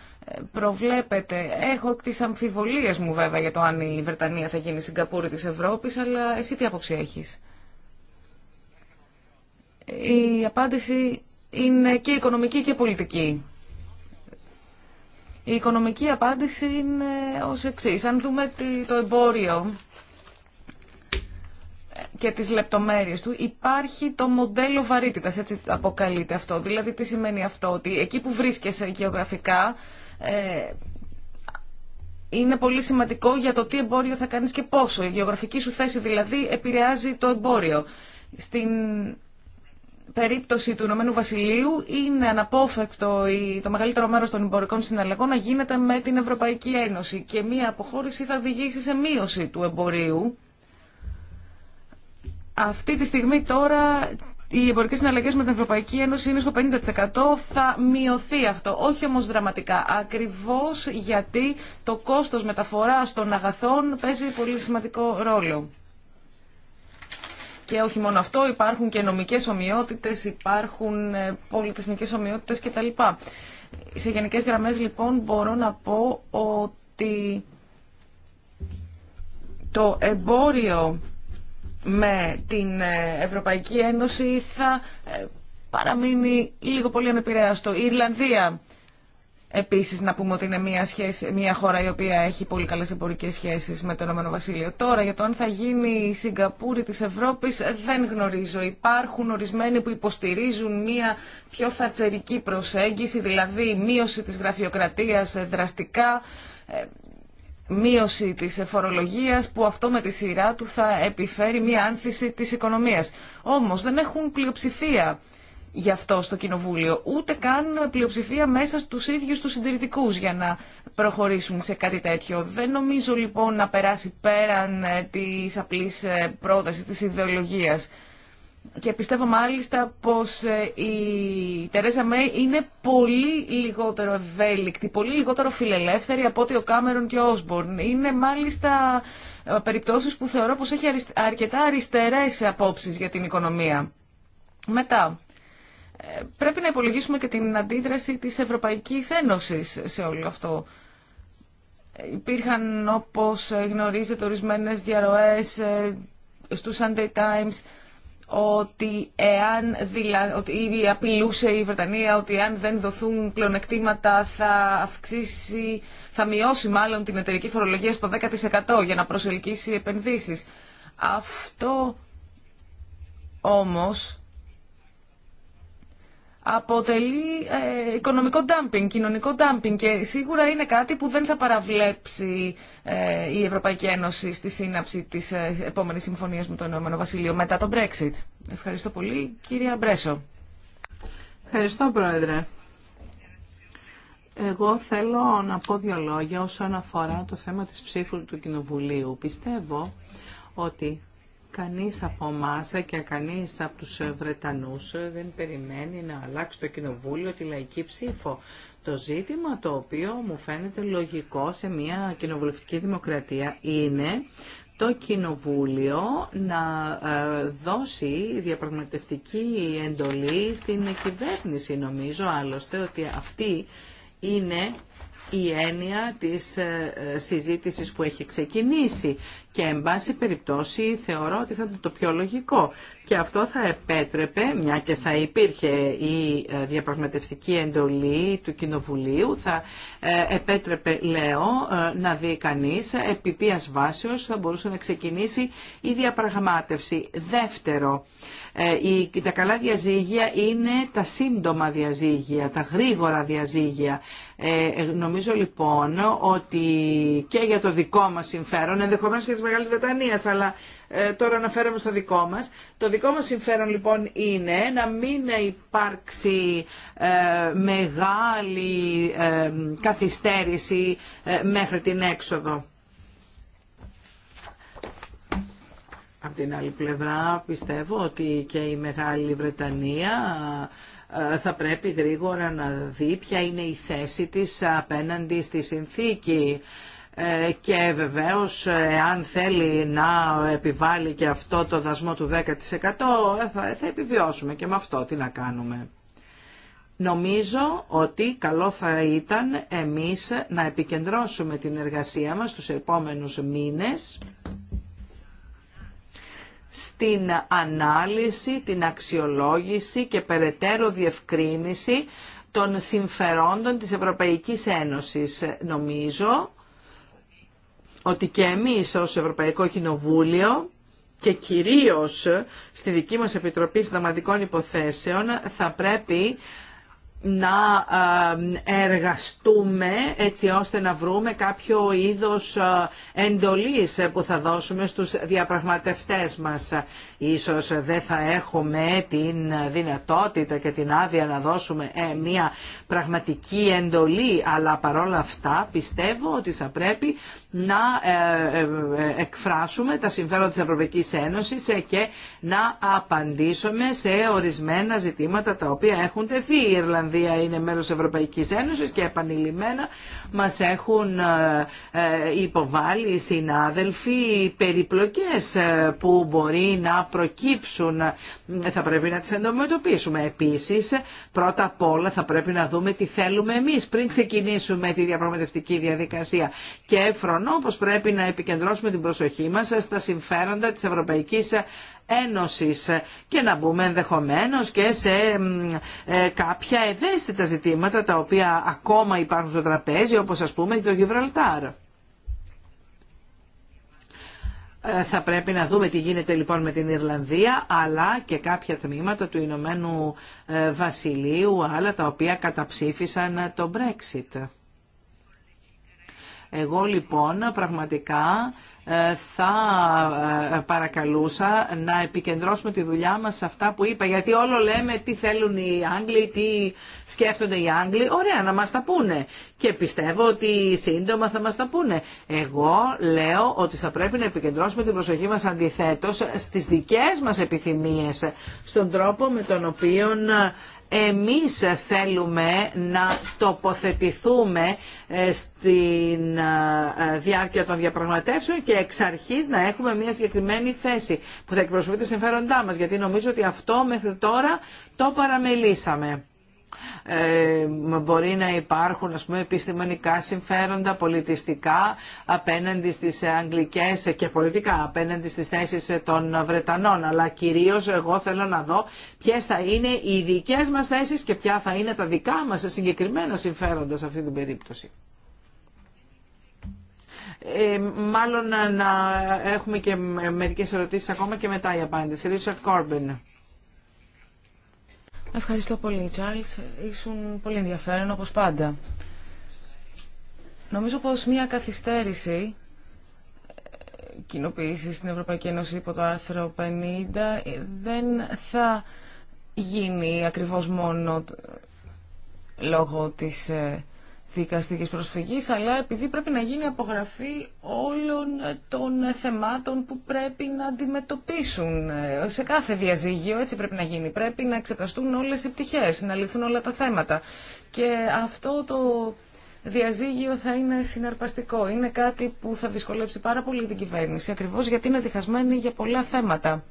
προβλέπετε. Έχω τι αμφιβολίες μου βέβαια για το αν η Βρετανία θα γίνει η Σιγκαπούρη της Ευρώπης, αλλά εσύ τι άποψη έχεις. Η απάντηση είναι και οικονομική και πολιτική. Η οικονομική απάντηση είναι ως εξής. Αν δούμε το εμπόριο και τις λεπτομέρειες του υπάρχει το μοντέλο βαρύτητας, έτσι αποκαλείται αυτό. Δηλαδή τι σημαίνει αυτό, ότι εκεί που βρίσκεσαι γεωγραφικά ε, είναι πολύ σημαντικό για το τι εμπόριο θα κάνεις και πόσο. Η γεωγραφική σου θέση δηλαδή επηρεάζει το εμπόριο. Στην περίπτωση του Ηνωμένου Βασιλείου είναι αναπόφευκτο το μεγαλύτερο μέρος των εμπορικών συναλλαγών να γίνεται με την Ευρωπαϊκή Ένωση και μία αποχώρηση θα οδηγήσει σε μείωση του εμπορίου. Αυτή τη στιγμή τώρα οι εμπορικέ συναλλαγέ με την Ευρωπαϊκή Ένωση είναι στο 50% θα μειωθεί αυτό. Όχι όμω δραματικά. Ακριβώ γιατί το κόστο μεταφορά των αγαθών παίζει πολύ σημαντικό ρόλο. Και όχι μόνο αυτό, υπάρχουν και νομικές ομοιότητε, υπάρχουν ε, πολιτισμικέ ομοιότητε κτλ. Σε γενικέ γραμμέ, λοιπόν μπορώ να πω ότι το εμπόριο με την ε, Ευρωπαϊκή Ένωση θα ε, παραμείνει λίγο πολύ ανεπηρέαστο. Η Ιρλανδία επίσης να πούμε ότι είναι μια, σχέση, μια χώρα η οποία έχει πολύ καλές εμπορικές σχέσεις με το Ηνωμένο Τώρα για το αν θα γίνει η Σιγκαπούρη της Ευρώπης δεν γνωρίζω. Υπάρχουν ορισμένοι που υποστηρίζουν μια πιο θατσερική προσέγγιση, δηλαδή μείωση της γραφειοκρατίας ε, δραστικά μείωση της φορολογίας που αυτό με τη σειρά του θα επιφέρει μια άνθηση της οικονομίας. Όμως δεν έχουν πλειοψηφία γι' αυτό στο Κοινοβούλιο, ούτε καν πλειοψηφία μέσα στους ίδιους τους συντηρητικούς για να προχωρήσουν σε κάτι τέτοιο. Δεν νομίζω λοιπόν να περάσει πέραν ε, της απλής ε, πρότασης της ιδεολογίας και πιστεύω μάλιστα πως ε, η Τερέζα Μέη είναι πολύ λιγότερο ευέλικτη, πολύ λιγότερο φιλελεύθερη από ότι ο Κάμερον και ο Όσμπορν. Είναι μάλιστα ε, περιπτώσεις που θεωρώ πως έχει αρκετά αριστερές απόψεις για την οικονομία. Μετά, ε, πρέπει να υπολογίσουμε και την αντίδραση της Ευρωπαϊκής Ένωσης σε όλο αυτό. Υπήρχαν, όπως γνωρίζετε, ορισμένες διαρροές στους Sunday Times ότι εάν δηλα... απειλούσε η Βρετανία ότι αν δεν δοθούν πλεονεκτήματα θα αυξήσει, θα μειώσει μάλλον την εταιρική φορολογία στο 10% για να προσελκύσει επενδύσεις. Αυτό όμως αποτελεί ε, οικονομικό ντάμπινγκ, κοινωνικό ντάμπινγκ και σίγουρα είναι κάτι που δεν θα παραβλέψει ε, η Ευρωπαϊκή Ένωση στη σύναψη της ε, επόμενης συμφωνίας με το Ηνωμένο Βασίλειο μετά τον Brexit.
Ευχαριστώ πολύ, κυρία Μπρέσο. Ευχαριστώ, Πρόεδρε. Εγώ θέλω να πω δύο λόγια όσον αφορά το θέμα της ψήφου του Κοινοβουλίου. Πιστεύω ότι Κανείς από εμά και κανείς από τους Βρετανούς δεν περιμένει να αλλάξει το κοινοβούλιο τη λαϊκή ψήφο. Το ζήτημα το οποίο μου φαίνεται λογικό σε μια κοινοβουλευτική δημοκρατία είναι το Κοινοβούλιο να ε, δώσει διαπραγματευτική εντολή στην κυβέρνηση. Νομίζω άλλωστε ότι αυτή είναι η έννοια της ε, συζήτησης που έχει ξεκινήσει και εν πάση περιπτώσει θεωρώ ότι θα ήταν το πιο λογικό και αυτό θα επέτρεπε, μια και θα υπήρχε η ε, διαπραγματευτική εντολή του Κοινοβουλίου, θα ε, επέτρεπε, λέω, να δει κανεί επί βάσεως θα μπορούσε να ξεκινήσει η διαπραγμάτευση. Δεύτερο, ε, τα καλά διαζύγια είναι τα σύντομα διαζύγια, τα γρήγορα διαζύγια. Ε, ε, νομίζω λοιπόν ότι και για το δικό μας συμφέρον, ενδεχομένως και της Μεγάλης Βρετανίας, αλλά τώρα αναφέρομαι στο δικό μας, το δικό μας συμφέρον λοιπόν είναι να μην υπάρξει μεγάλη καθυστέρηση μέχρι την έξοδο. Από την άλλη πλευρά πιστεύω ότι και η Μεγάλη Βρετανία ε, θα πρέπει γρήγορα να δει ποια είναι η θέση της απέναντι στη συνθήκη ε, και βεβαίως ε, αν θέλει να επιβάλλει και αυτό το δασμό του 10% θα, θα επιβιώσουμε και με αυτό τι να κάνουμε. Νομίζω ότι καλό θα ήταν εμείς να επικεντρώσουμε την εργασία μας τους επόμενους μήνες στην ανάλυση, την αξιολόγηση και περαιτέρω διευκρίνηση των συμφερόντων της Ευρωπαϊκής Ένωσης. Νομίζω ότι και εμείς ως Ευρωπαϊκό Κοινοβούλιο και κυρίως στη δική μας Επιτροπή Συνταγματικών Υποθέσεων θα πρέπει να ε, εργαστούμε έτσι ώστε να βρούμε κάποιο είδος ε, εντολής που θα δώσουμε στους διαπραγματευτές μας. Ίσως δεν θα έχουμε την δυνατότητα και την άδεια να δώσουμε ε, μια πραγματική εντολή, αλλά παρόλα αυτά πιστεύω ότι θα πρέπει να ε, ε, ε, εκφράσουμε τα συμφέροντα της Ευρωπαϊκής Ένωσης και να απαντήσουμε σε ορισμένα ζητήματα τα οποία έχουν τεθεί. Η Ιρλανδία είναι μέλος της Ευρωπαϊκής Ένωσης και επανειλημμένα μας έχουν υποβάλει οι συνάδελφοι περιπλοκές που μπορεί να προκύψουν. Θα πρέπει να τις αντιμετωπίσουμε. Επίσης, πρώτα απ' όλα θα πρέπει να δούμε τι θέλουμε εμείς πριν ξεκινήσουμε τη διαπραγματευτική διαδικασία. Και χρόνο, πρέπει να επικεντρώσουμε την προσοχή μας στα συμφέροντα της Ευρωπαϊκής Ένωσης και να μπούμε ενδεχομένως και σε ε, κάποια ευαίσθητα ζητήματα τα οποία ακόμα υπάρχουν στο τραπέζι όπως ας πούμε το Γιβραλτάρ. Ε, θα πρέπει να δούμε τι γίνεται λοιπόν με την Ιρλανδία αλλά και κάποια τμήματα του Ηνωμένου ε, Βασιλείου άλλα τα οποία καταψήφισαν το Brexit. Εγώ λοιπόν πραγματικά ε, θα ε, παρακαλούσα να επικεντρώσουμε τη δουλειά μας σε αυτά που είπα. Γιατί όλο λέμε τι θέλουν οι Άγγλοι, τι σκέφτονται οι Άγγλοι. Ωραία, να μας τα πούνε και πιστεύω ότι σύντομα θα μας τα πούνε. Εγώ λέω ότι θα πρέπει να επικεντρώσουμε την προσοχή μας αντιθέτως στις δικές μας επιθυμίες, στον τρόπο με τον οποίο εμείς θέλουμε να τοποθετηθούμε ε, στην ε, διάρκεια των διαπραγματεύσεων και εξ αρχής να έχουμε μια συγκεκριμένη θέση που θα εκπροσωπεί τα συμφέροντά μας, γιατί νομίζω ότι αυτό μέχρι τώρα το παραμελήσαμε. Ε, μπορεί να υπάρχουν ας πούμε, επιστημονικά συμφέροντα, πολιτιστικά απέναντι στις αγγλικές και πολιτικά απέναντι στις θέσεις των Βρετανών. Αλλά κυρίως εγώ θέλω να δω ποιες θα είναι οι δικές μας θέσεις και ποια θα είναι τα δικά μας συγκεκριμένα συμφέροντα σε αυτή την περίπτωση. Ε, μάλλον να έχουμε και μερικές ερωτήσεις ακόμα και μετά η απάντηση. Richard Κόρμπιν.
Ευχαριστώ πολύ, Τσάρλς. Ήσουν πολύ ενδιαφέρον, όπως πάντα. Νομίζω πως μια καθυστέρηση κοινοποίηση στην Ευρωπαϊκή Ένωση υπό το άρθρο 50 δεν θα γίνει ακριβώς μόνο λόγω της ε, δικαστικής προσφυγής, αλλά επειδή πρέπει να γίνει απογραφή όλων των θεμάτων που πρέπει να αντιμετωπίσουν ε, σε κάθε διαζύγιο, έτσι πρέπει να γίνει. Πρέπει να εξεταστούν όλες οι πτυχές, να λυθούν όλα τα θέματα. Και αυτό το διαζύγιο θα είναι συναρπαστικό. Είναι κάτι που θα δυσκολέψει πάρα πολύ την κυβέρνηση, ακριβώς γιατί είναι διχασμένη για πολλά θέματα.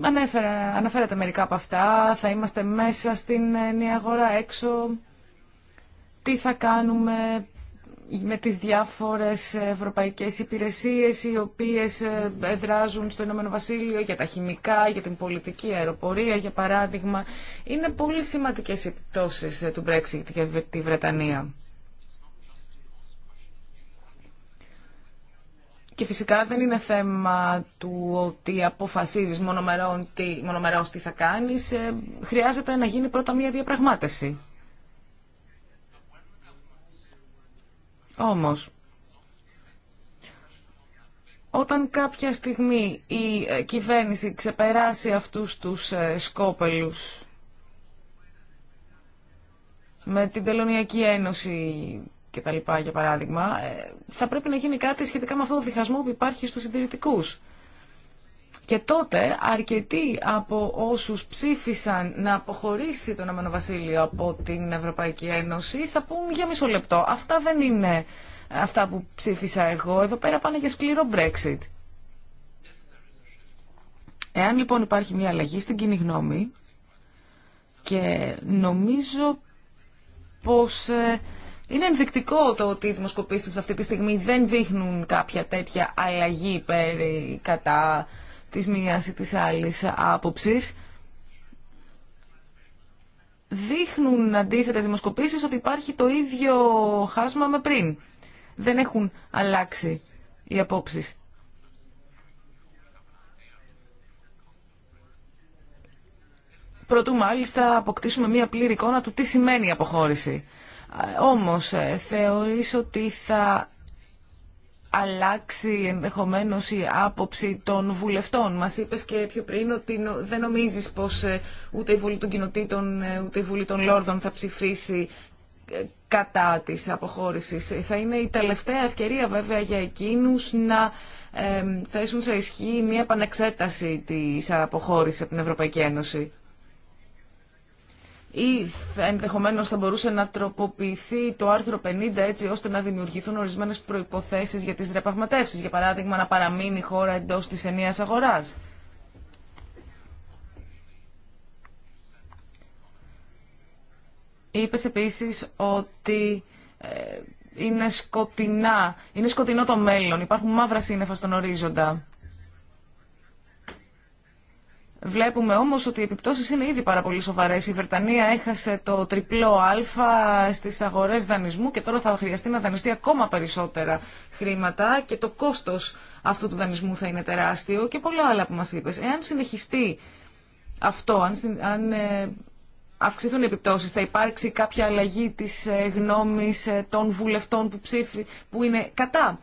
Ανέφερα, αναφέρατε μερικά από αυτά. Θα είμαστε μέσα στην ε, νέα αγορά έξω. Τι θα κάνουμε με τις διάφορες ευρωπαϊκές υπηρεσίες οι οποίες ε, εδράζουν στο Ηνωμένο Βασίλειο για τα χημικά, για την πολιτική αεροπορία, για παράδειγμα. Είναι πολύ σημαντικές επιπτώσεις ε, του Brexit για τη Βρετανία. Και φυσικά δεν είναι θέμα του ότι αποφασίζεις τι, τι θα κάνεις. Ε, χρειάζεται να γίνει πρώτα μία διαπραγμάτευση. Όμως, όταν κάποια στιγμή η ε, κυβέρνηση ξεπεράσει αυτούς τους ε, σκόπελους με την Τελωνιακή Ένωση και τα λοιπά, για παράδειγμα, ε, θα πρέπει να γίνει κάτι σχετικά με αυτό το διχασμό που υπάρχει στους συντηρητικού. Και τότε αρκετοί από όσους ψήφισαν να αποχωρήσει το Ηνωμένο Βασίλειο από την Ευρωπαϊκή Ένωση θα πούν για μισό λεπτό. Αυτά δεν είναι αυτά που ψήφισα εγώ. Εδώ πέρα πάνε για σκληρό Brexit. Εάν λοιπόν υπάρχει μια αλλαγή στην κοινή γνώμη και νομίζω πως ε, είναι ενδεικτικό το ότι οι δημοσκοπήσεις αυτή τη στιγμή δεν δείχνουν κάποια τέτοια αλλαγή περί κατά της μίας ή της άλλης άποψης. Δείχνουν αντίθετα δημοσκοπήσεις ότι υπάρχει το ίδιο χάσμα με πριν. Δεν έχουν αλλάξει οι απόψεις. Προτού μάλιστα αποκτήσουμε μία πλήρη εικόνα του τι σημαίνει η αποχώρηση. Όμως ε, θεωρείς ότι θα αλλάξει ενδεχομένως η άποψη των βουλευτών. Μας είπες και πιο πριν ότι δεν νομίζεις πως ε, ούτε η Βουλή των Κοινοτήτων ε, ούτε η Βουλή των Λόρδων θα ψηφίσει κατά της αποχώρησης. Θα είναι η τελευταία ευκαιρία βέβαια για εκείνους να θέσουν σε ισχύ μια επανεξέταση της αποχώρησης από την Ευρωπαϊκή Ένωση ή ενδεχομένως θα μπορούσε να τροποποιηθεί το άρθρο 50 έτσι ώστε να δημιουργηθούν ορισμένες προϋποθέσεις για τις ρεπαγματεύσεις, για παράδειγμα να παραμείνει η χώρα εντός της ενίας αγοράς. Είπε επίσης ότι ε, είναι σκοτεινά, είναι σκοτεινό το μέλλον, υπάρχουν μαύρα σύννεφα στον ορίζοντα. Βλέπουμε όμως ότι οι επιπτώσεις είναι ήδη πάρα πολύ σοβαρές. Η Βρετανία έχασε το τριπλό α στις αγορές δανεισμού και τώρα θα χρειαστεί να δανειστεί ακόμα περισσότερα χρήματα και το κόστος αυτού του δανεισμού θα είναι τεράστιο και πολλά άλλα που μας είπε. Εάν συνεχιστεί αυτό, αν, ε, αυξηθούν οι επιπτώσει, θα υπάρξει κάποια αλλαγή της ε, γνώμης ε, των βουλευτών που, που είναι κατά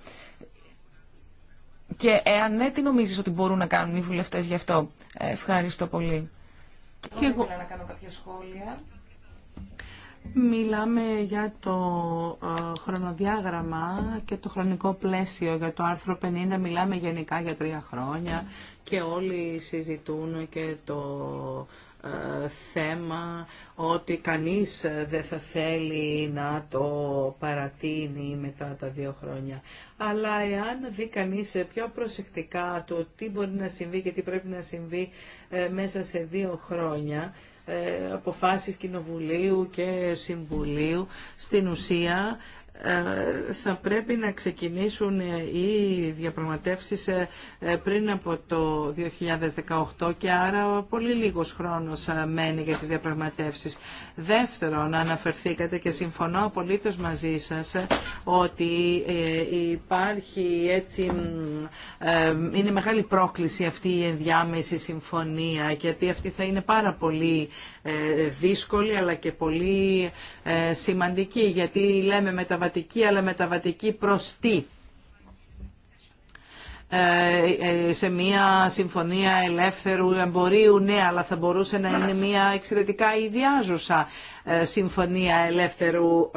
και εάν ναι, τι νομίζεις ότι μπορούν να κάνουν οι βουλευτές γι' αυτό. Ε, ευχαριστώ πολύ. Και εγώ να κάνω κάποια σχόλια.
Μιλάμε για το ε, χρονοδιάγραμμα και το χρονικό πλαίσιο. Για το άρθρο 50 μιλάμε γενικά για τρία χρόνια και όλοι συζητούν και το ε, θέμα ότι κανείς δεν θα θέλει να το παρατείνει μετά τα δύο χρόνια. Αλλά εάν δει κανείς πιο προσεκτικά το τι μπορεί να συμβεί και τι πρέπει να συμβεί ε, μέσα σε δύο χρόνια, ε, αποφάσεις Κοινοβουλίου και Συμβουλίου, στην ουσία ε, θα πρέπει να ξεκινήσουν οι διαπραγματεύσεις ε, ε, πριν από το 2018 και άρα πολύ λίγος χρόνος μένει για τις διαπραγματεύσεις. Δεύτερον, αναφερθήκατε και συμφωνώ απολύτως μαζί σας ότι υπάρχει έτσι, είναι μεγάλη πρόκληση αυτή η ενδιάμεση συμφωνία γιατί αυτή θα είναι πάρα πολύ ε, δύσκολη αλλά και πολύ ε, σημαντική γιατί λέμε μεταβατική αλλά μεταβατική προς τι ε, σε μια συμφωνία ελεύθερου εμπορίου, ναι, αλλά θα μπορούσε να είναι μια εξαιρετικά ιδιάζουσα συμφωνία ελεύθερου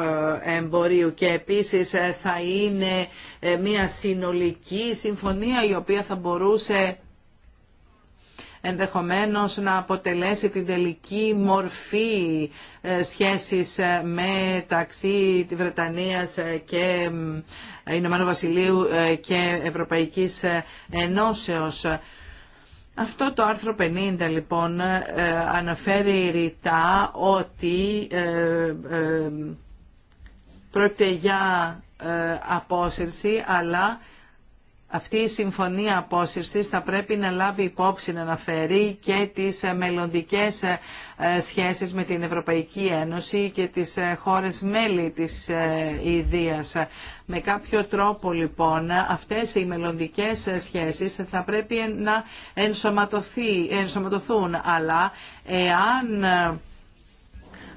εμπορίου και επίσης θα είναι μια συνολική συμφωνία η οποία θα μπορούσε ενδεχομένως να αποτελέσει την τελική μορφή ε, σχέσης ε, μεταξύ τη Βρετανίας ε, και Ηνωμένου Βασιλείου και Ευρωπαϊκής Ενώσεως. Αυτό το άρθρο 50 λοιπόν αναφέρει ρητά ότι πρόκειται για απόσυρση αλλά αυτή η συμφωνία απόσυρσης θα πρέπει να λάβει υπόψη να αναφέρει και τις ε, μελλοντικές ε, ε, σχέσεις με την Ευρωπαϊκή Ένωση και τις χώρες μέλη της Ιδίας. Με κάποιο τρόπο λοιπόν αυτές οι μελλοντικέ σχέσεις θα πρέπει να ενσωματωθούν, αλλά εάν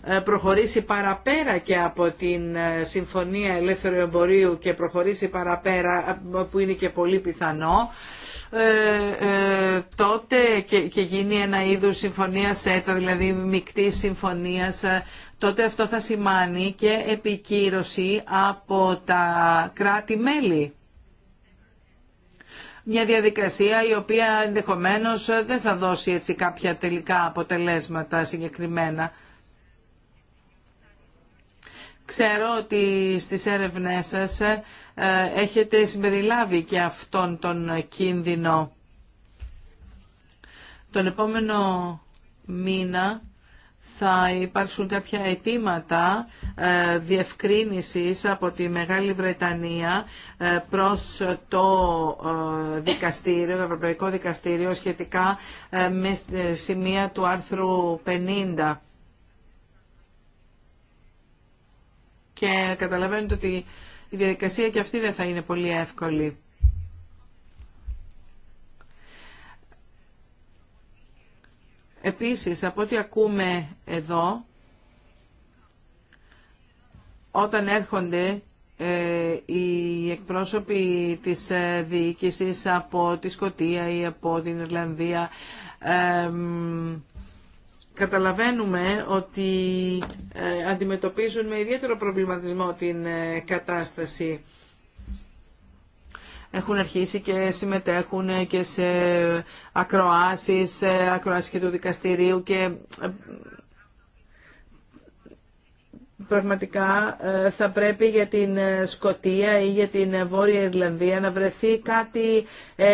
ε, προχωρήσει παραπέρα και από την ε, Συμφωνία Ελεύθερου Εμπορίου και προχωρήσει παραπέρα ε, που είναι και πολύ πιθανό τότε και, και γίνει ένα είδους συμφωνία ΣΕΤΑ, δηλαδή μεικτή συμφωνίας, τότε αυτό θα σημάνει και επικύρωση από τα κράτη-μέλη μια διαδικασία η οποία ενδεχομένως δεν θα δώσει έτσι κάποια τελικά αποτελέσματα συγκεκριμένα. Ξέρω ότι στις έρευνές σας ε, έχετε συμπεριλάβει και αυτόν τον κίνδυνο. Τον επόμενο μήνα θα υπάρξουν κάποια αιτήματα ε, διευκρίνησης από τη Μεγάλη Βρετανία ε, προς το δικαστήριο, το Ευρωπαϊκό Δικαστήριο σχετικά με σημεία του άρθρου 50. και καταλαβαίνετε ότι η διαδικασία και αυτή δεν θα είναι πολύ εύκολη. Επίσης, από ό,τι ακούμε εδώ, όταν έρχονται ε, οι εκπρόσωποι της ε, διοίκησης από τη Σκοτία ή από την Ιρλανδία, Καταλαβαίνουμε ότι ε, αντιμετωπίζουν με ιδιαίτερο προβληματισμό την ε, κατάσταση. Έχουν αρχίσει και συμμετέχουν ε, και σε ακροάσεις, ακροάσεις και του δικαστηρίου και πραγματικά θα πρέπει για την Σκοτία ή για την Βόρεια Ιρλανδία να βρεθεί κάτι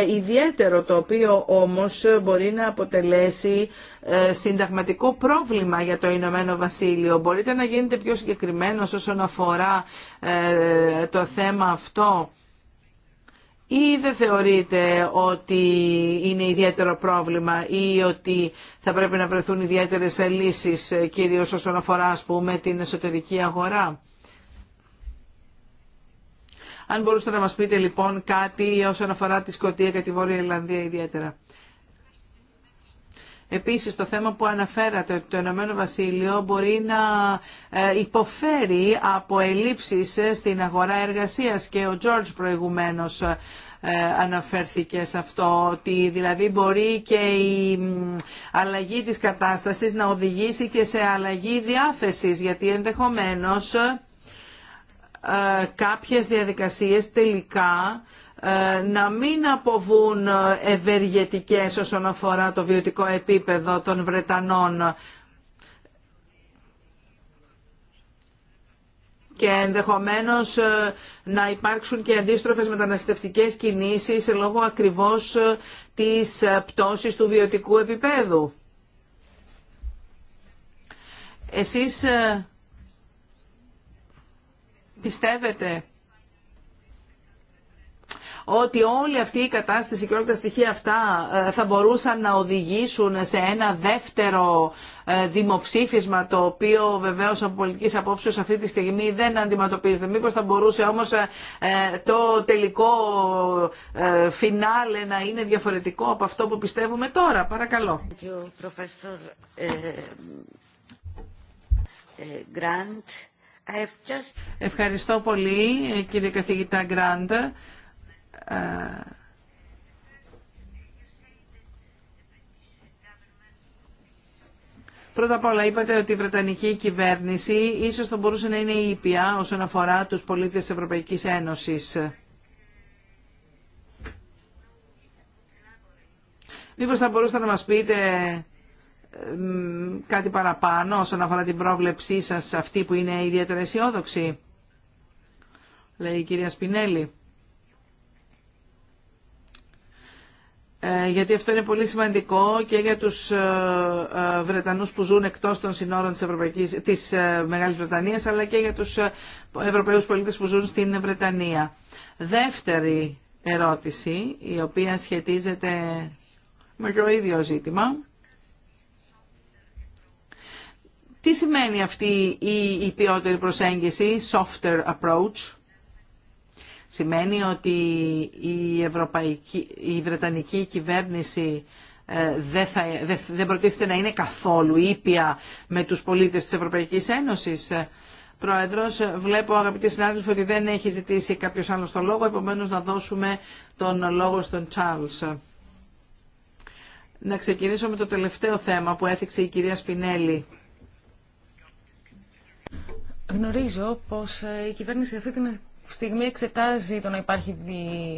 ιδιαίτερο το οποίο όμως μπορεί να αποτελέσει ε, συνταγματικό πρόβλημα για το Ηνωμένο Βασίλειο. Μπορείτε να γίνετε πιο συγκεκριμένος όσον αφορά ε, το θέμα αυτό ή δεν θεωρείτε ότι είναι ιδιαίτερο πρόβλημα ή ότι θα πρέπει να βρεθούν ιδιαίτερες λύσεις ε, κυρίως όσον αφορά ας πούμε την εσωτερική αγορά. Αν μπορούσατε να μας πείτε λοιπόν κάτι όσον αφορά τη Σκωτία και τη Βόρεια Ιρλανδία ιδιαίτερα. Επίσης το θέμα που αναφέρατε ότι το Ηνωμένο Βασίλειο μπορεί να ε, υποφέρει από ελλείψεις ε, στην αγορά εργασίας και ο Τζόρτζ προηγουμένως ε, αναφέρθηκε σε αυτό, ότι δηλαδή μπορεί και η αλλαγή της κατάστασης να οδηγήσει και σε αλλαγή διάθεσης, γιατί ενδεχομένως κάποιες διαδικασίες τελικά ε, να μην αποβούν ε, ευεργετικές όσον αφορά το βιωτικό επίπεδο των Βρετανών και ενδεχομένως ε, να υπάρξουν και αντίστροφες μεταναστευτικές κινήσεις λόγω ακριβώς της πτώσης του βιωτικού επίπεδου. Εσείς πιστεύετε ότι όλη αυτή η κατάσταση και όλα τα στοιχεία αυτά ε, θα μπορούσαν να οδηγήσουν σε ένα δεύτερο ε, δημοψήφισμα το οποίο βεβαίως από πολιτικής απόψεως αυτή τη στιγμή δεν αντιμετωπίζεται. Μήπως θα μπορούσε όμως ε, το τελικό φινάλε να είναι διαφορετικό από αυτό που πιστεύουμε τώρα. Παρακαλώ. Ευχαριστώ πολύ κύριε καθηγητά Γκραντ. Πρώτα απ' όλα είπατε ότι η Βρετανική κυβέρνηση ίσως θα μπορούσε να είναι ήπια όσον αφορά τους πολίτες της Ευρωπαϊκής Ένωσης. Μήπως θα μπορούσατε να μας πείτε κάτι παραπάνω όσον αφορά την πρόβλεψή σας αυτή που είναι ιδιαίτερα αισιόδοξη. Λέει η κυρία Σπινέλη. Ε, γιατί αυτό είναι πολύ σημαντικό και για τους ε, ε, Βρετανούς που ζουν εκτός των συνόρων της, Ευρωπαϊκής, της Μεγάλης Βρετανίας, αλλά και για τους Ευρωπαίους πολίτες που ζουν στην Βρετανία. Δεύτερη ερώτηση, η οποία σχετίζεται με το ίδιο ζήτημα. Τι σημαίνει αυτή η, η ποιότερη προσέγγιση, softer approach, Σημαίνει ότι η, Ευρωπαϊκή, η Βρετανική κυβέρνηση ε, δεν, θα, δεν προτίθεται να είναι καθόλου ήπια με τους πολίτες της Ευρωπαϊκής Ένωσης. Ε, Πρόεδρος, ε, βλέπω αγαπητοί συνάδελφοι ότι δεν έχει ζητήσει κάποιος άλλος το λόγο, επομένως να δώσουμε τον λόγο στον Τσάρλς. Να ξεκινήσω με το τελευταίο θέμα που έθιξε η κυρία Σπινέλη.
Γνωρίζω πως η κυβέρνηση αυτή την στιγμή εξετάζει το να υπάρχει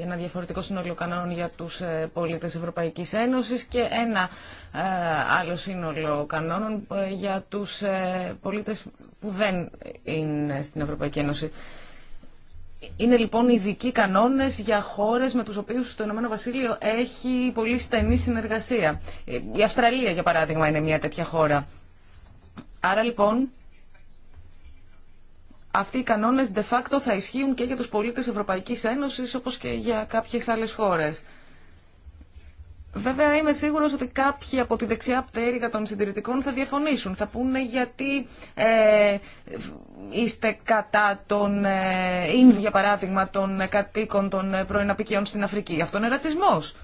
ένα διαφορετικό σύνολο κανόνων για τους ε, πολίτες Ευρωπαϊκής Ένωσης και ένα ε, άλλο σύνολο κανόνων ε, για τους πολίτες που δεν είναι στην Ευρωπαϊκή Ένωση. Είναι λοιπόν ειδικοί κανόνες για χώρες με του οποίου το Ηνωμένο Βασίλειο έχει πολύ στενή συνεργασία. Η Αυστραλία, για παράδειγμα, είναι μια τέτοια χώρα. Άρα λοιπόν αυτοί οι κανόνες de facto θα ισχύουν και για τους πολίτες Ευρωπαϊκής Ένωσης όπως και για κάποιες άλλες χώρες. Βέβαια είμαι σίγουρος ότι κάποιοι από τη δεξιά πτέρυγα των συντηρητικών θα διαφωνήσουν. Θα πούνε γιατί ε, είστε κατά των ε, Ινδου, για παράδειγμα, των κατοίκων των ε, πρώην στην Αφρική. Αυτό είναι ρατσισμός.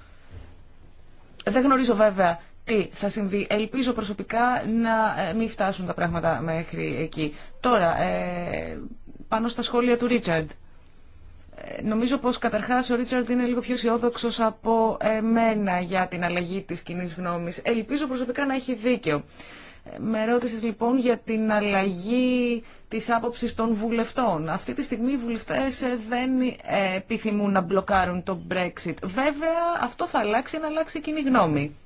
Δεν γνωρίζω βέβαια τι θα συμβεί. Ελπίζω προσωπικά να ε, μην φτάσουν τα πράγματα μέχρι εκεί. Τώρα, ε, πάνω στα σχόλια του Ρίτσαρντ. Ε, νομίζω πως καταρχάς ο Ρίτσαρντ είναι λίγο πιο αισιόδοξο από εμένα για την αλλαγή της κοινή γνώμης. Ελπίζω προσωπικά να έχει δίκιο. Ε, με ρώτησες λοιπόν για την αλλαγή της άποψης των βουλευτών. Αυτή τη στιγμή οι βουλευτές δεν επιθυμούν να μπλοκάρουν το Brexit. Βέβαια αυτό θα αλλάξει να αλλάξει κοινή γνώμη.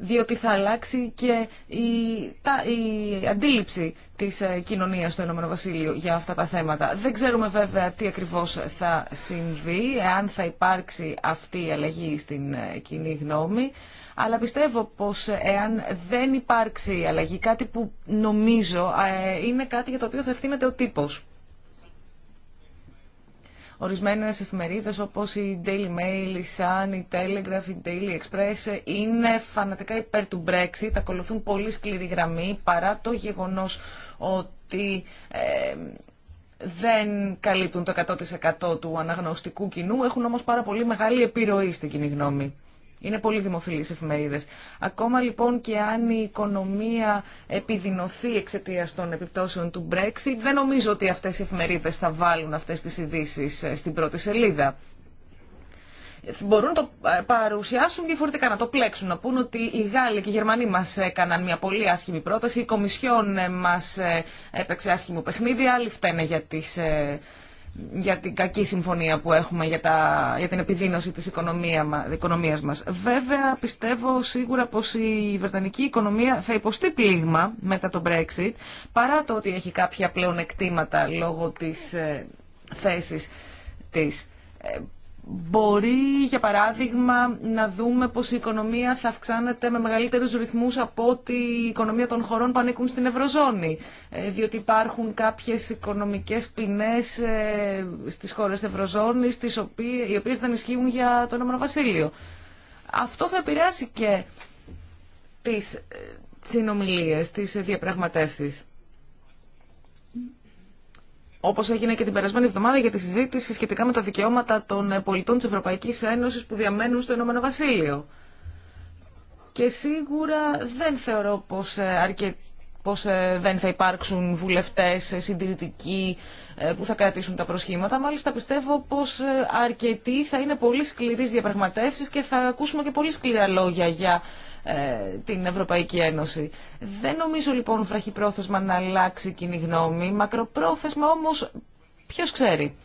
διότι θα αλλάξει και η, η αντίληψη της ε, κοινωνίας στο ΕΒ Βασίλειο για αυτά τα θέματα. Δεν ξέρουμε βέβαια τι ακριβώς θα συμβεί, εάν θα υπάρξει αυτή η αλλαγή στην ε, κοινή γνώμη, αλλά πιστεύω πως ε, εάν δεν υπάρξει αλλαγή, κάτι που νομίζω είναι κάτι για το οποίο θα ευθύνεται ο τύπος. Ορισμένες εφημερίδες όπως η Daily Mail, η Sun, η Telegraph, η Daily Express είναι φανατικά υπέρ του Brexit, ακολουθούν πολύ σκληρή γραμμή παρά το γεγονός ότι ε, δεν καλύπτουν το 100% του αναγνωστικού κοινού, έχουν όμως πάρα πολύ μεγάλη επιρροή στην κοινή γνώμη. Είναι πολύ δημοφιλείς εφημερίδες. Ακόμα λοιπόν και αν η οικονομία επιδεινωθεί εξαιτία των επιπτώσεων του Brexit, δεν νομίζω ότι αυτές οι εφημερίδες θα βάλουν αυτές τις ειδήσει ε, στην πρώτη σελίδα. Μπορούν να το ε, παρουσιάσουν διαφορετικά, να το πλέξουν, να πούν ότι οι Γάλλοι και οι Γερμανοί μα έκαναν μια πολύ άσχημη πρόταση, η Κομισιόν ε, μα έπαιξε άσχημο παιχνίδι, άλλοι φταίνε για τι για την κακή συμφωνία που έχουμε για, τα, για την επιδείνωση της οικονομία, οικονομίας μας. Βέβαια, πιστεύω σίγουρα πως η βρετανική οικονομία θα υποστεί πλήγμα μετά το Brexit, παρά το ότι έχει κάποια πλέον εκτήματα λόγω της ε, θέσης της. Ε, Μπορεί, για παράδειγμα, να δούμε πως η οικονομία θα αυξάνεται με μεγαλύτερους ρυθμούς από ότι η οικονομία των χωρών που ανήκουν στην Ευρωζώνη, ε, διότι υπάρχουν κάποιες οικονομικές ποινές ε, στις χώρες Ευρωζώνης, τις οποίες, οι οποίες δεν ισχύουν για το Ηνωμένο Αυτό θα επηρεάσει και τις ε, συνομιλίες, τις διαπραγματεύσεις όπως έγινε και την περασμένη εβδομάδα για τη συζήτηση σχετικά με τα δικαιώματα των πολιτών της Ευρωπαϊκής Ένωσης που διαμένουν στο Ηνωμένο Βασίλειο. Και σίγουρα δεν θεωρώ πως, ε, αρκε... πως ε, δεν θα υπάρξουν βουλευτές ε, συντηρητικοί που θα κρατήσουν τα προσχήματα. Μάλιστα πιστεύω πως αρκετοί θα είναι πολύ σκληρής διαπραγματεύσεις και θα ακούσουμε και πολύ σκληρά λόγια για ε, την Ευρωπαϊκή Ένωση. Δεν νομίζω λοιπόν βραχυπρόθεσμα να αλλάξει κοινή γνώμη, μακροπρόθεσμα όμως ποιος ξέρει.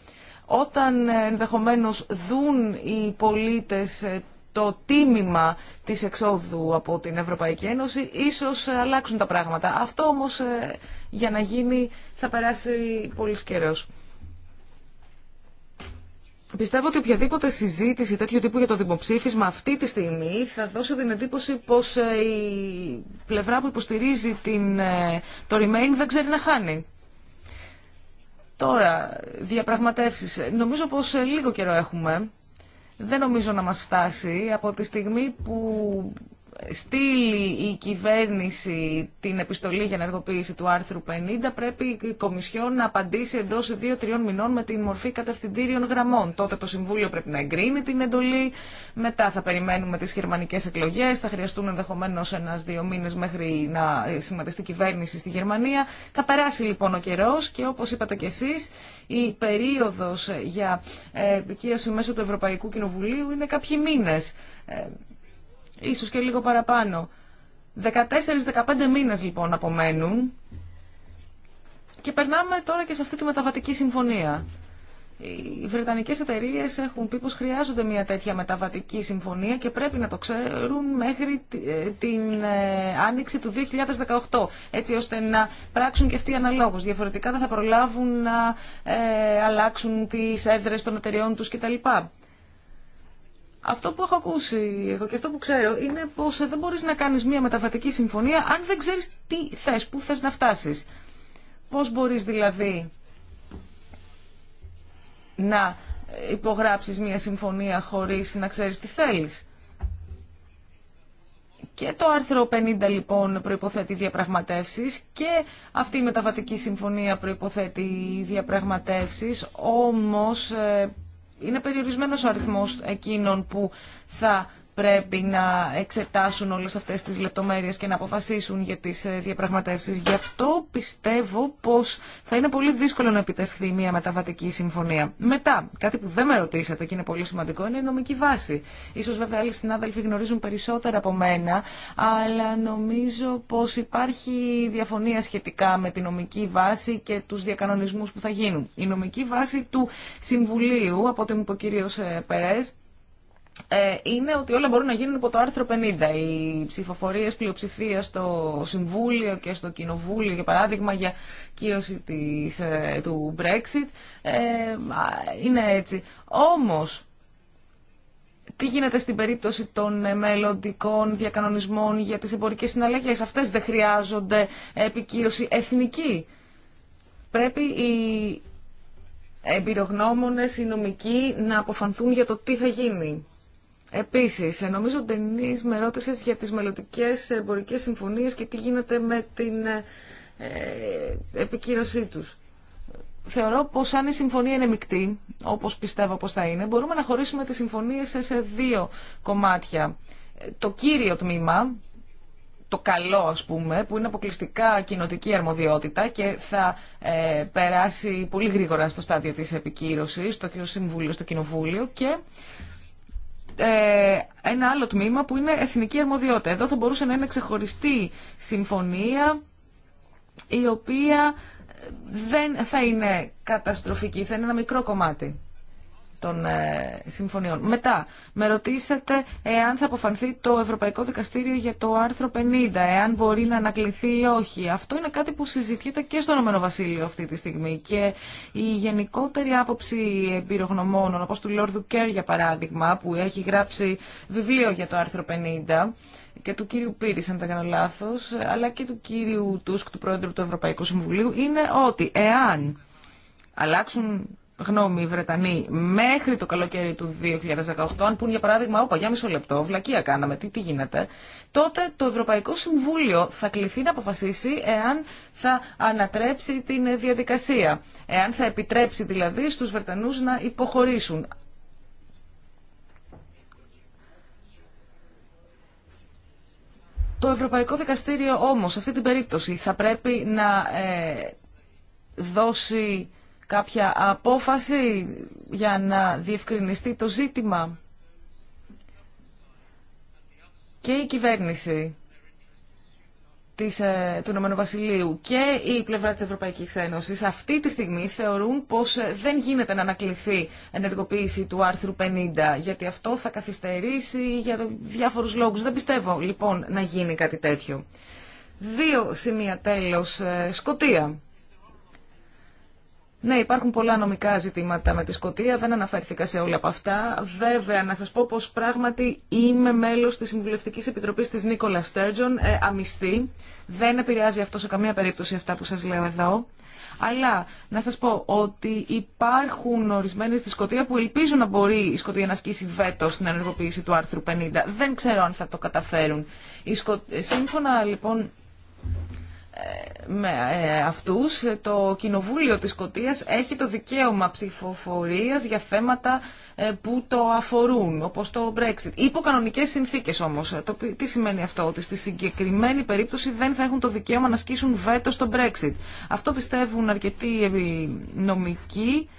Όταν ε, ενδεχομένως δουν οι πολίτες ε, το τίμημα της εξόδου από την Ευρωπαϊκή Ένωση, ίσως αλλάξουν τα πράγματα. Αυτό όμως για να γίνει θα περάσει πολύ καιρός. Πιστεύω ότι οποιαδήποτε συζήτηση τέτοιου τύπου για το δημοψήφισμα αυτή τη στιγμή θα δώσει την εντύπωση πως ε, η πλευρά που υποστηρίζει την, ε, το Remain δεν ξέρει να χάνει. Τώρα, διαπραγματεύσεις. Νομίζω πως ε, λίγο καιρό έχουμε. Δεν νομίζω να μας φτάσει από τη στιγμή που στείλει η κυβέρνηση την επιστολή για ενεργοποίηση του άρθρου 50, πρέπει η Κομισιόν να απαντήσει εντό 2-3 μηνών με την μορφή κατευθυντήριων γραμμών. Τότε το Συμβούλιο πρέπει να εγκρίνει την εντολή. Μετά θα περιμένουμε τι γερμανικέ εκλογέ. Θα χρειαστούν ενδεχομένω ένα-δύο μήνε μέχρι να σχηματιστεί κυβέρνηση στη Γερμανία. Θα περάσει λοιπόν ο καιρό και όπω είπατε κι εσεί, η περίοδο για ε, επικύρωση μέσω του Ευρωπαϊκού Κοινοβουλίου είναι κάποιοι μήνε. Ε, ίσως και λίγο παραπάνω. 14-15 μήνες λοιπόν απομένουν και περνάμε τώρα και σε αυτή τη μεταβατική συμφωνία. Οι Βρετανικές εταιρείε έχουν πει πως χρειάζονται μια τέτοια μεταβατική συμφωνία και πρέπει να το ξέρουν μέχρι ε, την ε, άνοιξη του 2018, έτσι ώστε να πράξουν και αυτοί αναλόγως. Διαφορετικά δεν θα προλάβουν να ε, αλλάξουν τις έδρες των εταιρεών τους κτλ. Αυτό που έχω ακούσει εγώ και αυτό που ξέρω είναι πως δεν μπορείς να κάνεις μια μεταβατική συμφωνία αν δεν ξέρεις τι θε, πού θε να φτάσεις. Πώς μπορείς δηλαδή να υπογράψεις μια συμφωνία χωρίς να ξέρεις τι θέλεις. Και το άρθρο 50 λοιπόν προϋποθέτει διαπραγματεύσεις και αυτή η μεταβατική συμφωνία προϋποθέτει διαπραγματεύσεις, όμως ε, είναι περιορισμένος ο αριθμός εκείνων που θα πρέπει να εξετάσουν όλες αυτές τις λεπτομέρειες και να αποφασίσουν για τις ε, διαπραγματεύσεις. Γι' αυτό πιστεύω πως θα είναι πολύ δύσκολο να επιτευχθεί μια μεταβατική συμφωνία. Μετά, κάτι που δεν με ρωτήσατε και είναι πολύ σημαντικό, είναι η νομική βάση. Ίσως βέβαια άλλοι συνάδελφοι γνωρίζουν περισσότερα από μένα, αλλά νομίζω πως υπάρχει διαφωνία σχετικά με τη νομική βάση και τους διακανονισμούς που θα γίνουν. Η νομική βάση του Συμβουλίου, από ό,τι μου είπε ο κ. Ε, είναι ότι όλα μπορούν να γίνουν υπό το άρθρο 50. Οι ψηφοφορίε πλειοψηφία στο Συμβούλιο και στο Κοινοβούλιο, για παράδειγμα, για κύρωση της, ε, του Brexit, ε, είναι έτσι. Όμω, τι γίνεται στην περίπτωση των μελλοντικών διακανονισμών για τι εμπορικέ συναλλαγέ, Αυτές δεν χρειάζονται επικύρωση εθνική. Πρέπει οι εμπειρογνώμονες, οι νομικοί να αποφανθούν για το τι θα γίνει. Επίσης, νομίζω ότι με ρώτησε για τις μελλοντικέ εμπορικές συμφωνίες και τι γίνεται με την ε, ε, επικύρωσή τους. Θεωρώ πως αν η συμφωνία είναι μεικτή, όπως πιστεύω πως θα είναι, μπορούμε να χωρίσουμε τις συμφωνίες σε δύο κομμάτια. Το κύριο τμήμα, το καλό ας πούμε, που είναι αποκλειστικά κοινοτική αρμοδιότητα και θα ε, περάσει πολύ γρήγορα στο στάδιο της επικύρωσης, στο Συμβούλιο, στο Κοινοβούλιο και ε, ένα άλλο τμήμα που είναι εθνική αρμοδιότητα. Εδώ θα μπορούσε να είναι ξεχωριστή συμφωνία η οποία δεν θα είναι καταστροφική, θα είναι ένα μικρό κομμάτι των ε, συμφωνιών. Μετά, με ρωτήσατε εάν θα αποφανθεί το Ευρωπαϊκό Δικαστήριο για το άρθρο 50, εάν μπορεί να ανακληθεί ή όχι. Αυτό είναι κάτι που συζητιέται και στο Ηνωμένο Βασίλειο αυτή τη στιγμή. Και η γενικότερη άποψη εμπειρογνωμόνων, όπω του Λόρδου Κέρ για παράδειγμα, που έχει γράψει βιβλίο για το άρθρο 50, και του κύριου Πύρη, αν δεν κάνω λάθο, αλλά και του κύριου Τούσκ, του πρόεδρου του Ευρωπαϊκού Συμβουλίου, είναι ότι εάν αλλάξουν γνώμη οι Βρετανοί μέχρι το καλοκαίρι του 2018, αν πούν για παράδειγμα, όπα για μισό λεπτό, βλακεία κάναμε, τι, τι γίνεται, τότε το Ευρωπαϊκό Συμβούλιο θα κληθεί να αποφασίσει εάν θα ανατρέψει την διαδικασία, εάν θα επιτρέψει δηλαδή στους Βρετανούς να υποχωρήσουν. Το Ευρωπαϊκό Δικαστήριο όμως σε αυτή την περίπτωση θα πρέπει να ε, δώσει κάποια απόφαση για να διευκρινιστεί το ζήτημα. Και η κυβέρνηση ε, του Ηνωμένου Βασιλείου και η πλευρά της Ευρωπαϊκής Ένωσης αυτή τη στιγμή θεωρούν πως ε, δεν γίνεται να ανακληθεί ενεργοποίηση του άρθρου 50 γιατί αυτό θα καθυστερήσει για διάφορους λόγους. Δεν πιστεύω λοιπόν να γίνει κάτι τέτοιο. Δύο σημεία τέλος. Ε, Σκοτία. Ναι, υπάρχουν πολλά νομικά ζητήματα με τη Σκωτία, δεν αναφέρθηκα σε όλα από αυτά. Βέβαια, να σας πω πως πράγματι είμαι μέλος της Συμβουλευτική Επιτροπής της Νίκολα Στέρτζον, ε, αμυστή. Δεν επηρεάζει αυτό σε καμία περίπτωση αυτά που σας λέω εδώ. Αλλά να σας πω ότι υπάρχουν ορισμένοι στη Σκωτία που ελπίζουν να μπορεί η Σκωτία να ασκήσει βέτο στην ενεργοποίηση του άρθρου 50. Δεν ξέρω αν θα το καταφέρουν. Ε, σύμφωνα λοιπόν με ε, αυτούς. Το Κοινοβούλιο της Σκοτίας έχει το δικαίωμα ψηφοφορίας για θέματα ε, που το αφορούν, όπως το Brexit. Υπό κανονικές συνθήκες όμως. Ε, το, τι σημαίνει αυτό, ότι στη συγκεκριμένη περίπτωση δεν θα έχουν το δικαίωμα να σκίσουν βέτο στο Brexit. Αυτό πιστεύουν αρκετοί νομικοί.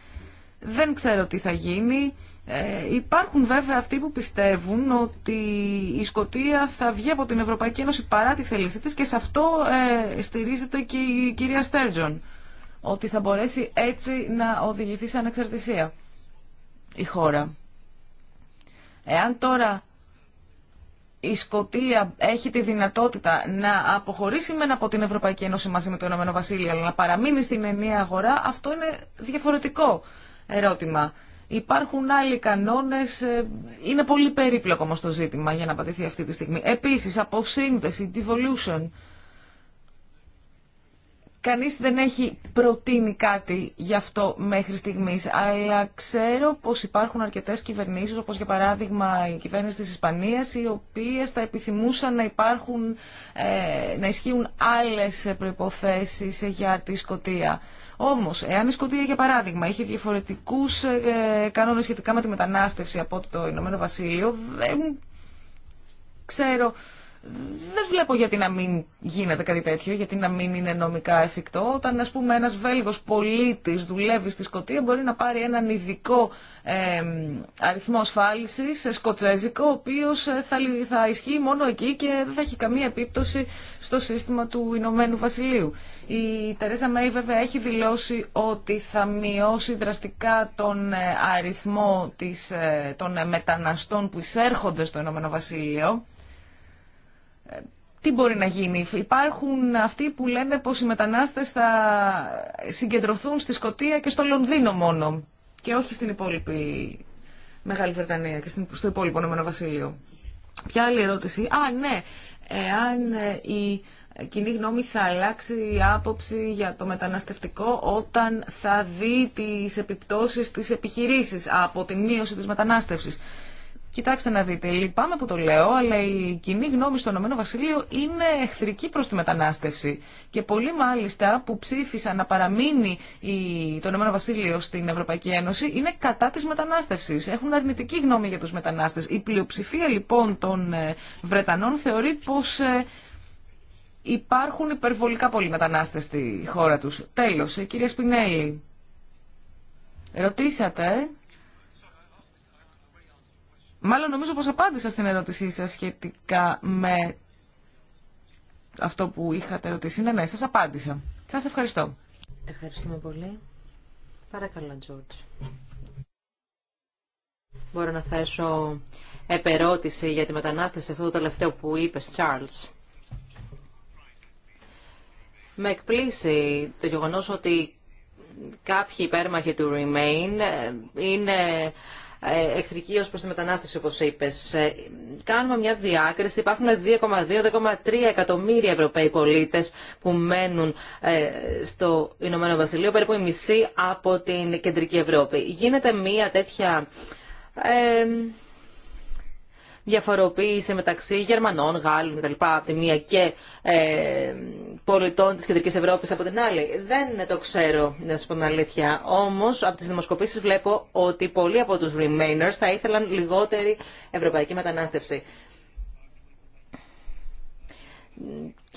Δεν ξέρω τι θα γίνει. Ε, υπάρχουν βέβαια αυτοί που πιστεύουν ότι η Σκοτία θα βγει από την Ευρωπαϊκή Ένωση παρά τη θέλησή της και σε αυτό ε, στηρίζεται και η κυρία Στέρτζον, ότι θα μπορέσει έτσι να οδηγηθεί σε ανεξαρτησία η χώρα. Εάν τώρα η Σκοτία έχει τη δυνατότητα να αποχωρήσει μεν από την Ευρωπαϊκή Ένωση μαζί με το Ηνωμένο Βασίλειο, αλλά να παραμείνει στην ενιαία αγορά, αυτό είναι διαφορετικό ερώτημα. Υπάρχουν άλλοι κανόνες, ε, είναι πολύ περίπλοκο όμω το ζήτημα για να πατήθει αυτή τη στιγμή. Επίσης, σύνδεση, devolution. Κανείς δεν έχει προτείνει κάτι γι' αυτό μέχρι στιγμής, αλλά ξέρω πως υπάρχουν αρκετές κυβερνήσεις, όπως για παράδειγμα η κυβέρνηση της Ισπανίας, οι οποίες θα επιθυμούσαν να, υπάρχουν, ε, να ισχύουν άλλες προϋποθέσεις για τη σκοτία. Όμω, εάν η Σκωτία, για παράδειγμα, είχε διαφορετικού ε, κανόνε σχετικά με τη μετανάστευση από το Ηνωμένο Βασίλειο, δεν ξέρω δεν βλέπω γιατί να μην γίνεται κάτι τέτοιο, γιατί να μην είναι νομικά εφικτό. Όταν, ας πούμε, ένας Βέλγος πολίτης δουλεύει στη Σκωτία, μπορεί να πάρει έναν ειδικό ε, αριθμό ασφάλισης, ε, σκοτσέζικο, ο οποίος ε, θα, ισχύει μόνο εκεί και δεν θα έχει καμία επίπτωση στο σύστημα του Ηνωμένου Βασιλείου. Η Τερέζα Μέη, βέβαια, έχει δηλώσει ότι θα μειώσει δραστικά τον ε, αριθμό της, των μεταναστών που εισέρχονται στο Ηνωμένο Βασίλειο τι μπορεί να γίνει. Υπάρχουν αυτοί που λένε πως οι μετανάστες θα συγκεντρωθούν στη Σκωτία και στο Λονδίνο μόνο και όχι στην υπόλοιπη Μεγάλη Βρετανία και στο υπόλοιπο Ηνωμένο Βασίλειο. Ποια άλλη ερώτηση. Α, ναι. Εάν ε, η κοινή γνώμη θα αλλάξει η άποψη για το μεταναστευτικό όταν θα δει τις επιπτώσεις της επιχειρήσης από τη μείωση της μετανάστευσης. Κοιτάξτε να δείτε, λυπάμαι που το λέω, αλλά η κοινή γνώμη στο Ηνωμένο Βασίλειο είναι εχθρική προς τη μετανάστευση. Και πολλοί μάλιστα που ψήφισαν να παραμείνει το ΟΒ στην Ευρωπαϊκή Ένωση είναι κατά της μετανάστευσης. Έχουν αρνητική γνώμη για τους μετανάστες. Η πλειοψηφία λοιπόν των ε, Βρετανών θεωρεί πως ε, υπάρχουν υπερβολικά πολλοί μετανάστες στη χώρα τους. Τέλος, ε, κύριε Σπινέλη, ρωτήσατε Μάλλον νομίζω πως απάντησα στην ερώτησή σας σχετικά με αυτό που είχατε ερωτήσει. Ναι,
ναι, σας απάντησα. Σας ευχαριστώ. Ευχαριστούμε πολύ. Παρακαλώ, Τζόρτζ. Μπορώ να θέσω επερώτηση για τη μετανάστευση αυτό το τελευταίο που είπες, Charles. Με εκπλήσει το γεγονός ότι κάποιοι υπέρμαχοι του Remain ε, είναι ε, εχθρική ω προς τη μετανάστευση, όπως είπες. Ε, κάνουμε μια διάκριση. Υπάρχουν 2,2-2,3 εκατομμύρια Ευρωπαίοι πολίτες που μένουν ε, στο Ηνωμένο Βασιλείο, περίπου η μισή από την Κεντρική Ευρώπη. Γίνεται μια τέτοια διαφοροποίηση μεταξύ Γερμανών, Γάλλων κτλ. από τη μία και ε, πολιτών τη Κεντρική Ευρώπη από την άλλη. Δεν το ξέρω, να σα πω την αλήθεια. Όμως, από τι δημοσκοπήσει βλέπω ότι πολλοί από του Remainers θα ήθελαν λιγότερη ευρωπαϊκή μετανάστευση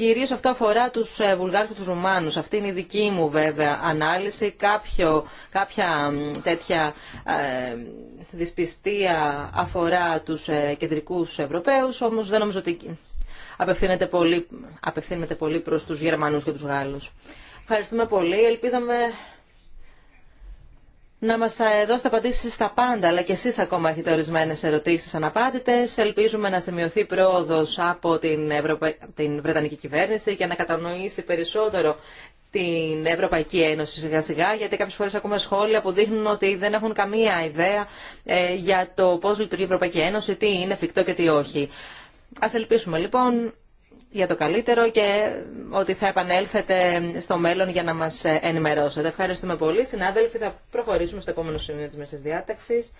Κυρίως αυτό αφορά τους ε, Βουλγάρους και τους Ρουμάνους. Αυτή είναι η δική μου βέβαια ανάλυση. Κάποιο, κάποια τέτοια ε, δυσπιστία αφορά τους ε, κεντρικούς Ευρωπαίους, όμως δεν νομίζω ότι απευθύνεται πολύ, απευθύνεται πολύ προς τους Γερμανούς και τους Γάλλους. Ευχαριστούμε πολύ. Ελπίζαμε να μας ε, δώσετε απαντήσεις στα πάντα, αλλά και εσείς ακόμα έχετε ορισμένες ερωτήσεις αναπάντητες. Ελπίζουμε να σημειωθεί πρόοδος από την, την Βρετανική κυβέρνηση για να κατανοήσει περισσότερο την Ευρωπαϊκή Ένωση σιγά σιγά, γιατί κάποιες φορές ακούμε σχόλια που δείχνουν ότι δεν έχουν καμία ιδέα ε, για το πώς λειτουργεί η Ευρωπαϊκή Ένωση, τι είναι εφικτό και τι όχι. Ας ελπίσουμε λοιπόν για το καλύτερο και ότι θα επανέλθετε στο μέλλον για να μας ενημερώσετε. Ευχαριστούμε πολύ. Συνάδελφοι, θα προχωρήσουμε στο επόμενο σημείο της μέσης διάταξης.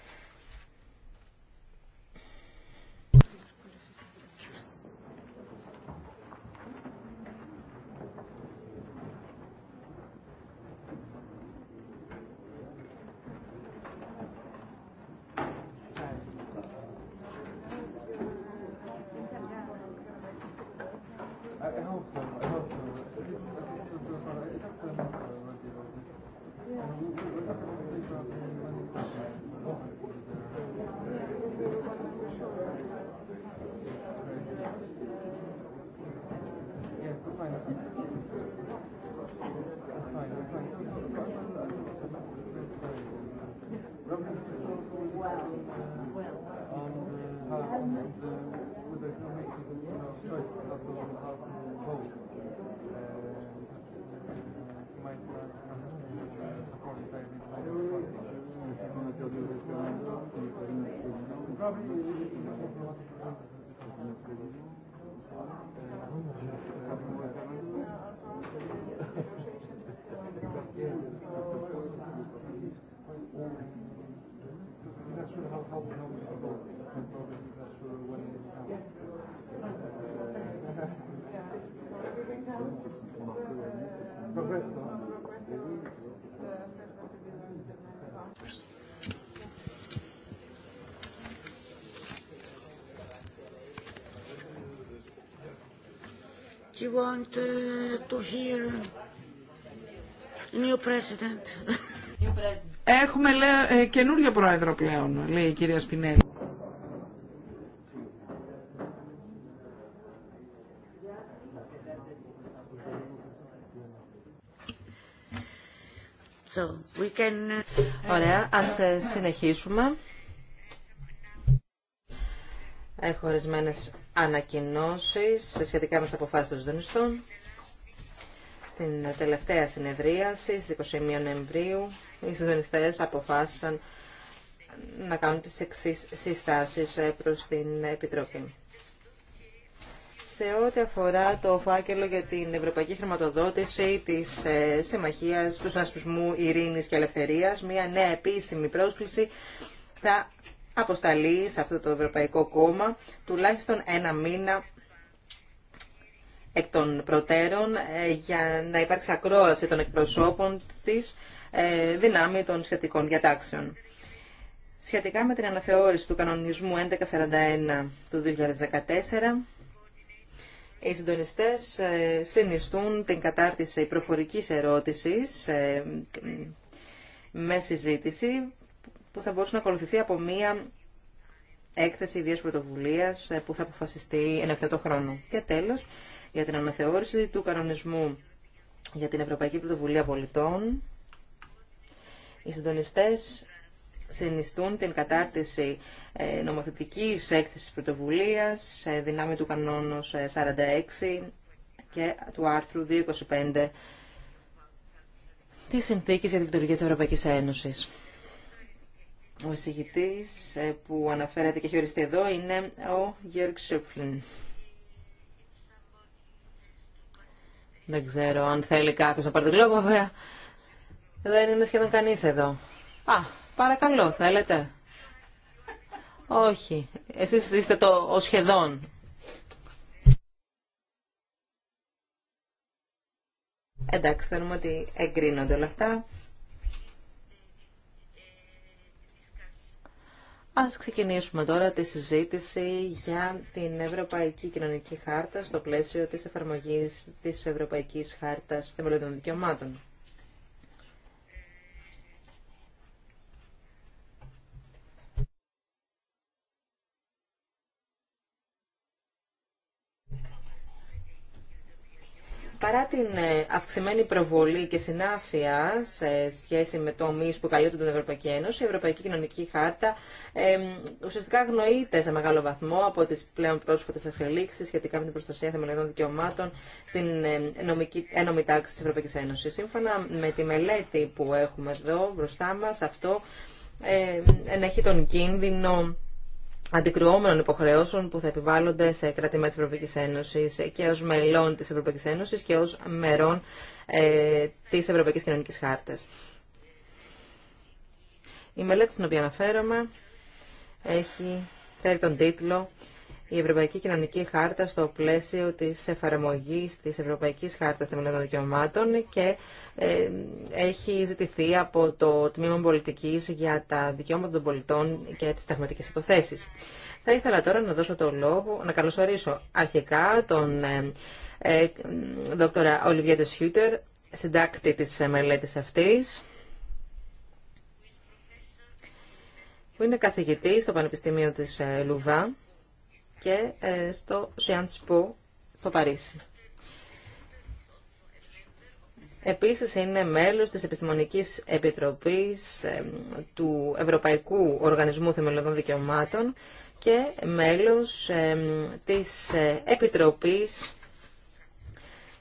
Do you want uh, to
hear
new president? Έχουμε λέ, ε, καινούριο πρόεδρο πλέον, λέει η κυρία Σπινέλη.
So, we can... Uh, Ωραία, ας ε, συνεχίσουμε. Έχω ορισμένε ανακοινώσεις σχετικά με τις αποφάσεις των συντονιστών. Στην τελευταία συνεδρίαση, στις 21 Νοεμβρίου, οι συντονιστές αποφάσισαν να κάνουν τις εξής συστάσεις ε, προς την Επιτροπή. Σε ό,τι αφορά το φάκελο για την Ευρωπαϊκή Χρηματοδότηση της ε, Συμμαχίας του Συνασπισμού Ειρήνης και Ελευθερίας, μια νέα επίσημη πρόσκληση θα αποσταλεί σε αυτό το Ευρωπαϊκό Κόμμα τουλάχιστον ένα μήνα εκ των προτέρων ε, για να υπάρξει ακρόαση των εκπροσώπων της ε, δυνάμει των σχετικών διατάξεων. Σχετικά με την αναθεώρηση του κανονισμού 1141 του 2014, οι συντονιστές ε, συνιστούν την κατάρτιση προφορικής ερώτησης με συζήτηση που θα μπορούσε να ακολουθηθεί από μία έκθεση ιδία πρωτοβουλία ε, που θα αποφασιστεί εν ευθέτω χρόνο. Και τέλο, για την αναθεώρηση του κανονισμού για την Ευρωπαϊκή Πρωτοβουλία Πολιτών, οι συντονιστέ συνιστούν την κατάρτιση ε, νομοθετικής έκθεσης πρωτοβουλίας ε, δυνάμει του κανόνου 46 και του άρθρου 225 της Συνθήκης για τη Λειτουργία της Ευρωπαϊκής Ένωσης. Ο εισηγητή ε, που αναφέρεται και έχει εδώ είναι ο Γιώργ Σούπφλιν. Δεν ξέρω αν θέλει κάποιος να πάρει το λόγο, βέβαια. Δεν είναι σχεδόν κανείς εδώ. Α, παρακαλώ, θέλετε. Όχι. Εσείς είστε το ο σχεδόν. Εντάξει, θέλουμε ότι εγκρίνονται όλα αυτά. Ας ξεκινήσουμε τώρα τη συζήτηση για την Ευρωπαϊκή Κοινωνική Χάρτα στο πλαίσιο της εφαρμογής της Ευρωπαϊκής Χάρτας Θεμελιωδών Δικαιωμάτων. Παρά την ε, αυξημένη προβολή και συνάφεια σε σχέση με τομεί που καλύπτουν την Ευρωπαϊκή Ένωση, η Ευρωπαϊκή Κοινωνική Χάρτα ε, ουσιαστικά αγνοείται σε μεγάλο βαθμό από τι πλέον πρόσφατε εξελίξει σχετικά με την προστασία θεμελιωδών δικαιωμάτων στην νομική, ένωμη τάξη τη Ευρωπαϊκή Ένωση. Σύμφωνα με τη μελέτη που έχουμε εδώ μπροστά μα, αυτό ε, ενέχει τον κίνδυνο αντικρουόμενων υποχρεώσεων που θα επιβάλλονται σε κράτη-μέλη της Ευρωπαϊκής Ένωσης και ως μελών της Ευρωπαϊκής Ένωσης και ως μερών ε, της Ευρωπαϊκής Κοινωνικής Χάρτας. Η μελέτη στην οποία αναφέρομαι έχει φέρει τον τίτλο η Ευρωπαϊκή Κοινωνική Χάρτα στο πλαίσιο της εφαρμογής της Ευρωπαϊκής Χάρτας των Δικαιωμάτων και ε, έχει ζητηθεί από το Τμήμα Πολιτικής για τα δικαιώματα των πολιτών και τις ταγματικές υποθέσεις. Θα ήθελα τώρα να δώσω το λόγο, να καλωσορίσω αρχικά τον ε, ε δόκτωρα Χιούτερ, Σιούτερ, συντάκτη της μελέτης αυτής, που είναι καθηγητή στο Πανεπιστήμιο τη ε, Λουβά και ε, στο πού το Παρίσι. Επίσης είναι μέλος της Επιστημονικής Επιτροπής ε, του Ευρωπαϊκού Οργανισμού Θεμελιωδών Δικαιωμάτων και μέλος ε, της Επιτροπής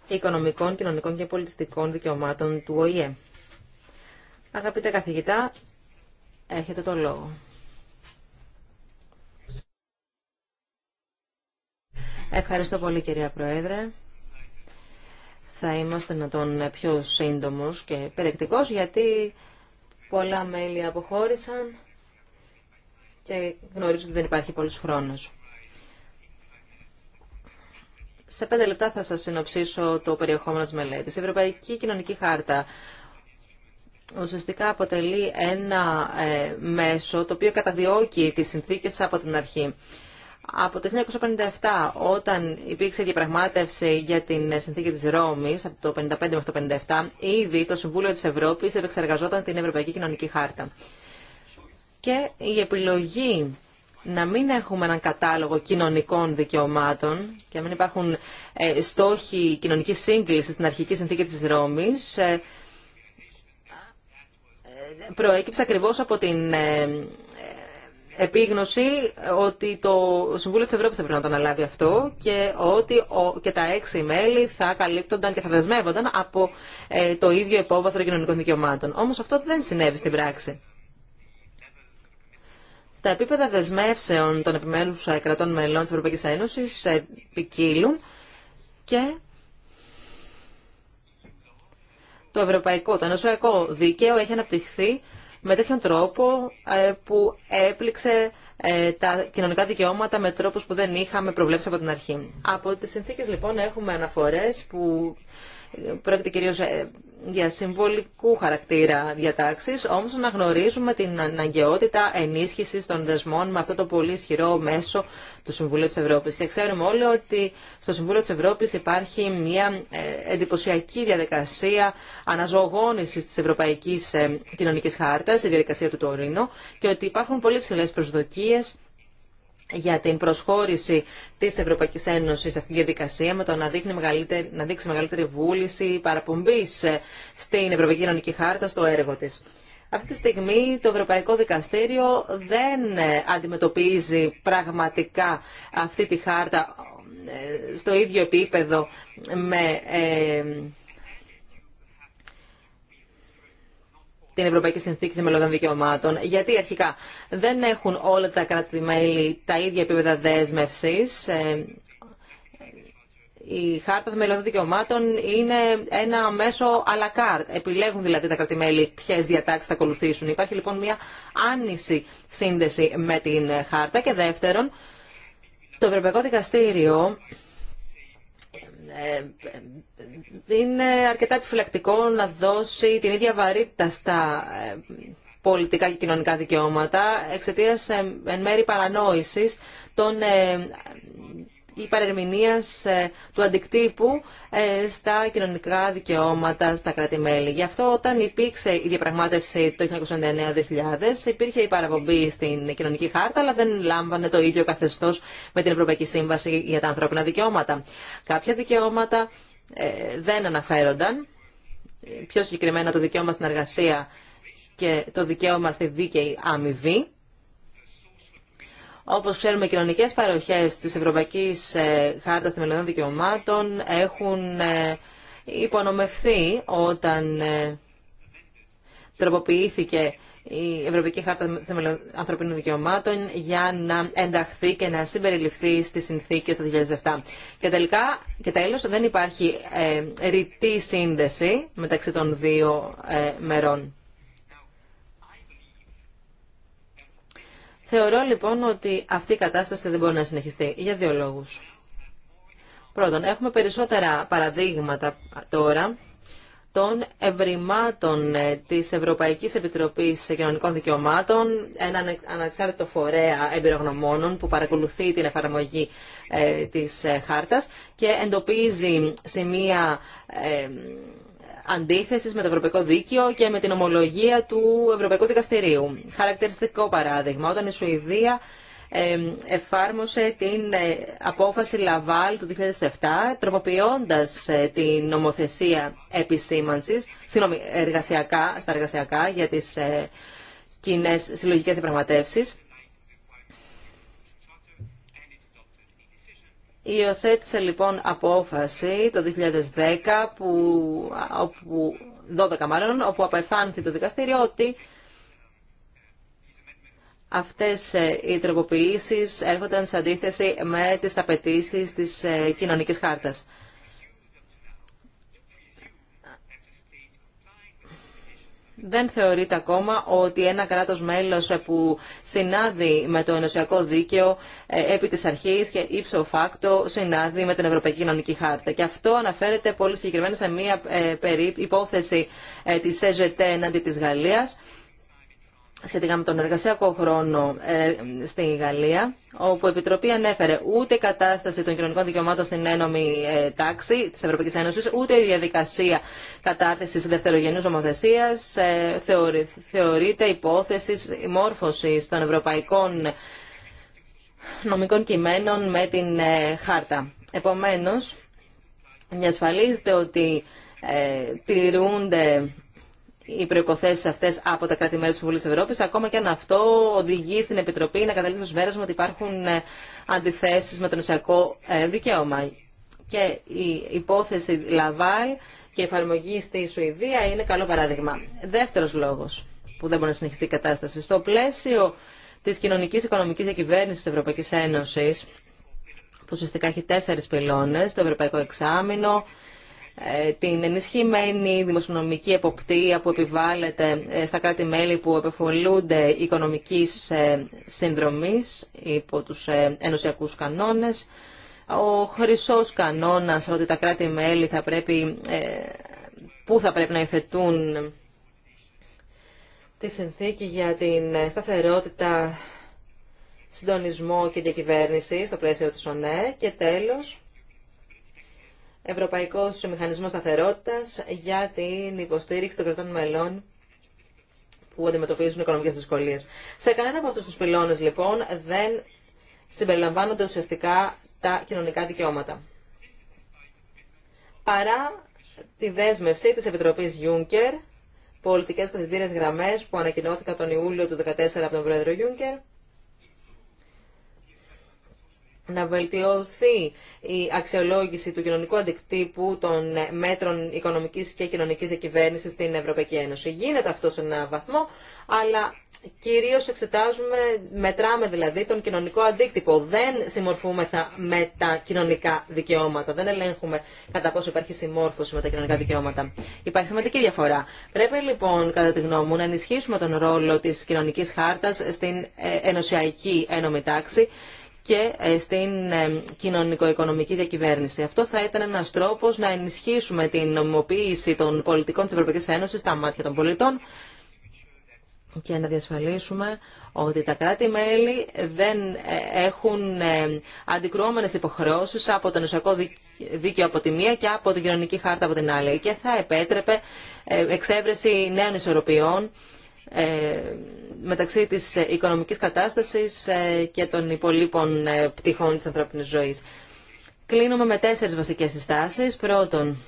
Οικονομικών, Κοινωνικών και Πολιτιστικών Δικαιωμάτων του ΟΗΕ. Αγαπητέ καθηγητά, έχετε το λόγο. Ευχαριστώ πολύ κυρία Πρόεδρε. Θα είμαστε να τον πιο σύντομος και περιεκτικός γιατί πολλά μέλη αποχώρησαν και γνωρίζω ότι δεν υπάρχει πολλή χρόνο. Σε πέντε λεπτά θα σας συνοψίσω το περιεχόμενο της μελέτης. Η Ευρωπαϊκή Κοινωνική Χάρτα ουσιαστικά αποτελεί ένα ε, μέσο το οποίο καταδιώκει τις συνθήκες από την αρχή. Από το 1957, όταν υπήρξε διαπραγμάτευση για την συνθήκη της Ρώμη, από το 1955 μέχρι το 1957, ήδη το Συμβούλιο της Ευρώπης επεξεργαζόταν την Ευρωπαϊκή Κοινωνική Χάρτα. Και η επιλογή να μην έχουμε έναν κατάλογο κοινωνικών δικαιωμάτων και να μην υπάρχουν ε, στόχοι κοινωνικής σύγκληση στην αρχική συνθήκη της Ρώμης, ε, ε, προέκυψε ακριβώς από την επίγνωση ότι το Συμβούλιο της Ευρώπης θα πρέπει να το αναλάβει αυτό και ότι και τα έξι μέλη θα καλύπτονταν και θα δεσμεύονταν από ε, το ίδιο υπόβαθρο κοινωνικών δικαιωμάτων. Όμως αυτό δεν συνέβη στην πράξη. Τα επίπεδα δεσμεύσεων των επιμέλους ε, κρατών μελών της Ευρωπαϊκής Ένωσης επικύλουν και το ευρωπαϊκό, το ενωσιακό δίκαιο έχει αναπτυχθεί με τέτοιον τρόπο ε, που έπληξε ε, τα κοινωνικά δικαιώματα με τρόπους που δεν είχαμε προβλέψει από την αρχή. Από τις συνθήκες λοιπόν έχουμε αναφορές που Πρόκειται κυρίω ε, για συμβολικού χαρακτήρα διατάξει, όμω αναγνωρίζουμε την αναγκαιότητα ενίσχυση των δεσμών με αυτό το πολύ ισχυρό μέσο του Συμβουλίου τη Ευρώπη. Και ξέρουμε όλοι ότι στο Συμβούλιο τη Ευρώπη υπάρχει μια ε, εντυπωσιακή διαδικασία αναζωογόνηση τη Ευρωπαϊκή ε, Κοινωνική Χάρτα, η διαδικασία του Τωρίνο, και ότι υπάρχουν πολύ ψηλέ προσδοκίε για την προσχώρηση της Ευρωπαϊκής Ένωσης σε αυτή τη διαδικασία με το να, δείχνει μεγαλύτερη, να δείξει μεγαλύτερη βούληση παραπομπής ε, στην Ευρωπαϊκή Κοινωνική Χάρτα στο έργο της. Αυτή τη στιγμή το Ευρωπαϊκό Δικαστήριο δεν ε, αντιμετωπίζει πραγματικά αυτή τη χάρτα ε, στο ίδιο επίπεδο με την Ευρωπαϊκή Συνθήκη Θεμελιωδών Δικαιωμάτων, γιατί αρχικά δεν έχουν όλα τα κράτη-μέλη τα ίδια επίπεδα δέσμευση. Ε, η Χάρτα Θεμελιωδών Δικαιωμάτων είναι ένα μέσο à la carte. Επιλέγουν δηλαδή τα κράτη-μέλη ποιε διατάξει θα ακολουθήσουν. Υπάρχει λοιπόν μια άνηση σύνδεση με την Χάρτα. Και δεύτερον, το Ευρωπαϊκό Δικαστήριο ε, είναι αρκετά επιφυλακτικό να δώσει την ίδια βαρύτητα στα ε, πολιτικά και κοινωνικά δικαιώματα εξαιτία ε, εν μέρη παρανόηση των η ε, του αντικτύπου ε, στα κοινωνικά δικαιώματα στα κράτη-μέλη. Γι' αυτό όταν υπήρξε η διαπραγμάτευση το 1999-2000 υπήρχε η παραπομπή στην κοινωνική χάρτα αλλά δεν λάμβανε το ίδιο καθεστώς με την Ευρωπαϊκή Σύμβαση για τα ανθρώπινα δικαιώματα. Κάποια δικαιώματα ε, δεν αναφέρονταν, πιο συγκεκριμένα το δικαίωμα στην εργασία και το δικαίωμα στη δίκαιη αμοιβή όπως ξέρουμε, οι κοινωνικές παροχές της Ευρωπαϊκής ε, Χάρτας Θεμελιωδών Δικαιωμάτων έχουν ε, υπονομευθεί όταν ε, τροποποιήθηκε η Ευρωπαϊκή Χάρτα Ανθρωπίνων Δικαιωμάτων για να ενταχθεί και να συμπεριληφθεί στις συνθήκες του 2007. Και τελικά, και τέλος, δεν υπάρχει ε, ρητή σύνδεση μεταξύ των δύο μερών. Θεωρώ λοιπόν ότι αυτή η κατάσταση δεν μπορεί να συνεχιστεί για δύο λόγους. Πρώτον, έχουμε περισσότερα παραδείγματα τώρα των ευρημάτων ε, της Ευρωπαϊκής Επιτροπής Κοινωνικών Δικαιωμάτων, έναν αναξάρτητο φορέα εμπειρογνωμόνων που παρακολουθεί την εφαρμογή ε, της ε, χάρτας και εντοπίζει σημεία Αντίθεση με το Ευρωπαϊκό Δίκαιο και με την ομολογία του Ευρωπαϊκού Δικαστηρίου. Χαρακτηριστικό παράδειγμα, όταν η Σουηδία εφάρμοσε την ε, απόφαση Λαβάλ του 2007, τροποποιώντας ε, την νομοθεσία επισήμανσης, εργασιακά, στα εργασιακά για τις ε, κοινέ συλλογικέ διαπραγματεύσει. Υιοθέτησε λοιπόν απόφαση το 2010 που, όπου, 12 μάλλον, όπου απεφάνθη το δικαστήριο ότι αυτές ε, οι τροποποιήσεις έρχονταν σε αντίθεση με τις απαιτήσεις της ε, κοινωνικής χάρτας. δεν θεωρείται ακόμα ότι ένα κράτος μέλος που συνάδει με το ενωσιακό δίκαιο ε, επί της αρχής και ύψο φάκτο συνάδει με την Ευρωπαϊκή Κοινωνική Χάρτα. Και αυτό αναφέρεται πολύ συγκεκριμένα σε μία ε, υπόθεση ε, της ΣΕΖΕΤΕ εναντί της Γαλλίας σχετικά με τον εργασιακό χρόνο ε, στη Γαλλία, όπου η Επιτροπή ανέφερε ούτε η κατάσταση των κοινωνικών δικαιωμάτων στην ένωμη ε, τάξη της Ευρωπαϊκής Ένωσης, ούτε η διαδικασία κατάρτισης δευτερογενούς νομοθεσίας ε, θεωρείται υπόθεση μόρφωση των ευρωπαϊκών νομικών κειμένων με την χάρτα. Επομένως, διασφαλίζεται ότι τηρούνται οι προποθέσει αυτέ από τα κράτη-μέλη τη Συμβουλίου τη Ευρώπη, ακόμα και αν αυτό οδηγεί στην Επιτροπή να καταλήξει στο σβέρασμα ότι υπάρχουν ε, αντιθέσει με το νοσιακό ε, δικαίωμα. Και η υπόθεση Λαβάλ και η εφαρμογή στη Σουηδία είναι καλό παράδειγμα. Δεύτερο λόγο που δεν μπορεί να συνεχιστεί η κατάσταση. Στο πλαίσιο τη κοινωνική οικονομική διακυβέρνηση τη Ευρωπαϊκή Ένωση, που ουσιαστικά έχει τέσσερι πυλώνε, το Ευρωπαϊκό Εξάμεινο, ε, την ενισχυμένη δημοσιονομική εποπτεία που επιβάλλεται ε, στα κράτη-μέλη που επεφολούνται οικονομικής ε, συνδρομής υπό τους ενωσιακούς κανόνες. Ο χρυσός κανόνας ότι τα κράτη-μέλη θα πρέπει, που θα πρέπει να υφετούν τη συνθήκη για την σταθερότητα, συντονισμό και διακυβέρνηση στο πλαίσιο της ΟΝΕ και τέλος Ευρωπαϊκό Μηχανισμό σταθερότητα για την υποστήριξη των κρατών μελών που αντιμετωπίζουν οικονομικέ δυσκολίε. Σε κανένα από αυτού τους πυλώνε, λοιπόν, δεν συμπεριλαμβάνονται ουσιαστικά τα κοινωνικά δικαιώματα. Παρά τη δέσμευση της Επιτροπής Juncker, πολιτικές καθημερινέ γραμμές που ανακοινώθηκαν τον Ιούλιο του 2014 από τον Πρόεδρο Juncker, να βελτιωθεί η αξιολόγηση του κοινωνικού αντικτύπου των μέτρων οικονομικής και κοινωνικής διακυβέρνηση στην Ευρωπαϊκή Ένωση. Γίνεται αυτό σε έναν βαθμό, αλλά κυρίως εξετάζουμε, μετράμε δηλαδή τον κοινωνικό αντίκτυπο. Δεν συμμορφούμεθα με τα κοινωνικά δικαιώματα. Δεν ελέγχουμε κατά πόσο υπάρχει συμμόρφωση με τα κοινωνικά δικαιώματα. Υπάρχει σημαντική διαφορά. Πρέπει λοιπόν, κατά τη γνώμη μου, να ενισχύσουμε τον ρόλο της κοινωνικής χάρτας στην ε, ενωσιακή ένωμη τάξη και ε, στην ε, κοινωνικο-οικονομική διακυβέρνηση. Αυτό θα ήταν ένας τρόπος να ενισχύσουμε την νομιμοποίηση των πολιτικών της Ευρωπαϊκής Ένωσης στα μάτια των πολιτών και να διασφαλίσουμε ότι τα κράτη-μέλη δεν ε, έχουν αντικρουόμενες υποχρεώσεις από το νοσιακό δίκαιο από τη μία και από την κοινωνική χάρτα από την άλλη και θα επέτρεπε εξέβρεση νέων ισορροπιών ε, μεταξύ της οικονομικής κατάστασης ε, και των υπολείπων ε, πτυχών της ανθρώπινης ζωής. Κλείνουμε με τέσσερις βασικές συστάσεις. Πρώτον,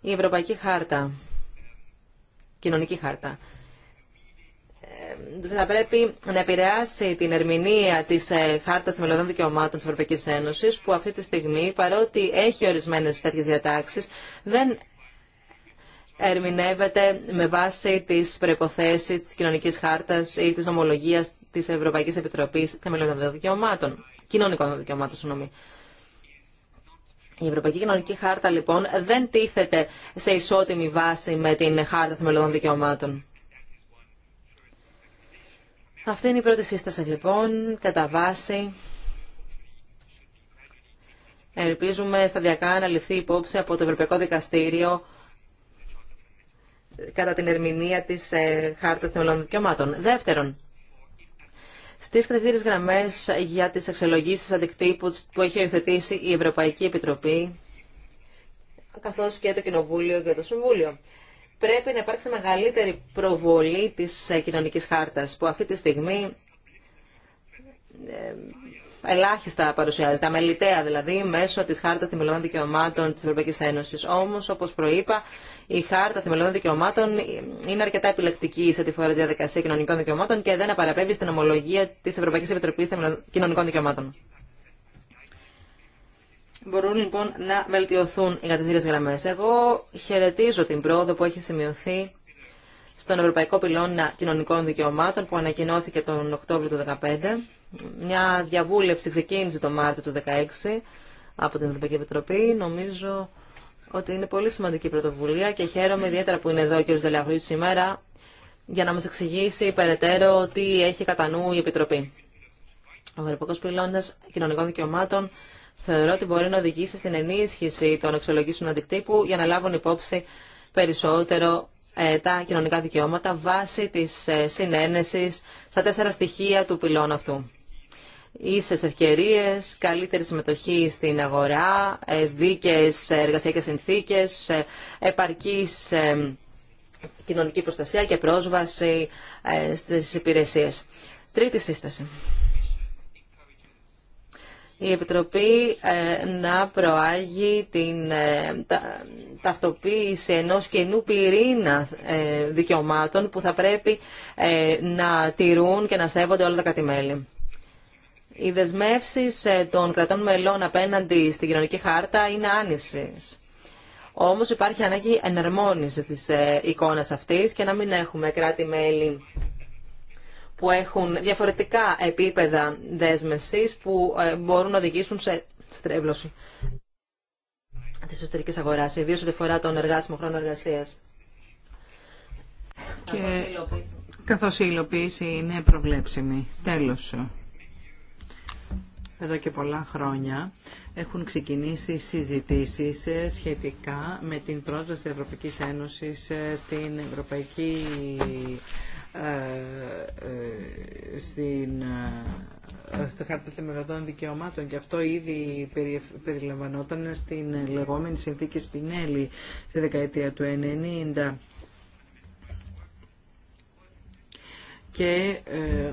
η Ευρωπαϊκή Χάρτα, κοινωνική χάρτα, θα πρέπει να επηρεάσει την ερμηνεία της Χάρτας Μελλοντών Δικαιωμάτων της Ευρωπαϊκής Ένωσης, που αυτή τη στιγμή, παρότι έχει ορισμένες τέτοιες διατάξεις, δεν ερμηνεύεται με βάση τις προποθέσει τη κοινωνική Ευρωπαϊκής Επιτροπής Θεμελιωδών Δικαιωμάτων, κοινωνικών δικαιωμάτων, συγγνώμη. Η Ευρωπαϊκή Κοινωνική Χάρτα, λοιπόν, δεν τίθεται σε ισότιμη βάση με την Χάρτα Θεμελιωδών Δικαιωμάτων. Αυτή είναι η πρώτη σύσταση, λοιπόν, κατά βάση. Ελπίζουμε σταδιακά να ληφθεί υπόψη από το Ευρωπαϊκό Δικαστήριο κατά την ερμηνεία της ε, Χάρτας των Δικαιωμάτων. Δεύτερον, στις κατευθύνες γραμμές για τις αξιολογήσεις αντικτύπου που έχει υιοθετήσει η Ευρωπαϊκή Επιτροπή, καθώς και το Κοινοβούλιο και το Συμβούλιο. Πρέπει να υπάρξει μεγαλύτερη προβολή της ε, κοινωνικής χάρτας, που αυτή τη στιγμή ε, ελάχιστα παρουσιάζεται, αμεληταία δηλαδή, μέσω της Χάρτας Τεμελών Δικαιωμάτων της Ευρωπαϊκής Ένωσης. Όμω, όπως προείπα, η Χάρτα Θεμελιών Δικαιωμάτων είναι αρκετά επιλεκτική σε ό,τι αφορά τη διαδικασία κοινωνικών δικαιωμάτων και δεν απαραπέμπει στην ομολογία τη Ευρωπαϊκή Επιτροπή Κοινωνικών Δικαιωμάτων. Μπορούν λοιπόν να βελτιωθούν οι κατευθύνε γραμμέ. Εγώ χαιρετίζω την πρόοδο που έχει σημειωθεί στον Ευρωπαϊκό Πυλώνα Κοινωνικών Δικαιωμάτων που ανακοινώθηκε τον Οκτώβριο του 2015. Μια διαβούλευση ξεκίνησε τον Μάρτιο του 2016 από την Ευρωπαϊκή Επιτροπή. Νομίζω ότι είναι πολύ σημαντική πρωτοβουλία και χαίρομαι ιδιαίτερα που είναι εδώ ο κ. Δελαβρίου σήμερα για να μας εξηγήσει περαιτέρω τι έχει κατά νου η Επιτροπή. Ο Ευρωπαϊκό Πυλώνα Κοινωνικών Δικαιωμάτων θεωρώ ότι μπορεί να οδηγήσει στην ενίσχυση των αξιολογήσεων αντικτύπου για να λάβουν υπόψη περισσότερο ε, τα κοινωνικά δικαιώματα βάσει της ε, συνένεση στα τέσσερα στοιχεία του πυλώνα αυτού ίσες ευκαιρίες, καλύτερη συμμετοχή στην αγορά, ε, δίκαιες εργασιακές συνθήκες, ε, επαρκής ε, κοινωνική προστασία και πρόσβαση στις υπηρεσίες. Τρίτη σύσταση. Η Επιτροπή να προάγει την ταυτοποίηση ενός καινού πυρήνα δικαιωμάτων που θα πρέπει να τηρούν και να σέβονται όλα τα κατημέλη. Οι δεσμεύσει ε, των κρατών μελών απέναντι στην κοινωνική χάρτα είναι άνησης. Όμως υπάρχει ανάγκη εναρμόνιση της ε, εικόνας αυτής και να μην έχουμε κράτη-μέλη που έχουν διαφορετικά επίπεδα δέσμευσης που ε, μπορούν να οδηγήσουν σε στρέβλωση της εσωτερικής αγοράς, ιδίως ό,τι αφορά τον εργάσιμο χρόνο εργασίας. Και καθώς η υλοποίηση είναι προβλέψιμη. Τέλος εδώ και
πολλά χρόνια έχουν ξεκινήσει συζητήσεις σχετικά με την πρόσβαση της Ευρωπαϊκής Ένωσης στην Ευρωπαϊκή ε, ε, στην, ε, στο χάρτη θεμελιωδών δικαιωμάτων και αυτό ήδη περιλαμβανόταν στην λεγόμενη συνθήκη Σπινέλη στη δεκαετία του 1990. και ε,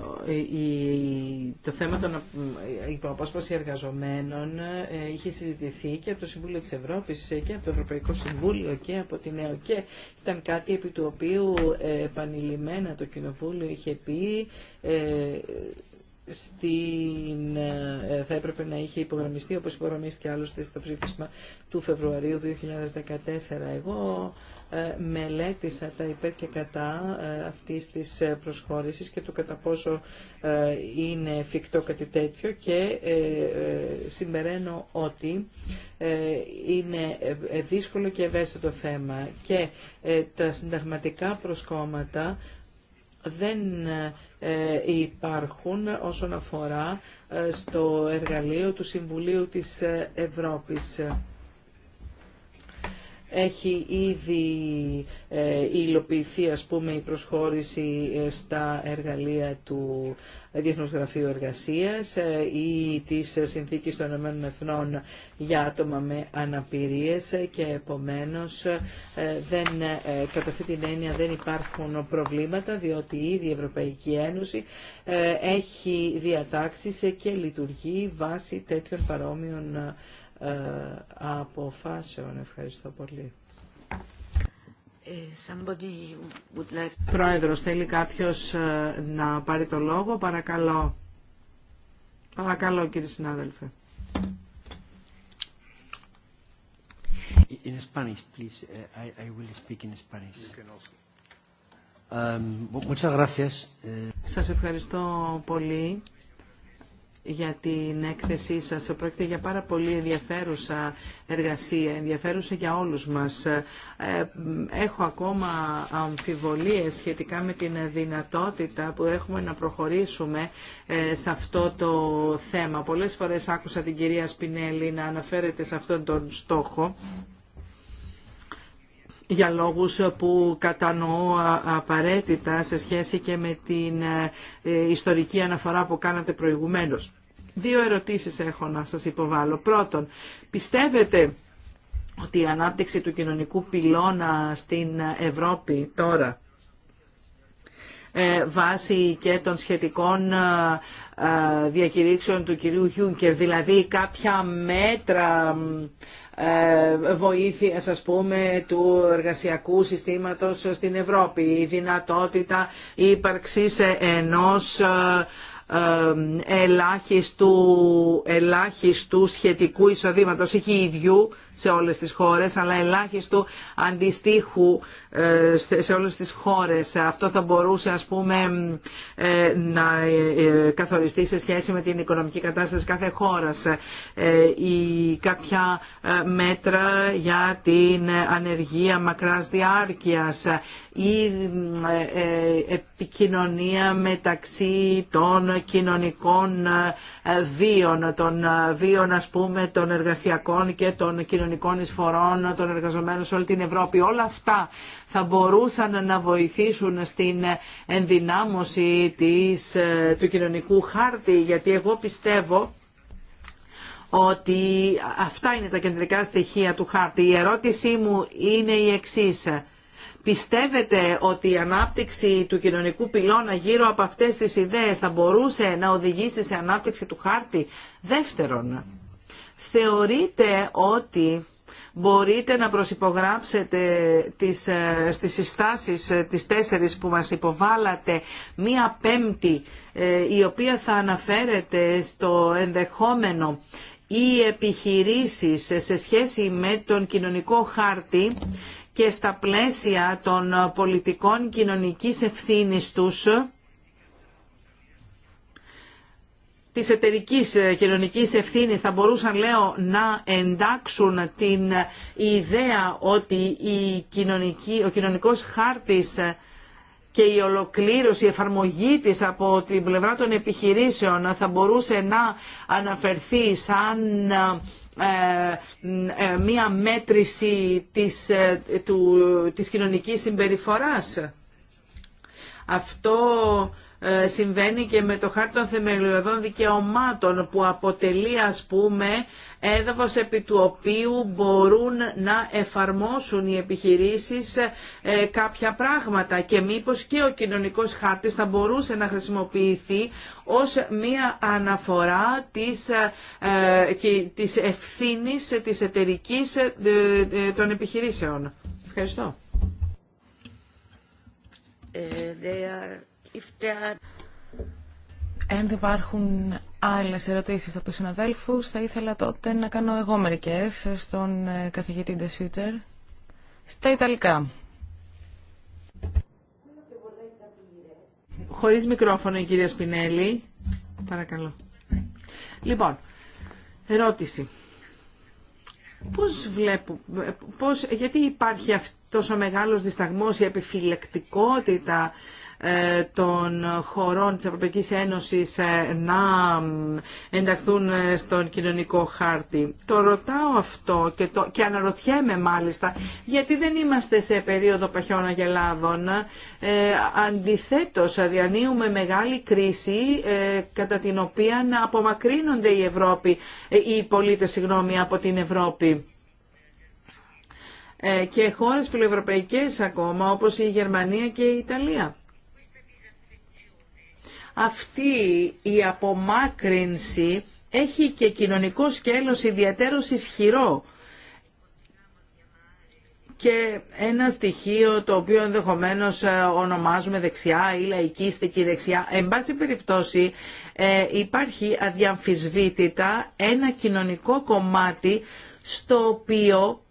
το θέμα των υποαπόσπαση ε, εργαζομένων ε, είχε συζητηθεί και από το Συμβούλιο της Ευρώπης και από το Ευρωπαϊκό Συμβούλιο και από την ΝΕΟΚΕ. ήταν κάτι επί του οποίου επανειλημμένα το Κοινοβούλιο είχε πει στην, θα έπρεπε να είχε υπογραμμιστεί όπως υπογραμμίστηκε άλλωστε στο ψήφισμα του Φεβρουαρίου 2014. Εγώ ε, μελέτησα τα υπέρ και κατά ε, αυτής της ε, προσχώρησης και το κατά πόσο είναι εφικτό κάτι τέτοιο και συμπεραίνω ότι είναι δύσκολο και ευαίσθητο θέμα και τα συνταγματικά προσκόμματα δεν υπάρχουν όσον αφορά στο εργαλείο του Συμβουλίου της Ευρώπης. Έχει ήδη ε, υλοποιηθεί ας πούμε η προσχώρηση ε, στα εργαλεία του Διεθνούς Γραφείου Εργασίας ε, ή της Συνθήκης των Ηνωμένων ΕΕ Εθνών για άτομα με αναπηρίες και επομένως δεν, κατά αυτή την έννοια δεν υπάρχουν προβλήματα διότι η ίδια η Ένωση έχει διατάξεις και λειτουργεί βάσει ιδια η ευρωπαικη ενωση εχει διαταξει παρόμοιων αποφάσεων. Ευχαριστώ πολύ. would like... Πρόεδρος, θέλει κάποιος να πάρει το λόγο. Παρακαλώ. Παρακαλώ, κύριε συνάδελφε. In Spanish, please. I, I will speak in Spanish. Um, muchas gracias. Σας ευχαριστώ πολύ για την έκθεσή σας. Πρόκειται για πάρα πολύ ενδιαφέρουσα εργασία, ενδιαφέρουσα για όλους μας. Ε, έχω ακόμα αμφιβολίες σχετικά με την δυνατότητα που έχουμε να προχωρήσουμε ε, σε αυτό το θέμα. Πολλές φορές άκουσα την κυρία Σπινέλη να αναφέρεται σε αυτόν τον στόχο για λόγους που κατανοώ απαραίτητα σε σχέση και με την ε, ιστορική αναφορά που κάνατε προηγουμένως. Δύο ερωτήσεις έχω να σας υποβάλω. Πρώτον, πιστεύετε ότι η ανάπτυξη του κοινωνικού πυλώνα στην Ευρώπη τώρα ε, βάσει και των σχετικών ε, διακηρύξεων του κυρίου και δηλαδή κάποια μέτρα ε, Βοήθεια ας πούμε του εργασιακού συστήματος στην Ευρώπη, η δυνατότητα ύπαρξης ενός ε, ε, ελάχιστου, ελάχιστου σχετικού εισοδήματος, όχι ιδιού, σε όλες τις χώρες, αλλά ελάχιστο αντιστοίχου ε, σε όλες τις χώρες. Αυτό θα μπορούσε, ας πούμε, ε, να ε, καθοριστεί σε σχέση με την οικονομική κατάσταση κάθε χώρας ή κάποια μέτρα για την ανεργία μακράς διάρκειας η ε, ε, επικοινωνία μεταξύ των κοινωνικών ε, βίων, των βίων ας πούμε των εργασιακών και των κοινωνικών εισφορών των εργαζομένων σε όλη την Ευρώπη. Όλα αυτά θα μπορούσαν να βοηθήσουν στην ενδυνάμωση της, του κοινωνικού χάρτη, γιατί εγώ πιστεύω ότι αυτά είναι τα κεντρικά στοιχεία του χάρτη. Η ερώτησή μου είναι η εξής Πιστεύετε ότι η ανάπτυξη του κοινωνικού πυλώνα γύρω από αυτές τις ιδέες θα μπορούσε να οδηγήσει σε ανάπτυξη του χάρτη. Δεύτερον, θεωρείτε ότι μπορείτε να προσυπογράψετε τις, ε, στις συστάσεις ε, τις τέσσερις που μας υποβάλατε μία πέμπτη ε, η οποία θα αναφέρεται στο ενδεχόμενο ή επιχειρήσεις σε σχέση με τον κοινωνικό χάρτη και στα πλαίσια των πολιτικών κοινωνικής ευθύνης τους της εταιρικής κοινωνικής ευθύνης θα μπορούσαν λέω να εντάξουν την ιδέα ότι η κοινωνική, ο κοινωνικός χάρτης και η ολοκλήρωση, η εφαρμογή της από την πλευρά των επιχειρήσεων θα μπορούσε να αναφερθεί σαν ε, ε, μία μέτρηση της, ε, του, της κοινωνικής συμπεριφοράς. Αυτό ε, συμβαίνει και με το χάρτη των θεμελιωδών δικαιωμάτων που αποτελεί ας πούμε έδαφος επί του οποίου μπορούν να εφαρμόσουν οι επιχειρήσεις ε, κάποια πράγματα και μήπως και ο κοινωνικός χάρτης θα μπορούσε να χρησιμοποιηθεί ως μία αναφορά της, ε, της ευθύνης της εταιρικής των επιχειρήσεων. Ευχαριστώ. They
Εάν δεν υπάρχουν άλλε ερωτήσεις από τους συναδέλφου, θα ήθελα τότε να κάνω εγώ μερικέ στον ε, καθηγητή Ντεσούτερ
στα Ιταλικά. Χωρίς μικρόφωνο η κυρία Σπινέλη. Παρακαλώ. Λοιπόν, ερώτηση. Πώς βλέπω, ε, πώς, γιατί υπάρχει αυτός ο μεγάλος δισταγμός, η επιφυλεκτικότητα ε, των χωρών της Ευρωπαϊκής Ένωσης ε, να ενταχθούν ε, στον κοινωνικό χάρτη. Το ρωτάω αυτό και, το, και αναρωτιέμαι μάλιστα γιατί δεν είμαστε σε περίοδο παχιών αγελάδων. Ε, αντιθέτως διανύουμε μεγάλη κρίση κατά την οποία να απομακρύνονται οι, Ευρώπη, οι πολίτες συγγνώμη, από την Ευρώπη και χώρες φιλοευρωπαϊκές ακόμα όπως η Γερμανία και η Ιταλία. Αυτή η απομάκρυνση έχει και κοινωνικό σκέλος ιδιαίτερος ισχυρό και ένα στοιχείο το οποίο ενδεχομένως ε, ονομάζουμε δεξιά ή λαϊκίστικη δεξιά. Εν πάση περιπτώσει ε, υπάρχει αδιαμφισβήτητα ένα κοινωνικό κομμάτι στο οποίο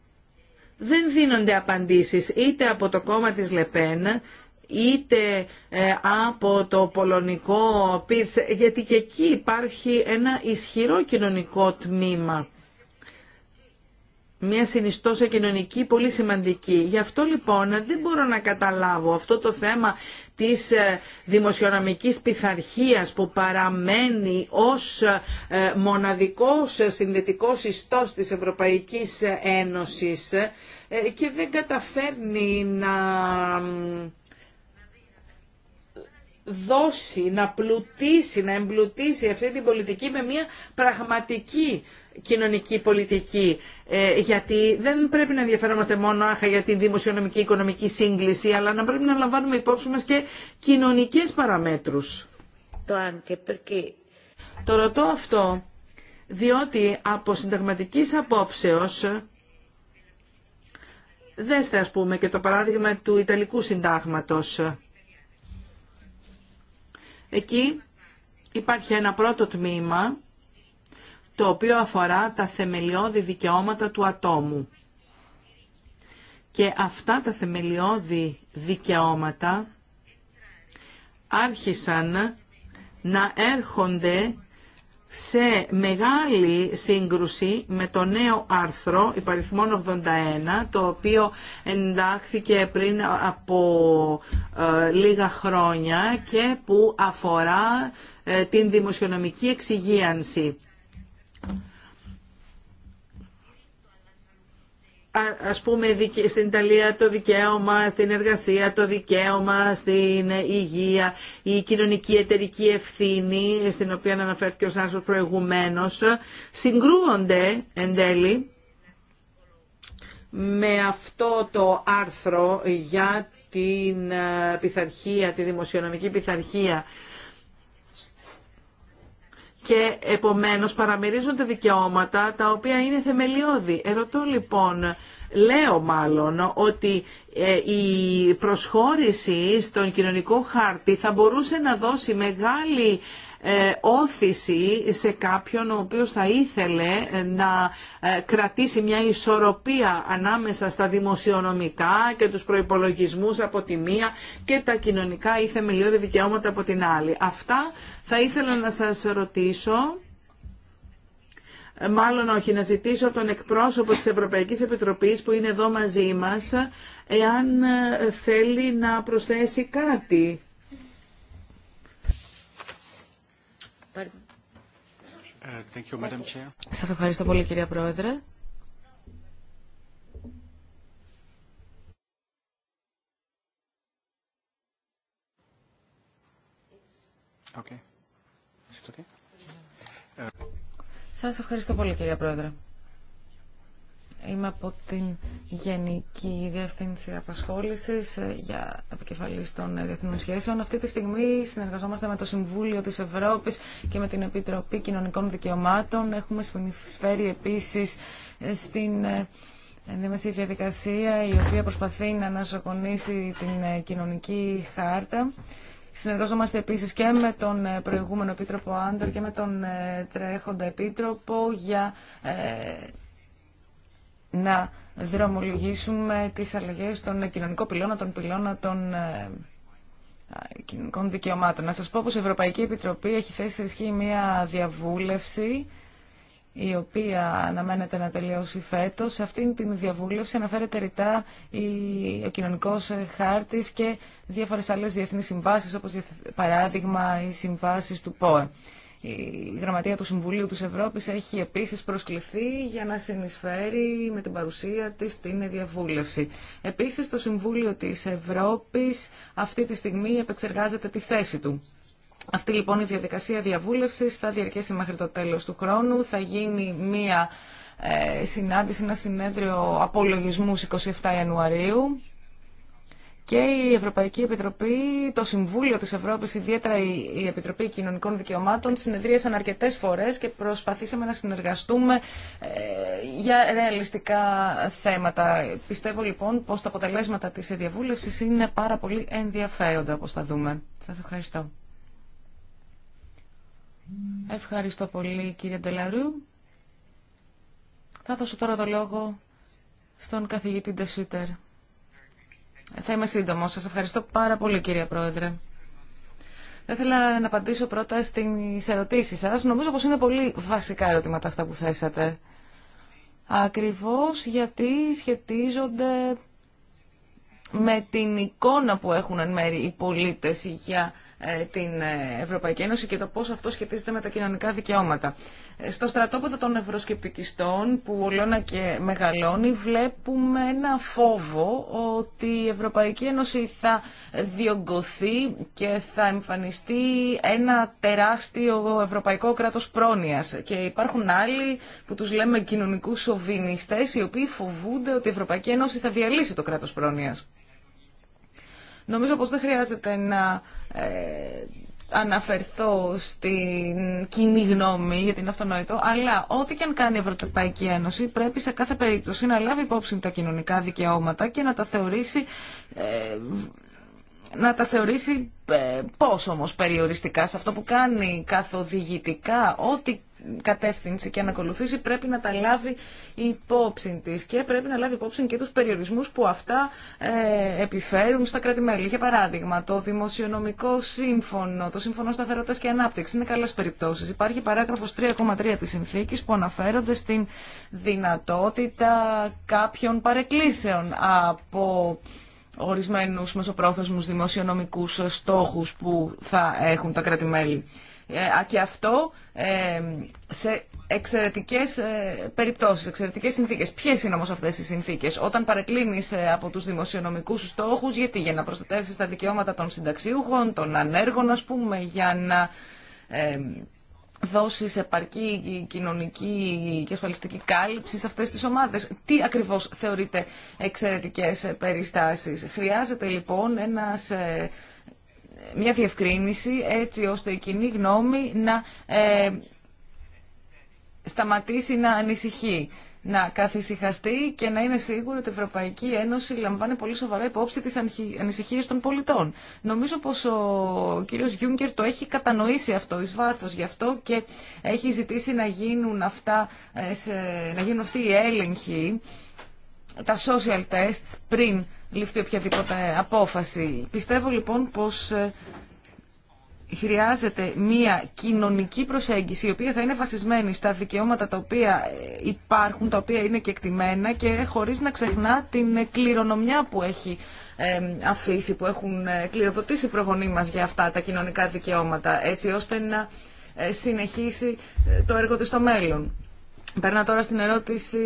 δεν δίνονται απαντήσεις είτε από το κόμμα της Λεπέν είτε ε, από το πολωνικό πυρς, γιατί και εκεί υπάρχει ένα ισχυρό κοινωνικό τμήμα. Μια συνιστόσα κοινωνική πολύ σημαντική. Γι' αυτό λοιπόν δεν μπορώ να καταλάβω αυτό το θέμα της ε, δημοσιονομικής πειθαρχία που παραμένει ως ε, μοναδικός συνδετικός ιστός της Ευρωπαϊκής Ένωσης και δεν καταφέρνει να δώσει, να πλουτίσει, να εμπλουτίσει αυτή την πολιτική με μια πραγματική κοινωνική πολιτική. Ε, γιατί δεν πρέπει να ενδιαφερόμαστε μόνο άχα για την δημοσιονομική οικονομική σύγκληση, αλλά να πρέπει να λαμβάνουμε υπόψη μας και κοινωνικές παραμέτρους. Το αν και Το ρωτώ αυτό, διότι από συνταγματικής απόψεως, δέστε ας πούμε και το παράδειγμα του Ιταλικού Συντάγματος, Εκεί υπάρχει ένα πρώτο τμήμα το οποίο αφορά τα θεμελιώδη δικαιώματα του ατόμου. Και αυτά τα θεμελιώδη δικαιώματα άρχισαν να έρχονται σε μεγάλη σύγκρουση με το νέο άρθρο υπαριθμών 81 το οποίο εντάχθηκε πριν από ε, λίγα χρόνια και που αφορά ε, την δημοσιονομική εξυγίανση. ας πούμε στην Ιταλία το δικαίωμα στην εργασία, το δικαίωμα στην υγεία, η κοινωνική εταιρική ευθύνη στην οποία αναφέρθηκε ο Σάνσος προηγουμένως συγκρούονται εν τέλει με αυτό το άρθρο για την ε, πειθαρχία, τη δημοσιονομική πειθαρχία και επομένως παραμερίζονται δικαιώματα τα οποία είναι θεμελιώδη. Ερωτώ λοιπόν, λέω μάλλον ότι ε, η προσχώρηση στον κοινωνικό χάρτη θα μπορούσε να δώσει μεγάλη ε, όθηση σε κάποιον ο οποίος θα ήθελε να ε, κρατήσει μια ισορροπία ανάμεσα στα δημοσιονομικά και τους προϋπολογισμούς από τη μία και τα κοινωνικά ή θεμελιώδη δικαιώματα από την άλλη. Αυτά θα ήθελα να σας ρωτήσω ε, μάλλον όχι, να ζητήσω τον εκπρόσωπο της Ευρωπαϊκής Επιτροπής που είναι εδώ μαζί μας, εάν θέλει να προσθέσει κάτι.
Thank Σας ευχαριστώ πολύ κυρία Πρόεδρε.
Okay. Σας ευχαριστώ
πολύ κυρία Πρόεδρε. Είμαι από την Γενική Διεύθυνση Απασχόληση ε, για επικεφαλή των ε, διεθνών σχέσεων. Αυτή τη στιγμή συνεργαζόμαστε με το Συμβούλιο τη Ευρώπη και με την Επιτροπή Κοινωνικών Δικαιωμάτων. Έχουμε συμφέρει επίση ε, στην ενδιαμεσή διαδικασία η οποία προσπαθεί να αναζωογονήσει την κοινωνική χάρτα. Συνεργαζόμαστε επίση και με τον προηγούμενο Επίτροπο Άντορ και με τον τρέχοντα Επίτροπο για να δρομολογήσουμε τις αλλαγές στον κοινωνικό πυλώνα, των πυλώνα των ε, κοινωνικών δικαιωμάτων. Να σας πω πως η Ευρωπαϊκή Επιτροπή έχει θέσει σε ισχύ μια διαβούλευση η οποία αναμένεται να τελειώσει φέτος. Σε αυτήν την διαβούλευση αναφέρεται ρητά ο κοινωνικός ε, χάρτης και διάφορες άλλες διεθνείς συμβάσεις, όπως παράδειγμα οι συμβάσεις του ΠΟΕ. Η Γραμματεία του Συμβουλίου της Ευρώπης έχει επίσης προσκληθεί για να συνεισφέρει με την παρουσία της στην διαβούλευση. Επίσης το Συμβούλιο της Ευρώπης αυτή τη στιγμή επεξεργάζεται τη θέση του. Αυτή λοιπόν η διαδικασία διαβούλευσης θα διαρκέσει μέχρι το τέλος του χρόνου. Θα γίνει μία ε, συνάντηση, ένα συνέδριο απολογισμού 27 Ιανουαρίου και η Ευρωπαϊκή Επιτροπή, το Συμβούλιο της Ευρώπης, ιδιαίτερα η Επιτροπή Κοινωνικών Δικαιωμάτων, συνεδρίασαν αρκετές φορές και προσπαθήσαμε να συνεργαστούμε ε, για ρεαλιστικά θέματα. Πιστεύω λοιπόν πως τα αποτελέσματα της διαβούλευσης είναι πάρα πολύ ενδιαφέροντα, όπως θα δούμε. Σας ευχαριστώ. Ευχαριστώ πολύ κύριε Ντελαρού. Θα δώσω τώρα το λόγο στον καθηγητή Ντεσούτερ. Θα είμαι σύντομο. Σας ευχαριστώ πάρα πολύ κύριε Πρόεδρε. Θα ήθελα να απαντήσω πρώτα στι ερωτήσει σας. Νομίζω πω είναι πολύ βασικά ερωτήματα αυτά που θέσατε. Ακριβώς γιατί σχετίζονται με την εικόνα που έχουν εν μέρει οι πολίτε για ε, την ε, Ευρωπαϊκή Ένωση και το πώς αυτό σχετίζεται με τα κοινωνικά δικαιώματα. Στο στρατόπεδο των ευρωσκεπτικιστών που ολόνα και μεγαλώνει βλέπουμε ένα φόβο ότι η Ευρωπαϊκή Ένωση θα διωγκωθεί και θα εμφανιστεί ένα τεράστιο ευρωπαϊκό κράτος πρόνοιας και υπάρχουν άλλοι που τους λέμε κοινωνικούς σοβινιστές οι οποίοι φοβούνται ότι η Ευρωπαϊκή Ένωση θα διαλύσει το κράτος πρόνοιας. Νομίζω πως δεν χρειάζεται να ε, αναφερθώ στην κοινή γνώμη για την αυτονόητο, αλλά ό,τι και αν κάνει η Ευρωπαϊκή Ένωση πρέπει σε κάθε περίπτωση να λάβει υπόψη τα κοινωνικά δικαιώματα και να τα θεωρήσει, ε, να τα θεωρήσει ε, πώς όμως περιοριστικά σε αυτό που κάνει καθοδηγητικά, ό,τι κατεύθυνση και ανακολουθήσει ακολουθήσει πρέπει να τα λάβει υπόψη τη και πρέπει να λάβει υπόψη και του περιορισμού που αυτά ε, επιφέρουν στα κράτη-μέλη. Για παράδειγμα, το Δημοσιονομικό Σύμφωνο, το Σύμφωνο σταθερότητα και Ανάπτυξη είναι καλέ περιπτώσει. Υπάρχει παράγραφος 3,3 τη συνθήκη που αναφέρονται στην δυνατότητα κάποιων παρεκκλήσεων από ορισμένους μεσοπρόθεσμους δημοσιονομικούς στόχους που θα έχουν τα κρατη ε, και αυτό ε, σε εξαιρετικές ε, περιπτώσεις, εξαιρετικές συνθήκες. Ποιες είναι όμως αυτές οι συνθήκες. Όταν παρεκκλίνεις από τους δημοσιονομικούς στόχους, γιατί για να προστατεύσεις τα δικαιώματα των συνταξιούχων, των ανέργων ας πούμε, για να δώσει επαρκή κοινωνική και ασφαλιστική κάλυψη σε αυτές τις ομάδες. Τι ακριβώς θεωρείται εξαιρετικές περιστάσεις. Χρειάζεται λοιπόν ένας μια διευκρίνηση έτσι ώστε η κοινή γνώμη να ε, σταματήσει να ανησυχεί, να καθησυχαστεί και να είναι σίγουρο ότι η Ευρωπαϊκή Ένωση λαμβάνει πολύ σοβαρά υπόψη τις ανησυχίες των πολιτών. Νομίζω πως ο κύριος Γιούγκερ το έχει κατανοήσει αυτό εις βάθος γι' αυτό και έχει ζητήσει να γίνουν, αυτά, ε, να γίνουν αυτοί οι έλεγχοι, τα social tests πριν ληφθεί οποιαδήποτε απόφαση. Πιστεύω λοιπόν πως ε, χρειάζεται μια κοινωνική προσέγγιση η οποία θα είναι βασισμένη στα δικαιώματα τα οποία ε, υπάρχουν, τα οποία είναι κεκτημένα και χωρίς να ξεχνά την ε, κληρονομιά που έχει αφήσει, που έχουν κληροδοτήσει οι προγονείς μας για αυτά τα κοινωνικά δικαιώματα, έτσι ώστε να συνεχίσει το έργο της στο μέλλον. Παίρνω τώρα στην ερώτηση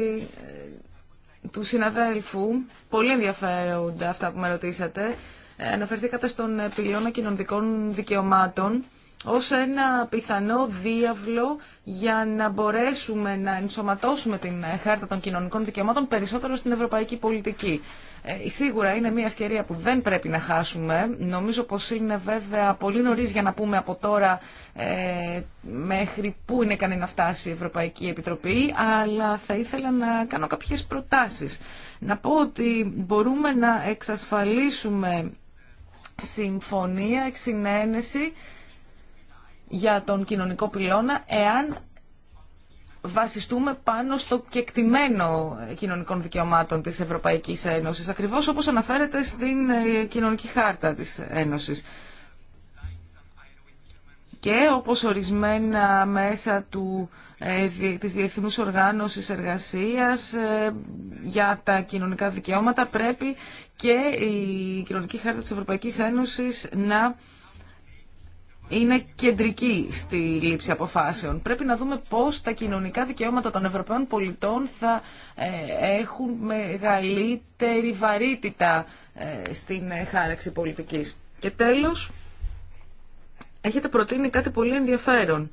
του συναδέλφου, πολύ ενδιαφέροντα αυτά που με ρωτήσατε, ε, αναφερθήκατε στον πυλώνα κοινωνικών δικαιωμάτων ως ένα πιθανό διάβλο για να μπορέσουμε να ενσωματώσουμε την Χάρτα των Κοινωνικών Δικαιωμάτων περισσότερο στην ευρωπαϊκή πολιτική. Ε, σίγουρα είναι μια ευκαιρία που δεν πρέπει να χάσουμε. Νομίζω πως είναι βέβαια πολύ νωρίς για να πούμε από τώρα ε, μέχρι πού είναι κανένα να φτάσει η Ευρωπαϊκή Επιτροπή, αλλά θα ήθελα να κάνω κάποιες προτάσεις. Να πω ότι μπορούμε να εξασφαλίσουμε συμφωνία, συνένεση για τον κοινωνικό πυλώνα εάν βασιστούμε πάνω στο κεκτημένο κοινωνικών δικαιωμάτων της Ευρωπαϊκής Ένωσης, ακριβώς όπως αναφέρεται στην ε, κοινωνική χάρτα της Ένωσης. Και όπως ορισμένα μέσα του, ε, της Διεθνούς Οργάνωσης Εργασίας ε, για τα κοινωνικά δικαιώματα πρέπει και η κοινωνική χάρτα της Ευρωπαϊκής Ένωσης να είναι κεντρική στη λήψη αποφάσεων. Πρέπει να δούμε πώς τα κοινωνικά δικαιώματα των Ευρωπαίων πολιτών θα ε, έχουν μεγαλύτερη βαρύτητα ε, στην ε, χάραξη πολιτικής. Και τέλος, έχετε προτείνει κάτι πολύ ενδιαφέρον.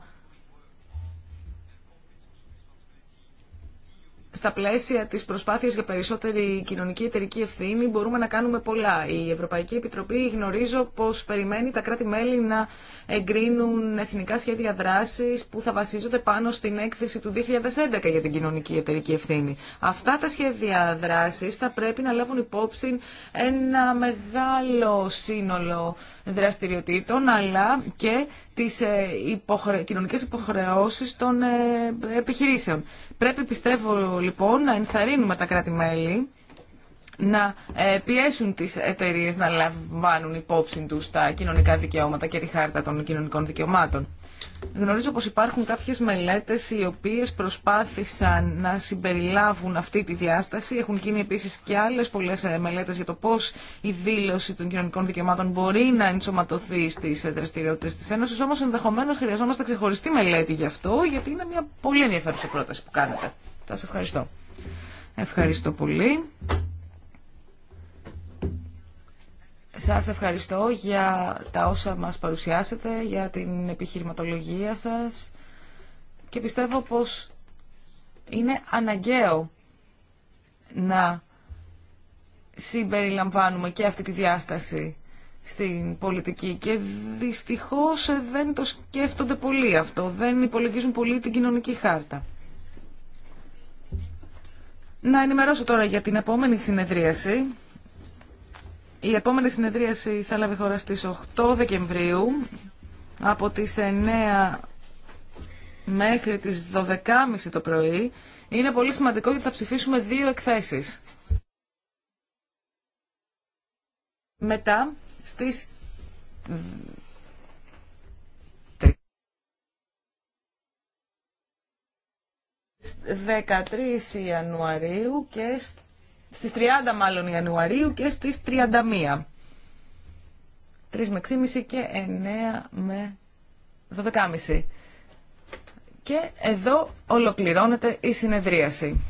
στα πλαίσια της προσπάθειας για περισσότερη κοινωνική εταιρική ευθύνη μπορούμε να κάνουμε πολλά. Η Ευρωπαϊκή Επιτροπή γνωρίζω πως περιμένει τα κράτη-μέλη να εγκρίνουν εθνικά σχέδια δράσης που θα βασίζονται πάνω στην έκθεση του 2011 για την κοινωνική εταιρική ευθύνη. Αυτά τα σχέδια δράσης θα πρέπει να λάβουν υπόψη ένα μεγάλο σύνολο δραστηριοτήτων αλλά και τις ε, υποχρε... κοινωνικές υποχρεώσεις των ε, επιχειρήσεων. Πρέπει πιστεύω λοιπόν να ενθαρρύνουμε τα κράτη-μέλη να ε, πιέσουν τι εταιρείε να λαμβάνουν υπόψη του τα κοινωνικά δικαιώματα και τη χάρτα των κοινωνικών δικαιωμάτων. Γνωρίζω πως υπάρχουν κάποιες μελέτες οι οποίες προσπάθησαν να συμπεριλάβουν αυτή τη διάσταση. Έχουν γίνει επίσης και άλλες πολλές ε, μελέτες για το πώς η δήλωση των κοινωνικών δικαιωμάτων μπορεί να ενσωματωθεί στις ε, δραστηριότητες της Ένωσης. Όμως ενδεχομένως χρειαζόμαστε ξεχωριστή μελέτη γι' αυτό, γιατί είναι μια πολύ ενδιαφέρουσα πρόταση που κάνετε. Σα ευχαριστώ. Ευχαριστώ πολύ. Σας ευχαριστώ για τα όσα μας παρουσιάσετε, για την επιχειρηματολογία σας και πιστεύω πως είναι αναγκαίο να συμπεριλαμβάνουμε και αυτή τη διάσταση στην πολιτική και δυστυχώς δεν το σκέφτονται πολύ αυτό, δεν υπολογίζουν πολύ την κοινωνική χάρτα. Να ενημερώσω τώρα για την επόμενη συνεδρίαση η επόμενη συνεδρίαση θα λάβει χώρα στις 8 Δεκεμβρίου από τις 9 μέχρι τις 12.30 το πρωί. Είναι πολύ σημαντικό γιατί θα ψηφίσουμε δύο εκθέσεις. Μετά στις 13 Ιανουαρίου και στις 30 μάλλον Ιανουαρίου και στις 31. 3 με 6,5 και 9 με 12,5. Και εδώ ολοκληρώνεται η συνεδρίαση.